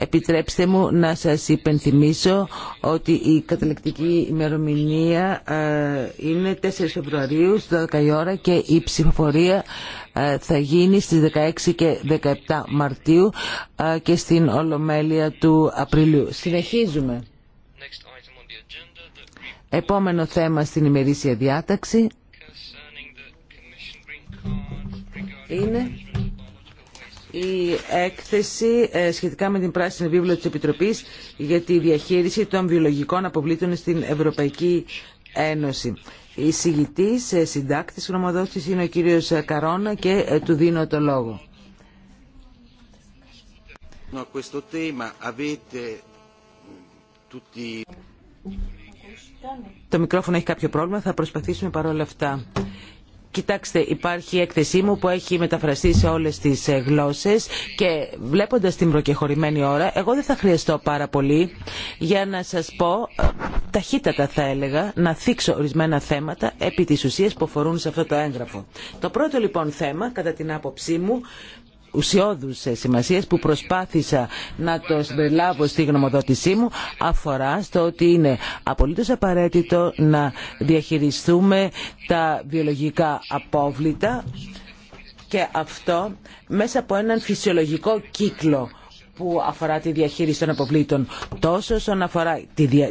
Επιτρέψτε μου να σας υπενθυμίσω ότι η καταληκτική ημερομηνία ε, είναι 4 Φεβρουαρίου στις 12 η ώρα και η ψηφοφορία ε, θα γίνει στις 16 και 17 Μαρτίου ε, και στην Ολομέλεια του Απριλίου. Συνεχίζουμε. Επόμενο θέμα στην ημερήσια διάταξη είναι η έκθεση ε, σχετικά με την Πράσινη Βίβλο της Επιτροπής για τη διαχείριση των βιολογικών αποβλήτων στην Ευρωπαϊκή Ένωση. Η συγητής, ε, συντάκτης γνωμοδότης είναι ο κύριος Καρόνα και ε, του δίνω το λόγο. Mm, το μικρόφωνο έχει κάποιο πρόβλημα, θα προσπαθήσουμε παρόλα αυτά. Κοιτάξτε, υπάρχει η έκθεσή μου που έχει μεταφραστεί σε όλες τις ε, γλώσσες και βλέποντας την προκεχωρημένη ώρα, εγώ δεν θα χρειαστώ πάρα πολύ για να σας πω ε, ταχύτατα θα έλεγα να θίξω ορισμένα θέματα επί της ουσίας που αφορούν σε αυτό το έγγραφο. Το πρώτο λοιπόν θέμα, κατά την άποψή μου, ουσιώδους ε, σημασία που προσπάθησα να το συμπεριλάβω στη γνωμοδότησή μου αφορά στο ότι είναι απολύτως απαραίτητο να διαχειριστούμε τα βιολογικά απόβλητα και αυτό μέσα από έναν φυσιολογικό κύκλο που αφορά τη διαχείριση των αποβλήτων τόσο όσον αφορά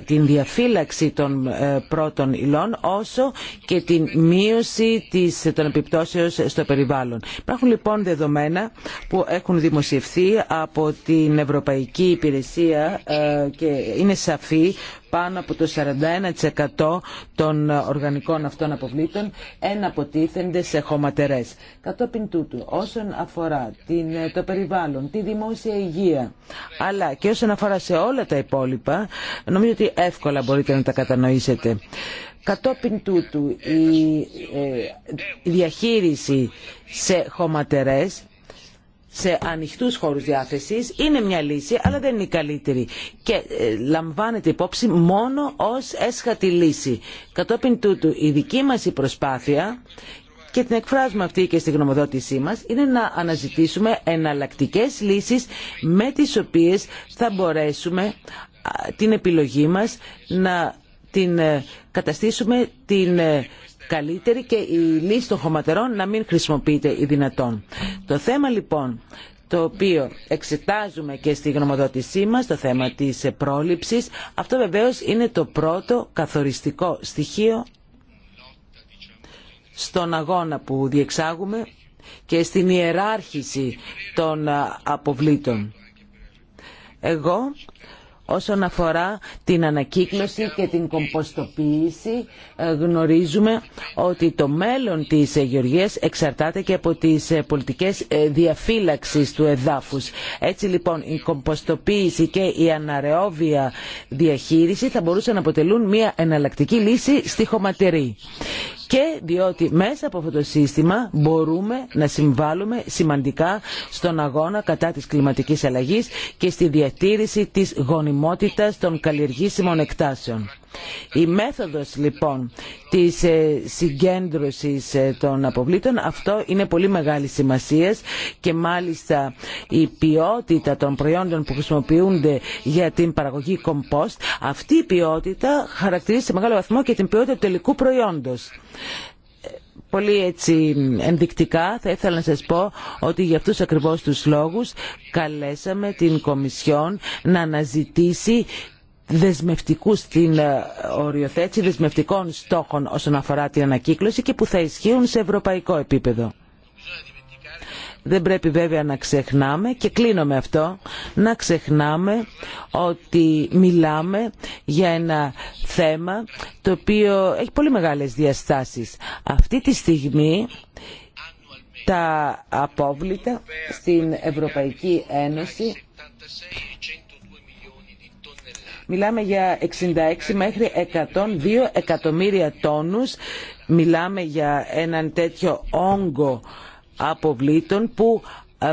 την διαφύλαξη των ε, πρώτων υλών όσο και την μείωση της, των επιπτώσεων στο περιβάλλον. Υπάρχουν λοιπόν δεδομένα που έχουν δημοσιευθεί από την Ευρωπαϊκή Υπηρεσία ε, και είναι σαφή πάνω από το 41% των οργανικών αυτών αποβλήτων εναποτίθενται σε χωματερές. Κατόπιν τούτου, όσον αφορά την, ε, το περιβάλλον, τη δημόσια υγεία, αλλά και όσον αφορά σε όλα τα υπόλοιπα, νομίζω ότι εύκολα μπορείτε να τα κατανοήσετε. Κατόπιν τούτου, η, ε, η διαχείριση σε χωματερές σε ανοιχτούς χώρους διάθεσης είναι μια λύση αλλά δεν είναι η καλύτερη και ε, λαμβάνεται υπόψη μόνο ως έσχατη λύση. Κατόπιν τούτου η δική μας η προσπάθεια και την εκφράζουμε αυτή και στη γνωμοδότησή μας είναι να αναζητήσουμε εναλλακτικές λύσεις με τις οποίες θα μπορέσουμε την επιλογή μας να την ε, καταστήσουμε την ε, καλύτερη και η λύση των χωματερών να μην χρησιμοποιείται η δυνατόν. Το θέμα λοιπόν το οποίο εξετάζουμε και στη γνωμοδότησή μας, το θέμα της πρόληψης. Αυτό βεβαίως είναι το πρώτο καθοριστικό στοιχείο στον αγώνα που διεξάγουμε και στην ιεράρχηση των αποβλήτων. Εγώ Όσον αφορά την ανακύκλωση και την κομποστοποίηση, ε, γνωρίζουμε ότι το μέλλον της ε, γεωργίας εξαρτάται και από τις ε, πολιτικές διαφύλαξης του εδάφους. Έτσι λοιπόν η κομποστοποίηση και η αναρεόβια διαχείριση θα μπορούσαν να αποτελούν μια εναλλακτική λύση στη χωματερή και διότι μέσα από αυτό το σύστημα μπορούμε να συμβάλλουμε σημαντικά στον αγώνα κατά της κλιματικής αλλαγής και στη διατήρηση της γονιμότητας των καλλιεργήσιμων εκτάσεων. Η μέθοδος λοιπόν της ε, συγκέντρωσης ε, των αποβλήτων αυτό είναι πολύ μεγάλη σημασία και μάλιστα η ποιότητα των προϊόντων που χρησιμοποιούνται για την παραγωγή κομπόστ αυτή η ποιότητα χαρακτηρίζει σε μεγάλο βαθμό και την ποιότητα του τελικού προϊόντος πολύ έτσι ενδεικτικά θα ήθελα να σας πω ότι για αυτούς ακριβώς τους λόγους καλέσαμε την Κομισιόν να αναζητήσει δεσμευτικούς την ε, οριοθέτηση δεσμευτικών στόχων όσον αφορά την ανακύκλωση και που θα ισχύουν σε ευρωπαϊκό επίπεδο. Δεν πρέπει βέβαια να ξεχνάμε και κλείνω με αυτό να ξεχνάμε ότι μιλάμε για ένα θέμα το οποίο έχει πολύ μεγάλες διαστάσεις. Αυτή τη στιγμή τα απόβλητα στην Ευρωπαϊκή Ένωση Μιλάμε για 66 μέχρι 102 εκατομμύρια τόνους. Μιλάμε για έναν τέτοιο όγκο αποβλήτων που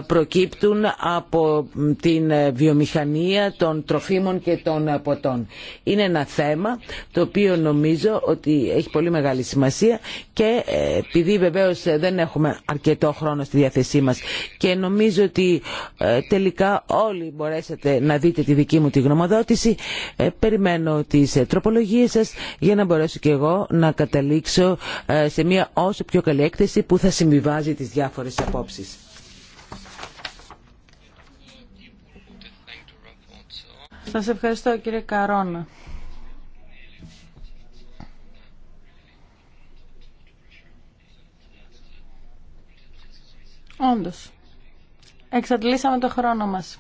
προκύπτουν από την βιομηχανία των τροφίμων και των ποτών. Είναι ένα θέμα το οποίο νομίζω ότι έχει πολύ μεγάλη σημασία και ε, επειδή βεβαίως δεν έχουμε αρκετό χρόνο στη διάθεσή μας και νομίζω ότι ε, τελικά όλοι μπορέσατε να δείτε τη δική μου τη γνωμοδότηση ε, περιμένω τις τροπολογίες σας για να μπορέσω και εγώ να καταλήξω σε μια όσο πιο καλή έκθεση που θα συμβιβάζει τις διάφορες απόψεις. Σας ευχαριστώ κύριε Καρόνα. Όντως, εξαντλήσαμε το χρόνο μας.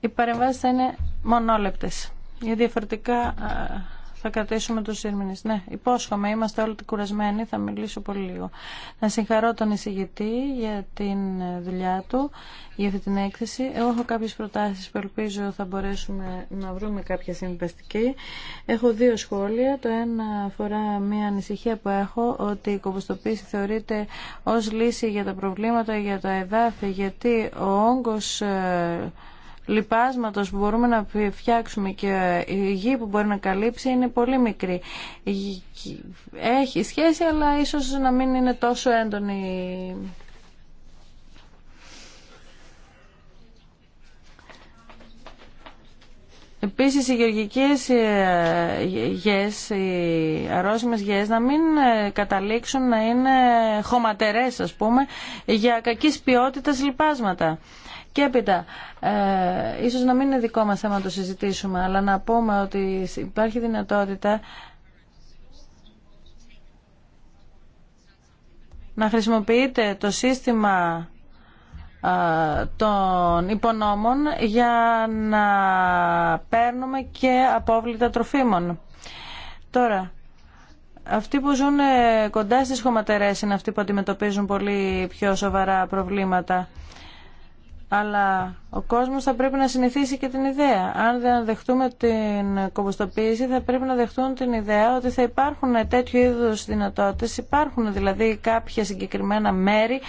Οι παρεμβάσεις θα είναι μονόλεπτες, γιατί διαφορετικά θα κρατήσουμε του ήρμηνε. Ναι, υπόσχομαι, είμαστε όλοι κουρασμένοι, θα μιλήσω πολύ λίγο. Να συγχαρώ τον εισηγητή για την ε, δουλειά του, για αυτή την έκθεση. Εγώ έχω κάποιε προτάσεις που ελπίζω θα μπορέσουμε να βρούμε κάποια συμβαστική. Έχω δύο σχόλια. Το ένα αφορά μια ανησυχία που έχω ότι η κομποστοποίηση θεωρείται ω λύση για τα προβλήματα, για τα εδάφη, γιατί ο όγκος ε, λιπάσματος που μπορούμε να φτιάξουμε και η γη που μπορεί να καλύψει είναι πολύ μικρή. Έχει σχέση αλλά ίσως να μην είναι τόσο έντονη Επίσης οι γεωργικές ε, γες, οι αρρώσιμες γες να μην ε, καταλήξουν να είναι χωματερές ας πούμε για κακής ποιότητας λιπάσματα. Και έπειτα, ε, ίσως να μην είναι δικό μας θέμα να το συζητήσουμε, αλλά να πούμε ότι υπάρχει δυνατότητα να χρησιμοποιείτε το σύστημα ε, των υπονόμων για να παίρνουμε και απόβλητα τροφίμων. Τώρα, αυτοί που ζουν ε, κοντά στις χωματερές είναι αυτοί που αντιμετωπίζουν πολύ πιο σοβαρά προβλήματα. Αλλά ο κόσμος θα πρέπει να συνηθίσει και την ιδέα. Αν δεν δεχτούμε την κομποστοποίηση θα πρέπει να δεχτούν την ιδέα ότι θα υπάρχουν τέτοιου είδους δυνατότητες. Υπάρχουν δηλαδή κάποια συγκεκριμένα μέρη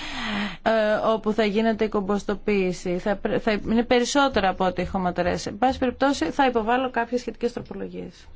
ε, όπου θα γίνεται η κομποστοποίηση. Θα, θα, είναι περισσότερα από ό,τι χωματερές. Εν πάση περιπτώσει θα υποβάλω κάποιες σχετικές τροπολογίες.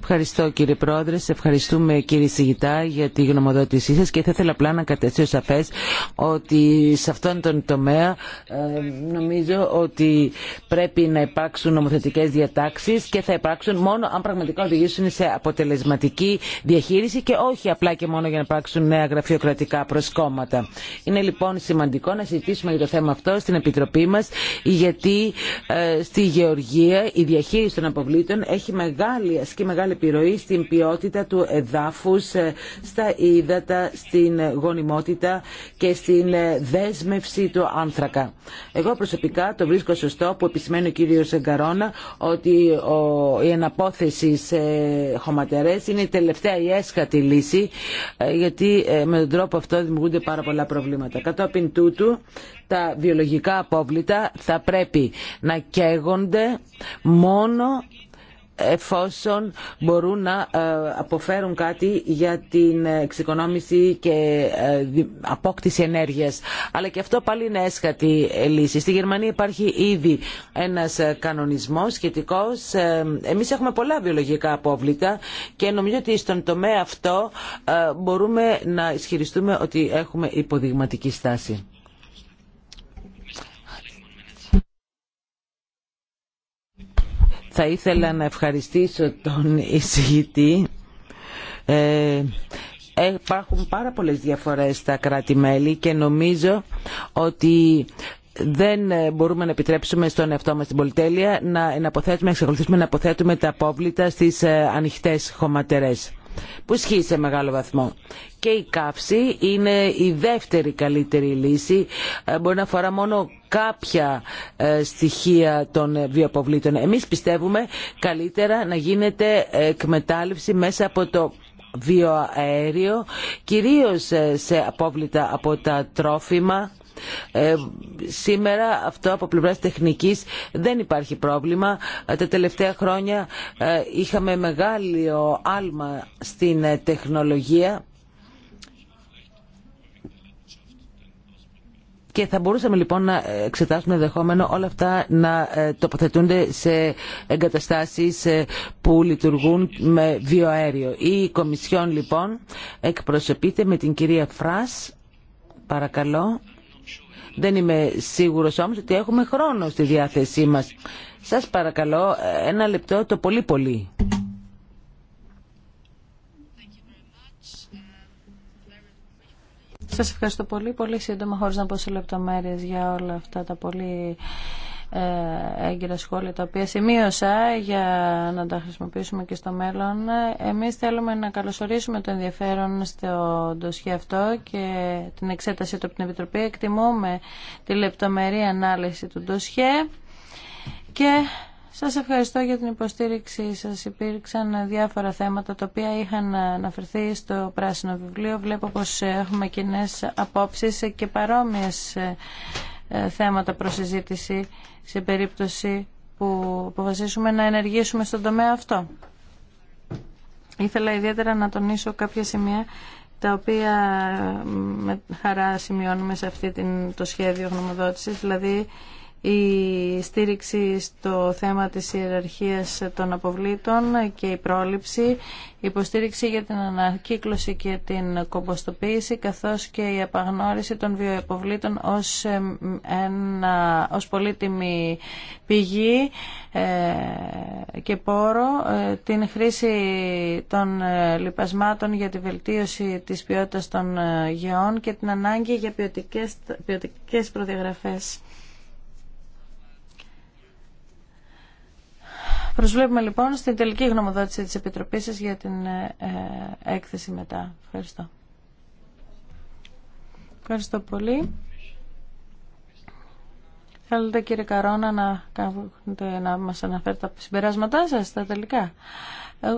Ευχαριστώ κύριε Πρόεδρε, σε ευχαριστούμε κύριε Σιγητά για τη γνωμοδότησή σας και θα ήθελα απλά να κατευθύνω σαφές ότι σε αυτόν τον τομέα ε, νομίζω ότι πρέπει να υπάρξουν νομοθετικές διατάξεις και θα υπάρξουν μόνο αν πραγματικά οδηγήσουν σε αποτελεσματική διαχείριση και όχι απλά και μόνο για να υπάρξουν νέα γραφειοκρατικά προσκόμματα. Είναι λοιπόν σημαντικό να συζητήσουμε για το θέμα αυτό στην Επιτροπή μας γιατί ε, στη Γεωργία η διαχείριση των αποβλήτων έχει μεγάλη, ασκεί μεγάλη επιρροή στην ποιότητα του εδάφους, ε, στα ύδατα, στην γονιμότητα και στην ε, δέσμευση του άνθρακα. Εγώ προσωπικά το βρίσκω σωστό που επισημαίνει ο κύριος Εγκαρόνα ότι η αναπόθεση σε χωματερές είναι η τελευταία η έσχατη λύση ε, γιατί με τον τρόπο αυτό δημιουργούνται πάρα πολλά προβλήματα. Κατόπιν τούτου τα βιολογικά απόβλητα θα πρέπει να καίγονται μόνο εφόσον μπορούν να ε, αποφέρουν κάτι για την εξοικονόμηση και ε, απόκτηση ενέργειας. Αλλά και αυτό πάλι είναι έσχατη ε, λύση. Στη Γερμανία υπάρχει ήδη ένας κανονισμός σχετικός. Εμείς έχουμε πολλά βιολογικά απόβλητα και νομίζω ότι στον τομέα αυτό μπορούμε να ισχυριστούμε ότι έχουμε υποδειγματική στάση. Θα ήθελα να ευχαριστήσω τον εισηγητή. Ε, υπάρχουν πάρα πολλές διαφορές στα κράτη-μέλη και νομίζω ότι δεν ε, μπορούμε να επιτρέψουμε στον εαυτό μας την πολυτέλεια να, εξακολουθήσουμε να αποθέτουμε τα απόβλητα στις ε, ανοιχτές χωματερές που ισχύει σε μεγάλο βαθμό. Και η καύση είναι η δεύτερη καλύτερη λύση. Ε, μπορεί να αφορά μόνο κάποια ε, στοιχεία των βιοποβλήτων. Εμείς πιστεύουμε καλύτερα να γίνεται εκμετάλλευση μέσα από το βιοαέριο, κυρίως ε, σε απόβλητα από τα τρόφιμα ε, σήμερα αυτό από πλευράς τεχνικής δεν υπάρχει πρόβλημα. Ε, τα τελευταία χρόνια ε, είχαμε μεγάλο άλμα στην τεχνολογία Και θα μπορούσαμε λοιπόν να εξετάσουμε ενδεχόμενο όλα αυτά να τοποθετούνται σε εγκαταστάσεις που λειτουργούν με βιοαέριο. Η Κομισιόν λοιπόν εκπροσωπείται με την κυρία Φράς. Παρακαλώ. Δεν είμαι σίγουρος όμως ότι έχουμε χρόνο στη διάθεσή μας. Σας παρακαλώ ένα λεπτό το πολύ πολύ. Σας ευχαριστώ πολύ. Πολύ σύντομα, χωρίς να πω σε λεπτομέρειες για όλα αυτά τα πολύ ε, έγκυρα σχόλια τα οποία σημείωσα για να τα χρησιμοποιήσουμε και στο μέλλον. Εμείς θέλουμε να καλωσορίσουμε το ενδιαφέρον στο ντοσχέ αυτό και την εξέταση του από την Επιτροπή. Εκτιμούμε τη λεπτομερή ανάλυση του ντοσχέ και σας ευχαριστώ για την υποστήριξή σας. Υπήρξαν διάφορα θέματα τα οποία είχαν αναφερθεί στο πράσινο βιβλίο. Βλέπω πως έχουμε κοινέ απόψεις και παρόμοιες ε, ε, θέματα προσυζήτηση σε περίπτωση που αποφασίσουμε να ενεργήσουμε στον τομέα αυτό. Ήθελα ιδιαίτερα να τονίσω κάποια σημεία τα οποία ε, με χαρά σημειώνουμε σε αυτή την, το σχέδιο γνωμοδότησης, δηλαδή η στήριξη στο θέμα της ιεραρχίας των αποβλήτων και η πρόληψη, η υποστήριξη για την ανακύκλωση και την κομποστοποίηση, καθώς και η απαγνώριση των βιοεποβλήτων ως, ένα, ως πολύτιμη πηγή ε, και πόρο, ε, την χρήση των ε, λοιπασμάτων για τη βελτίωση της ποιότητας των γεών και την ανάγκη για ποιοτικές, ποιοτικές προδιαγραφές. Προσβλέπουμε λοιπόν στην τελική γνωμοδότηση της Επιτροπής σας για την ε, ε, έκθεση μετά. Ευχαριστώ. Ευχαριστώ πολύ. Θέλετε κύριε Καρόνα να, να μας αναφέρετε τα συμπεράσματά σας, τα τελικά. Ε,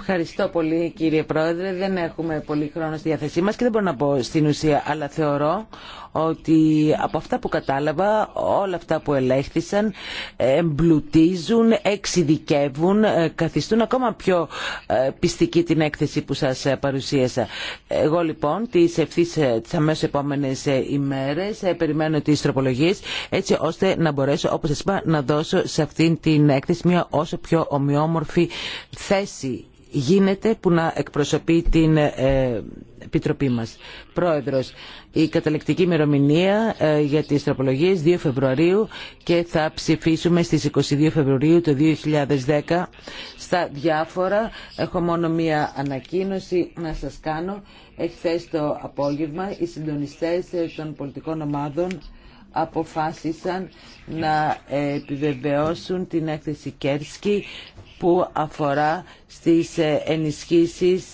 Ευχαριστώ πολύ κύριε Πρόεδρε. Δεν έχουμε πολύ χρόνο στη διάθεσή μας και δεν μπορώ να πω στην ουσία, αλλά θεωρώ ότι από αυτά που κατάλαβα, όλα αυτά που ελέγχθησαν εμπλουτίζουν, εξειδικεύουν, ε, καθιστούν ακόμα πιο ε, πιστική την έκθεση που σας ε, παρουσίασα. Εγώ λοιπόν τις ευθύς τις αμέσως επόμενες ημέρες περιμένω τις τροπολογίες έτσι ώστε να μπορέσω όπως σας είπα να δώσω σε αυτήν την έκθεση μια όσο πιο ομοιόμορφη θέση γίνεται που να εκπροσωπεί την ε, Επιτροπή μας. Πρόεδρος, η καταλεκτική ημερομηνία ε, για τις τροπολογίες 2 Φεβρουαρίου και θα ψηφίσουμε στις 22 Φεβρουαρίου το 2010. Στα διάφορα έχω μόνο μία ανακοίνωση να σας κάνω. Εχθές το απόγευμα οι συντονιστές ε, των πολιτικών ομάδων αποφάσισαν να επιβεβαιώσουν την έκθεση Κέρσκι που αφορά στις ε, ενισχύσεις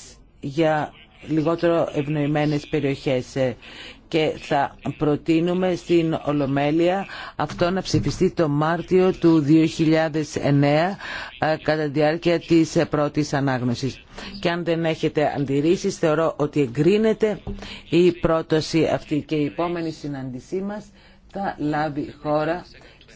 για λιγότερο ευνοημένες περιοχές ε, και θα προτείνουμε στην Ολομέλεια αυτό να ψηφιστεί το Μάρτιο του 2009 ε, κατά τη διάρκεια της πρώτης ανάγνωσης. Και αν δεν έχετε αντιρρήσεις θεωρώ ότι εγκρίνεται η πρόταση αυτή και η επόμενη συναντησή μας θα λάβει χώρα